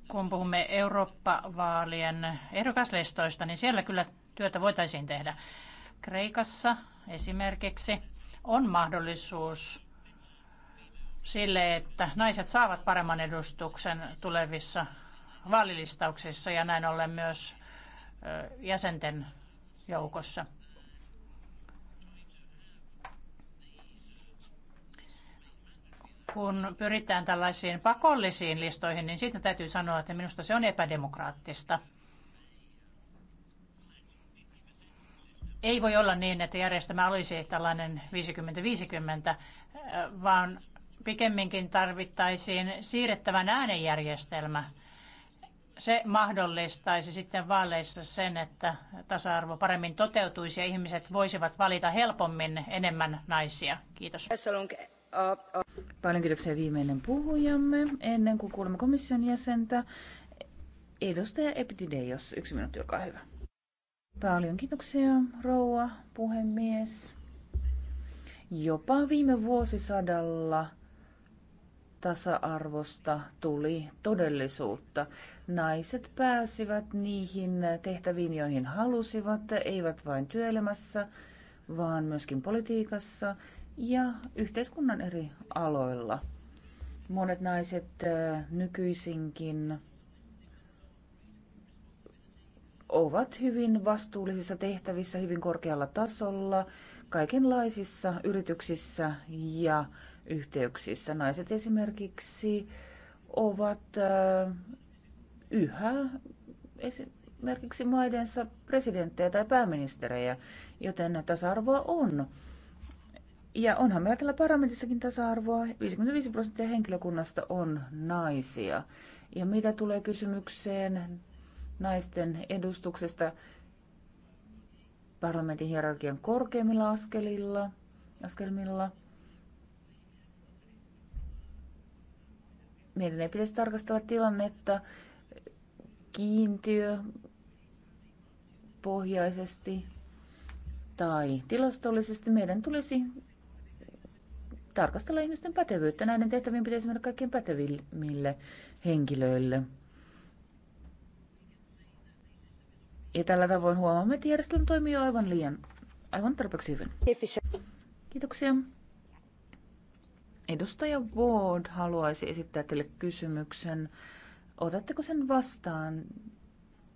Speaker 9: Kun puhumme Eurooppa-vaalien ehdokaslistoista, niin siellä kyllä työtä voitaisiin tehdä. Kreikassa esimerkiksi on mahdollisuus sille, että naiset saavat paremman edustuksen tulevissa vaalilistauksissa ja näin ollen myös jäsenten joukossa. Kun pyritään tällaisiin pakollisiin listoihin, niin siitä täytyy sanoa, että minusta se on epädemokraattista. Ei voi olla niin, että järjestelmä olisi tällainen 50-50, vaan pikemminkin tarvittaisiin siirrettävän äänenjärjestelmä se mahdollistaisi sitten vaaleissa sen, että tasa-arvo paremmin toteutuisi ja ihmiset voisivat valita helpommin enemmän naisia. Kiitos.
Speaker 10: Paljon kiitoksia viimeinen puhujamme. Ennen kuin kuulemme komission jäsentä, edustaja Epitideios, yksi minuutti, olkaa hyvä. Paljon kiitoksia, rouva puhemies. Jopa viime vuosisadalla – tasa-arvosta tuli todellisuutta. Naiset pääsivät niihin tehtäviin, joihin halusivat, eivät vain työelämässä, vaan myöskin politiikassa ja yhteiskunnan eri aloilla. Monet naiset nykyisinkin ovat hyvin vastuullisissa tehtävissä, hyvin korkealla tasolla, kaikenlaisissa yrityksissä ja yhteyksissä. Naiset esimerkiksi ovat yhä esimerkiksi maidensa presidenttejä tai pääministerejä, joten tasa-arvoa on. Ja onhan meillä täällä parlamentissakin tasa-arvoa. 55 prosenttia henkilökunnasta on naisia. Ja mitä tulee kysymykseen naisten edustuksesta parlamentin hierarkian korkeimmilla askelilla, askelmilla – meidän ei pitäisi tarkastella tilannetta kiintiö pohjaisesti tai tilastollisesti. Meidän tulisi tarkastella ihmisten pätevyyttä. Näiden tehtäviin pitäisi mennä kaikkien pätevimmille henkilöille. Ja tällä tavoin huomaamme, että järjestelmä toimii aivan liian, aivan tarpeeksi hyvin. Kiitoksia. Edustaja Ward haluaisi esittää teille kysymyksen. Otatteko sen vastaan?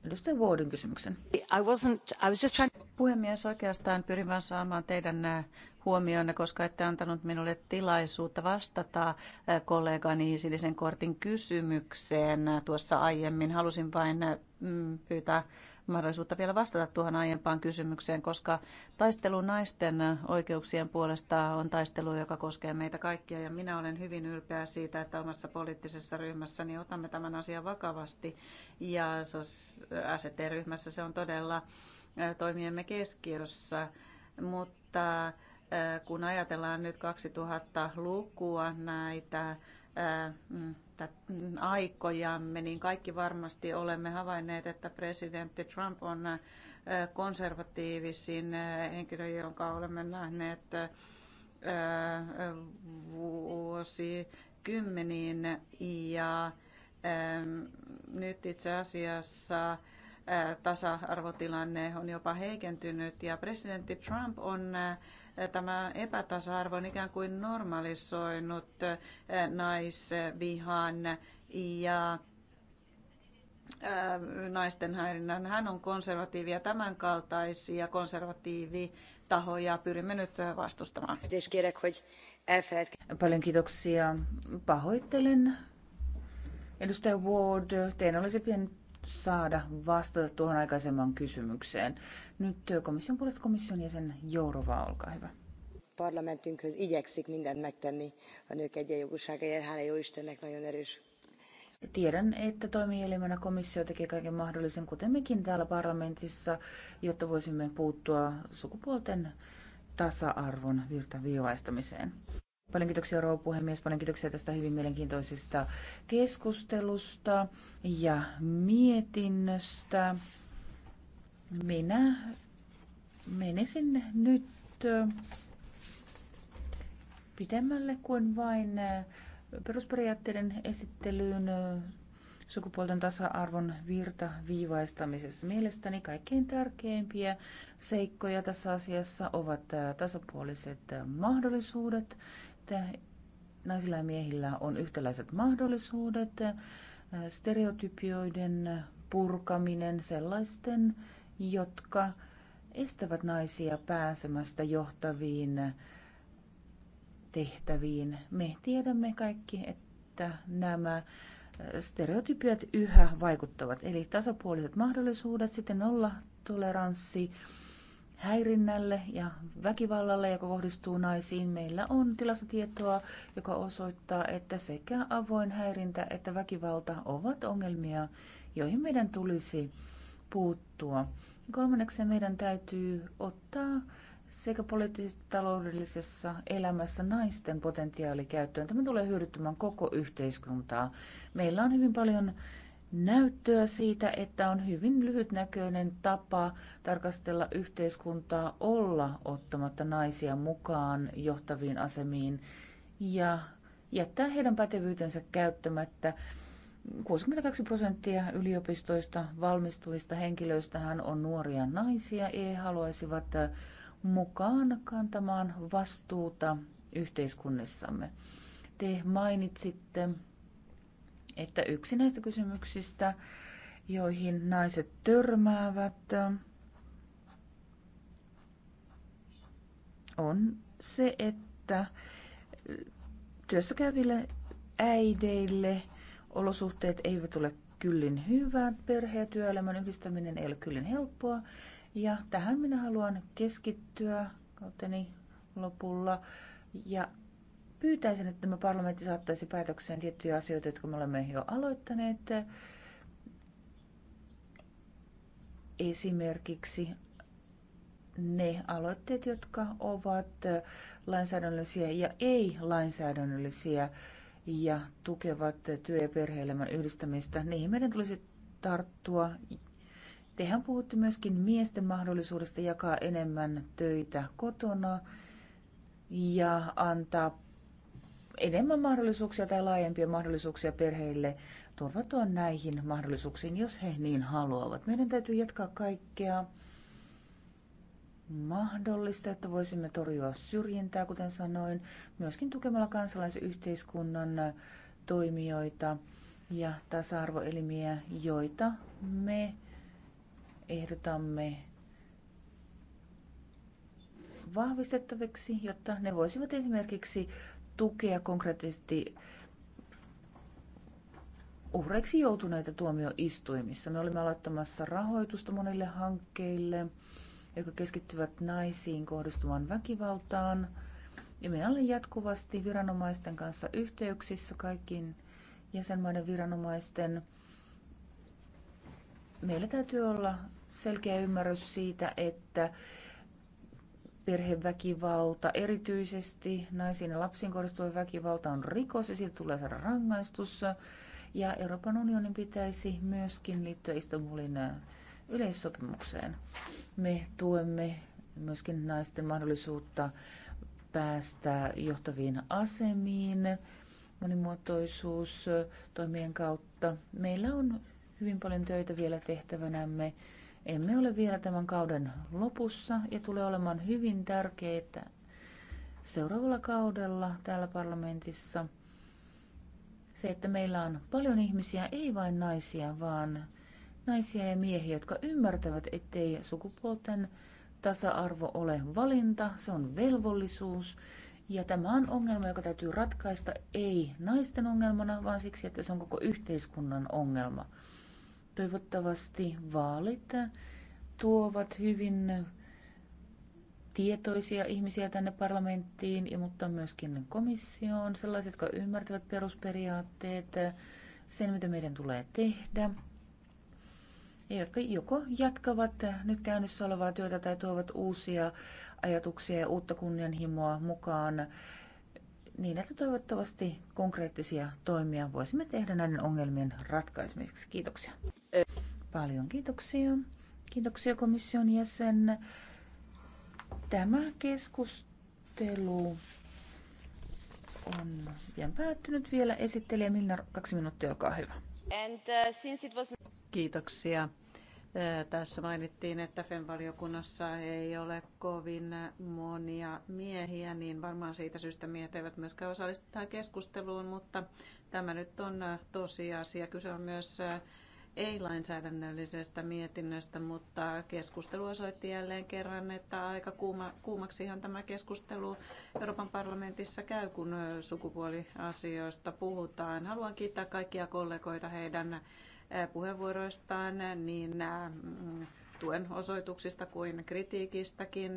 Speaker 10: Edustaja Wardin kysymyksen. I wasn't, I was
Speaker 11: just trying... Puhemies, oikeastaan pyrin vain saamaan teidän äh, huomioon, koska ette antanut minulle tilaisuutta vastata äh, kollegani Isilisen kortin kysymykseen äh, tuossa aiemmin. Halusin vain mm, pyytää mahdollisuutta vielä vastata tuohon aiempaan kysymykseen, koska taistelu naisten oikeuksien puolesta on taistelu, joka koskee meitä kaikkia. Ja minä olen hyvin ylpeä siitä, että omassa poliittisessa ryhmässäni otamme tämän asian vakavasti. Ja ST-ryhmässä se on todella toimiemme keskiössä. Mutta kun ajatellaan nyt 2000-lukua näitä mm, että aikojamme, niin kaikki varmasti olemme havainneet, että presidentti Trump on äh, konservatiivisin äh, henkilö, jonka olemme nähneet äh, vuosikymmeniin. Ja ähm, nyt itse asiassa tasa-arvotilanne on jopa heikentynyt ja presidentti Trump on tämä epätasa-arvo on ikään kuin normalisoinut eh, naisvihan ja eh, naisten häirinnän. Hän on konservatiivi ja tämänkaltaisia konservatiivitahoja pyrimme nyt eh, vastustamaan.
Speaker 10: Paljon kiitoksia. Pahoittelen. Edustaja Ward, teidän olisi pian saada vastata tuohon aikaisemman kysymykseen. Nyt komission puolesta komission jäsen Jourova, olkaa hyvä.
Speaker 9: Parlamentünk köz igyekszik mindent megtenni a nők egyenjogúságáért, hála jó Istennek nagyon erős.
Speaker 10: Tiedän, että toimielimenä komissio tekee kaiken mahdollisen, kuten mekin täällä parlamentissa, jotta voisimme puuttua sukupuolten tasa-arvon virtaviivaistamiseen. Paljon kiitoksia rouva puhemies, paljon kiitoksia tästä hyvin mielenkiintoisesta keskustelusta ja mietinnöstä. Minä menisin nyt äh, pidemmälle kuin vain äh, perusperiaatteiden esittelyyn äh, sukupuolten tasa-arvon virta-viivaistamisessa Mielestäni kaikkein tärkeimpiä seikkoja tässä asiassa ovat tasapuoliset mahdollisuudet että naisilla ja miehillä on yhtäläiset mahdollisuudet, stereotypioiden purkaminen sellaisten, jotka estävät naisia pääsemästä johtaviin tehtäviin. Me tiedämme kaikki, että nämä stereotypiat yhä vaikuttavat. Eli tasapuoliset mahdollisuudet, sitten nolla toleranssi häirinnälle ja väkivallalle, joka kohdistuu naisiin. Meillä on tilastotietoa, joka osoittaa, että sekä avoin häirintä että väkivalta ovat ongelmia, joihin meidän tulisi puuttua. Kolmanneksi meidän täytyy ottaa sekä poliittisessa taloudellisessa elämässä naisten potentiaali käyttöön. Tämä tulee hyödyttämään koko yhteiskuntaa. Meillä on hyvin paljon näyttöä siitä, että on hyvin lyhytnäköinen tapa tarkastella yhteiskuntaa olla ottamatta naisia mukaan johtaviin asemiin ja jättää heidän pätevyytensä käyttämättä. 62 prosenttia yliopistoista valmistuvista henkilöistähän on nuoria naisia. ei haluaisivat mukaan kantamaan vastuuta yhteiskunnassamme. Te mainitsitte että yksi näistä kysymyksistä, joihin naiset törmäävät, on se, että työssä käyville äideille olosuhteet eivät ole kyllin hyvät, perhe- ja työelämän yhdistäminen ei ole kyllin helppoa. Ja tähän minä haluan keskittyä kauteni lopulla. Ja pyytäisin, että tämä parlamentti saattaisi päätökseen tiettyjä asioita, jotka me olemme jo aloittaneet. Esimerkiksi ne aloitteet, jotka ovat lainsäädännöllisiä ja ei-lainsäädännöllisiä ja tukevat työ- ja perhe-elämän yhdistämistä, niihin meidän tulisi tarttua. Tehän puhutte myöskin miesten mahdollisuudesta jakaa enemmän töitä kotona ja antaa enemmän mahdollisuuksia tai laajempia mahdollisuuksia perheille turvautua näihin mahdollisuuksiin, jos he niin haluavat. Meidän täytyy jatkaa kaikkea mahdollista, että voisimme torjua syrjintää, kuten sanoin, myöskin tukemalla kansalaisyhteiskunnan toimijoita ja tasa-arvoelimiä, joita me ehdotamme vahvistettaviksi, jotta ne voisivat esimerkiksi tukea konkreettisesti uhreiksi joutuneita tuomioistuimissa. Me olimme aloittamassa rahoitusta monille hankkeille, jotka keskittyvät naisiin kohdistuvan väkivaltaan. Ja minä olen jatkuvasti viranomaisten kanssa yhteyksissä kaikkiin jäsenmaiden viranomaisten. Meillä täytyy olla selkeä ymmärrys siitä, että perheväkivalta, erityisesti naisiin ja lapsiin kohdistuva väkivalta on rikos ja siitä tulee saada rangaistus. Ja Euroopan unionin pitäisi myöskin liittyä Istanbulin äh, yleissopimukseen. Me tuemme myöskin naisten mahdollisuutta päästä johtaviin asemiin monimuotoisuus toimien kautta. Meillä on hyvin paljon töitä vielä tehtävänämme emme ole vielä tämän kauden lopussa ja tulee olemaan hyvin tärkeää seuraavalla kaudella täällä parlamentissa se, että meillä on paljon ihmisiä, ei vain naisia, vaan naisia ja miehiä, jotka ymmärtävät, ettei sukupuolten tasa-arvo ole valinta, se on velvollisuus. Ja tämä on ongelma, joka täytyy ratkaista ei naisten ongelmana, vaan siksi, että se on koko yhteiskunnan ongelma. Toivottavasti vaalit tuovat hyvin tietoisia ihmisiä tänne parlamenttiin, mutta myöskin komissioon, sellaiset, jotka ymmärtävät perusperiaatteet, sen, mitä meidän tulee tehdä, ja jotka joko jatkavat nyt käynnissä olevaa työtä tai tuovat uusia ajatuksia ja uutta kunnianhimoa mukaan niin, että toivottavasti konkreettisia toimia voisimme tehdä näiden ongelmien ratkaisemiseksi. Kiitoksia. Paljon kiitoksia. Kiitoksia komission jäsen. Tämä keskustelu on pian päättynyt vielä. Esittelijä Minna, kaksi minuuttia, olkaa hyvä.
Speaker 11: And, uh, since it was...
Speaker 10: Kiitoksia
Speaker 11: tässä mainittiin, että FEM-valiokunnassa ei ole kovin monia miehiä, niin varmaan siitä syystä miehet eivät myöskään osallistu tähän keskusteluun, mutta tämä nyt on tosiasia. Kyse on myös ei-lainsäädännöllisestä mietinnöstä, mutta keskustelu osoitti jälleen kerran, että aika kuuma, kuumaksihan tämä keskustelu Euroopan parlamentissa käy, kun sukupuoliasioista puhutaan. Haluan kiittää kaikkia kollegoita heidän puheenvuoroistaan, niin mm, tuen osoituksista kuin kritiikistäkin.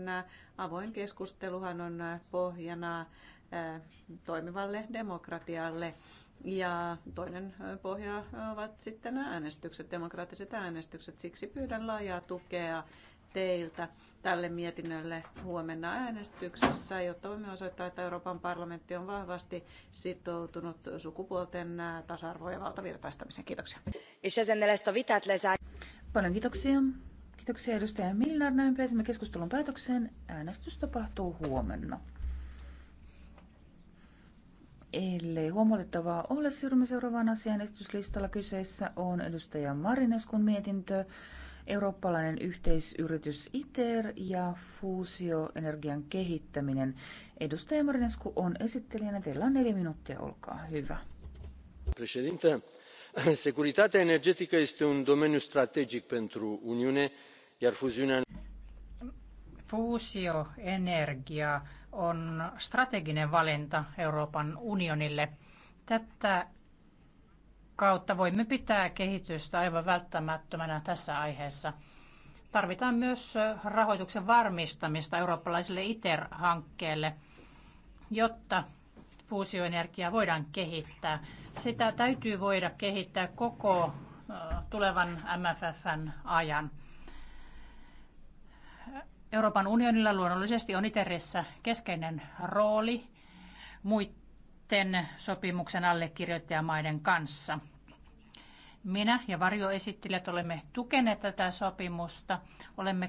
Speaker 11: Avoin keskusteluhan on pohjana toimivalle demokratialle. Ja toinen pohja ovat sitten äänestykset, demokraattiset äänestykset. Siksi pyydän laajaa tukea teiltä tälle mietinnölle huomenna äänestyksessä, jotta voimme osoittaa, että Euroopan parlamentti on vahvasti sitoutunut sukupuolten tasa-arvoon ja valtavirtaistamiseen. Kiitoksia.
Speaker 10: Paljon kiitoksia. Kiitoksia edustaja Milner. Näin pääsemme keskustelun päätökseen. Äänestys tapahtuu huomenna. Ellei huomautettavaa ole, siirrymme seuraavaan asiaan. Esityslistalla kyseessä on edustaja Marineskun mietintö eurooppalainen yhteisyritys ITER ja fuusioenergian kehittäminen. Edustaja Marinescu on esittelijänä. Teillä on neljä minuuttia, olkaa hyvä.
Speaker 6: Președinte, <laughs> securitatea energetică este un domeniu strategic pentru Uniune, iar fuziunea...
Speaker 9: Fuusioenergia on strateginen valinta Euroopan unionille. Tätä kautta voimme pitää kehitystä aivan välttämättömänä tässä aiheessa. Tarvitaan myös rahoituksen varmistamista eurooppalaiselle ITER-hankkeelle, jotta fuusioenergiaa voidaan kehittää. Sitä täytyy voida kehittää koko tulevan MFFn ajan. Euroopan unionilla luonnollisesti on ITERissä keskeinen rooli muiden muiden sopimuksen allekirjoittajamaiden kanssa. Minä ja varjoesittelijät olemme tukeneet tätä sopimusta. Olemme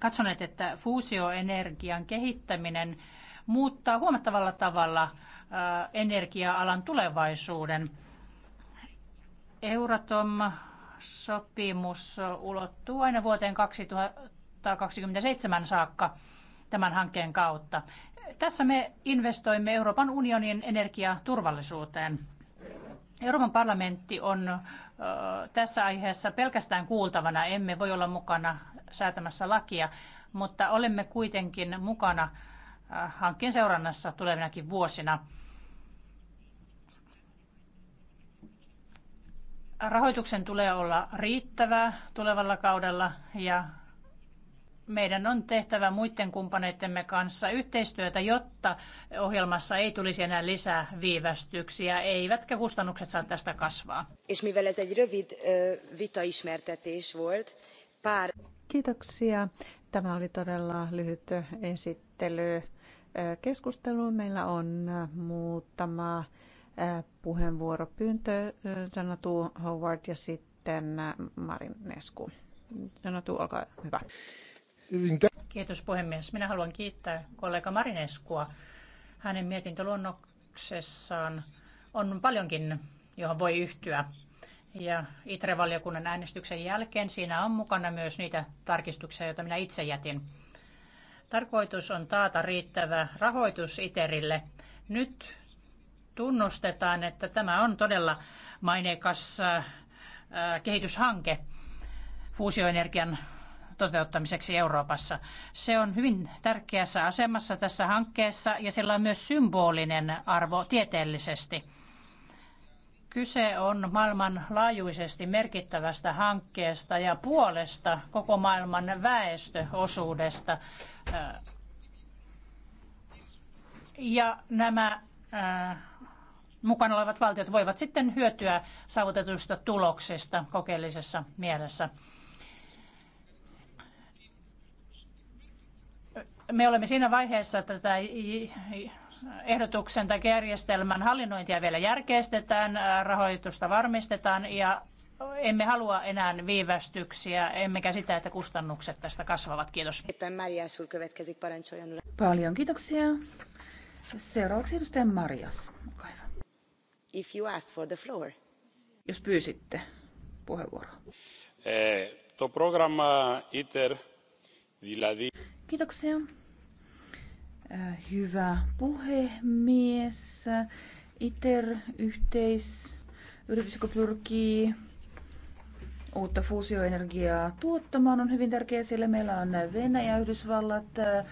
Speaker 9: katsoneet että fuusioenergian kehittäminen muuttaa huomattavalla tavalla energia-alan tulevaisuuden. Euratom-sopimus ulottuu aina vuoteen 2027 saakka tämän hankkeen kautta. Tässä me investoimme Euroopan unionin energiaturvallisuuteen. Euroopan parlamentti on tässä aiheessa pelkästään kuultavana. Emme voi olla mukana säätämässä lakia, mutta olemme kuitenkin mukana hankkeen seurannassa tulevinakin vuosina. Rahoituksen tulee olla riittävää tulevalla kaudella ja meidän on tehtävä muiden kumppaneittemme kanssa yhteistyötä, jotta ohjelmassa ei tulisi enää lisää viivästyksiä, eivätkä kustannukset saa tästä kasvaa.
Speaker 12: Kiitoksia. Tämä oli
Speaker 11: todella lyhyt esittely keskusteluun. Meillä on muutama puheenvuoropyyntö. Sanatu Howard ja sitten Marin Nesku. Sanatu, olkaa hyvä.
Speaker 9: Kiitos puhemies. Minä haluan kiittää kollega Marineskua. Hänen mietintöluonnoksessaan on paljonkin, johon voi yhtyä. Ja ITRE-valiokunnan äänestyksen jälkeen siinä on mukana myös niitä tarkistuksia, joita minä itse jätin. Tarkoitus on taata riittävä rahoitus ITERille. Nyt tunnustetaan, että tämä on todella maineikas äh, kehityshanke fuusioenergian toteuttamiseksi Euroopassa. Se on hyvin tärkeässä asemassa tässä hankkeessa ja sillä on myös symbolinen arvo tieteellisesti. Kyse on maailmanlaajuisesti merkittävästä hankkeesta ja puolesta koko maailman väestöosuudesta. Ja nämä äh, mukana olevat valtiot voivat sitten hyötyä saavutetuista tuloksista kokeellisessa mielessä. me olemme siinä vaiheessa, että tätä ehdotuksen tai järjestelmän hallinnointia vielä järkeistetään, rahoitusta varmistetaan ja emme halua enää viivästyksiä, emmekä sitä, että kustannukset tästä kasvavat. Kiitos.
Speaker 10: Paljon kiitoksia. Seuraavaksi edustaja If you ask for the floor. Jos pyysitte puheenvuoroa.
Speaker 7: Eh, to programma eh, ITER, δηλαδή...
Speaker 10: Kiitoksia. Äh, hyvä puhemies. ITER-yhteis, yritys, joka pyrkii uutta fuusioenergiaa tuottamaan, on hyvin tärkeä, sillä meillä on Venäjä, Yhdysvallat, äh,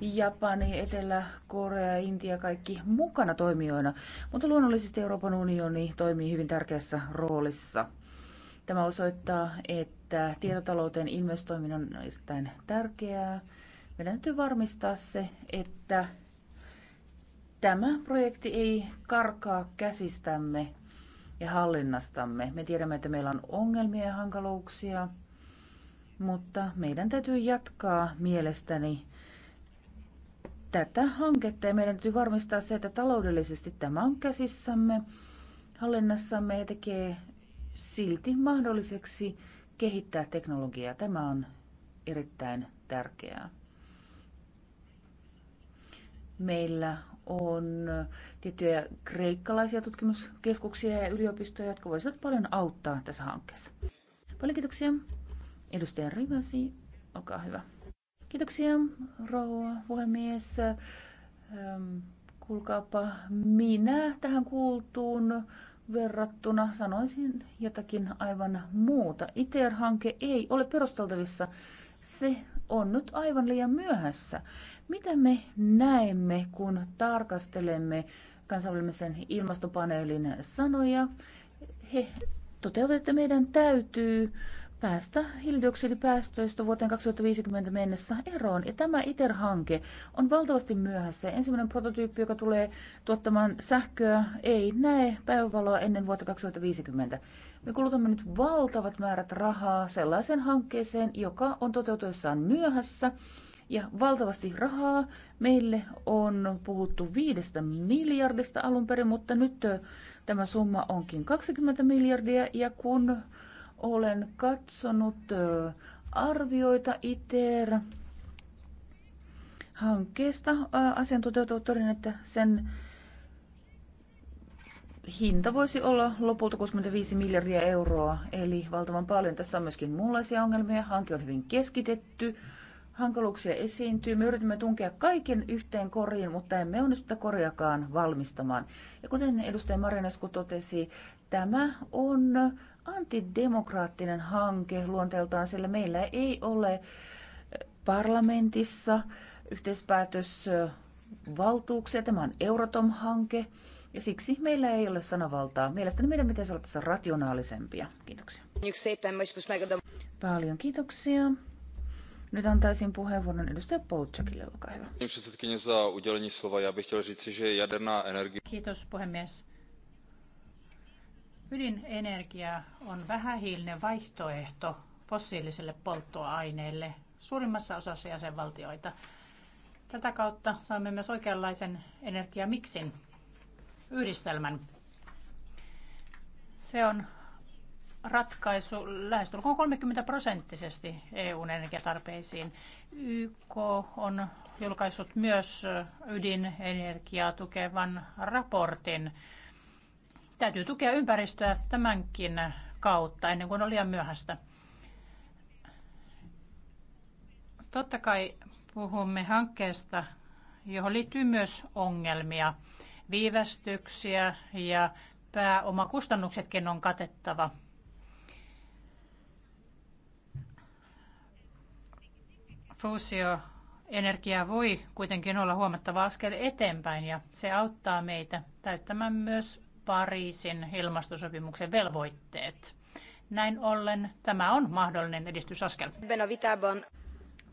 Speaker 10: Japani, Etelä-Korea, Intia, kaikki mukana toimijoina. Mutta luonnollisesti Euroopan unioni toimii hyvin tärkeässä roolissa. Tämä osoittaa, että tietotalouteen investoiminen on erittäin tärkeää meidän täytyy varmistaa se, että tämä projekti ei karkaa käsistämme ja hallinnastamme. Me tiedämme, että meillä on ongelmia ja hankaluuksia, mutta meidän täytyy jatkaa mielestäni tätä hanketta ja meidän täytyy varmistaa se, että taloudellisesti tämä on käsissämme, hallinnassamme ja tekee silti mahdolliseksi kehittää teknologiaa. Tämä on erittäin tärkeää. Meillä on tiettyjä kreikkalaisia tutkimuskeskuksia ja yliopistoja, jotka voisivat paljon auttaa tässä hankkeessa. Paljon kiitoksia. Edustaja Rivasi, olkaa hyvä. Kiitoksia, rouva puhemies. Kuulkaapa, minä tähän kuultuun verrattuna sanoisin jotakin aivan muuta. ITER-hanke ei ole perusteltavissa. Se on nyt aivan liian myöhässä. Mitä me näemme, kun tarkastelemme kansainvälisen ilmastopaneelin sanoja? He toteavat, että meidän täytyy päästä hiilidioksidipäästöistä vuoteen 2050 mennessä eroon. Ja tämä ITER-hanke on valtavasti myöhässä. Ensimmäinen prototyyppi, joka tulee tuottamaan sähköä, ei näe päivävaloa ennen vuotta 2050. Me kulutamme nyt valtavat määrät rahaa sellaiseen hankkeeseen, joka on toteutuessaan myöhässä ja valtavasti rahaa. Meille on puhuttu viidestä miljardista alun perin, mutta nyt tämä summa onkin 20 miljardia ja kun olen katsonut arvioita ITER hankkeesta, asiantuntijat ovat että sen hinta voisi olla lopulta 65 miljardia euroa, eli valtavan paljon. Tässä on myöskin muunlaisia ongelmia. Hanke on hyvin keskitetty hankaluuksia esiintyy. Me yritämme tunkea kaiken yhteen koriin, mutta emme onnistuta koriakaan valmistamaan. Ja kuten edustaja Marinesku totesi, tämä on antidemokraattinen hanke luonteeltaan, sillä meillä ei ole parlamentissa yhteispäätösvaltuuksia. Tämä on Euratom-hanke ja siksi meillä ei ole sanavaltaa. Mielestäni meidän pitäisi olla tässä rationaalisempia. Kiitoksia. Paljon kiitoksia. Nyt antaisin puheenvuoron edustaja Polchakille, olkaa hyvä.
Speaker 9: Kiitos puhemies. Ydinenergia on vähähiilinen vaihtoehto fossiiliselle polttoaineelle suurimmassa osassa jäsenvaltioita. Tätä kautta saamme myös oikeanlaisen energiamiksin yhdistelmän. Se on ratkaisu lähestulkoon 30 prosenttisesti EUn energiatarpeisiin. YK on julkaissut myös ydinenergiaa tukevan raportin. Täytyy tukea ympäristöä tämänkin kautta ennen kuin on liian myöhäistä. Totta kai puhumme hankkeesta, johon liittyy myös ongelmia, viivästyksiä ja pääomakustannuksetkin on katettava – fuusioenergia voi kuitenkin olla huomattava askel eteenpäin ja se auttaa meitä täyttämään myös Pariisin ilmastosopimuksen velvoitteet. Näin ollen tämä on mahdollinen edistysaskel.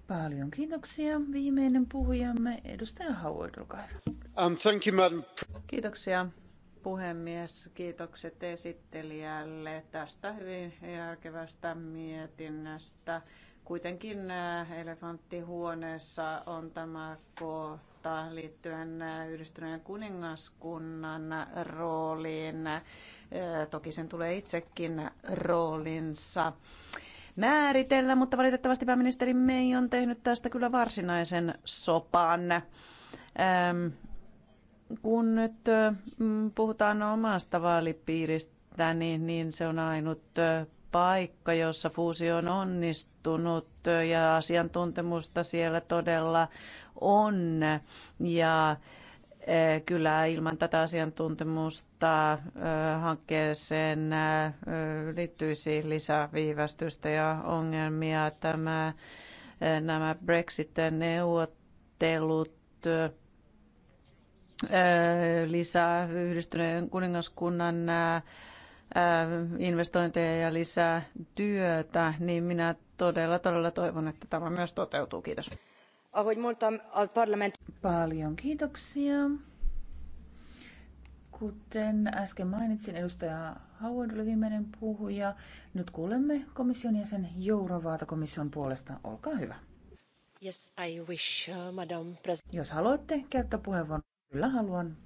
Speaker 10: Paljon kiitoksia. Viimeinen puhujamme,
Speaker 9: edustaja Howard, olkaa hyvä.
Speaker 10: Um, thank you, madam.
Speaker 11: Kiitoksia puhemies. Kiitokset esittelijälle tästä hyvin järkevästä mietinnästä. Kuitenkin äh, elefanttihuoneessa on tämä kohta liittyen äh, yhdistyneen kuningaskunnan rooliin. Äh, toki sen tulee itsekin roolinsa määritellä, mutta valitettavasti pääministeri May on tehnyt tästä kyllä varsinaisen sopan. Ähm, kun nyt puhutaan omasta vaalipiiristä, niin, niin se on ainut paikka, jossa fuusio on onnistunut ja asiantuntemusta siellä todella on. Ja eh, kyllä ilman tätä asiantuntemusta eh, hankkeeseen eh, liittyisi lisää viivästystä ja ongelmia. Tämä, nämä Brexit-neuvottelut lisää yhdistyneen kuningaskunnan investointeja ja lisää työtä, niin minä todella, todella toivon, että tämä myös toteutuu. Kiitos.
Speaker 10: Paljon kiitoksia. Kuten äsken mainitsin, edustaja Howard oli viimeinen puhuja. Nyt kuulemme komission jäsen Jourovaata komission puolesta. Olkaa hyvä. Yes, I wish, uh, Madam President. Jos haluatte käyttää puheenvuoron, kyllä haluan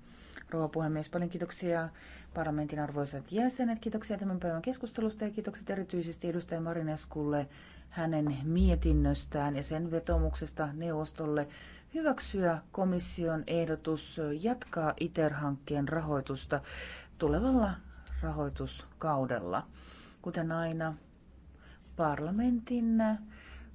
Speaker 10: rouva puhemies. Paljon kiitoksia parlamentin arvoisat jäsenet. Kiitoksia tämän päivän keskustelusta ja kiitokset erityisesti edustaja Marineskulle hänen mietinnöstään ja sen vetomuksesta neuvostolle hyväksyä komission ehdotus jatkaa ITER-hankkeen rahoitusta tulevalla rahoituskaudella. Kuten aina, parlamentin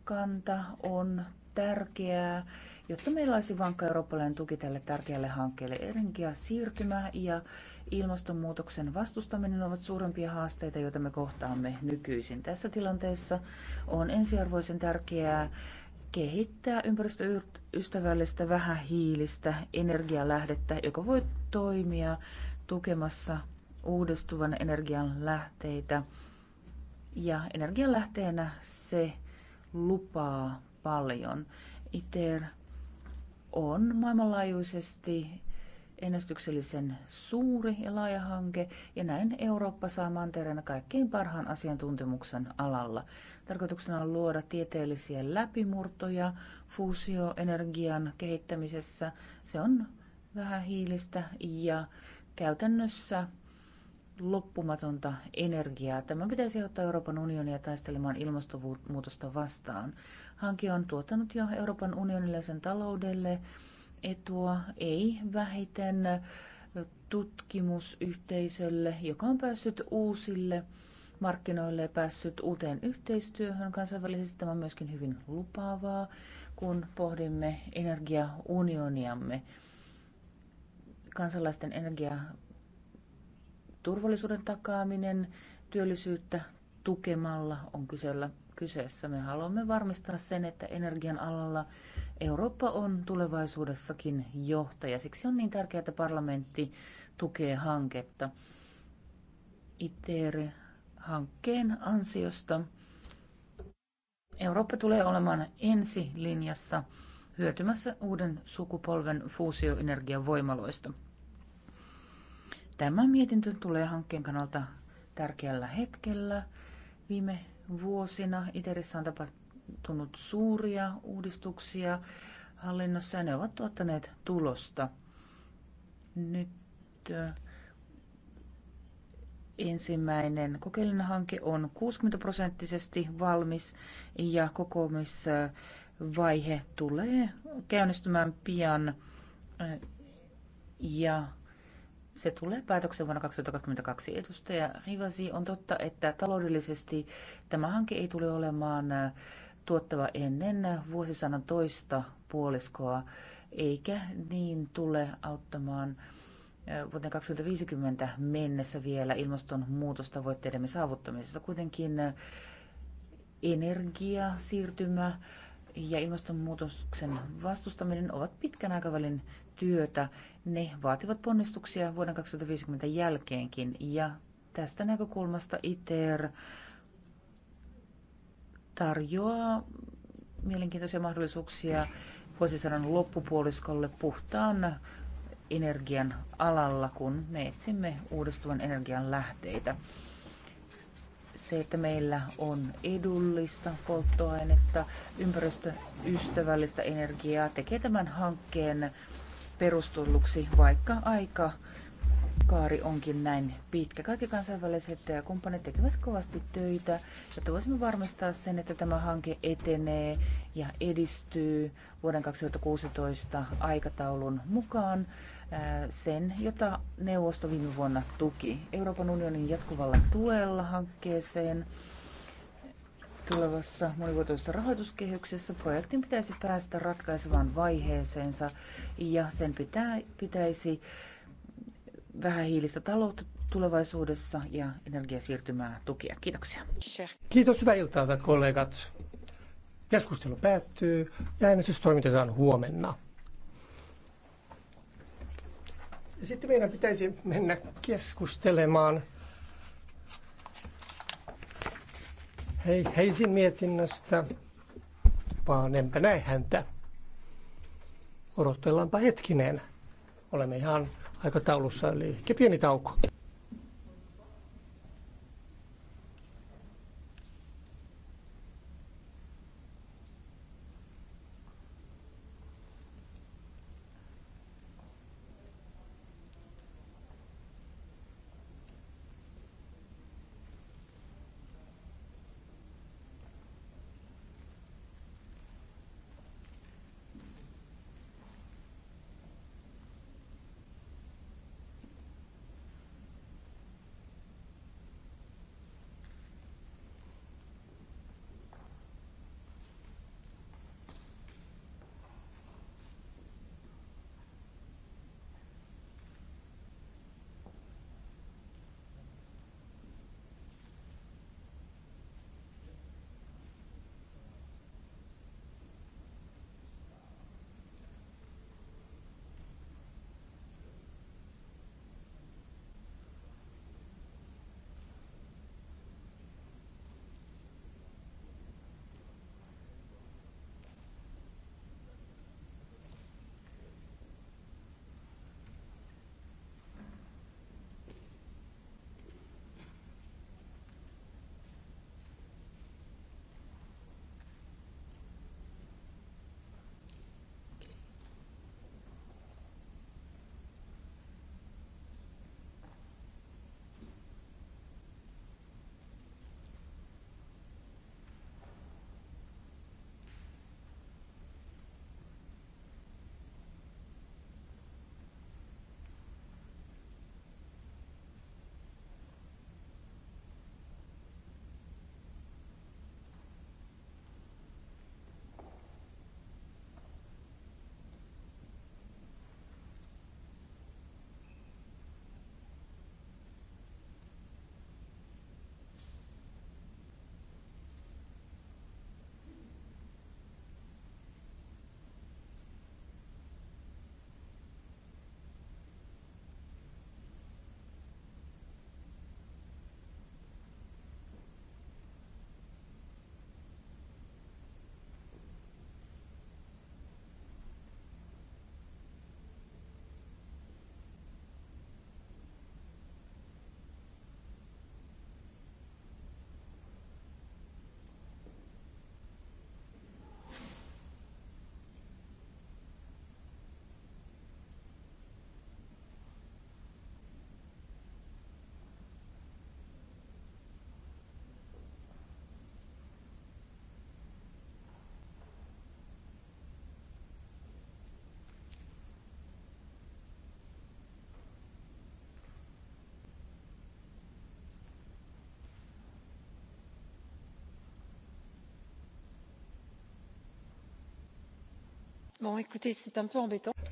Speaker 10: kanta on tärkeää jotta meillä olisi vankka eurooppalainen tuki tälle tärkeälle hankkeelle. Energia, siirtymä ja ilmastonmuutoksen vastustaminen ovat suurempia haasteita, joita me kohtaamme nykyisin. Tässä tilanteessa on ensiarvoisen tärkeää kehittää ympäristöystävällistä vähähiilistä energialähdettä, joka voi toimia tukemassa uudistuvan energian lähteitä. Ja energianlähteenä se lupaa paljon. ITER on maailmanlaajuisesti ennästyksellisen suuri ja laaja hanke, ja näin Eurooppa saa mantereena kaikkein parhaan asiantuntemuksen alalla. Tarkoituksena on luoda tieteellisiä läpimurtoja fuusioenergian kehittämisessä. Se on vähän hiilistä ja käytännössä loppumatonta energiaa. Tämä pitäisi ottaa Euroopan unionia taistelemaan ilmastonmuutosta vastaan. Hanke on tuottanut jo Euroopan unionille sen taloudelle etua, ei vähiten tutkimusyhteisölle, joka on päässyt uusille markkinoille ja päässyt uuteen yhteistyöhön kansainvälisesti. Tämä on myöskin hyvin lupaavaa, kun pohdimme energiaunioniamme. Kansalaisten energiaturvallisuuden takaaminen työllisyyttä tukemalla on kysellä kyseessä. Me haluamme varmistaa sen, että energian alalla Eurooppa on tulevaisuudessakin johtaja. Siksi on niin tärkeää, että parlamentti tukee hanketta. ITER-hankkeen ansiosta Eurooppa tulee olemaan ensi linjassa hyötymässä uuden sukupolven fuusioenergian voimaloista. Tämä mietintö tulee hankkeen kannalta tärkeällä hetkellä. Viime vuosina Iterissä on tapahtunut suuria uudistuksia hallinnossa ja ne ovat tuottaneet tulosta. Nyt ensimmäinen kokeellinen hanke on 60 prosenttisesti valmis ja kokoomisvaihe tulee käynnistymään pian ja se tulee päätöksen vuonna 2022. Edustaja Rivasi, on totta, että taloudellisesti tämä hanke ei tule olemaan äh, tuottava ennen vuosisadan toista puoliskoa, eikä niin tule auttamaan äh, vuoteen 2050 mennessä vielä ilmastonmuutostavoitteidemme saavuttamisessa. Kuitenkin äh, energia, siirtymä ja ilmastonmuutoksen vastustaminen ovat pitkän aikavälin työtä. Ne vaativat ponnistuksia vuoden 2050 jälkeenkin ja tästä näkökulmasta ITER tarjoaa mielenkiintoisia mahdollisuuksia vuosisadan loppupuoliskolle puhtaan energian alalla, kun me etsimme uudistuvan energian lähteitä. Se, että meillä on edullista polttoainetta, ympäristöystävällistä energiaa, tekee tämän hankkeen perustulluksi, vaikka aika kaari onkin näin pitkä. Kaikki kansainväliset kumppanit tekevät kovasti töitä, jotta voisimme varmistaa sen, että tämä hanke etenee ja edistyy vuoden 2016 aikataulun mukaan sen, jota neuvosto viime vuonna tuki Euroopan unionin jatkuvalla tuella hankkeeseen tulevassa monivuotoisessa rahoituskehyksessä projektin pitäisi päästä ratkaisevaan vaiheeseensa ja sen pitää, pitäisi vähähiilistä taloutta tulevaisuudessa ja energiasiirtymää tukea. Kiitoksia.
Speaker 5: Kiitos, hyvää iltaa, hyvät kollegat. Keskustelu päättyy ja äänestys toimitetaan huomenna. Sitten meidän pitäisi mennä keskustelemaan Hei, heisin mietinnöstä, vaan enpä näe häntä. Odotellaanpa hetkinen. Olemme ihan aikataulussa, eli pieni tauko.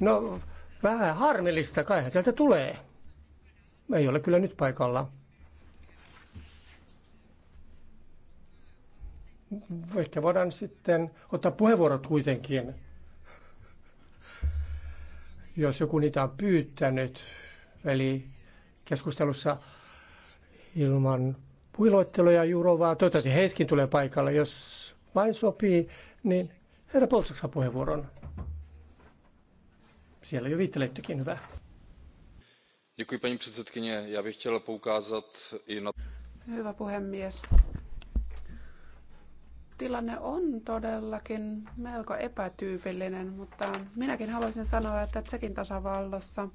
Speaker 5: No, vähän harmillista, kaihan sieltä tulee. Ei ole kyllä nyt paikalla. Ehkä voidaan sitten ottaa puheenvuorot kuitenkin, jos joku niitä on pyytänyt. Eli keskustelussa ilman puiloitteluja Jurovaa. Toivottavasti Heiskin tulee paikalle. Jos vain sopii, niin herra Poltsaksa puheenvuoron. Siellä jo viittelettekin, hyvä.
Speaker 7: paní předsedkyně. Já bych chtěl poukázat i na...
Speaker 5: Hyvä puhemies.
Speaker 13: Tilanne on todellakin melko epätyypillinen, mutta minäkin haluaisin sanoa, että Tsekin tasavallassa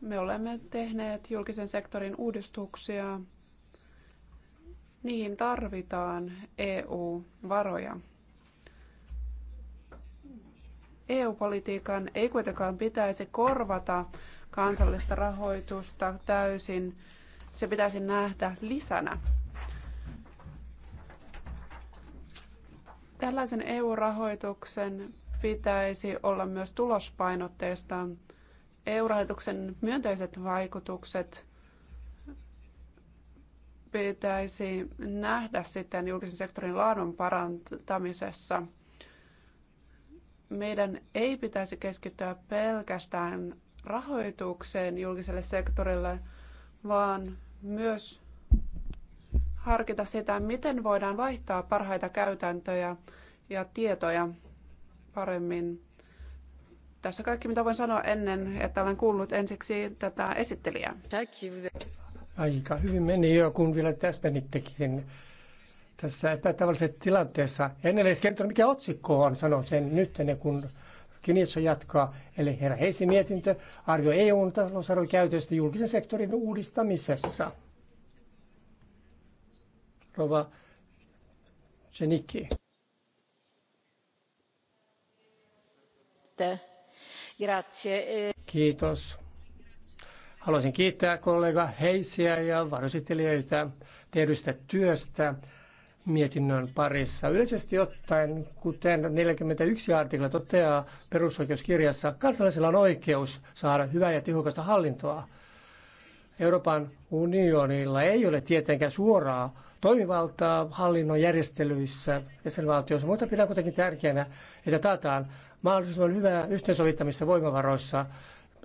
Speaker 13: me olemme tehneet julkisen sektorin uudistuksia. Niihin tarvitaan EU-varoja. EU-politiikan ei kuitenkaan pitäisi korvata kansallista rahoitusta täysin. Se pitäisi nähdä lisänä. Tällaisen EU-rahoituksen pitäisi olla myös tulospainotteista. EU-rahoituksen myönteiset vaikutukset pitäisi nähdä sitten julkisen sektorin laadun parantamisessa – meidän ei pitäisi keskittyä pelkästään rahoitukseen julkiselle sektorille, vaan myös harkita sitä, miten voidaan vaihtaa parhaita käytäntöjä ja tietoja paremmin. Tässä kaikki, mitä voin sanoa ennen, että olen kuullut ensiksi tätä esittelijää.
Speaker 5: Aika hyvin meni jo, kun vielä täsmänittekin tässä epätavallisessa tilanteessa. En edes kertonut, mikä otsikko on, sanon sen nyt ennen kuin Kinitso jatkaa. Eli herra Heisin mietintö arvioi EUn talousarvon käytöstä julkisen sektorin uudistamisessa. Rova Cenicki.
Speaker 9: Grazie.
Speaker 5: Kiitos. Haluaisin kiittää kollega Heisiä ja varjosittelijöitä tehdystä työstä mietinnön parissa. Yleisesti ottaen, kuten 41 artikla toteaa perusoikeuskirjassa, kansalaisilla on oikeus saada hyvää ja tehokasta hallintoa. Euroopan unionilla ei ole tietenkään suoraa toimivaltaa hallinnon järjestelyissä jäsenvaltioissa, mutta pidän kuitenkin tärkeänä, että taataan mahdollisimman hyvää yhteensovittamista voimavaroissa,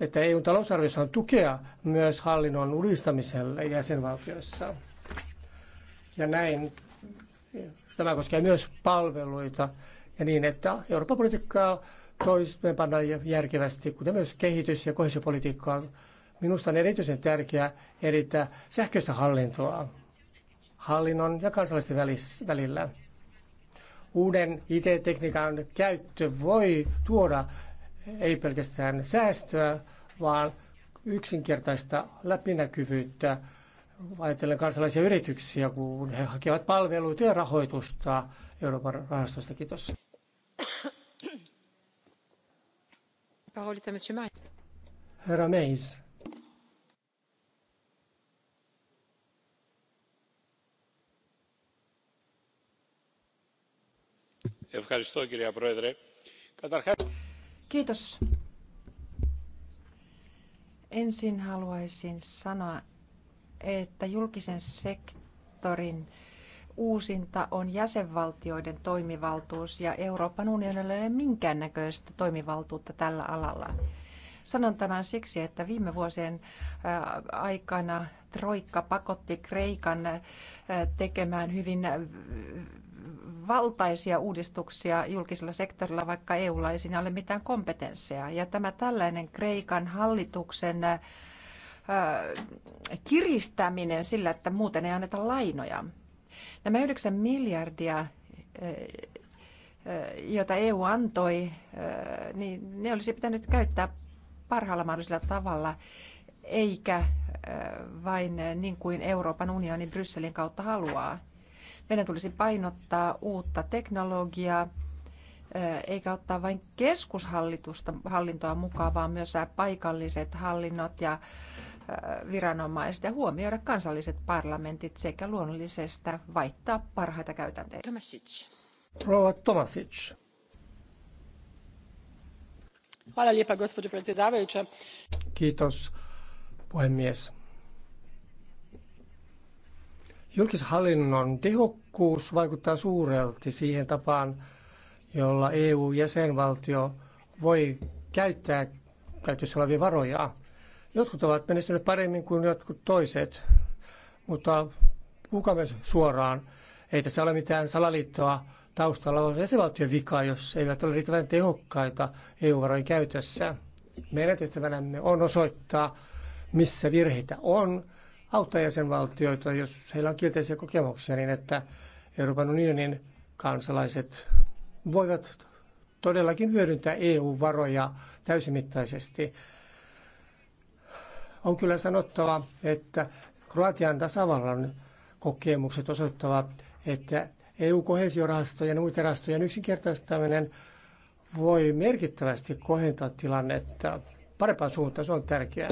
Speaker 5: että EUn talousarviossa on tukea myös hallinnon uudistamiselle jäsenvaltioissa. Ja näin Tämä koskee myös palveluita ja niin, että Euroopan politiikkaa toimeenpannaan järkevästi, kuten myös kehitys- ja kohesiopolitiikkaa. Minusta on erityisen tärkeää erittää sähköistä hallintoa hallinnon ja kansalaisten välillä. Uuden IT-tekniikan käyttö voi tuoda ei pelkästään säästöä, vaan yksinkertaista läpinäkyvyyttä ajatellen kansalaisia yrityksiä, kun he hakevat palveluita ja rahoitusta Euroopan rahastosta. Kiitos. Herra Meis.
Speaker 12: Kiitos. Ensin haluaisin sanoa, että julkisen sektorin uusinta on jäsenvaltioiden toimivaltuus ja Euroopan unionilla ei ole minkäännäköistä toimivaltuutta tällä alalla. Sanon tämän siksi, että viime vuosien aikana Troikka pakotti Kreikan tekemään hyvin valtaisia uudistuksia julkisella sektorilla, vaikka EUlla ei siinä ole mitään kompetensseja. Ja tämä tällainen Kreikan hallituksen kiristäminen sillä, että muuten ei anneta lainoja. Nämä 9 miljardia, joita EU antoi, niin ne olisi pitänyt käyttää parhaalla mahdollisella tavalla, eikä vain niin kuin Euroopan unioni Brysselin kautta haluaa. Meidän tulisi painottaa uutta teknologiaa, eikä ottaa vain keskushallitusta hallintoa mukaan, vaan myös paikalliset hallinnot ja viranomaiset ja huomioida kansalliset parlamentit sekä luonnollisesta vaihtaa parhaita käytänteitä. Tomasic. Rouva Tomasic. gospođo predsjedavajuća.
Speaker 5: Kiitos puhemies. Julkishallinnon tehokkuus vaikuttaa suurelti siihen tapaan, jolla EU-jäsenvaltio voi käyttää käytössä olevia varoja Jotkut ovat menestyneet paremmin kuin jotkut toiset, mutta kuka myös suoraan. Ei tässä ole mitään salaliittoa taustalla, vaan jäsenvaltion vika, jos eivät ole riittävän tehokkaita EU-varojen käytössä. Meidän tehtävänämme on osoittaa, missä virheitä on, auttaa jäsenvaltioita, jos heillä on kielteisiä kokemuksia, niin että Euroopan unionin kansalaiset voivat todellakin hyödyntää EU-varoja täysimittaisesti. On kyllä sanottava, että Kroatian tasavallan kokemukset osoittavat, että EU-kohesiorahastojen ja muiden rahastojen yksinkertaistaminen voi merkittävästi kohentaa tilannetta parempaan suuntaan. Se on tärkeää.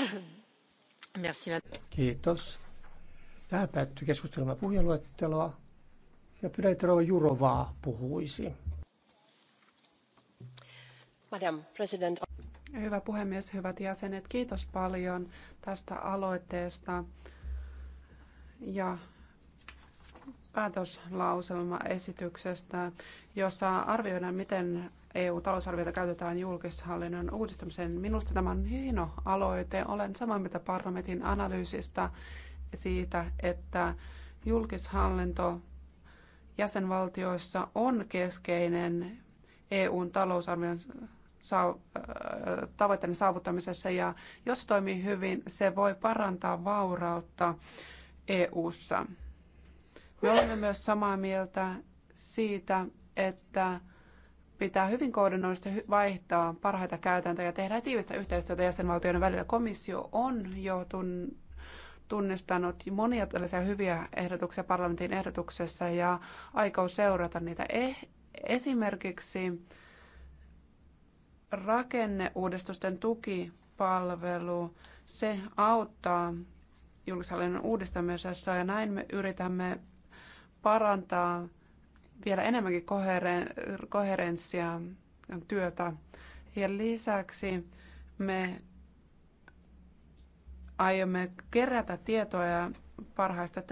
Speaker 5: <coughs> Merci. Kiitos. Tähän päättyy keskustelma puhujaluetteloa. Ja pyydän, että Jurovaa puhuisi.
Speaker 13: Madam President. Hyvä puhemies, hyvät jäsenet, kiitos paljon tästä aloitteesta ja päätöslauselmaesityksestä, jossa arvioidaan, miten EU-talousarviota käytetään julkishallinnon uudistamiseen. Minusta tämä on hieno aloite. Olen samaa mieltä parlamentin analyysistä siitä, että julkishallinto jäsenvaltioissa on keskeinen eu talousarvion tavoitteiden saavuttamisessa ja jos se toimii hyvin, se voi parantaa vaurautta EU:ssa. Me olemme myös samaa mieltä siitä, että pitää hyvin koordinoidusti vaihtaa parhaita käytäntöjä ja tehdä tiivistä yhteistyötä jäsenvaltioiden välillä. Komissio on jo tunnistanut monia tällaisia hyviä ehdotuksia parlamentin ehdotuksessa ja aikoo seurata niitä. Eh-, esimerkiksi rakenneuudistusten tukipalvelu, se auttaa julkishallinnon uudistamisessa ja näin me yritämme parantaa vielä enemmänkin koherenssia työtä. Ja lisäksi me aiomme kerätä tietoja parhaista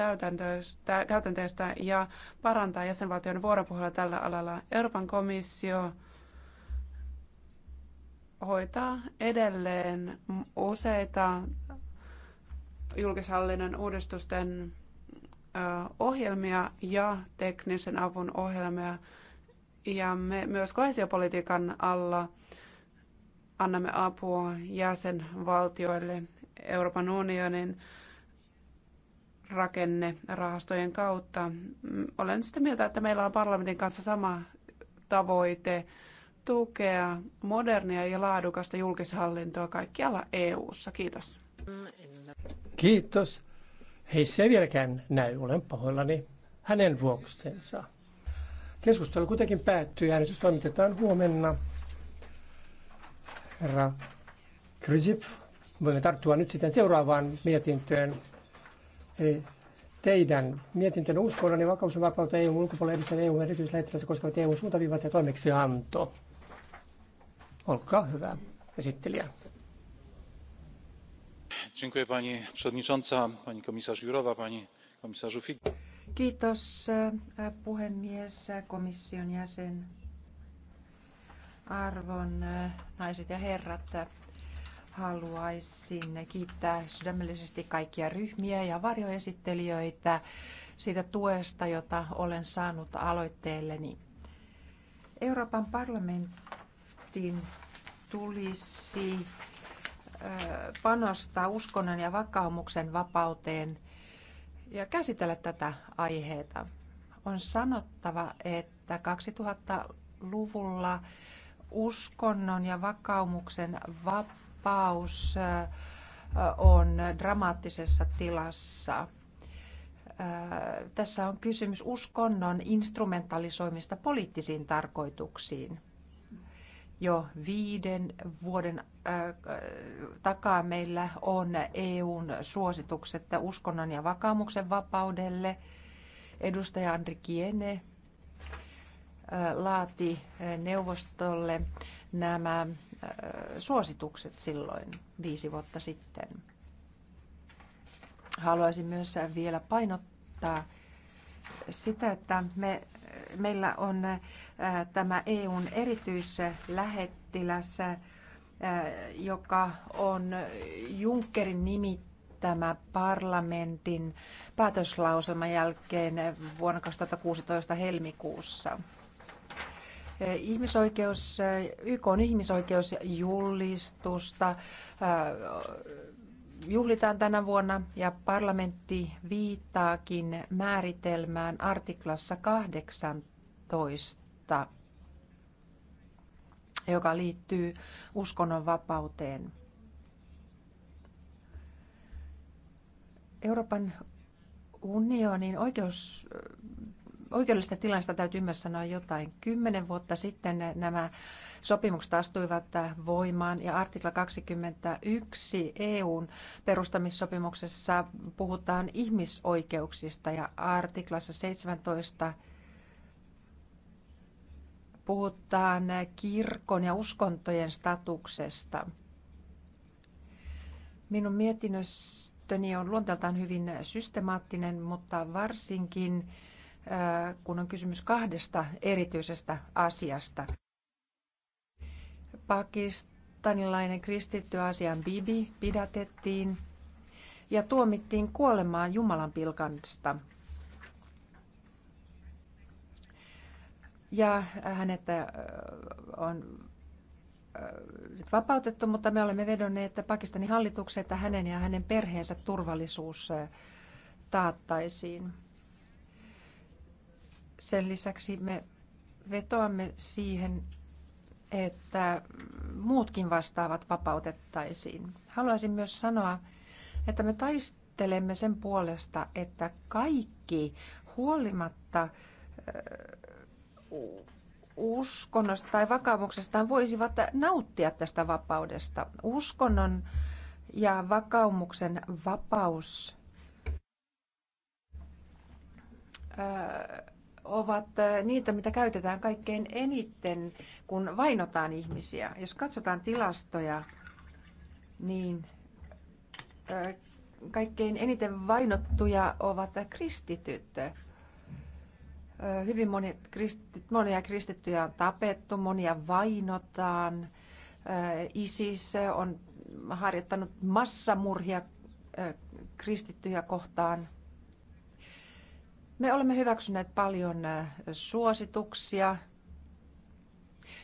Speaker 13: käytänteistä ja parantaa jäsenvaltioiden vuoropuhelua tällä alalla. Euroopan komissio hoitaa edelleen useita julkishallinnon uudistusten ohjelmia ja teknisen avun ohjelmia. Ja me myös kohesiopolitiikan alla annamme apua jäsenvaltioille Euroopan unionin rahastojen kautta. Mm, olen sitä mieltä, että meillä on parlamentin kanssa sama tavoite tukea modernia ja laadukasta julkishallintoa
Speaker 5: kaikkialla EU-ssa. Kiitos. Kiitos. Hei se vieläkään näy, olen pahoillani hänen vuokustensa. Keskustelu kuitenkin päättyy, äänestys toimitetaan huomenna. Herra Krysip, voimme tarttua nyt sitten seuraavaan mietintöön. Eli teidän mietintönne uskonnon ja vakaus ja vapautta EU ulkopuolella edistävän EU erityislähettilässä koskevat EU suuntaviivat ja toimeksianto. Olkaa hyvä, esittelijä.
Speaker 1: Dziękuję pani przewodnicząca, pani komisarz Jurowa, pani komisarzu Fick.
Speaker 12: Kiitos puhemies, komission jäsen, arvon naiset ja herrat. Haluaisin kiittää sydämellisesti kaikkia ryhmiä ja varjoesittelijöitä siitä tuesta, jota olen saanut aloitteelleni. Euroopan parlamentti Kristin tulisi panostaa uskonnon ja vakaumuksen vapauteen ja käsitellä tätä aiheeta. On sanottava, että 2000-luvulla uskonnon ja vakaumuksen vapaus on dramaattisessa tilassa. Tässä on kysymys uskonnon instrumentalisoimista poliittisiin tarkoituksiin jo viiden vuoden takaa meillä on EUn suositukset uskonnon ja vakaumuksen vapaudelle. Edustaja Andri Kiene laati neuvostolle nämä suositukset silloin viisi vuotta sitten. Haluaisin myös vielä painottaa sitä, että me meillä on äh, tämä EUn erityislähettiläs, äh, joka on Junckerin nimittämä parlamentin päätöslauselman jälkeen vuonna 2016 helmikuussa. Äh, ihmisoikeus, YK on ihmisoikeusjulistusta juhlitaan tänä vuonna ja parlamentti viittaakin määritelmään artiklassa 18, joka liittyy uskonnonvapauteen. Euroopan unionin oikeus oikeudellista tilanteesta täytyy myös sanoa jotain. Kymmenen vuotta sitten nämä sopimukset astuivat voimaan ja artikla 21 EUn perustamissopimuksessa puhutaan ihmisoikeuksista ja artiklassa 17 puhutaan kirkon ja uskontojen statuksesta. Minun mietinnössäni on luonteeltaan hyvin systemaattinen, mutta varsinkin Äh, kun on kysymys kahdesta erityisestä asiasta. Pakistanilainen kristitty asian Bibi pidätettiin ja tuomittiin kuolemaan Jumalan pilkasta. Ja hänet äh, on äh, nyt vapautettu, mutta me olemme vedonneet että Pakistanin hallitukset, että hänen ja hänen perheensä turvallisuus taattaisiin. Sen lisäksi me vetoamme siihen, että muutkin vastaavat vapautettaisiin. Haluaisin myös sanoa, että me taistelemme sen puolesta, että kaikki huolimatta uskonnosta tai vakaumuksestaan voisivat nauttia tästä vapaudesta. Uskonnon ja vakaumuksen vapaus öö, ovat niitä, mitä käytetään kaikkein eniten, kun vainotaan ihmisiä. Jos katsotaan tilastoja, niin kaikkein eniten vainottuja ovat kristityt. Hyvin monet kristit, monia kristittyjä on tapettu, monia vainotaan. ISIS on harjoittanut massamurhia kristittyjä kohtaan – me olemme hyväksyneet paljon suosituksia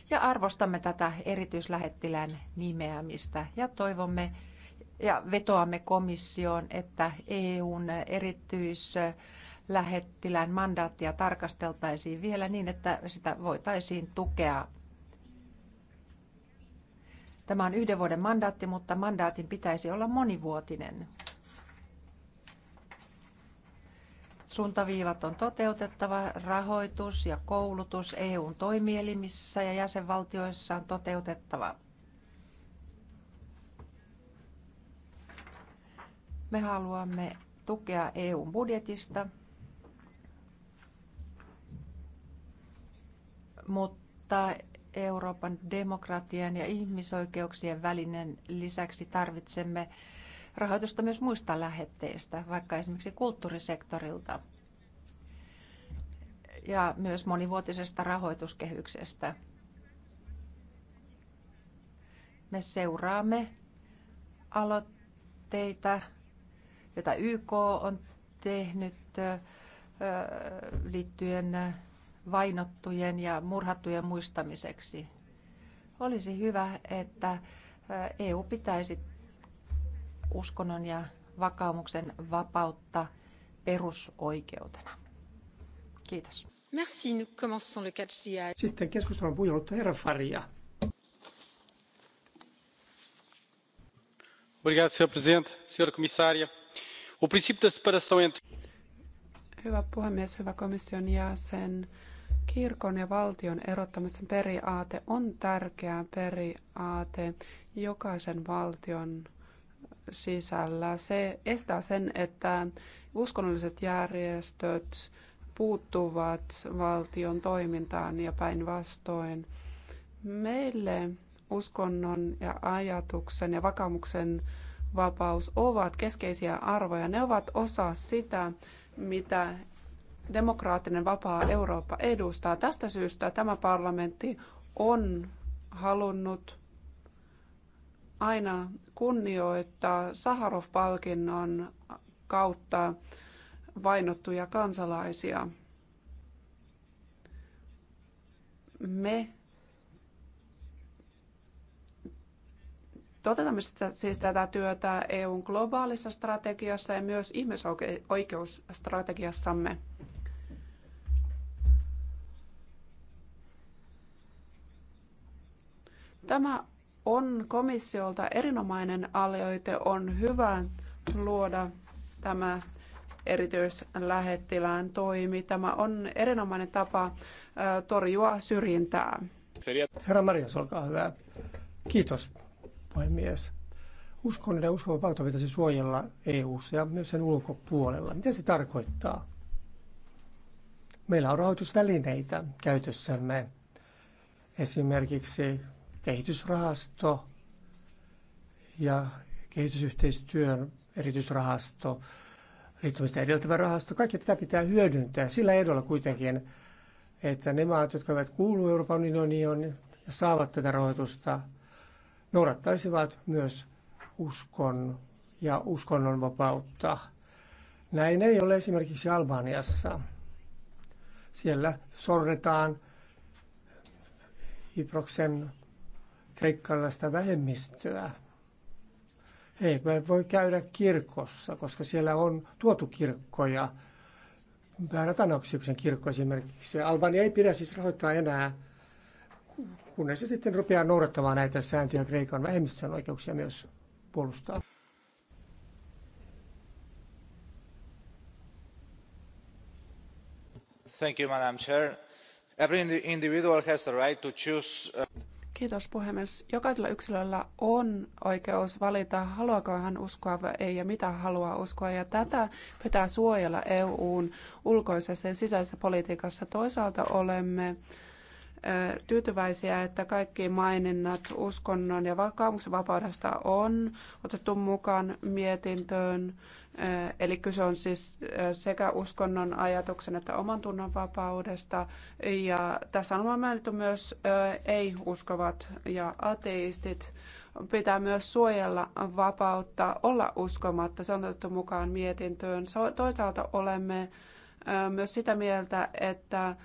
Speaker 12: ja arvostamme tätä erityislähettilään nimeämistä ja toivomme ja vetoamme komissioon, että EUn erityislähettilään mandaattia tarkasteltaisiin vielä niin, että sitä voitaisiin tukea. Tämä on yhden vuoden mandaatti, mutta mandaatin pitäisi olla monivuotinen. Suuntaviivat on toteutettava, rahoitus ja koulutus EUn toimielimissä ja jäsenvaltioissa on toteutettava. Me haluamme tukea EUn budjetista, mutta Euroopan demokratian ja ihmisoikeuksien välinen lisäksi tarvitsemme rahoitusta myös muista lähetteistä, vaikka esimerkiksi kulttuurisektorilta ja myös monivuotisesta rahoituskehyksestä. Me seuraamme aloitteita, joita YK on tehnyt liittyen vainottujen ja murhattujen muistamiseksi. Olisi hyvä, että EU pitäisi uskonnon ja vakaumuksen vapautta
Speaker 5: perusoikeutena. Kiitos.
Speaker 8: Merci, nous commençons le catch Sitten
Speaker 5: keskustelun puhujalutta herra Faria.
Speaker 6: Obrigado, senhor presidente, senhora comissária. O princípio da separação entre...
Speaker 13: Hyvä puhemies, hyvä komission jäsen. Kirkon ja valtion erottamisen periaate on tärkeä periaate jokaisen valtion sisällä. Se estää sen, että uskonnolliset järjestöt puuttuvat valtion toimintaan ja päinvastoin. Meille uskonnon ja ajatuksen ja vakamuksen vapaus ovat keskeisiä arvoja. Ne ovat osa sitä, mitä demokraattinen vapaa Eurooppa edustaa. Tästä syystä tämä parlamentti on halunnut aina kunnioittaa Saharov-palkinnon kautta vainottuja kansalaisia. Me toteutamme sitä, siis tätä työtä EUn globaalissa strategiassa ja myös ihmisoikeusstrategiassamme. Tämä on komissiolta erinomainen aloite. On hyvä luoda tämä erityislähettilään toimi. Tämä on erinomainen tapa torjua syrjintää.
Speaker 5: Herra Maria olkaa hyvä. Kiitos, puhemies. Uskon ja uskon pitäisi suojella eu ja myös sen ulkopuolella. Mitä se tarkoittaa? Meillä on rahoitusvälineitä käytössämme. Esimerkiksi kehitysrahasto ja kehitysyhteistyön erityisrahasto, liittymistä edeltävä rahasto, kaikki tätä pitää hyödyntää sillä ehdolla kuitenkin, että ne maat, jotka eivät kuulu Euroopan unioniin ja saavat tätä rahoitusta, noudattaisivat myös uskon ja uskonnonvapautta. Näin ei ole esimerkiksi Albaniassa. Siellä sorretaan hiproksen kreikkalaista vähemmistöä. He eivät voi käydä kirkossa, koska siellä on tuotu kirkkoja. Pääratanosyksen kirkko esimerkiksi. Albania ei pidä siis rahoittaa enää, kunnes se sitten rupeaa noudattamaan näitä sääntöjä Kreikan vähemmistön oikeuksia myös puolustaa.
Speaker 6: Thank you, Madam Chair. Every individual has the right to choose. Uh,
Speaker 13: Kiitos puhemies. Jokaisella yksilöllä on oikeus valita, haluaako hän uskoa vai ei ja mitä haluaa uskoa. Ja tätä pitää suojella EUn ulkoisessa ja sisäisessä politiikassa. Toisaalta olemme tyytyväisiä, että kaikki maininnat uskonnon ja vakaumuksen vapaudesta on otettu mukaan mietintöön. Eli kyse on siis sekä uskonnon ajatuksen että oman tunnon vapaudesta. Ja tässä on mainittu myös ei-uskovat ja ateistit. Pitää myös suojella vapautta olla uskomatta. Se on otettu mukaan mietintöön. Toisaalta olemme myös sitä mieltä, että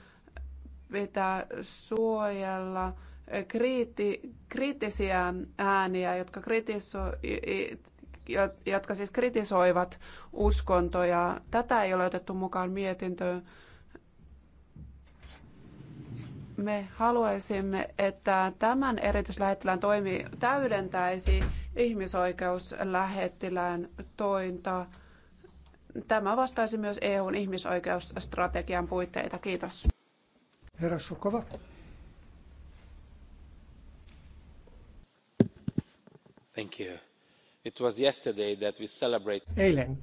Speaker 13: pitää suojella kriitti, kriittisiä ääniä, jotka kritisoivat jotka siis kritisoivat uskontoja. Tätä ei ole otettu mukaan mietintöön. Me haluaisimme, että tämän erityislähettilään toimi täydentäisi ihmisoikeuslähettilään tointa. Tämä vastaisi myös EUn ihmisoikeusstrategian puitteita. Kiitos.
Speaker 5: Herra Sukova.
Speaker 6: Thank you. It was yesterday that we celebrate...
Speaker 5: Eilen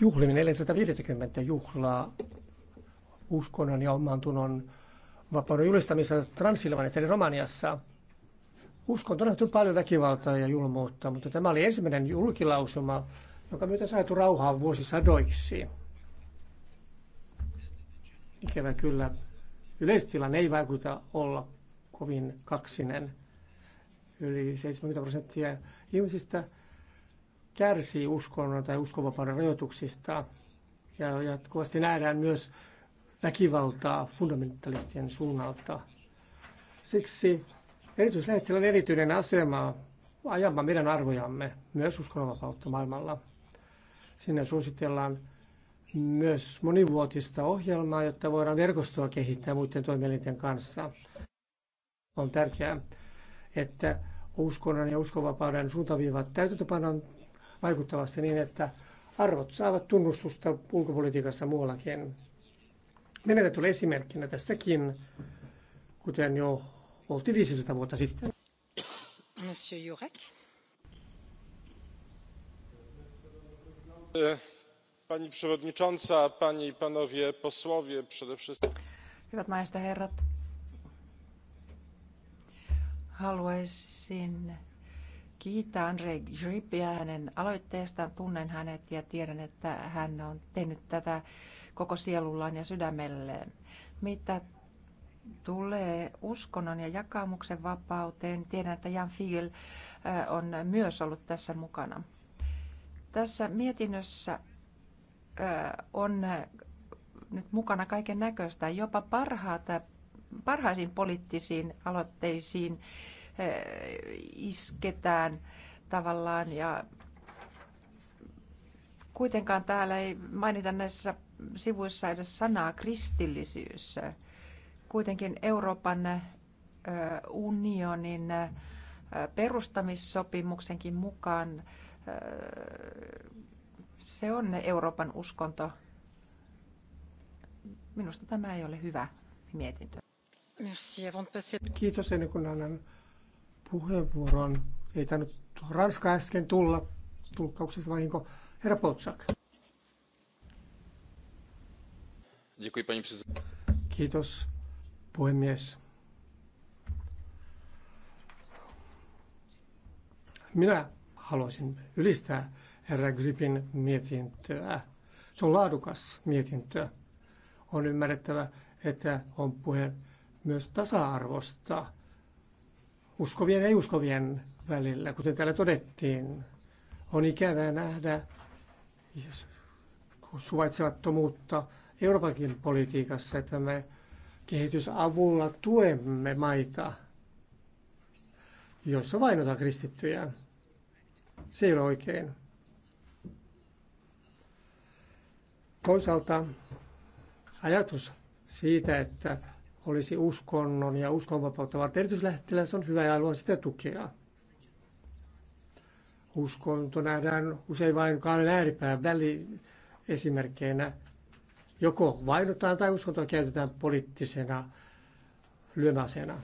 Speaker 5: juhlimme 450 juhlaa uskonnon ja oman tunnon vapauden julistamisessa Transilvaniassa eli Romaniassa. Uskonto nähty paljon väkivaltaa ja julmuutta, mutta tämä oli ensimmäinen julkilausuma, jonka myötä saatu rauhaa vuosisadoiksi. Ikävä kyllä yleistilanne ei vaikuta olla kovin kaksinen. Yli 70 prosenttia ihmisistä kärsii uskonnon tai uskonvapauden rajoituksista. Ja jatkuvasti nähdään myös väkivaltaa fundamentalistien suunnalta. Siksi erityislähettilä on erityinen asema ajamaan meidän arvojamme, myös uskonnonvapautta maailmalla. Sinne suositellaan myös monivuotista ohjelmaa, jotta voidaan verkostoa kehittää muiden toimielinten kanssa. On tärkeää, että uskonnon ja uskonvapauden suuntaviivat täytäntöpanon vaikuttavasti niin, että arvot saavat tunnustusta ulkopolitiikassa muuallakin. Menetetty esimerkkinä tässäkin, kuten jo oltiin 500 vuotta sitten.
Speaker 9: Monsieur Jurek.
Speaker 7: E, pani przewodnicząca, pani i panowie posłowie, przede wszystkim.
Speaker 12: Hyvät naiset ja herrat, Haluaisin kiittää Andre Grippiä hänen aloitteestaan. Tunnen hänet ja tiedän, että hän on tehnyt tätä koko sielullaan ja sydämelleen. Mitä tulee uskonnon ja jakamuksen vapauteen, tiedän, että Jan Fiel äh, on myös ollut tässä mukana. Tässä mietinnössä äh, on nyt mukana kaiken näköistä, jopa parhaat parhaisiin poliittisiin aloitteisiin isketään tavallaan ja kuitenkaan täällä ei mainita näissä sivuissa edes sanaa kristillisyys. Kuitenkin Euroopan unionin perustamissopimuksenkin mukaan se on Euroopan uskonto.
Speaker 5: Minusta tämä ei ole hyvä mietintö. Kiitos ennen kuin annan puheenvuoron. Ei tainnut Ranska äsken tulla tulkkauksessa vahinko. Herra Poltsak. Kiitos puhemies. Minä haluaisin ylistää herra Gripin mietintöä. Se on laadukas mietintö. On ymmärrettävä, että on puhe myös tasa-arvosta uskovien ja ei-uskovien välillä, kuten täällä todettiin. On ikävää nähdä suvaitsevattomuutta Euroopankin politiikassa, että me kehitysavulla tuemme maita, joissa vainotaan kristittyjä. Se ei ole oikein. Toisaalta ajatus siitä, että olisi uskonnon ja uskonvapautta varten erityislähettiläs on hyvä ja haluan sitä tukea. Uskonto nähdään usein vain kahden ääripään väliin esimerkkeinä. Joko vainotaan tai uskontoa käytetään poliittisena lyömäsenä.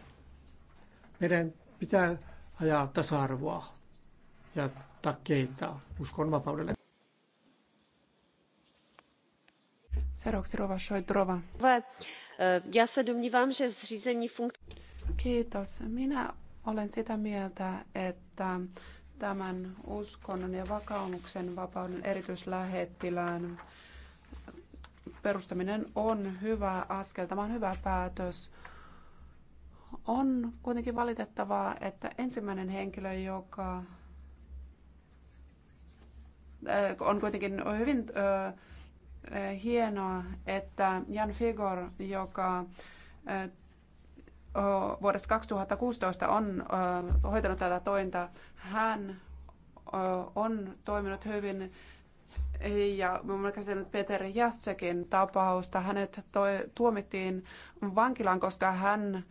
Speaker 5: Meidän pitää ajaa tasa-arvoa ja takkeita uskonvapaudelle. Seuraavaksi Rova Shoitrova.
Speaker 9: Eh, já se domnívám, že zřízení
Speaker 13: funkce... Kiitos. Minä olen sitä mieltä, että tämän uskonnon ja vakaumuksen vapauden erityislähettilään perustaminen on hyvä askel. Tämä on hyvä päätös. On kuitenkin valitettavaa, että ensimmäinen henkilö, joka eh, on kuitenkin hyvin eh, Eh, hienoa, että Jan Figor, joka eh, vuodesta 2016 on eh, hoitanut tätä tointa, hän on toiminut hyvin ja se, että Peter Jastsekin tapausta. Hänet toi, tuomittiin vankilaan, koska hän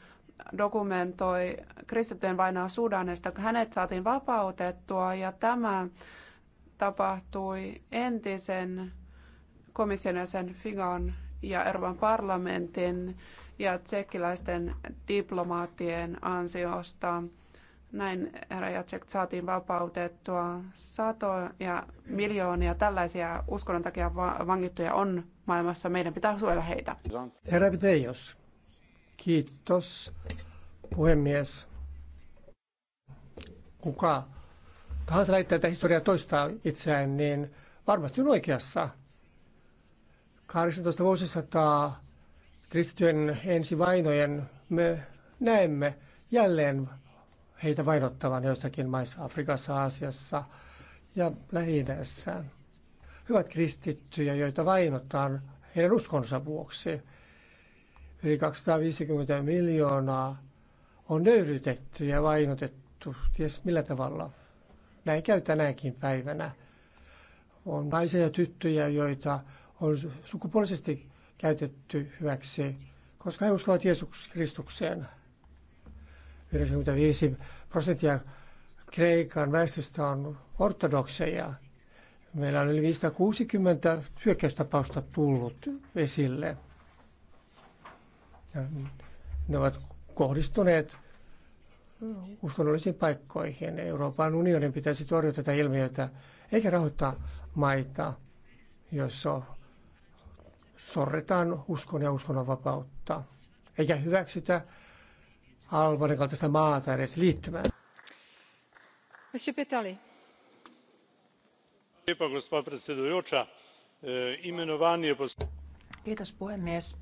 Speaker 13: dokumentoi kristittyjen vainaa Sudanista. Hänet saatiin vapautettua ja tämä tapahtui entisen komission jäsen Figon ja Euroopan parlamentin ja tsekkiläisten diplomaattien ansiosta. Näin herra Jacek saatiin vapautettua. Satoja miljoonia tällaisia uskonnon takia vangittuja on maailmassa. Meidän pitää suojella heitä.
Speaker 5: Herra Piteios, kiitos puhemies. Kuka tahansa väittää, että historia toistaa itseään, niin varmasti on oikeassa. 18 vuosisataa kristittyjen ensivainojen me näemme jälleen heitä vainottavan joissakin maissa, Afrikassa, Aasiassa ja lähi -idässä. Hyvät kristittyjä, joita vainotaan heidän uskonsa vuoksi. Yli 250 miljoonaa on nöyrytetty ja vainotettu, ties millä tavalla. Näin käy tänäänkin päivänä. On naisia ja tyttöjä, joita on sukupuolisesti käytetty hyväksi, koska he uskovat Jeesus Kristukseen. 95 prosenttia Kreikan väestöstä on ortodokseja. Meillä on yli 560 hyökkäystapausta tullut esille. Ja ne ovat kohdistuneet uskonnollisiin paikkoihin. Euroopan unionin pitäisi torjua tätä ilmiötä, eikä rahoittaa maita, joissa sorretaan uskon ja uskonnon vapautta, eikä hyväksytä Albanian kaltaista maata edes liittymään.
Speaker 8: Monsieur Petali.
Speaker 7: E,
Speaker 12: Kiitos puhemies.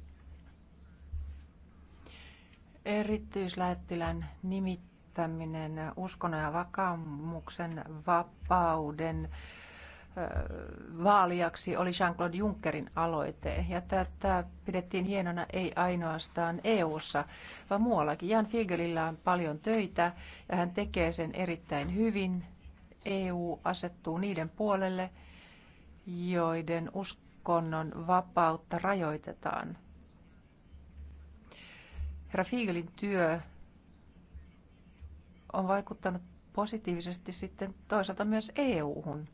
Speaker 12: Erityislähettilän nimittäminen uskonnon ja vakaumuksen vapauden vaalijaksi oli Jean-Claude Junckerin aloite. Ja tätä pidettiin hienona ei ainoastaan EU-ssa, vaan muuallakin. Jan Figelillä on paljon töitä ja hän tekee sen erittäin hyvin. EU asettuu niiden puolelle, joiden uskonnon vapautta rajoitetaan. Herra Fiegelin työ on vaikuttanut positiivisesti sitten toisaalta myös EU-hun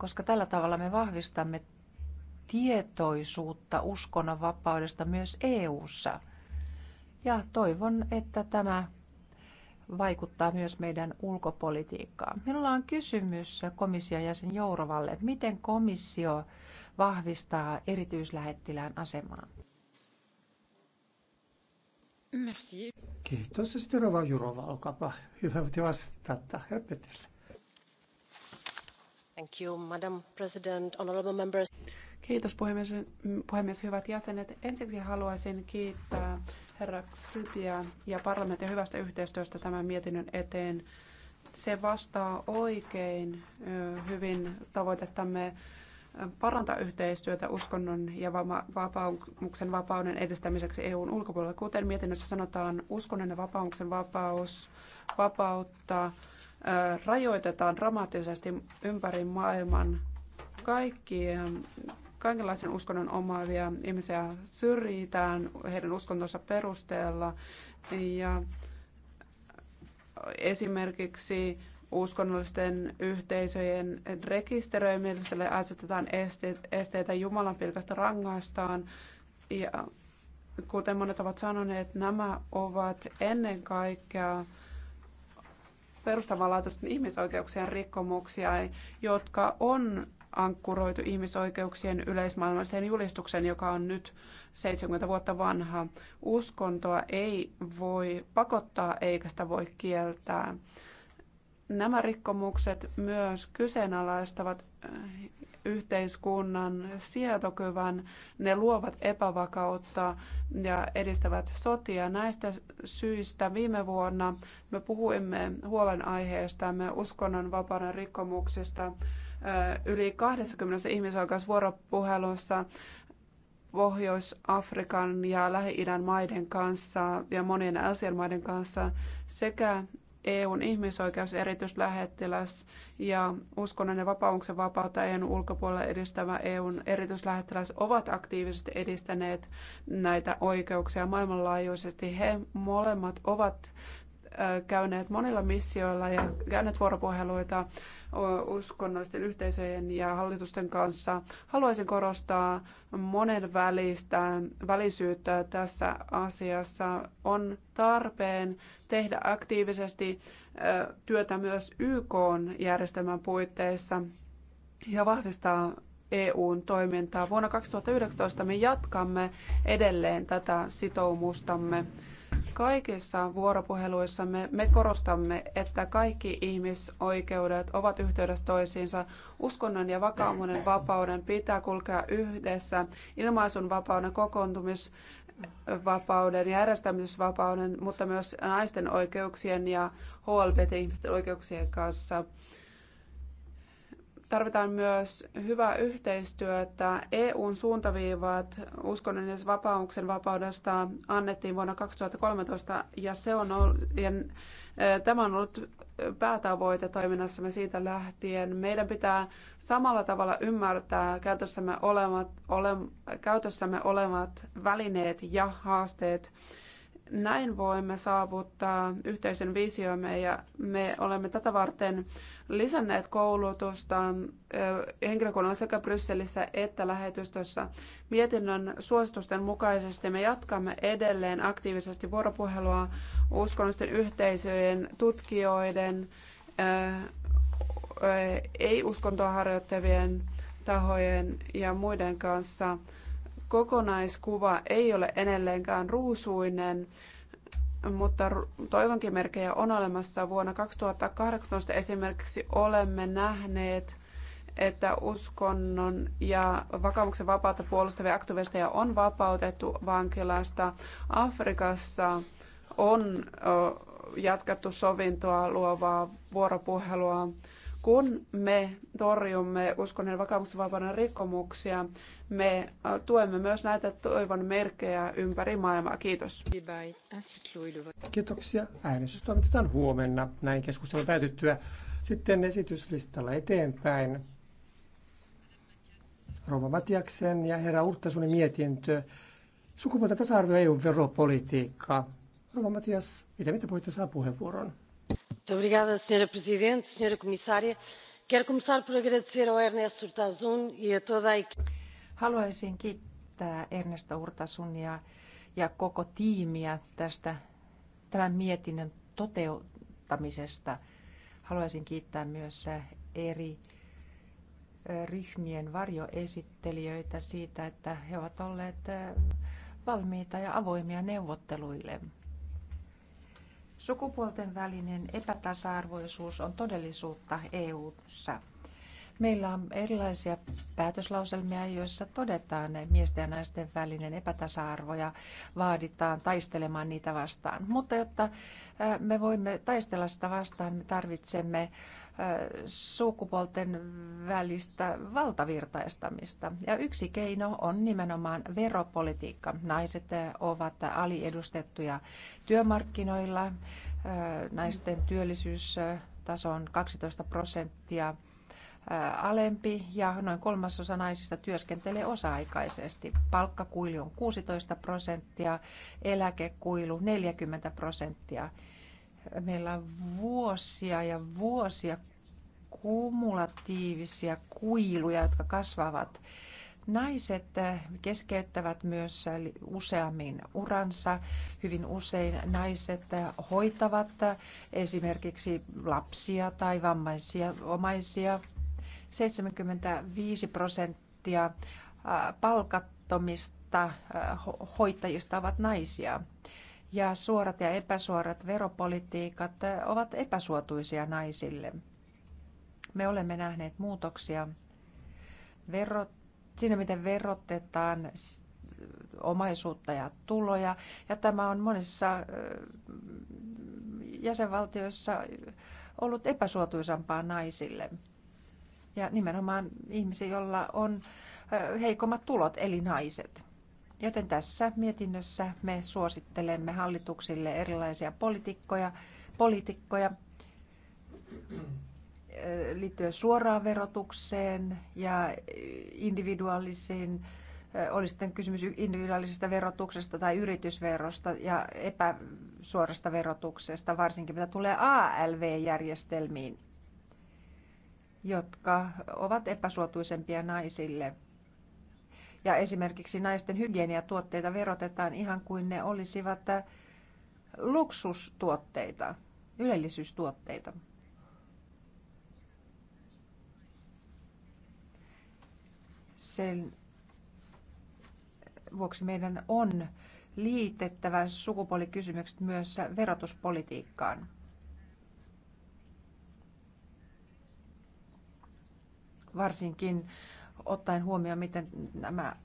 Speaker 12: koska tällä tavalla me vahvistamme tietoisuutta uskonnonvapaudesta myös EU:ssa. Ja toivon, että tämä vaikuttaa myös meidän ulkopolitiikkaan. Minulla on kysymys komission jäsen Jourovalle. Miten komissio vahvistaa
Speaker 5: erityislähettilään asemaa? Merci. Kiitos. Sitten Rova Jurova, olkaapa hyvä vastata. Herra
Speaker 13: Kiitos puhemies, puhemies, hyvät jäsenet. Ensiksi haluaisin kiittää herra Xrypia ja parlamentin hyvästä yhteistyöstä tämän mietinnön eteen. Se vastaa oikein hyvin tavoitettamme parantaa yhteistyötä uskonnon ja vapauksen vapauden edistämiseksi EUn ulkopuolella. Kuten mietinnössä sanotaan, uskonnon ja vapauksen vapaus, vapautta rajoitetaan dramaattisesti ympäri maailman. Kaikki, kaikenlaisen uskonnon omaavia ihmisiä syrjitään heidän uskontonsa perusteella. Ja esimerkiksi uskonnollisten yhteisöjen rekisteröimiselle asetetaan esteitä, Jumalan pilkasta rangaistaan. Ja kuten monet ovat sanoneet, nämä ovat ennen kaikkea perustavanlaatuisten ihmisoikeuksien rikkomuksia, jotka on ankkuroitu ihmisoikeuksien yleismaailmalliseen julistukseen, joka on nyt 70 vuotta vanha. Uskontoa ei voi pakottaa eikä sitä voi kieltää. Nämä rikkomukset myös kyseenalaistavat yhteiskunnan sietokyvän. Ne luovat epävakautta ja edistävät sotia. Näistä syistä viime vuonna me puhuimme uskonnon uskonnonvapauden rikkomuksista yli 20 ihmisoikeusvuoropuhelussa Pohjois-Afrikan ja Lähi-idän maiden kanssa ja monien Aasian maiden kanssa sekä EUn ihmisoikeuserityslähettiläs ja uskonnon ja vapauksen vapautta EUn ulkopuolella edistävä EUn erityislähettiläs ovat aktiivisesti edistäneet näitä oikeuksia maailmanlaajuisesti. He molemmat ovat käyneet monilla missioilla ja käyneet vuoropuheluita uskonnollisten yhteisöjen ja hallitusten kanssa. Haluaisin korostaa monen välistä välisyyttä tässä asiassa. On tarpeen tehdä aktiivisesti työtä myös YK-järjestelmän puitteissa ja vahvistaa EUn toimintaa. Vuonna 2019 me jatkamme edelleen tätä sitoumustamme. Kaikissa vuoropuheluissamme me korostamme, että kaikki ihmisoikeudet ovat yhteydessä toisiinsa. Uskonnon ja vakaumuuden vapauden pitää kulkea yhdessä ilmaisun vapauden, kokoontumis- vapauden, järjestämisvapauden, mutta myös naisten oikeuksien ja HLBT-ihmisten oikeuksien kanssa. Tarvitaan myös hyvää yhteistyötä. EUn suuntaviivat uskonnollisen vapauksen vapaudesta annettiin vuonna 2013 ja, se on ollut, ja Tämä on ollut päätavoite toiminnassamme siitä lähtien. Meidän pitää samalla tavalla ymmärtää käytössämme olevat, ole, käytössämme olevat välineet ja haasteet. Näin voimme saavuttaa yhteisen visiomme ja me olemme tätä varten lisänneet koulutusta henkilökunnalla sekä Brysselissä että lähetystössä. Mietinnön suositusten mukaisesti me jatkamme edelleen aktiivisesti vuoropuhelua uskonnollisten yhteisöjen, tutkijoiden, ei-uskontoa harjoittavien tahojen ja muiden kanssa. Kokonaiskuva ei ole edelleenkään ruusuinen mutta toivonkin merkejä on olemassa. Vuonna 2018 esimerkiksi olemme nähneet, että uskonnon ja vakaumuksen vapautta puolustavia aktivisteja on vapautettu vankilasta. Afrikassa on jatkettu sovintoa luovaa vuoropuhelua kun me torjumme uskonnon vakaumusten rikkomuksia, me tuemme myös näitä toivon merkkejä ympäri maailmaa. Kiitos.
Speaker 5: Kiitoksia. Äänestys toimitetaan huomenna. Näin keskustelun päätyttyä. Sitten esityslistalla eteenpäin. Rova Matiaksen ja herra Urttasunin mietintö. Sukupuolten tasa-arvo eu veropolitiikkaa Rova Matias, mitä mitä puhuitte saa puheenvuoron?
Speaker 9: senhora presidente senhora
Speaker 12: komissaari e haluaisin kiittää ernesto urtasunia ja koko tiimiä tästä tämän mietinnön toteuttamisesta. haluaisin kiittää myös eri ryhmien varjoesittelijöitä siitä että he ovat olleet valmiita ja avoimia neuvotteluille. Sukupuolten välinen epätasa-arvoisuus on todellisuutta EU:ssa. Meillä on erilaisia päätöslauselmia, joissa todetaan miesten ja naisten välinen epätasa-arvo ja vaaditaan taistelemaan niitä vastaan. Mutta jotta me voimme taistella sitä vastaan, me tarvitsemme sukupuolten välistä valtavirtaistamista. Ja yksi keino on nimenomaan veropolitiikka. Naiset ovat aliedustettuja työmarkkinoilla. Naisten työllisyystaso on 12 prosenttia alempi ja noin kolmasosa naisista työskentelee osa-aikaisesti. Palkkakuilu on 16 prosenttia, eläkekuilu 40 prosenttia meillä on vuosia ja vuosia kumulatiivisia kuiluja, jotka kasvavat. Naiset keskeyttävät myös useammin uransa. Hyvin usein naiset hoitavat esimerkiksi lapsia tai vammaisia omaisia. 75 prosenttia palkattomista hoitajista ovat naisia ja suorat ja epäsuorat veropolitiikat ovat epäsuotuisia naisille. Me olemme nähneet muutoksia Verro, siinä, miten verotetaan omaisuutta ja tuloja. Ja tämä on monissa jäsenvaltioissa ollut epäsuotuisampaa naisille. Ja nimenomaan ihmisiä, joilla on heikommat tulot, eli naiset. Joten tässä mietinnössä me suosittelemme hallituksille erilaisia poliitikkoja, poliitikkoja liittyen suoraan verotukseen ja individuaalisiin, oli sitten kysymys individuaalisesta verotuksesta tai yritysverosta ja epäsuorasta verotuksesta, varsinkin mitä tulee ALV-järjestelmiin, jotka ovat epäsuotuisempia naisille. Ja esimerkiksi naisten hygieniatuotteita verotetaan ihan kuin ne olisivat luksustuotteita, ylellisyystuotteita. Sen vuoksi meidän on liitettävä sukupuolikysymykset myös verotuspolitiikkaan. Varsinkin ottaen huomioon, miten nämä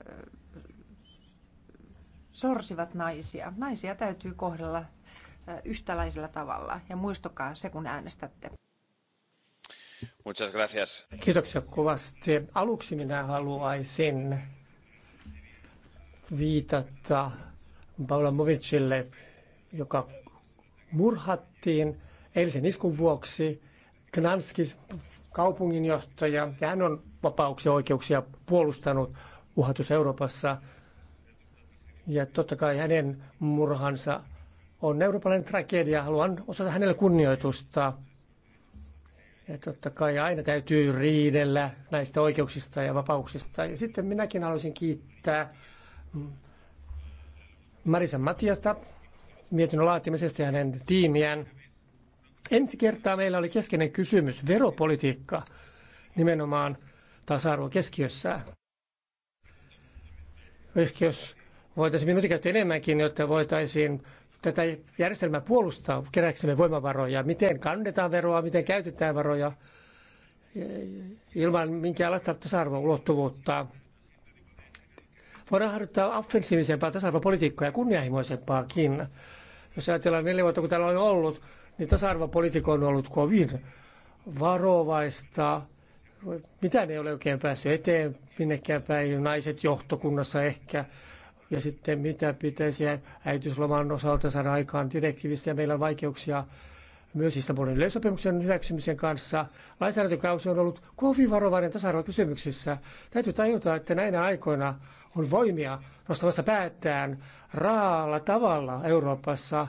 Speaker 12: sorsivat naisia. Naisia täytyy kohdella
Speaker 5: yhtäläisellä tavalla ja muistakaa se, kun äänestätte.
Speaker 1: Muchas gracias.
Speaker 5: Kiitoksia kovasti. Aluksi minä haluaisin viitata Paula Movicille, joka murhattiin eilisen iskun vuoksi. Knanskis kaupunginjohtaja, ja hän on vapauksia oikeuksia puolustanut uhatus Euroopassa. Ja totta kai hänen murhansa on eurooppalainen tragedia. Haluan osata hänelle kunnioitusta. Ja totta kai aina täytyy riidellä näistä oikeuksista ja vapauksista. Ja sitten minäkin haluaisin kiittää Marisa Matiasta mietinnön laatimisesta ja hänen tiimiään. Ensi kertaa meillä oli keskeinen kysymys, veropolitiikka, nimenomaan tasa-arvo keskiössä. Ehkä jos voitaisiin minuutin käyttää enemmänkin, jotta voitaisiin tätä järjestelmää puolustaa keräksemme voimavaroja, miten kannetaan veroa, miten käytetään varoja ilman minkäänlaista tasa-arvoulottuvuutta. Voidaan harjoittaa offensiivisempaa tasa-arvopolitiikkaa ja kunnianhimoisempaakin. Jos ajatellaan neljä vuotta, kun täällä on ollut, niin tasa-arvopolitiikka on ollut kovin varovaista. Mitään ei ole oikein päässyt eteen minnekään päin. Naiset johtokunnassa ehkä ja sitten mitä pitäisi äitiysloman osalta saada aikaan direktiivistä. Ja meillä on vaikeuksia myös Istanbulin yleissopimuksen hyväksymisen kanssa. Lainsäädäntökausi on ollut kovin varovainen tasa-arvokysymyksissä. Täytyy tajuta, että näinä aikoina on voimia nostamassa päättään raalla tavalla Euroopassa.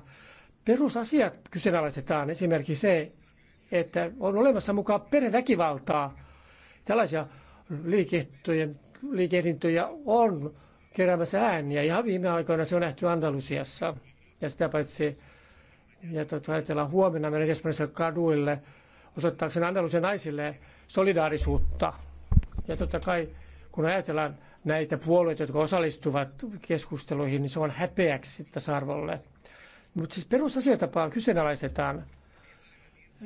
Speaker 5: Perusasiat kyseenalaistetaan, esimerkiksi se, että on olemassa mukaan perheväkivaltaa. Tällaisia liikehdintöjä on keräämässä ääniä. Ihan viime aikoina se on nähty Andalusiassa. Ja sitä paitsi, ja tuota, ajatellaan huomenna meidän Espanjassa kaduille osoittaakseen Andalusian naisille solidaarisuutta. Ja totta kai, kun ajatellaan näitä puolueita, jotka osallistuvat keskusteluihin, niin se on häpeäksi tasa-arvolle. Mutta siis perusasiatapaan kyseenalaistetaan.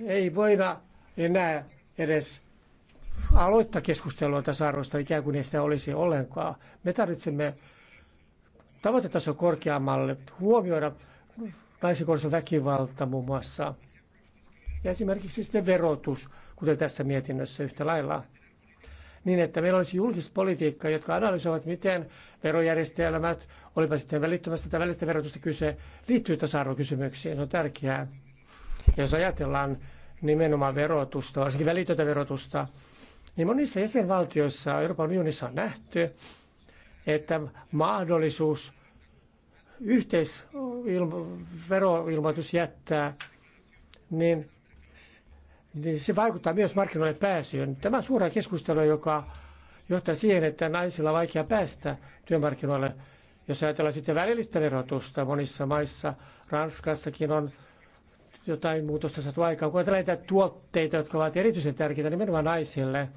Speaker 5: Ei voida enää edes aloittaa keskustelua tasa-arvosta ikään kuin ei sitä olisi ollenkaan. Me tarvitsemme tavoitetaso korkeammalle, huomioida naisen kohdistuva väkivalta muun muassa. Ja esimerkiksi sitten verotus, kuten tässä mietinnössä yhtä lailla. Niin, että meillä olisi julkista politiikkaa, jotka analysoivat, miten verojärjestelmät, olipa sitten välittömästä tai välistä verotusta kyse, liittyy tasa-arvokysymyksiin. Se on tärkeää. Ja jos ajatellaan nimenomaan verotusta, varsinkin välitöntä verotusta, niin monissa jäsenvaltioissa Euroopan unionissa on nähty, että mahdollisuus yhteisveroilmoitus jättää, niin, niin se vaikuttaa myös markkinoille pääsyyn. Tämä on suora keskustelu, joka johtaa siihen, että naisilla on vaikea päästä työmarkkinoille. Jos ajatellaan sitten välillistä verotusta monissa maissa, Ranskassakin on jotain muutosta saatu aikaan. Kun ajatellaan näitä tuotteita, jotka ovat erityisen tärkeitä nimenomaan niin naisille,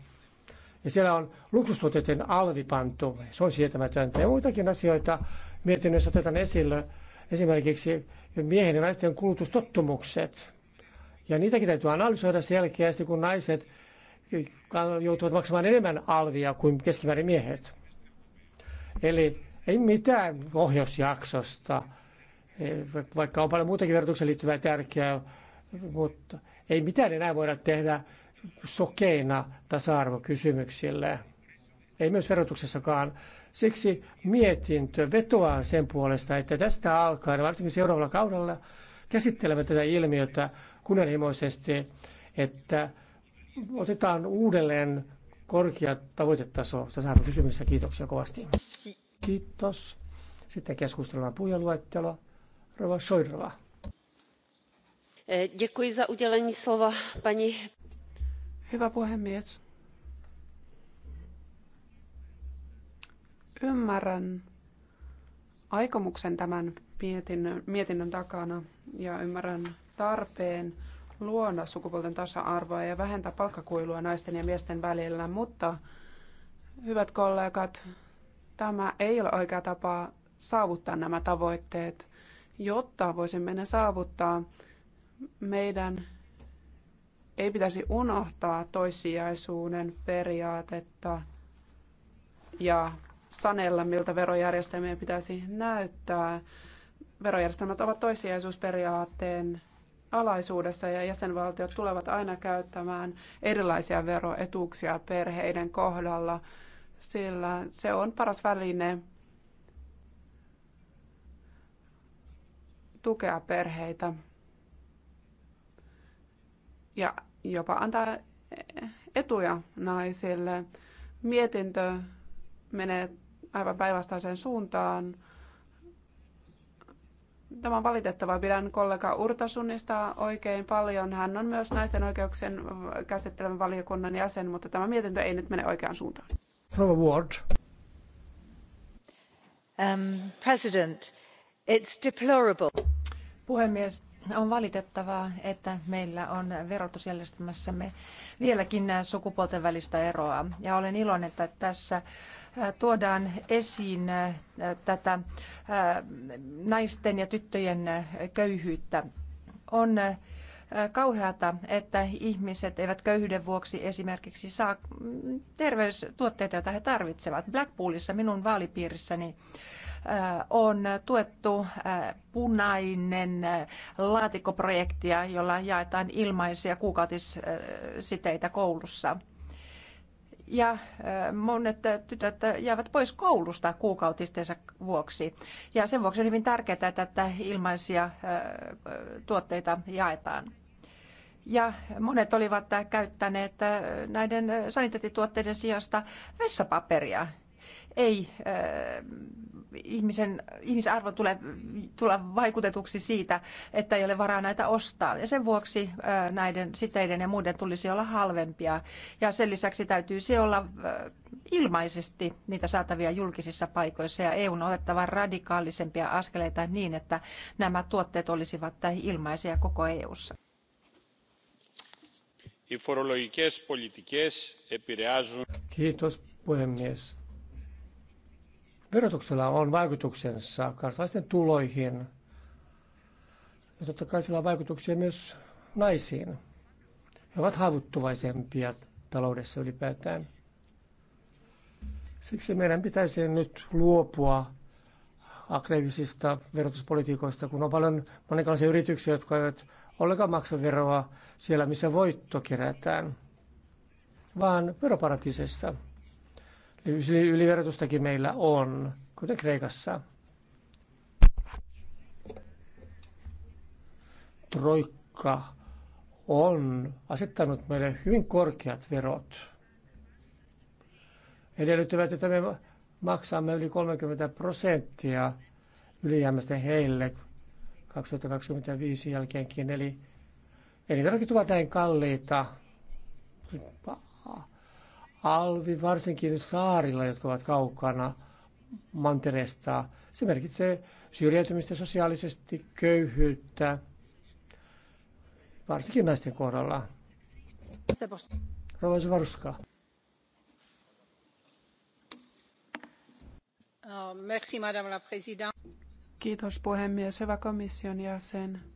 Speaker 5: ja siellä on luksustuotteiden alvipantu. se on sietämätöntä. Ja muitakin asioita mietinnössä otetaan esille, esimerkiksi miehen ja naisten kulutustottumukset. Ja niitäkin täytyy analysoida selkeästi, kun naiset joutuvat maksamaan enemmän alvia kuin keskimäärin miehet. Eli ei mitään ohjausjaksosta vaikka on paljon muutakin verotuksen liittyvää tärkeää, mutta ei mitään enää voida tehdä sokeina tasa-arvokysymyksille. Ei myös verotuksessakaan. Siksi mietintö vetoaa sen puolesta, että tästä alkaen, varsinkin seuraavalla kaudella, käsittelemme tätä ilmiötä kunnianhimoisesti, että otetaan uudelleen korkea tavoitetaso tasa-arvokysymyksessä. Kiitoksia kovasti. Kiitos. Sitten keskustellaan puhujaluettelo. Rova
Speaker 10: eh, Hyvä puhemies.
Speaker 13: Ymmärrän aikomuksen tämän mietinnön, mietinnön takana ja ymmärrän tarpeen luoda sukupuolten tasa-arvoa ja vähentää palkkakuilua naisten ja miesten välillä, mutta hyvät kollegat, tämä ei ole oikea tapa saavuttaa nämä tavoitteet. Jotta voisimme ne saavuttaa, meidän ei pitäisi unohtaa toissijaisuuden periaatetta ja sanella, miltä verojärjestelmien pitäisi näyttää. Verojärjestelmät ovat toissijaisuusperiaatteen alaisuudessa ja jäsenvaltiot tulevat aina käyttämään erilaisia veroetuuksia perheiden kohdalla, sillä se on paras väline tukea perheitä ja jopa antaa etuja naisille. Mietintö menee aivan päinvastaiseen suuntaan. Tämä on valitettavaa. Pidän kollega Urtasunnista oikein paljon. Hän on myös naisen oikeuksien käsittelevän valiokunnan jäsen, mutta tämä mietintö ei nyt mene oikeaan suuntaan.
Speaker 5: Rova Ward.
Speaker 12: Um, president, it's deplorable. Puhemies, on valitettavaa, että meillä on verotusjärjestelmässämme vieläkin sukupuolten välistä eroa. Ja olen iloinen, että tässä tuodaan esiin tätä naisten ja tyttöjen köyhyyttä. On kauheata, että ihmiset eivät köyhyyden vuoksi esimerkiksi saa mm, terveystuotteita, joita he tarvitsevat. Blackpoolissa minun vaalipiirissäni on tuettu punainen laatikkoprojektia, jolla jaetaan ilmaisia kuukautissiteitä koulussa. Ja monet tytöt jäävät pois koulusta kuukautistensa vuoksi. Ja sen vuoksi on hyvin tärkeää, että ilmaisia tuotteita jaetaan ja monet olivat käyttäneet näiden saniteettituotteiden sijasta vessapaperia ei äh, ihmisen, ihmisarvo tule, tulla vaikutetuksi siitä, että ei ole varaa näitä ostaa. Ja sen vuoksi äh, näiden siteiden ja muiden tulisi olla halvempia. Ja sen lisäksi täytyisi olla äh, ilmaisesti niitä saatavia julkisissa paikoissa ja EUn otettava radikaalisempia askeleita niin, että nämä tuotteet olisivat ilmaisia koko EUssa.
Speaker 5: Kiitos Πρόεδρε, Verotuksella on vaikutuksensa kansalaisten tuloihin. Ja totta kai sillä on vaikutuksia myös naisiin. He ovat haavuttuvaisempia taloudessa ylipäätään. Siksi meidän pitäisi nyt luopua aggressiivisista verotuspolitiikoista, kun on paljon monikansaisia yrityksiä, jotka eivät ollenkaan maksa veroa siellä, missä voitto kerätään, vaan veroparatiisissa. Yliverotustakin meillä on, kuten Kreikassa. Troikka on asettanut meille hyvin korkeat verot. Edellyttävät, että me maksamme yli 30 prosenttia ylijäämästä heille 2025 jälkeenkin. Eli elintarvikkeet ovat näin kalliita alvi varsinkin saarilla, jotka ovat kaukana mantereesta. Se merkitsee syrjäytymistä sosiaalisesti, köyhyyttä, varsinkin naisten kohdalla. Rouva Zvaruska.
Speaker 13: Kiitos puhemies, hyvä komission jäsen.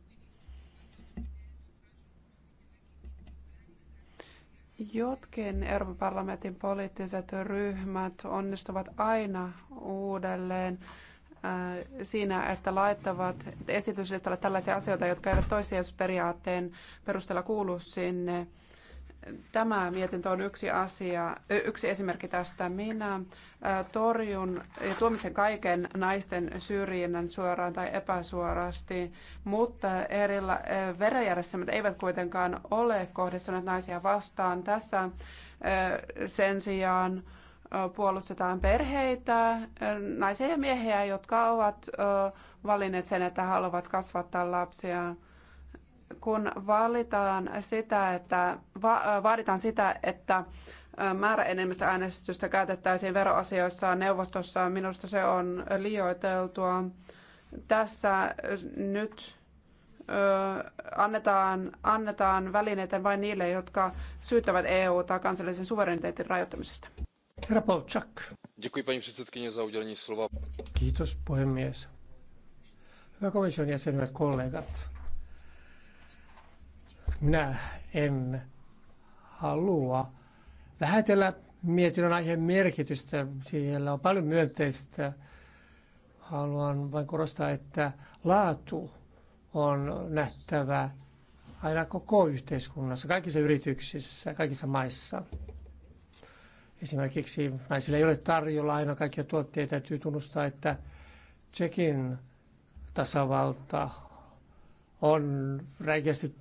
Speaker 13: Jotkin Euroopan parlamentin poliittiset ryhmät onnistuvat aina uudelleen äh, siinä, että laittavat esityslistalle tällaisia asioita, jotka eivät periaatteen perusteella kuulu sinne. Tämä mietintö on yksi asia, yksi esimerkki tästä. Minä torjun ja tuomitsen kaiken naisten syrjinnän suoraan tai epäsuorasti, mutta erillä, verojärjestelmät eivät kuitenkaan ole kohdistuneet naisia vastaan. Tässä sen sijaan puolustetaan perheitä, naisia ja miehiä, jotka ovat valinneet sen, että haluavat kasvattaa lapsia kun valitaan sitä, että va- äh, vaaditaan sitä, että äh, äänestystä käytettäisiin veroasioissa neuvostossa, minusta se on liioiteltua. Tässä äh, nyt ö, annetaan, annetaan välineitä vain niille, jotka syyttävät EUta
Speaker 5: kansallisen suvereniteetin rajoittamisesta. Herra Polchak. Kiitos puhemies. Hyvä komission jäsenet kollegat. Minä en halua vähätellä mietinnön aiheen merkitystä. Siellä on paljon myönteistä. Haluan vain korostaa, että laatu on nähtävä aina koko yhteiskunnassa, kaikissa yrityksissä, kaikissa maissa. Esimerkiksi naisille ei ole tarjolla aina kaikkia tuotteita. Täytyy tunnustaa, että Tsekin tasavalta on räikeästi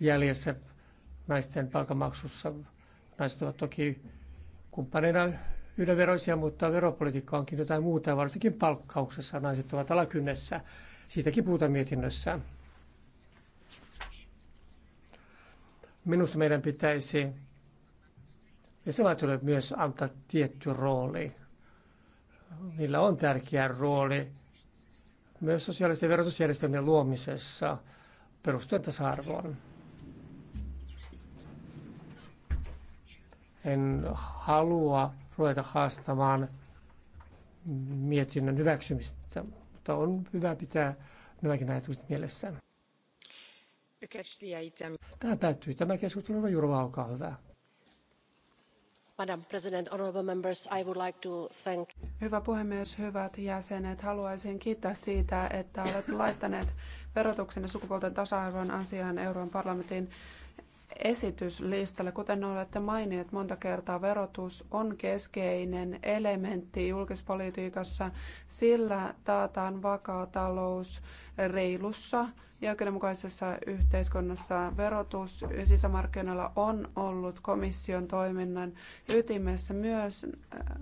Speaker 5: jäljessä naisten palkamaksussa. Naiset ovat toki kumppaneina yhdenveroisia, mutta veropolitiikka onkin jotain muuta, varsinkin palkkauksessa naiset ovat alakynnessä. Siitäkin puhutaan mietinnössä. Minusta meidän pitäisi jäsenvaltioille myös antaa tietty rooli. Niillä on tärkeä rooli myös sosiaalisten verotusjärjestelmien luomisessa perustuen tasa-arvoon. En halua ruveta haastamaan mietinnön hyväksymistä, mutta on hyvä pitää nämäkin ajatukset mielessä. Tämä päättyy. Tämä keskustelu on Jurva, olkaa hyvä.
Speaker 12: Madam President, honorable members, I would like to thank... Hyvä
Speaker 13: puhemies, hyvät jäsenet. Haluaisin kiittää siitä, että olette laittaneet verotuksen ja sukupuolten tasa-arvon asiaan Euroopan parlamentin Esityslistalle Kuten olette maininneet monta kertaa, verotus on keskeinen elementti julkispolitiikassa, sillä taataan vakaa talous reilussa ja oikeudenmukaisessa yhteiskunnassa verotus sisämarkkinoilla on ollut komission toiminnan ytimessä. Myös äh,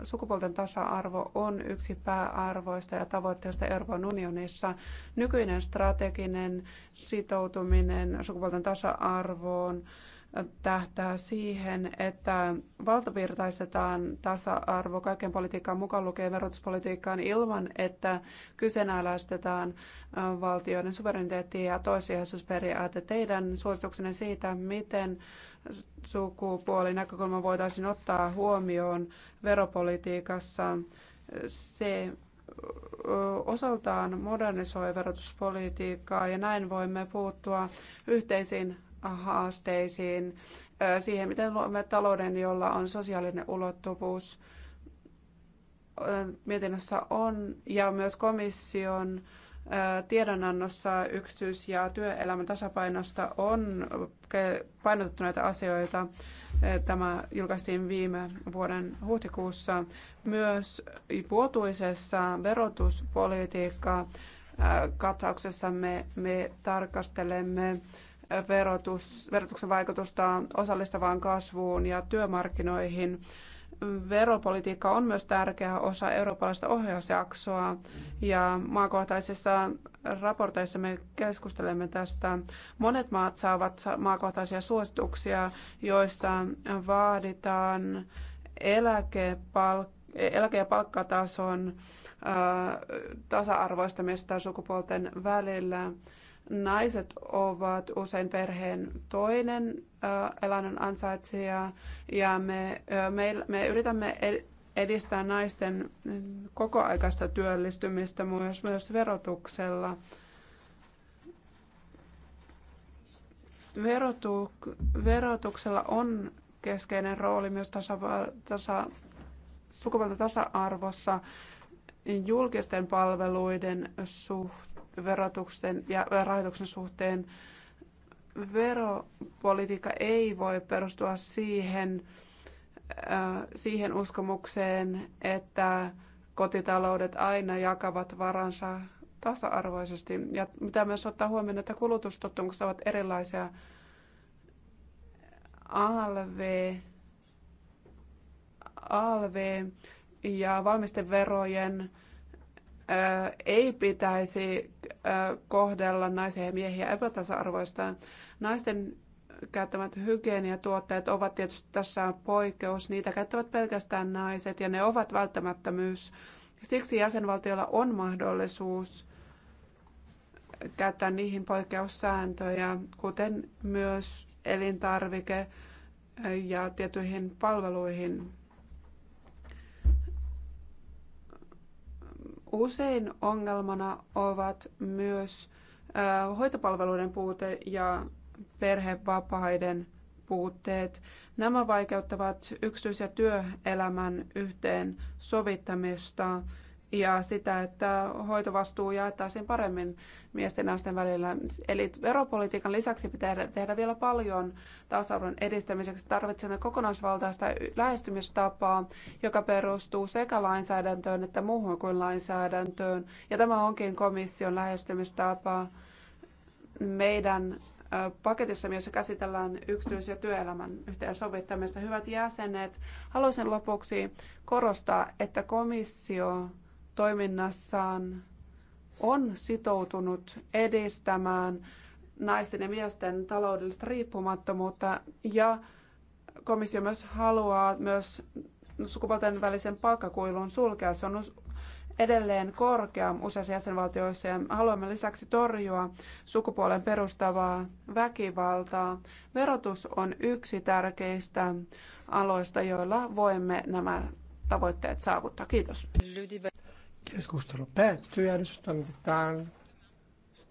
Speaker 13: sukupuolten tasa-arvo on yksi pääarvoista ja tavoitteista Euroopan unionissa. Nykyinen strateginen sitoutuminen sukupuolten tasa-arvoon tähtää siihen, että valtavirtaistetaan tasa-arvo kaiken politiikkaan mukaan lukien verotuspolitiikkaan ilman, että kyseenalaistetaan valtioiden suvereniteettia ja toissijaisuusperiaate. Teidän suosituksenne siitä, miten sukupuolinäkökulma voitaisiin ottaa huomioon veropolitiikassa, se osaltaan modernisoi verotuspolitiikkaa ja näin voimme puuttua yhteisiin haasteisiin, siihen, miten luomme talouden, jolla on sosiaalinen ulottuvuus. Mietinnössä on ja myös komission tiedonannossa yksityis- ja työelämän tasapainosta on painotettu näitä asioita. Tämä julkaistiin viime vuoden huhtikuussa. Myös vuotuisessa verotuspolitiikka katsauksessa me, me tarkastelemme verotus, verotuksen vaikutusta osallistavaan kasvuun ja työmarkkinoihin. Veropolitiikka on myös tärkeä osa eurooppalaista ohjausjaksoa ja maakohtaisissa raporteissa me keskustelemme tästä. Monet maat saavat maakohtaisia suosituksia, joissa vaaditaan eläkepalkkaa eläke- ja palkkatason tasa-arvoistamista sukupuolten välillä naiset ovat usein perheen toinen äh, elannon ansaitsija ja me, äh, me, me yritämme e-, edistää naisten kokoaikaista työllistymistä myös, myös verotuksella. Verotu, verotuksella on keskeinen rooli myös tasa, tasa, sukupuolten tasa-arvossa julkisten palveluiden suhteen verotuksen ja rahoituksen suhteen. Veropolitiikka ei voi perustua siihen, äh, siihen uskomukseen, että kotitaloudet aina jakavat varansa tasa-arvoisesti. Ja mitä myös ottaa huomioon, että kulutustottumukset ovat erilaisia. ALV, ALV ja valmisteverojen ei pitäisi kohdella naisia ja miehiä epätasa-arvoista. Naisten käyttämät hygieniatuotteet ovat tietysti tässä poikkeus. Niitä käyttävät pelkästään naiset ja ne ovat välttämättömyys. Siksi jäsenvaltiolla on mahdollisuus käyttää niihin poikkeussääntöjä, kuten myös elintarvike- ja tiettyihin palveluihin. Usein ongelmana ovat myös hoitopalveluiden puute ja perhevapaiden puutteet. Nämä vaikeuttavat yksityis- ja työelämän yhteensovittamista ja sitä, että hoitovastuu jaettaisiin paremmin miesten ja naisten välillä. Eli veropolitiikan lisäksi pitää tehdä vielä paljon tasa edistämiseksi. Tarvitsemme kokonaisvaltaista lähestymistapaa, joka perustuu sekä lainsäädäntöön että muuhun kuin lainsäädäntöön. Ja tämä onkin komission lähestymistapa meidän paketissamme, jossa käsitellään yksityis- ja työelämän yhteensovittamista. Hyvät jäsenet, haluaisin lopuksi korostaa, että komissio toiminnassaan on sitoutunut edistämään naisten ja miesten taloudellista riippumattomuutta ja komissio myös haluaa myös sukupuolten välisen palkkakuilun sulkea. Se on edelleen korkea useissa jäsenvaltioissa ja haluamme lisäksi torjua sukupuolen perustavaa väkivaltaa. Verotus on yksi tärkeistä aloista, joilla voimme nämä tavoitteet saavuttaa. Kiitos.
Speaker 5: Keskustelu päättyy. Äänestys toimitetaan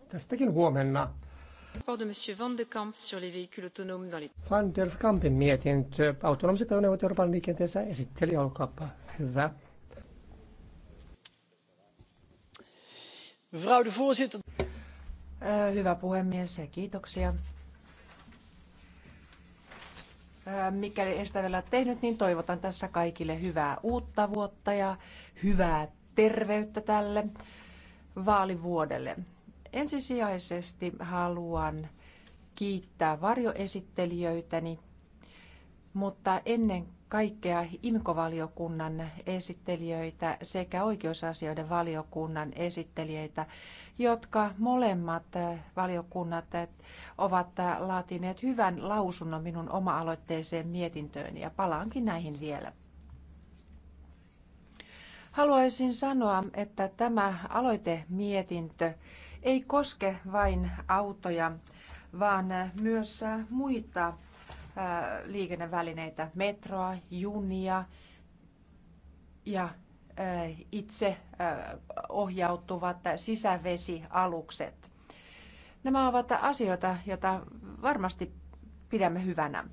Speaker 5: tästäkin huomenna. Van der Kampen mietintö. Autonomiset ajoneuvot Euroopan liikenteessä esitteli. Olkaapa hyvä. Mevrouw de voorzitter. Äh, hyvä puhemies,
Speaker 12: kiitoksia. Äh, mikäli en sitä vielä tehnyt, niin toivotan tässä kaikille hyvää uutta vuotta ja hyvää terveyttä tälle vaalivuodelle. Ensisijaisesti haluan kiittää varjoesittelijöitäni, mutta ennen kaikkea imkovaliokunnan esittelijöitä sekä oikeusasioiden valiokunnan esittelijöitä, jotka molemmat valiokunnat ovat laatineet hyvän lausunnon minun oma-aloitteeseen mietintöön ja palaankin näihin vielä. Haluaisin sanoa, että tämä aloitemietintö ei koske vain autoja, vaan myös muita äh, liikennevälineitä, metroa, junia ja äh, itse äh, ohjautuvat sisävesialukset. Nämä ovat asioita, joita varmasti pidämme hyvänä.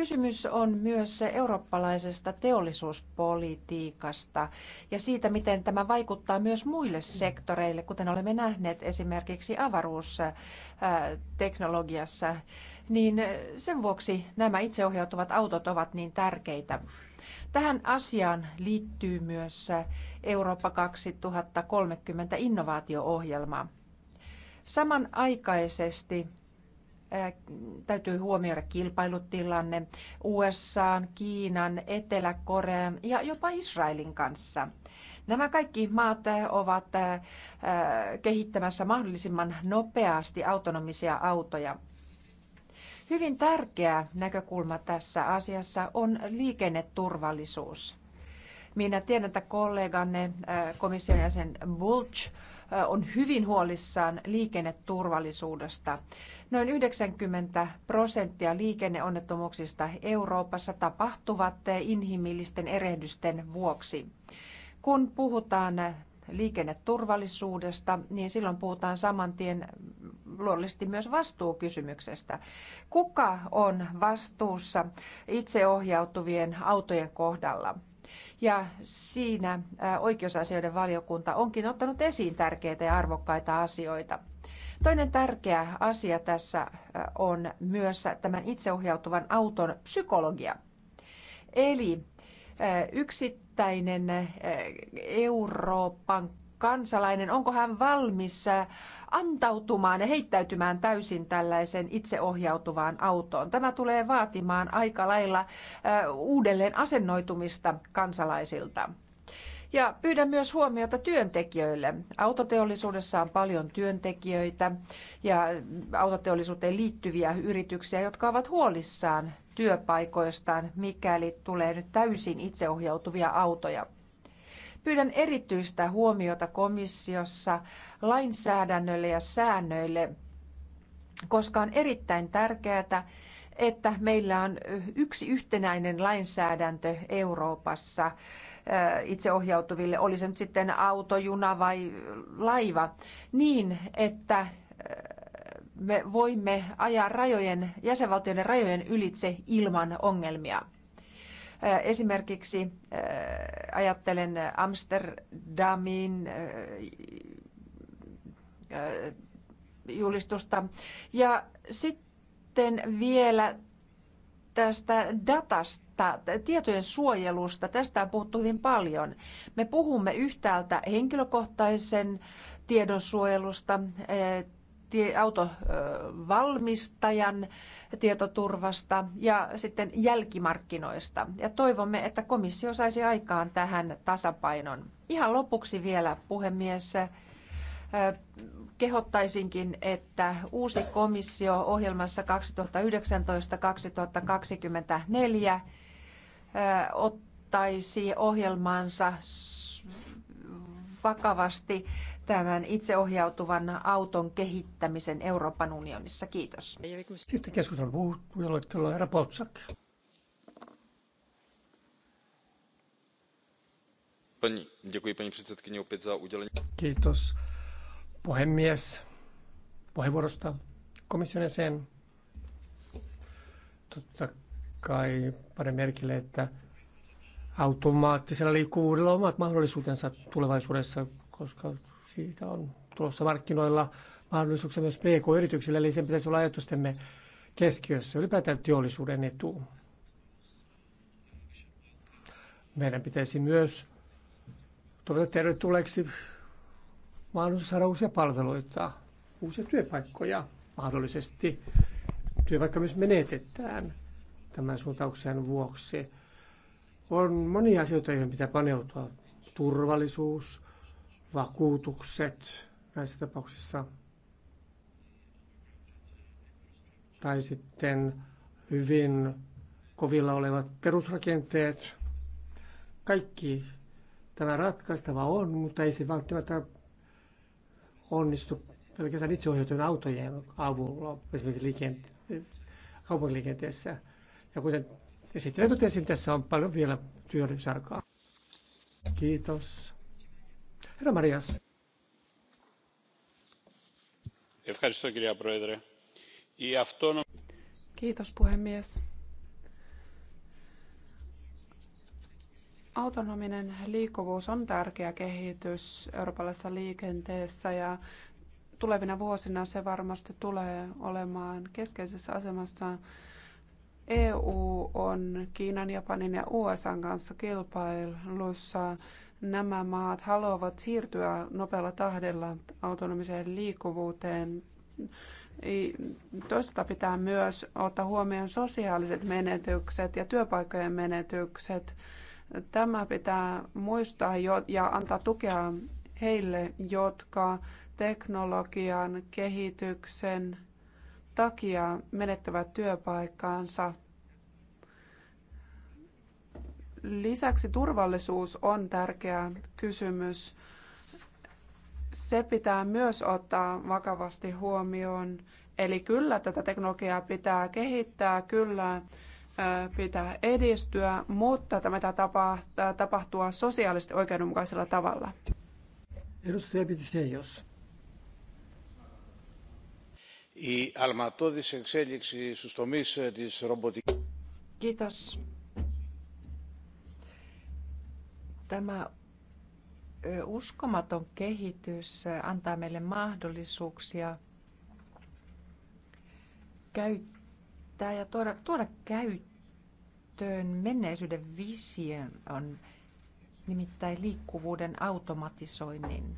Speaker 12: Kysymys on myös eurooppalaisesta teollisuuspolitiikasta ja siitä, miten tämä vaikuttaa myös muille sektoreille, kuten olemme nähneet esimerkiksi avaruusteknologiassa. Niin eh, sen vuoksi nämä itseohjautuvat autot ovat niin tärkeitä. Tähän asiaan liittyy myös Eurooppa 2030 innovaatio-ohjelma. Samanaikaisesti täytyy huomioida kilpailutilanne USA, Kiinan, Etelä-Korean ja jopa Israelin kanssa. Nämä kaikki maat ovat kehittämässä mahdollisimman nopeasti autonomisia autoja. Hyvin tärkeä näkökulma tässä asiassa on liikenneturvallisuus. Minä tiedän, että kolleganne komission jäsen Bulch on hyvin huolissaan liikenneturvallisuudesta. Noin 90 prosenttia liikenneonnettomuuksista Euroopassa tapahtuvat inhimillisten erehdysten vuoksi. Kun puhutaan liikenneturvallisuudesta, niin silloin puhutaan saman tien luonnollisesti myös vastuukysymyksestä. Kuka on vastuussa itseohjautuvien autojen kohdalla? Ja siinä äh, oikeusasioiden valiokunta onkin ottanut esiin tärkeitä ja arvokkaita asioita. Toinen tärkeä asia tässä äh, on myös tämän itseohjautuvan auton psykologia. Eli äh, yksittäinen Euroopan kansalainen, onko hän valmis äh, antautumaan ja heittäytymään täysin tällaisen itseohjautuvaan autoon. Tämä tulee vaatimaan aika lailla äh, uudelleen asennoitumista kansalaisilta. Ja pyydän myös huomiota työntekijöille. Autoteollisuudessa on paljon työntekijöitä ja autoteollisuuteen liittyviä yrityksiä, jotka ovat huolissaan työpaikoistaan, mikäli tulee nyt täysin itseohjautuvia autoja. Pyydän erityistä huomiota komissiossa lainsäädännölle ja säännöille, koska on erittäin tärkeää, että meillä on yksi yhtenäinen lainsäädäntö Euroopassa äh, itseohjautuville, oli se nyt sitten auto, juna vai laiva, niin että äh, me voimme ajaa rajojen, jäsenvaltioiden rajojen ylitse ilman ongelmia. Äh, esimerkiksi äh, ajattelen Amsterdamin äh, julistusta. Ja sitten vielä tästä datasta, tietojen suojelusta, tästä on puhuttu hyvin paljon. Me puhumme yhtäältä henkilökohtaisen tiedon suojelusta, tie, autovalmistajan tietoturvasta ja sitten jälkimarkkinoista. Ja toivomme, että komissio saisi aikaan tähän tasapainon. Ihan lopuksi vielä, puhemies, kehottaisinkin, että uusi komissio ohjelmassa 2019-2024 ottaisi ohjelmansa vakavasti tämän itseohjautuvan auton kehittämisen Euroopan unionissa.
Speaker 5: Kiitos. Sitten keskustelun puhujaluettelo herra Poltsak. Kiitos puhemies puheenvuorosta komission jäsen. Totta kai pari merkille, että automaattisella liikkuvuudella on omat mahdollisuutensa tulevaisuudessa, koska siitä on tulossa markkinoilla mahdollisuuksia myös PK-yrityksille, eli sen pitäisi olla ajatustemme keskiössä ylipäätään teollisuuden etu. Meidän pitäisi myös toivota tervetulleeksi mahdollisuus saada uusia palveluita, uusia työpaikkoja mahdollisesti. Työpaikka myös menetetään tämän suuntauksen vuoksi. On monia asioita, joihin pitää paneutua. Turvallisuus, vakuutukset näissä tapauksissa tai sitten hyvin kovilla olevat perusrakenteet. Kaikki tämä ratkaistava on, mutta ei se välttämättä onnistu pelkästään itseohjautujen autojen avulla, esimerkiksi liikente- kaupunkiliikenteessä. Ja kuten esittelen totesin, tässä on paljon vielä työsarkaa. Kiitos arvoisa
Speaker 13: puhemies. Autonominen liikkuvuus on tärkeä kehitys eurooppalaisessa liikenteessä ja tulevina vuosina se varmasti tulee olemaan keskeisessä asemassa. EU on Kiinan, Japanin ja USAn kanssa kilpailussa nämä maat haluavat siirtyä nopealla tahdella autonomiseen liikkuvuuteen. Toisaalta pitää myös ottaa huomioon sosiaaliset menetykset ja työpaikkojen menetykset. Tämä pitää muistaa ja antaa tukea heille, jotka teknologian kehityksen takia menettävät työpaikkaansa. Lisäksi turvallisuus on tärkeä kysymys. Se pitää myös ottaa vakavasti huomioon. Eli kyllä tätä teknologiaa pitää kehittää, kyllä pitää edistyä, mutta tämä pitää tapahtua sosiaalisesti oikeudenmukaisella tavalla.
Speaker 5: Edustaja Pitiheios. Kiitos
Speaker 12: Tämä uskomaton kehitys antaa meille mahdollisuuksia käyttää ja tuoda, tuoda käyttöön menneisyyden vision, on nimittäin liikkuvuuden automatisoinnin.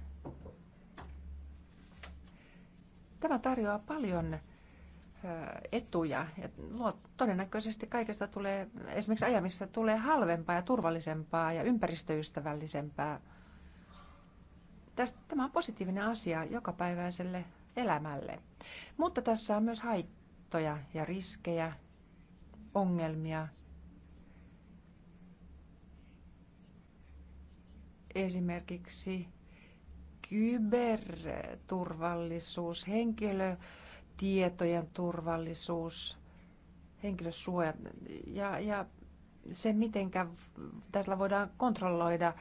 Speaker 12: Tämä tarjoaa paljon etuja. Ja todennäköisesti kaikesta tulee, esimerkiksi ajamista tulee halvempaa ja turvallisempaa ja ympäristöystävällisempää. tämä on positiivinen asia jokapäiväiselle elämälle. Mutta tässä on myös haittoja ja riskejä, ongelmia. Esimerkiksi kyberturvallisuus, henkilö, tietojen turvallisuus, henkilösuoja ja, ja se, miten tässä voidaan kontrolloida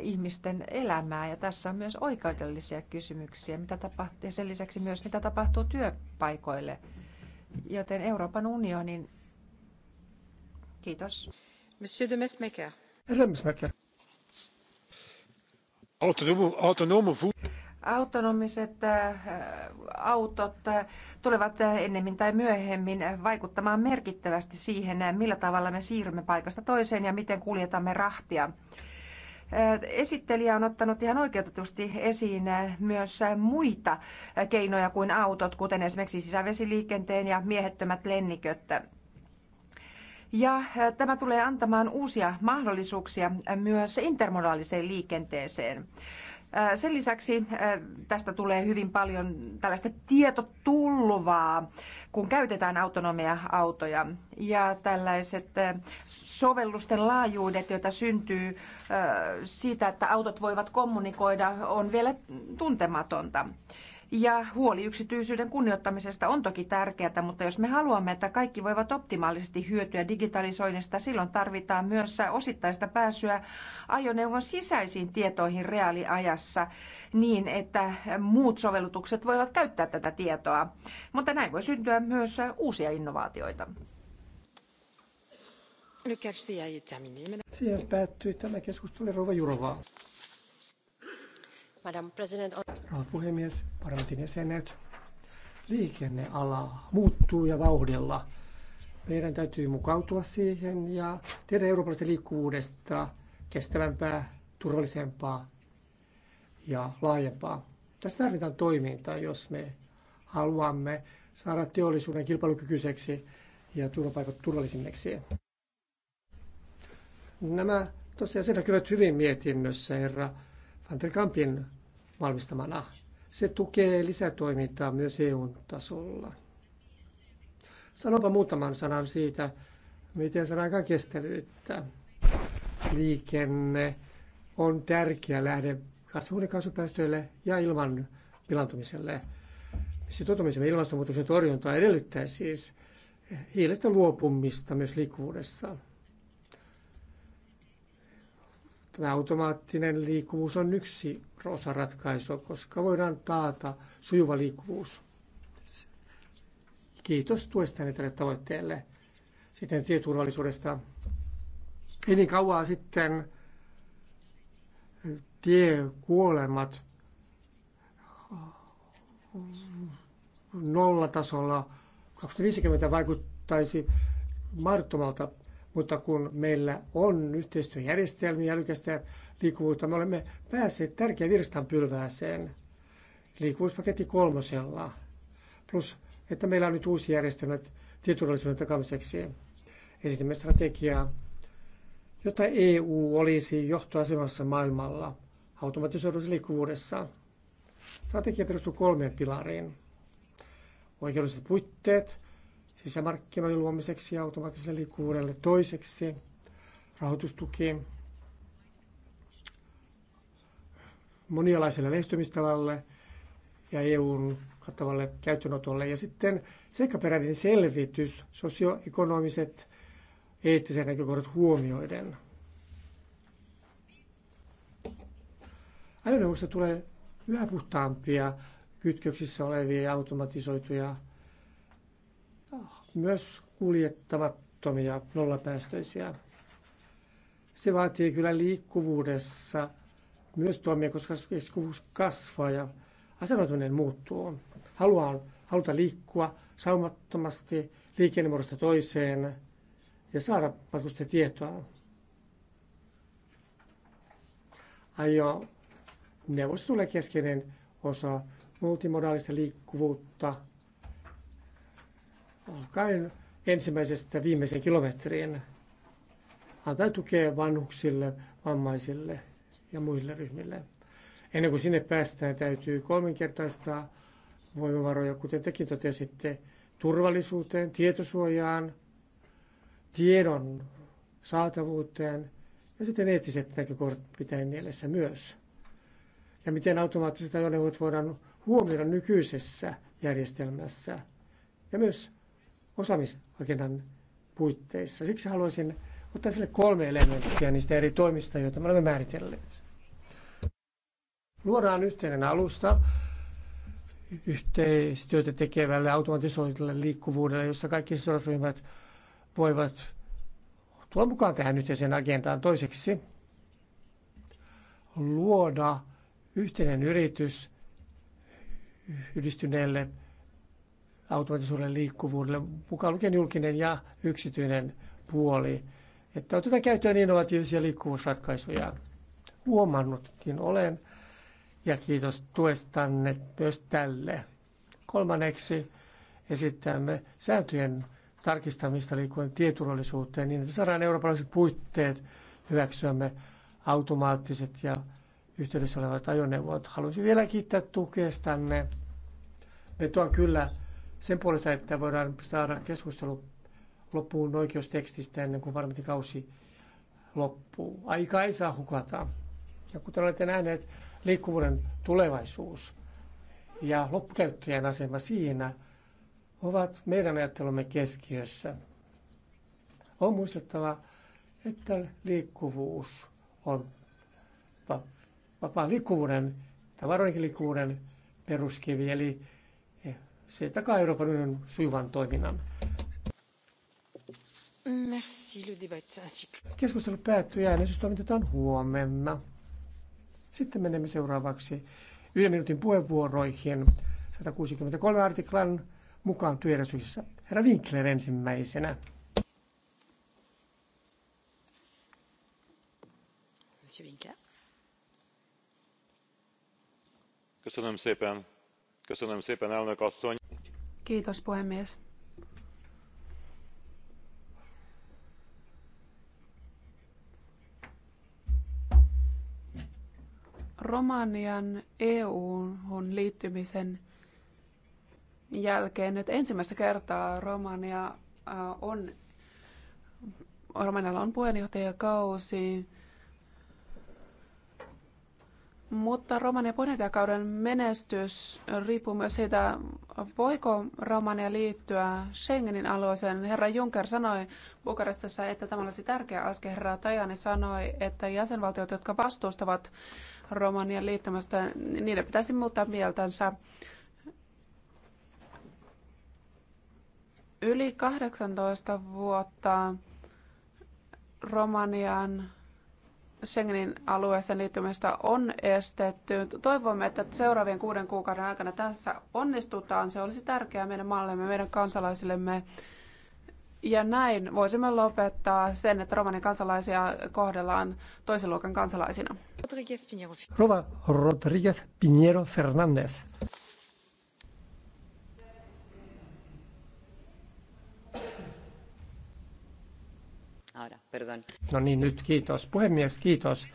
Speaker 12: ihmisten elämää. Ja tässä on myös oikeudellisia kysymyksiä, mitä tapahtuu, ja sen lisäksi myös mitä tapahtuu työpaikoille. Joten Euroopan unionin... Kiitos. Monsieur de Mesmaker.
Speaker 5: Herra Mesmaker. Autonomo, autonomo
Speaker 12: autonomiset äh, autot äh, tulevat äh, ennemmin tai myöhemmin vaikuttamaan merkittävästi siihen, millä tavalla me siirrymme paikasta toiseen ja miten kuljetamme rahtia. Esittelijä on ottanut ihan oikeutetusti esiin myös muita keinoja kuin autot, kuten esimerkiksi sisävesiliikenteen ja miehettömät lenniköt. Ja tämä tulee antamaan uusia mahdollisuuksia myös intermodaaliseen liikenteeseen. Sen lisäksi tästä tulee hyvin paljon tällaista tietotulvaa, kun käytetään autonomia autoja. Ja tällaiset sovellusten laajuudet, joita syntyy siitä, että autot voivat kommunikoida, on vielä tuntematonta. Ja huoli yksityisyyden kunnioittamisesta on toki tärkeää, mutta jos me haluamme, että kaikki voivat optimaalisesti hyötyä digitalisoinnista, silloin tarvitaan myös osittaista pääsyä ajoneuvon sisäisiin tietoihin reaaliajassa niin, että muut sovellutukset voivat käyttää tätä tietoa. Mutta näin voi syntyä myös uusia innovaatioita.
Speaker 9: Siihen
Speaker 5: päättyy tämä keskustelu Rova Jurovaa.
Speaker 2: Arvoisa
Speaker 5: puhemies, parlamentin jäsenet. Liikenneala muuttuu ja vauhdilla. Meidän täytyy mukautua siihen ja tehdä eurooppalaisesta liikkuvuudesta kestävämpää, turvallisempaa ja laajempaa. Tässä tarvitaan toimintaa, jos me haluamme saada teollisuuden kilpailukykyiseksi ja turvapaikat turvallisimmiksi. Nämä tosiaan se näkyvät hyvin mietinnössä, herra Fanterkampin valmistamana. Se tukee lisätoimintaa myös eu tasolla. Sanonpa muutaman sanan siitä, miten saadaan aikaan kestävyyttä. Liikenne on tärkeä lähde kasvihuonekaasupäästöille ja ilman pilantumiselle. Sitoutumisemme ilmastonmuutoksen torjunta edellyttää siis hiilestä luopumista myös liikkuvuudessa. Tämä automaattinen liikkuvuus on yksi osa ratkaisua, koska voidaan taata sujuva liikkuvuus. Kiitos tuestanne tälle tavoitteelle. Sitten tieturvallisuudesta. Ei niin kauaa sitten tiekuolemat nollatasolla 2050 vaikuttaisi mahdottomalta mutta kun meillä on yhteistyöjärjestelmiä älykästä liikkuvuutta, me olemme päässeet tärkeä pylvääseen liikkuvuuspaketti kolmosella. Plus, että meillä on nyt uusi järjestelmä tietoturvallisuuden takamiseksi. Esitimme strategiaa, jota EU olisi johtoasemassa maailmalla automatisoidussa liikkuvuudessa. Strategia perustuu kolmeen pilariin. Oikeudelliset puitteet, sisämarkkinoiden luomiseksi ja automaattiselle liikkuvuudelle toiseksi rahoitustuki monialaiselle lähestymistavalle ja EUn kattavalle käyttöönotolle. Ja sitten seikkaperäinen selvitys, sosioekonomiset eettiset näkökohdat huomioiden. Ajoneuvosta tulee yhä puhtaampia kytköksissä olevia ja automatisoituja myös kuljettamattomia nollapäästöisiä. Se vaatii kyllä liikkuvuudessa myös toimia, koska keskuvuus kasvaa ja asennoituminen muuttuu. Haluaa, haluta liikkua saumattomasti liikennemuodosta toiseen ja saada tietoa, Ajo neuvosto tulee keskeinen osa multimodaalista liikkuvuutta alkaen ensimmäisestä viimeisen kilometriin antaa tukea vanhuksille, vammaisille ja muille ryhmille. Ennen kuin sinne päästään, täytyy kolminkertaistaa voimavaroja, kuten tekin totesitte, turvallisuuteen, tietosuojaan, tiedon saatavuuteen ja sitten eettiset näkökohdat pitää mielessä myös. Ja miten automaattiset ajoneuvot voidaan huomioida nykyisessä järjestelmässä ja myös osaamisagendan puitteissa. Siksi haluaisin ottaa sille kolme elementtiä niistä eri toimista, joita me olemme määritelleet. Luodaan yhteinen alusta yhteistyötä tekevälle automatisoidulle liikkuvuudelle, jossa kaikki sidosryhmät voivat tulla mukaan tähän yhteiseen agendaan. Toiseksi luoda yhteinen yritys yhdistyneelle Automaattisuuden liikkuvuudelle, mukaan lukien julkinen ja yksityinen puoli, että otetaan käyttöön innovatiivisia liikkuvuusratkaisuja. Huomannutkin olen, ja kiitos tuestanne myös tälle. Kolmanneksi esittämme sääntöjen tarkistamista liikkuen tieturvallisuuteen niin, että saadaan eurooppalaiset puitteet hyväksyämme automaattiset ja yhteydessä olevat ajoneuvot. Haluaisin vielä kiittää tukestanne. Vetoan kyllä sen puolesta, että voidaan saada keskustelu loppuun oikeustekstistä ennen kuin kausi loppuu. Aika ei saa hukata. Ja kuten olette nähneet, liikkuvuuden tulevaisuus ja loppukäyttäjän asema siinä ovat meidän ajattelumme keskiössä. On muistettava, että liikkuvuus on vapaa liikkuvuuden, tavaroinkin liikkuvuuden peruskivi, eli se takaa Euroopan unionin sujuvan toiminnan.
Speaker 8: Merci, le débat.
Speaker 5: Keskustelu päättyy ja äänestys toimitetaan huomenna. Sitten menemme seuraavaksi yhden minuutin puheenvuoroihin 163 artiklan mukaan työjärjestyksessä. Herra Winkler ensimmäisenä.
Speaker 9: Monsieur Winkler.
Speaker 7: Köszönöm szépen,
Speaker 13: Kiitos puhemies. Romanian EU-hun liittymisen jälkeen nyt ensimmäistä kertaa Romania äh, on, Romanialla on puheenjohtajakausi mutta Romania puheenjohtajakauden menestys riippuu myös siitä, voiko Romania liittyä Schengenin alueeseen. Herra Juncker sanoi Bukarestissa, että tämä olisi tärkeä askel. Herra Tajani sanoi, että jäsenvaltiot, jotka vastustavat Romanian liittymästä, niiden pitäisi muuttaa mieltänsä. Yli 18 vuotta Romanian Schengenin alueeseen liittymistä on estetty. Toivomme, että seuraavien kuuden kuukauden aikana tässä onnistutaan. Se olisi tärkeää meidän mallemme, meidän kansalaisillemme. Ja näin voisimme lopettaa sen, että romanin kansalaisia kohdellaan toisen luokan kansalaisina.
Speaker 5: Rova Rodríguez Piñero Fernández. perdón. No niin, nyt kiitos. Puhemies, kiitos.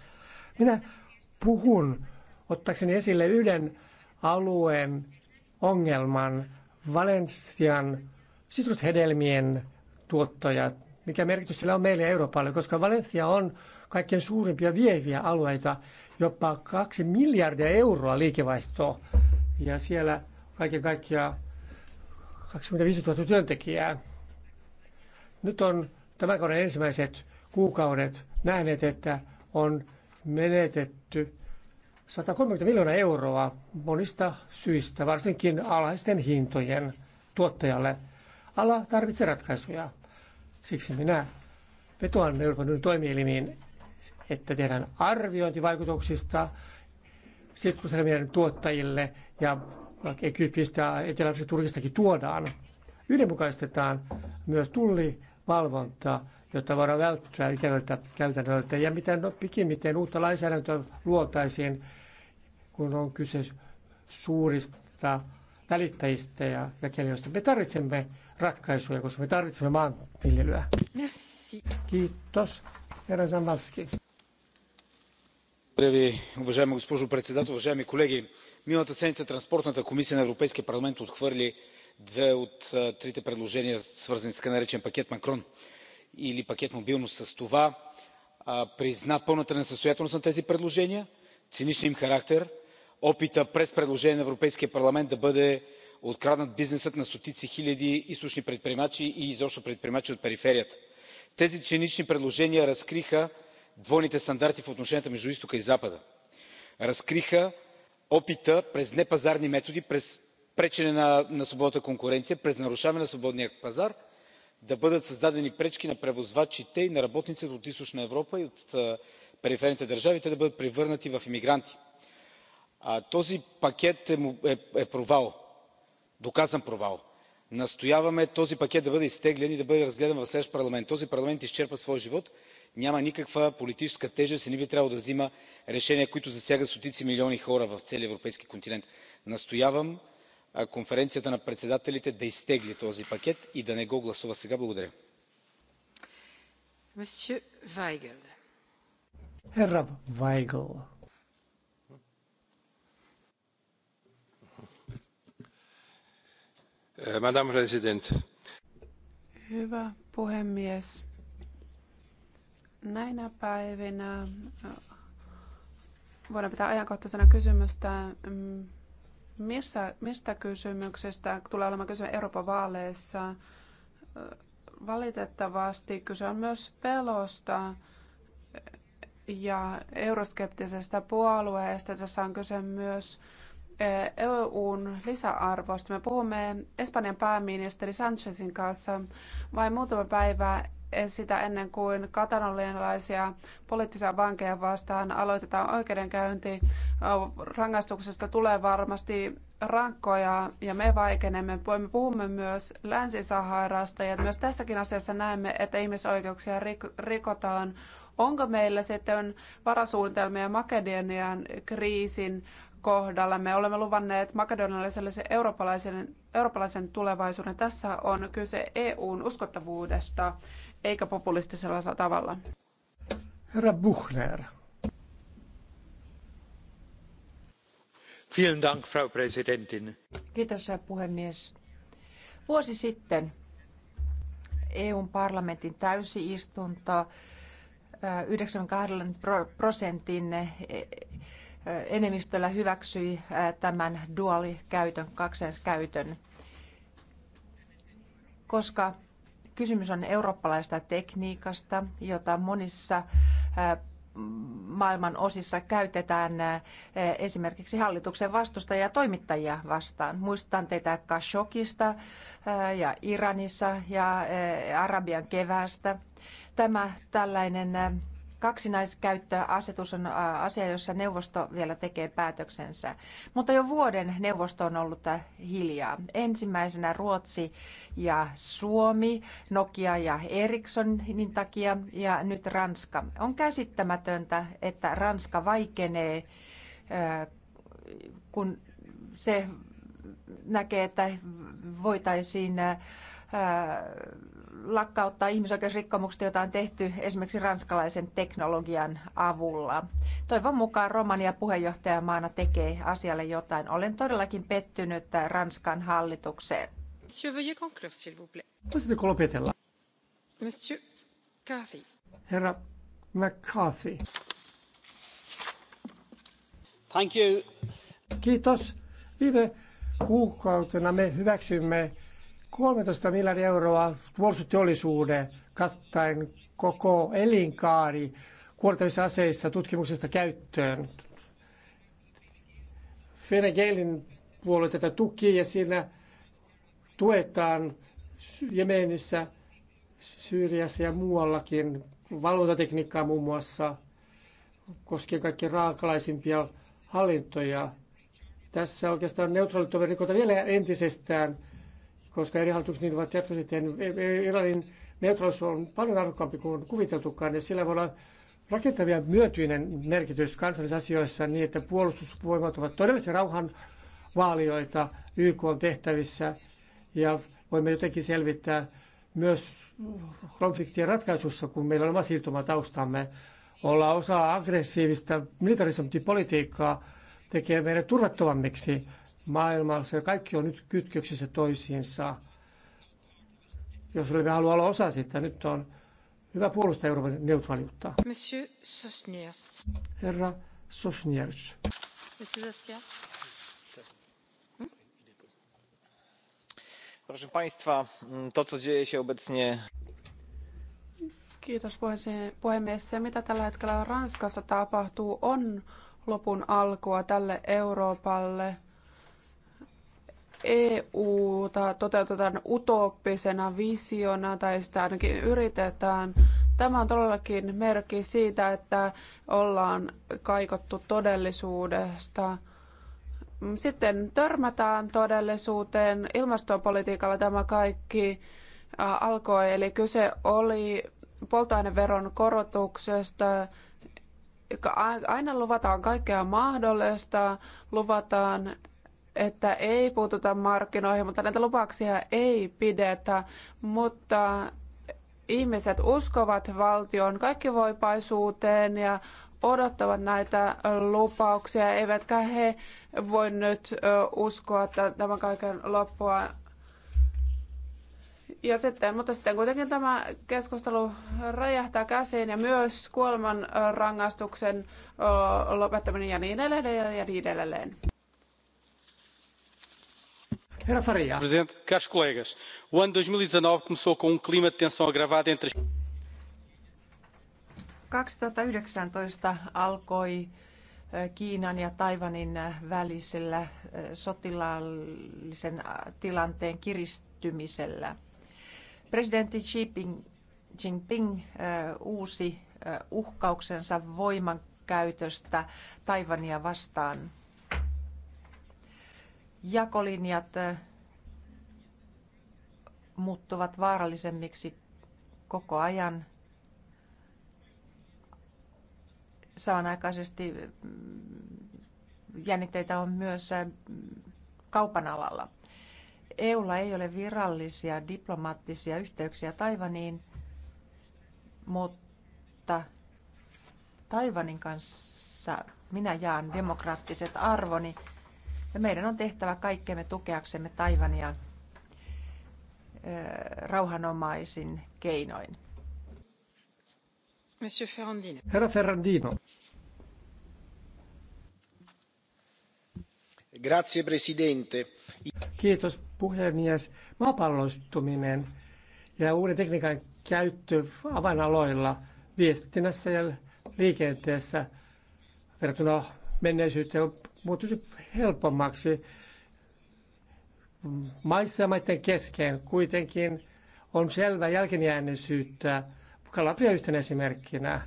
Speaker 5: Minä puhun ottaakseni esille yhden alueen ongelman, Valenssian sitrushedelmien tuottajat, mikä merkitys sillä on meille Euroopalle, koska Valencia on kaikkein suurimpia vieviä alueita, jopa kaksi miljardia euroa liikevaihtoa. Ja siellä kaiken kaikkiaan 25 000 työntekijää. Nyt on tämän kauden ensimmäiset kuukaudet nähneet, että on menetetty 130 miljoonaa euroa monista syistä, varsinkin alhaisten hintojen tuottajalle. Ala tarvitsee ratkaisuja. Siksi minä vetoan Euroopan unionin toimielimiin, että tehdään arviointivaikutuksista sitkuselmien tuottajille ja Egyptistä, Etelä-Turkistakin tuodaan. Yhdenmukaistetaan myös tullivalvontaa jotta voidaan välttää ikävältä käytännöltä ja mitä no, pikimmiten uutta lainsäädäntöä luotaisiin, kun on kyse suurista välittäjistä ja jakelijoista. Me tarvitsemme ratkaisuja, koska me tarvitsemme maanviljelyä. Merci. Kiitos. Herra Zambalski.
Speaker 6: Благодаря ви, уважаема госпожо председател. Уважаеми колеги, миналата седмица Транспортната комисия на Европейския парламент отхвърли две от трите предложения, свързани с така наречен пакет Макрон или пакет мобилност с това призна пълната несъстоятелност на тези предложения циничния им характер опита през предложение на европейския парламент да бъде откраднат бизнесът на стотици хиляди източни предприемачи и изобщо предприемачи от периферията. тези цинични предложения разкриха двойните стандарти в отношенията между изтока и запада разкриха опита през непазарни методи през пречене на свободната конкуренция през нарушаване на свободния пазар да бъдат създадени пречки на превозвачите и на работниците от източна европа и от периферните държави те да бъдат превърнати в емигранти. този пакет е провал доказан провал. настояваме този пакет да бъде изтеглен и да бъде разгледан в следващ парламент. този парламент изчерпа своя живот няма никаква политическа тежест и не би трябвало да взима решения които засягат стотици милиони хора в целия европейски континент. настоявам конференцията на председателите да изтегли този пакет и да не го гласува сега. Благодаря.
Speaker 7: Madam President.
Speaker 13: Hyvä puhemies. Näinä päivinä voidaan pitää ajankohtaisena kysymystä, missä, mistä kysymyksestä tulee olemaan kyse Euroopan vaaleissa? Valitettavasti kyse on myös pelosta ja euroskeptisestä puolueesta. Tässä on kyse myös eh, EUn lisäarvosta. Me puhumme Espanjan pääministeri Sanchezin kanssa vain muutama päivä sitä ennen kuin katalonialaisia poliittisia vankeja vastaan aloitetaan oikeudenkäynti. Rangaistuksesta tulee varmasti rankkoja ja me vaikenemme. Me puhumme myös Länsi-Saharasta ja myös tässäkin asiassa näemme, että ihmisoikeuksia rikotaan. Onko meillä sitten varasuunnitelmia Makedonian kriisin kohdalla. Me olemme luvanneet makedonialaiselle eurooppalaisen, eurooppalaisen tulevaisuuden. Tässä on kyse EUn uskottavuudesta eikä populistisella tavalla.
Speaker 5: Herra Buchner.
Speaker 3: Dank, Frau Präsidentin.
Speaker 12: Kiitos, puhemies. Vuosi sitten EUn parlamentin täysiistunto 92 prosentin enemmistöllä hyväksyi tämän duaalikäytön, kaksenskäytön. koska Kysymys on eurooppalaista tekniikasta, jota monissa maailman osissa käytetään esimerkiksi hallituksen vastustajia ja toimittajia vastaan. Muistutan teitä Khashogista ja Iranissa ja Arabian keväästä. Tämä tällainen Kaksinaiskäyttöasetus on asia, jossa neuvosto vielä tekee päätöksensä. Mutta jo vuoden neuvosto on ollut hiljaa. Ensimmäisenä Ruotsi ja Suomi, Nokia ja Ericssonin takia ja nyt Ranska. On käsittämätöntä, että Ranska vaikenee, kun se näkee, että voitaisiin lakkauttaa ihmisoikeusrikkomukset, joita on tehty esimerkiksi ranskalaisen teknologian avulla. Toivon mukaan Romania puheenjohtajamaana tekee asialle jotain. Olen todellakin pettynyt Ranskan hallitukseen.
Speaker 8: Monsieur, veuillez conclure, s'il vous plaît.
Speaker 5: Voisitteko lopetella?
Speaker 8: Monsieur McCarthy.
Speaker 5: Herra McCarthy. Thank you. Kiitos. Viime kuukautena me hyväksymme 13 miljardia euroa puolustusteollisuuden kattaen koko elinkaari kuortavissa aseissa tutkimuksesta käyttöön. Fene Gaelin puolue tätä tuki ja siinä tuetaan Jemenissä, Syyriassa ja muuallakin valvontatekniikkaa muun muassa koskien kaikki raakalaisimpia hallintoja. Tässä oikeastaan neutraalitoveri vielä entisestään – koska eri hallitukset niin ovat jatkuvasti tehneet. Iranin neutraalisuus on paljon arvokkaampi kuin kuviteltukaan, ja sillä voi olla rakentavia myötyinen merkitys kansallisasioissa niin, että puolustusvoimat ovat todellisia rauhan vaalioita YK on tehtävissä, ja voimme jotenkin selvittää myös konfliktien ratkaisussa, kun meillä on oma taustamme. olla osa aggressiivista militarismipolitiikkaa tekee meidät turvattomammiksi maailmassa ja kaikki on nyt kytköksissä toisiinsa. Jos olemme haluaa olla osa sitä, nyt on hyvä puolustaa Euroopan neutraaliutta. Monsieur Sosniers. Herra Sosniers.
Speaker 9: Monsieur Sosniers.
Speaker 6: Hmm? Proszę Państwa, to co dzieje się obecnie
Speaker 13: Kiitos puhemies. Se, mitä tällä hetkellä Ranskassa tapahtuu, on lopun alkua tälle Euroopalle. EUta toteutetaan utooppisena visiona, tai sitä ainakin yritetään. Tämä on todellakin merkki siitä, että ollaan kaikottu todellisuudesta. Sitten törmätään todellisuuteen. Ilmastopolitiikalla tämä kaikki alkoi, eli kyse oli polttoaineveron korotuksesta, aina luvataan kaikkea mahdollista, luvataan että ei puututa markkinoihin, mutta näitä lupauksia ei pidetä. Mutta ihmiset uskovat valtion kaikkivoipaisuuteen ja odottavat näitä lupauksia, eivätkä he voi nyt uskoa tämän kaiken loppua. Ja sitten, mutta sitten kuitenkin tämä keskustelu räjähtää käsiin ja myös kuoleman rangaistuksen lopettaminen ja niin edelleen ja niin edelleen.
Speaker 6: Herra Presidente, caros colegas, o ano 2019 e começou com um clima de tensão agravada entre...
Speaker 5: 2019
Speaker 12: alkoi eh, Kiinan ja Taivanin eh, välisellä eh, sotilaallisen tilanteen kiristymisellä. Presidentti Xi Jinping uusi uhkauksensa voimankäytöstä Taivania vastaan jakolinjat eh, muuttuvat vaarallisemmiksi koko ajan. Samanaikaisesti mm, jännitteitä on myös eh, kaupan alalla. EUlla ei ole virallisia diplomaattisia yhteyksiä Taivaniin, mutta Taivanin kanssa minä jaan demokraattiset arvoni ja meidän on tehtävä kaikkemme tukeaksemme Taivania rauhanomaisin keinoin.
Speaker 5: Monsieur Ferrandino. Herra Ferrandino.
Speaker 6: Grazie, presidente.
Speaker 5: Kiitos puhemies. Maapallostuminen ja uuden tekniikan käyttö avainaloilla viestinnässä ja liikenteessä verrattuna menneisyyteen on muuttuisi helpommaksi maissa ja maiden kesken. Kuitenkin on selvä jälkeenjääneisyyttä Kalabria yhtenä esimerkkinä.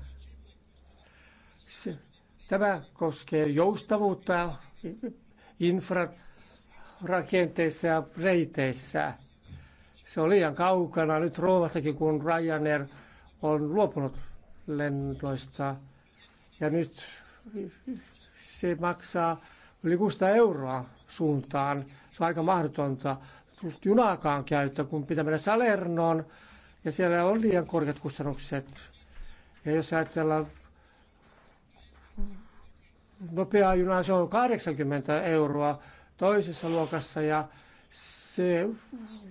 Speaker 5: tämä koskee joustavuutta infrarakenteissa ja reiteissä. Se on liian kaukana nyt Roomastakin, kun Ryanair on luopunut lennoista. Ja nyt se maksaa yli 600 euroa suuntaan. Se on aika mahdotonta junaakaan käyttää, kun pitää mennä Salernoon ja siellä on liian korkeat kustannukset. Ja jos ajatellaan nopeaa junaa, se on 80 euroa toisessa luokassa ja se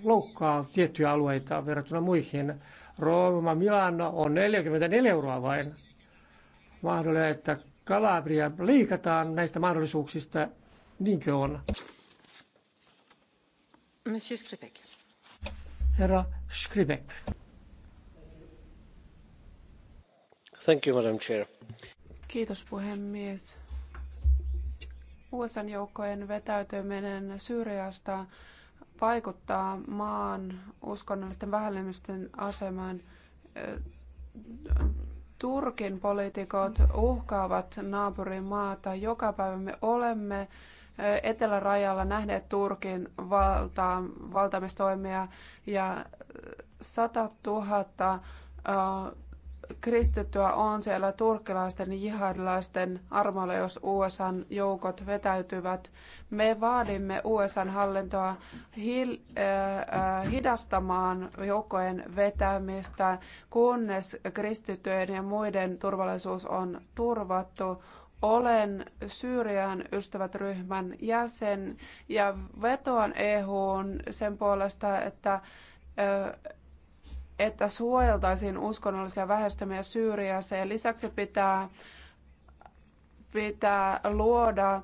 Speaker 5: loukkaa tiettyjä alueita verrattuna muihin. Rooma, Milano on 44 euroa vain. Mahdollinen, että Kalabria leikataan näistä mahdollisuuksista, niinkö on?
Speaker 2: Monsieur Skripek.
Speaker 5: Herra Skripek.
Speaker 6: Thank you, Madam Chair.
Speaker 13: Kiitos puhemies. USAn joukkojen vetäytyminen Syyriasta vaikuttaa maan uskonnollisten vähemmistöjen asemaan Turkin poliitikot uhkaavat naapurimaata. Joka päivä me olemme etelärajalla nähneet Turkin valta, valtaamistoimia ja 100 000 kristittyä on siellä turkkilaisten jihadilaisten armoilla, jos USAn joukot vetäytyvät. Me vaadimme USAn hallintoa hil, äh, äh, hidastamaan joukkojen vetämistä, kunnes kristittyjen ja muiden turvallisuus on turvattu. Olen Syyrian ystävät ryhmän jäsen ja vetoan EUn sen puolesta, että äh, että suojeltaisiin uskonnollisia vähestömiä Syyriassa ja lisäksi pitää, pitää luoda äh,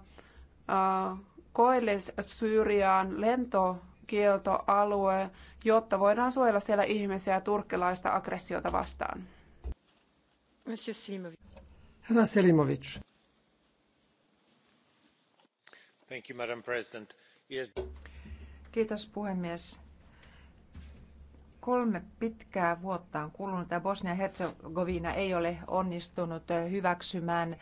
Speaker 13: koillis-Syyriaan lentokieltoalue, jotta voidaan suojella siellä ihmisiä turkkilaista aggressiota vastaan. Monsieur Selimovic.
Speaker 5: Herra Selimovic.
Speaker 3: Thank you, Madam President. Yes.
Speaker 12: Kiitos puhemies. Kolme pitkää vuotta on kulunut ja Bosnia-Herzegovina ei ole onnistunut hyväksymään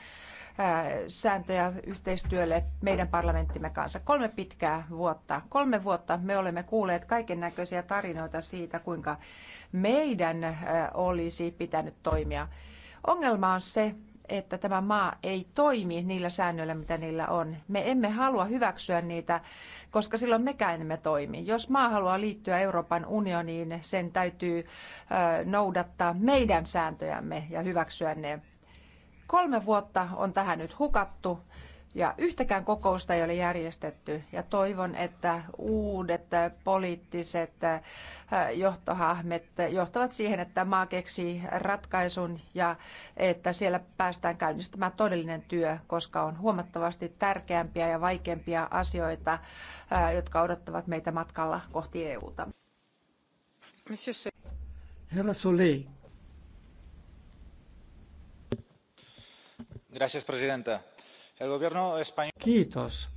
Speaker 12: sääntöjä yhteistyölle meidän parlamenttimme kanssa. Kolme pitkää vuotta. Kolme vuotta me olemme kuulleet kaiken näköisiä tarinoita siitä, kuinka meidän olisi pitänyt toimia. Ongelma on se, että tämä maa ei toimi niillä säännöillä, mitä niillä on. Me emme halua hyväksyä niitä, koska silloin mekään emme toimi. Jos maa haluaa liittyä Euroopan unioniin, sen täytyy noudattaa meidän sääntöjämme ja hyväksyä ne. Kolme vuotta on tähän nyt hukattu ja yhtäkään kokousta ei ole järjestetty ja toivon, että uudet poliittiset äh, johtohahmet johtavat siihen, että maa keksii ratkaisun ja että siellä päästään käynnistämään todellinen työ, koska on huomattavasti tärkeämpiä ja vaikeampia asioita, äh, jotka odottavat meitä matkalla kohti EUta.
Speaker 5: Herra Soli.
Speaker 6: Gracias, presidenta Kiitos.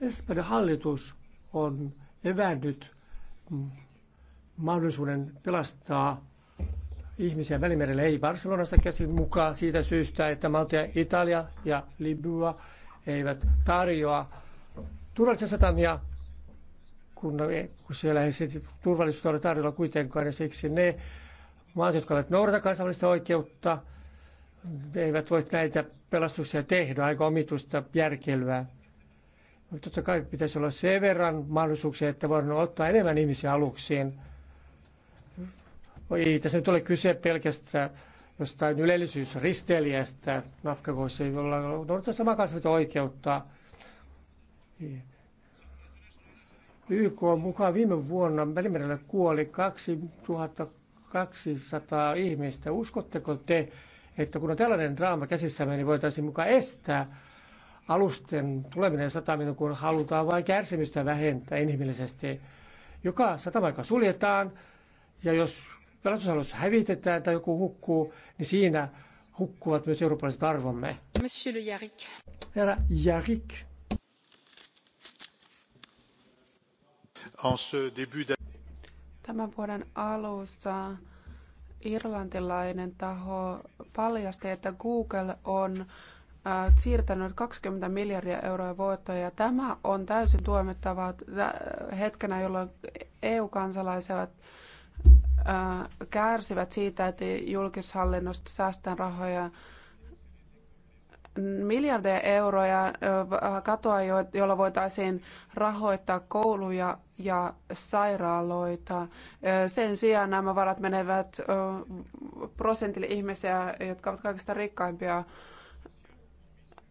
Speaker 5: Espanjan hallitus on evännyt mm, mahdollisuuden pelastaa ihmisiä Välimerellä, ei Barcelonasta käsin mukaan siitä syystä, että Malta ja Italia ja Libya eivät tarjoa turvallisia satamia, kun, kun siellä ei turvallisuutta ole tarjolla kuitenkaan, ja siksi ne maat, jotka ovat noudata kansainvälistä oikeutta, eivät voi näitä pelastuksia tehdä, aika omitusta järkelyä. Totta kai pitäisi olla sen verran mahdollisuuksia, että voidaan ottaa enemmän ihmisiä aluksiin. Ei tässä nyt ole kyse pelkästään jostain ylellisyysristeilijästä ei olla noudattaa samaa kansainvälistä oikeutta. YK on mukaan viime vuonna Välimerellä kuoli 2200 ihmistä. Uskotteko te, että kun on tällainen draama käsissämme, niin voitaisiin mukaan estää alusten tuleminen satamiin, kun halutaan vain kärsimystä vähentää inhimillisesti. Joka satamaika suljetaan, ja jos pelastusalus hävitetään tai joku hukkuu, niin siinä hukkuvat myös eurooppalaiset arvomme.
Speaker 12: Monsieur le Jarik.
Speaker 5: Herra Jarik.
Speaker 13: Tämän vuoden alussa irlantilainen taho paljasti, että Google on siirtänyt 20 miljardia euroa voittoja. Tämä on täysin tuomittavaa hetkenä, jolloin EU-kansalaiset kärsivät siitä, että julkishallinnosta säästään rahoja miljardeja euroja katoa, jolla voitaisiin rahoittaa kouluja ja sairaaloita. Sen sijaan nämä varat menevät prosentille ihmisiä, jotka ovat kaikista rikkaimpia.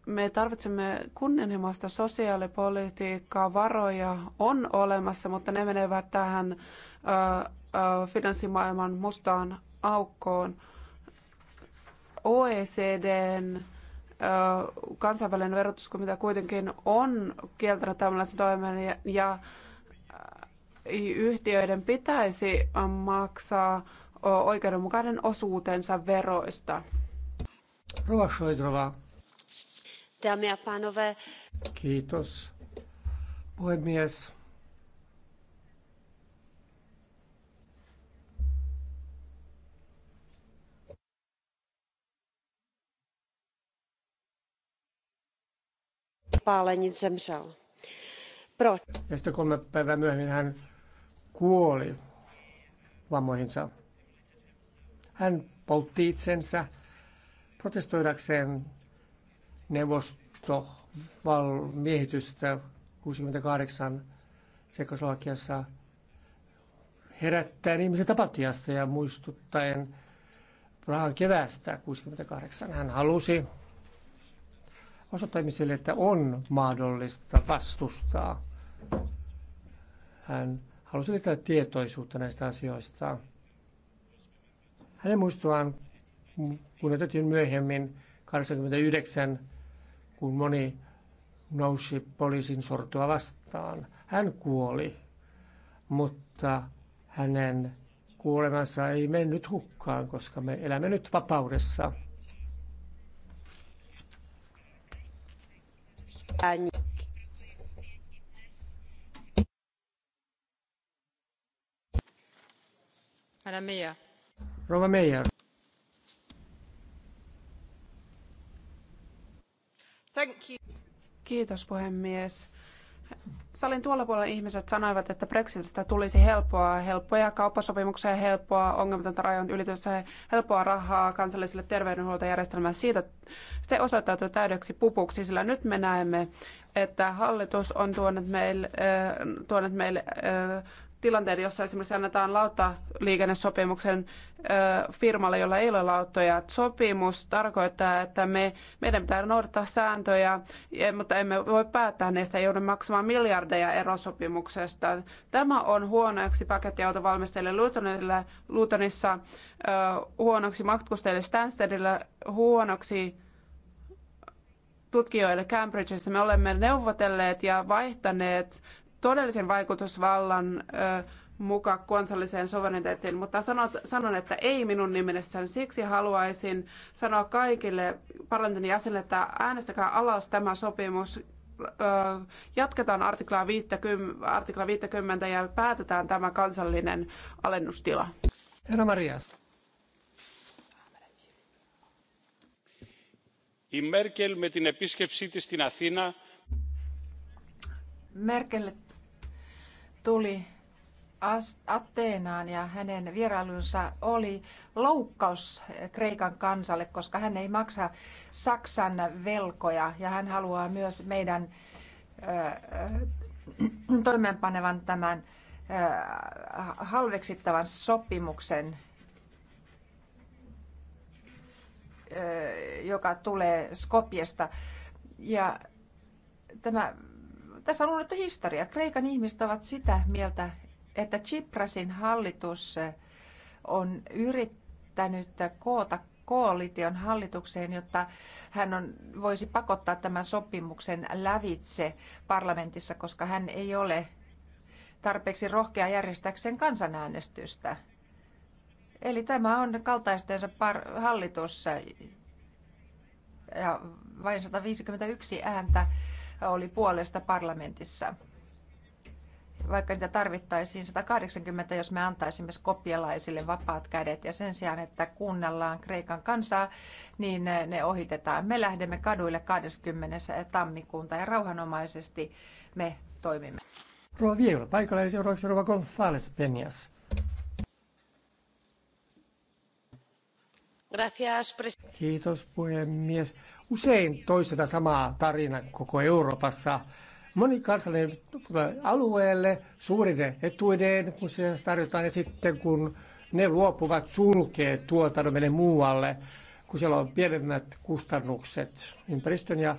Speaker 13: Me tarvitsemme kunnianhimoista sosiaalipolitiikkaa, varoja on olemassa, mutta ne menevät tähän finanssimaailman mustaan aukkoon. OECDn kansainvälinen mitä kuitenkin on kieltänyt tällaisen toimen ja, ja yhtiöiden pitäisi maksaa oikeudenmukainen osuutensa veroista.
Speaker 5: Rova Šojdrova.
Speaker 9: Dámy a pánové.
Speaker 5: Kiitos. Puhemies, zapálenin zemřel. Proč? Ja kolme päivää myöhemmin hän kuoli vammoihinsa. Hän poltti itsensä protestoidakseen val- miehitystä 68 Sekoslovakiassa herättäen ihmiset apatiasta ja muistuttaen Prahan keväästä 68. Hän halusi osoittamiselle, että on mahdollista vastustaa. Hän halusi lisätä tietoisuutta näistä asioista. Hänen muistoaan kunnetettiin myöhemmin 1989, kun moni nousi poliisin sortua vastaan. Hän kuoli, mutta hänen kuolemansa ei mennyt hukkaan, koska me elämme nyt vapaudessa. Madame Meyer. Rova Meyer.
Speaker 13: Kiitos puhemies salin tuolla puolella ihmiset sanoivat, että Brexitistä tulisi helppoa, helppoja kauppasopimuksia, helppoa ongelmatonta rajan ylitystä, helppoa rahaa kansalliselle terveydenhuoltojärjestelmälle. Siitä se osoittautui täydeksi pupuksi, sillä nyt me näemme, että hallitus on tuonut meille, äh, tuonut meille äh, tilanteiden, jossa esimerkiksi annetaan lauttaliikennesopimuksen firmalle, jolla ei ole lauttoja. Sopimus tarkoittaa, että me, meidän pitää noudattaa sääntöjä, e, mutta emme voi päättää niistä, joudun maksamaan miljardeja erosopimuksesta. Tämä on huonoksi pakettiautovalmistajille Lutonille, Lutonissa, huonoksi matkustajille Stanstedillä, huonoksi tutkijoille Cambridgeissa. Me olemme neuvotelleet ja vaihtaneet todellisen vaikutusvallan mukaan kansalliseen sovereigniteettiin, mutta sanot, sanon, että ei minun nimessäni. Siksi haluaisin sanoa kaikille parlamentin jäsenille, että äänestäkää alas tämä sopimus. Jatketaan artiklaa 50, artikla 50 ja päätetään tämä kansallinen alennustila.
Speaker 5: Herra Maria.
Speaker 7: Η Μέρκελ με την επίσκεψή της στην Αθήνα
Speaker 12: Merkel tuli Ateenaan ja hänen vierailunsa oli loukkaus Kreikan kansalle, koska hän ei maksa Saksan velkoja ja hän haluaa myös meidän toimeenpanevan tämän halveksittavan sopimuksen, joka tulee Skopjesta. Ja tämä tässä on unohdettu historia. Kreikan ihmiset ovat sitä mieltä, että Tsiprasin hallitus eh, on yrittänyt koota koalition hallitukseen, jotta hän on, voisi pakottaa tämän sopimuksen lävitse parlamentissa, koska hän ei ole tarpeeksi rohkea järjestääkseen kansanäänestystä. Eli tämä on kaltaistensa par- hallitus eh, ja vain 151 ääntä oli puolesta parlamentissa. Vaikka niitä tarvittaisiin 180, jos me antaisimme skopialaisille vapaat kädet ja sen sijaan, että kuunnellaan Kreikan kansaa, niin ne ohitetaan. Me lähdemme kaduille 20. tammikuuta ja rauhanomaisesti me toimimme.
Speaker 5: Rova Vieula, paikalla eli seuraavaksi Rova González Peñas. Kiitos puhemies. Usein toistetaan samaa tarinaa koko Euroopassa. Moni kansallinen alueelle suurine etuideen, kun se tarjotaan, ja sitten kun ne luopuvat, sulkee tuotannon menee muualle, kun siellä on pienemmät kustannukset ympäristön ja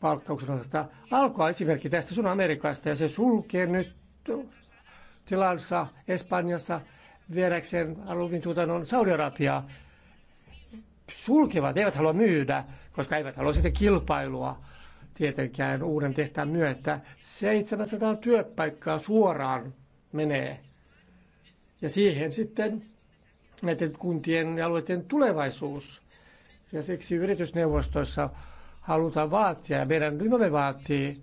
Speaker 5: palkkauksen osalta. Alkoa esimerkki tästä sun Amerikasta, ja se sulkee nyt tilansa Espanjassa viedäkseen aluvin tuotannon Saudi-Arabiaan sulkevat, eivät halua myydä, koska eivät halua sitä kilpailua tietenkään uuden tehtaan myötä. 700 työpaikkaa suoraan menee. Ja siihen sitten näiden kuntien ja alueiden tulevaisuus. Ja siksi yritysneuvostoissa halutaan vaatia, ja meidän ryhmämme vaatii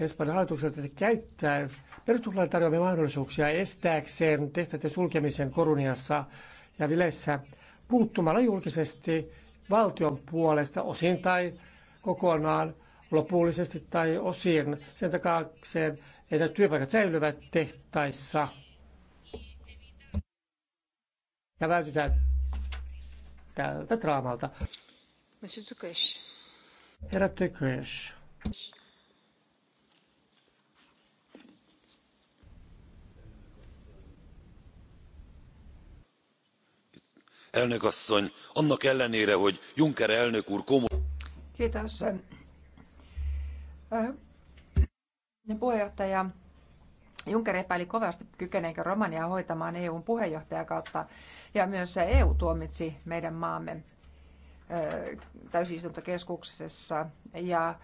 Speaker 5: Espanjan hallitukselta, että käyttää perustuslain tarjoamia mahdollisuuksia estääkseen tehtäiden sulkemisen Koruniassa ja Vilessä puuttumalla julkisesti valtion puolesta osin tai kokonaan lopullisesti tai osin sen takaakseen, että työpaikat säilyvät tehtaissa. Ja vältytään tältä draamalta. Herra Tökös.
Speaker 7: elnök asszony annak ellenére hogy juncker elnök úr komoly.
Speaker 12: Puheenjohtaja Juncker epäili kovasti, kykeneekö Romania hoitamaan EUn puheenjohtajakautta, ja myös EU e tuomitsi meidän maamme täysistuntokeskuksessa ja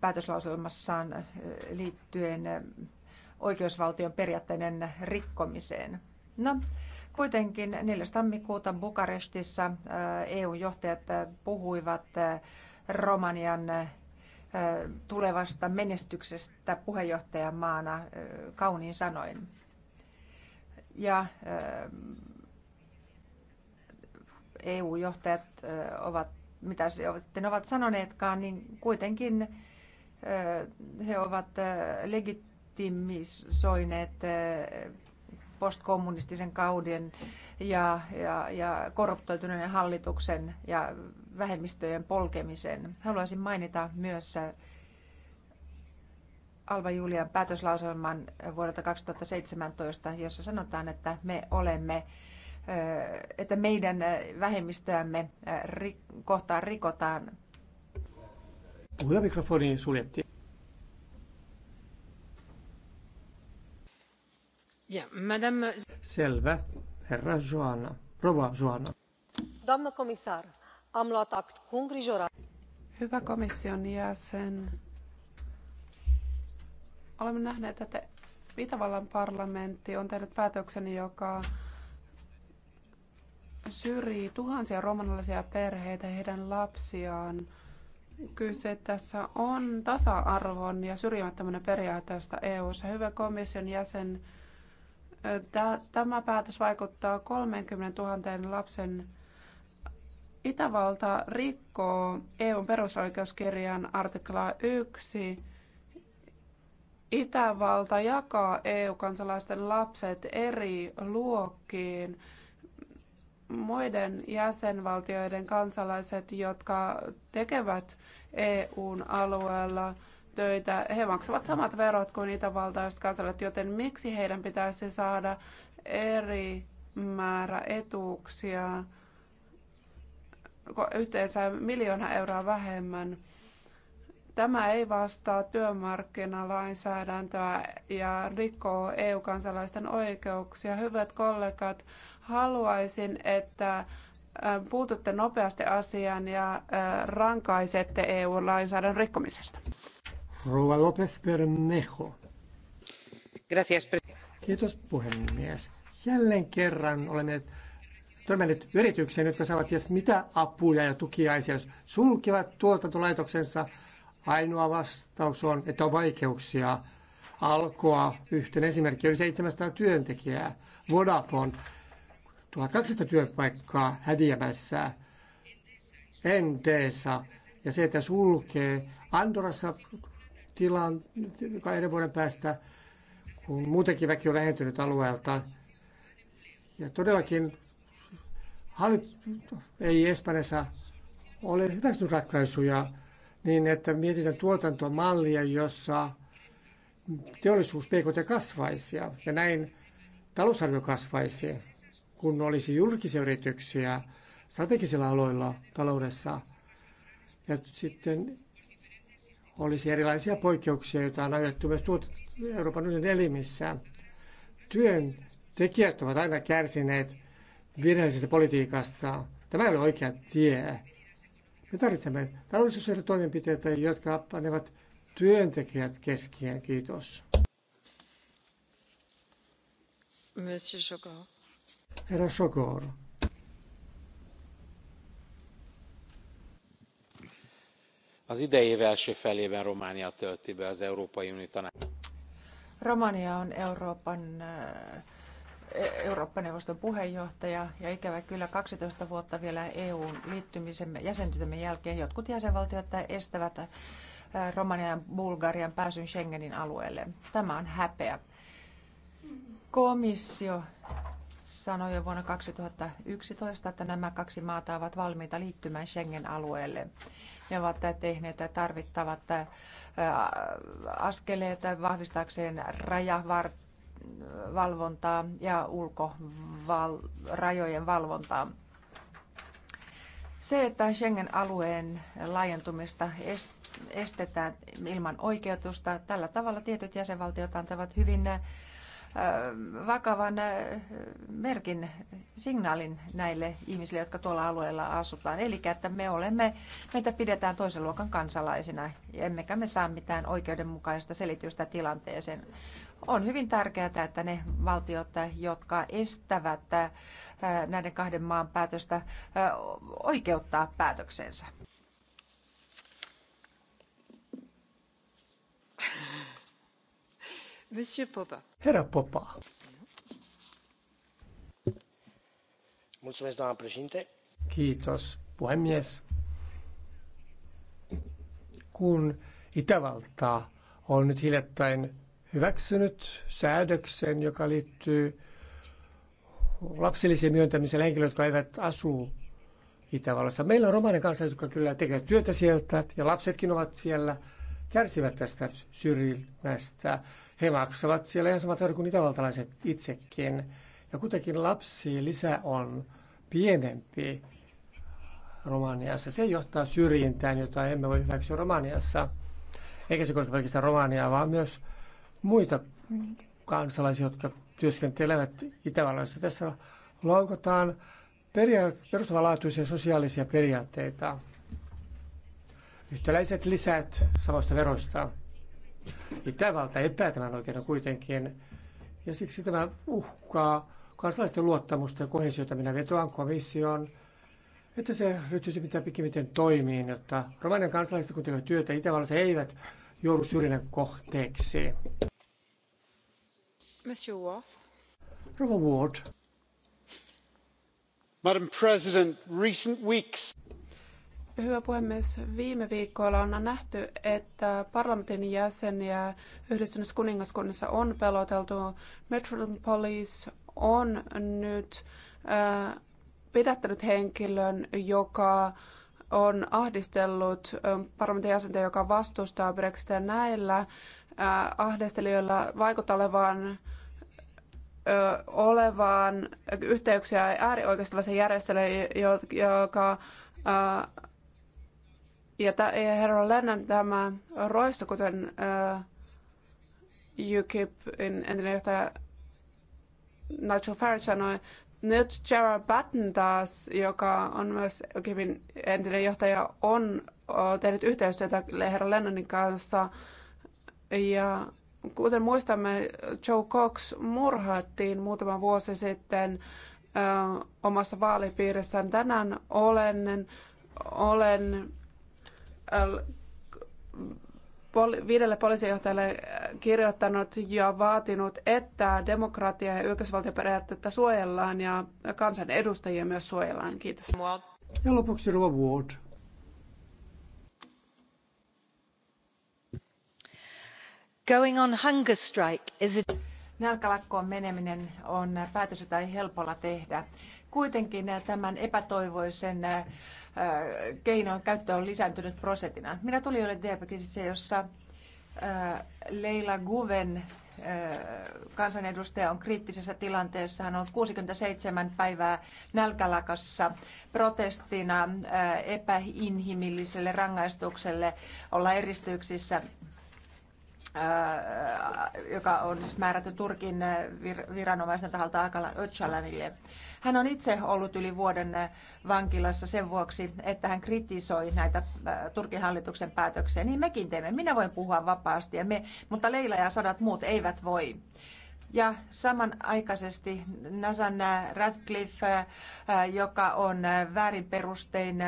Speaker 12: päätöslauselmassaan liittyen oikeusvaltion periaatteiden rikkomiseen. No, Kuitenkin 4. tammikuuta Bukarestissa äh, EU-johtajat äh, puhuivat äh, Romanian tulevasta menestyksestä puheenjohtajamaana kauniin sanoin. Ja EU-johtajat ovat, mitä se sitten ovat sanoneetkaan, niin kuitenkin he ovat legitimisoineet postkommunistisen kauden ja, ja, ja korruptoituneen hallituksen ja vähemmistöjen polkemisen. Haluaisin mainita myös Alva Julian päätöslauselman vuodelta 2017, jossa sanotaan, että me olemme että meidän vähemmistöämme kohtaan rikotaan.
Speaker 5: Puhujamikrofoni mikrofoni suljettiin. madame... Selvä. Herra Joana. Rova Joana.
Speaker 8: Doamnă comisar, am
Speaker 13: luat act cu îngrijorare. Hyvä komission jäsen. Olemme nähneet, että Itävallan parlamentti on tehnyt päätöksen, joka syrjii tuhansia romanilaisia perheitä ja heidän lapsiaan. Kyse tässä on tasa-arvon ja syrjimättömyyden periaatteesta EU-ssa. Hyvä komission jäsen, Tämä päätös vaikuttaa 30 000 lapsen Itävalta rikkoo EUn perusoikeuskirjan artiklaa 1. Itävalta jakaa EU-kansalaisten lapset eri luokkiin. Muiden jäsenvaltioiden kansalaiset, jotka tekevät EUn alueella töitä, he maksavat samat verot kuin itävaltaiset kansalaiset, joten miksi heidän pitäisi saada eri määrä etuuksia, yhteensä miljoona euroa vähemmän. Tämä ei vastaa työmarkkinalainsäädäntöä ja rikkoo EU-kansalaisten oikeuksia. Hyvät kollegat, haluaisin, että puututte nopeasti asiaan ja rankaisette EU-lainsäädännön rikkomisesta.
Speaker 5: Arvoisa López Kiitos puhemies. Jälleen kerran olemme törmänneet yrityksiin, jotka saavat ties mitä apuja ja tukiaisia, jos sulkevat tuotantolaitoksensa. Ainoa vastaus on, että on vaikeuksia. Alkoa yhtenä esimerkki oli 700 työntekijää. Vodafone 1200 työpaikkaa häviämässä. Endesa ja se, että sulkee Andorassa tilan kahden vuoden päästä, kun muutenkin väki on vähentynyt alueelta. Ja todellakin hallit, ei Espanjassa ole hyväksynyt ratkaisuja niin, että mietitään tuotantomallia, jossa teollisuus PKT kasvaisi ja näin talousarvio kasvaisi, kun olisi julkisia yrityksiä strategisilla aloilla taloudessa. Ja sitten olisi erilaisia poikkeuksia, joita on ajettu myös Euroopan unionin elimissä. Työntekijät ovat aina kärsineet virheellisestä politiikasta. Tämä ei ole oikea tie. Me tarvitsemme taloudellisuuden toimenpiteitä, jotka panevat työntekijät keskiään. Kiitos.
Speaker 8: Monsieur Chocor.
Speaker 5: Herra Chocor.
Speaker 6: az idei év első felében Románia tölti be az Európai Unió tanácsot.
Speaker 12: Romania on Euroopan Eurooppa-neuvoston eh, puheenjohtaja ja ikävä kyllä 12 vuotta vielä EUn liittymisemme jäsentytemme jälkeen jotkut jäsenvaltiot estävät eh, Romanian ja Bulgarian pääsyn Schengenin alueelle. Tämä on häpeä. Komissio sanoi jo vuonna 2011, että nämä kaksi maata ovat valmiita liittymään Schengen-alueelle. Ne ovat tehneet tarvittavat äh, askeleet vahvistaakseen rajavalvontaa ja ulkorajojen valvontaa. Se, että Schengen-alueen laajentumista estetään ilman oikeutusta, tällä tavalla tietyt jäsenvaltiot antavat hyvin äh, vakavan merkin, signaalin näille ihmisille, jotka tuolla alueella asutaan. Eli että me olemme, meitä pidetään toisen luokan kansalaisina, emmekä me saa mitään oikeudenmukaista selitystä tilanteeseen. On hyvin tärkeää, että ne valtiot, jotka estävät näiden kahden maan päätöstä, oikeuttaa päätöksensä.
Speaker 5: doamnă președinte. Kiitos, puhemies. Kun Itävalta on nyt hiljattain hyväksynyt säädöksen, joka liittyy lapsilliseen myöntämiseen henkilöille, jotka eivät asu Itävallassa. Meillä on romanen kansa, jotka kyllä tekevät työtä sieltä ja lapsetkin ovat siellä, kärsivät tästä syrjinnästä. He maksavat siellä ihan samat verran kuin itävaltalaiset itsekin. Ja kuitenkin lapsi lisä on pienempi Romaniassa. Se johtaa syrjintään, jota emme voi hyväksyä Romaniassa. Eikä se koske pelkästään Romaniaa, vaan myös muita kansalaisia, jotka työskentelevät Itävallassa. Tässä loukataan perustavanlaatuisia sosiaalisia periaatteita. Yhtäläiset lisät samoista veroista Itävalta niin epää tämän oikeuden kuitenkin, ja siksi tämä uhkaa kansalaisten luottamusta ja kohesiota. Minä vetoan komissioon, että se ryhtyisi mitä pikimmiten toimiin, jotta romanian kansalaiset, kun tekevät työtä Itävallassa, eivät joudu syrjinnän kohteeksi. Monsieur Wolf. Robert Ward. Madam President, recent weeks
Speaker 13: Hyvä puhemies, viime viikolla on nähty, että parlamentin jäseniä yhdistyneessä kuningaskunnassa on peloteltu. Metropolis Police on nyt äh, pidättänyt henkilön, joka on ahdistellut äh, parlamentin jäsentä, joka vastustaa Brexitia näillä äh, ahdistelijoilla vaikuttaa olevan olevaan yhteyksiä äärioikeistolaisen järjestölle, joka ja, ta, ja herra Lennon tämä roisto, kuten äh, UKIP in, entinen johtaja Nigel Farage sanoi, nyt Gerard Batten taas, joka on myös UKIPin entinen johtaja, on uh, tehnyt yhteistyötä herra Lennonin kanssa. Ja kuten muistamme, Joe Cox murhattiin muutama vuosi sitten uh, omassa vaalipiirissään. Tänään olen, olen Äh, viidelle poliisijohtajalle äh, kirjoittanut ja vaatinut, että demokratia ja yhdysvaltioperiaatteita suojellaan ja kansan edustajia myös suojellaan. Kiitos.
Speaker 5: Ja lopuksi Rova Ward.
Speaker 12: Going on hunger strike is it... Nälkälakkoon meneminen on päätös, jota ei helpolla tehdä. Kuitenkin tämän epätoivoisen äh, keinojen käyttö on lisääntynyt prosentina. Minä tulin jolle Diabetesissä, jossa Leila Guven kansanedustaja on kriittisessä tilanteessa. Hän on 67 päivää nälkälakassa protestina epäinhimilliselle rangaistukselle olla eristyksissä Äh, äh, joka on siis määrätty Turkin äh, viranomaisen taholta Akalan Öcalanille. Hän on itse ollut yli vuoden vankilassa sen vuoksi, että hän kritisoi näitä Turkin hallituksen päätöksiä. Niin mekin teemme. Minä voin puhua vapaasti, ja me, mutta Leila ja sadat muut eivät voi. Ja samanaikaisesti Nasan Radcliffe, joka on väärin perustein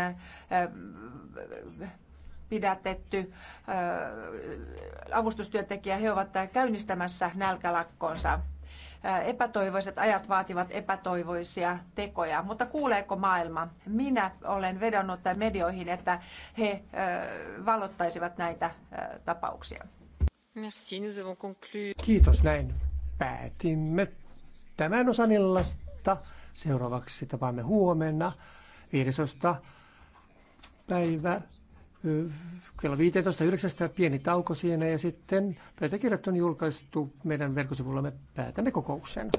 Speaker 12: pidätetty avustustyöntekijä. He ovat käynnistämässä nälkälakkonsa. Epätoivoiset ajat vaativat epätoivoisia tekoja, mutta kuuleeko maailma? Minä olen vedonnut medioihin, että he valottaisivat näitä tapauksia.
Speaker 8: Merci,
Speaker 5: nous avons conclu. Kiitos, näin päätimme tämän osan illasta. Seuraavaksi tapaamme huomenna 15. päivä kello 15.9. pieni tauko siinä ja sitten pöytäkirjat on julkaistu meidän verkkosivullamme. Päätämme kokouksen.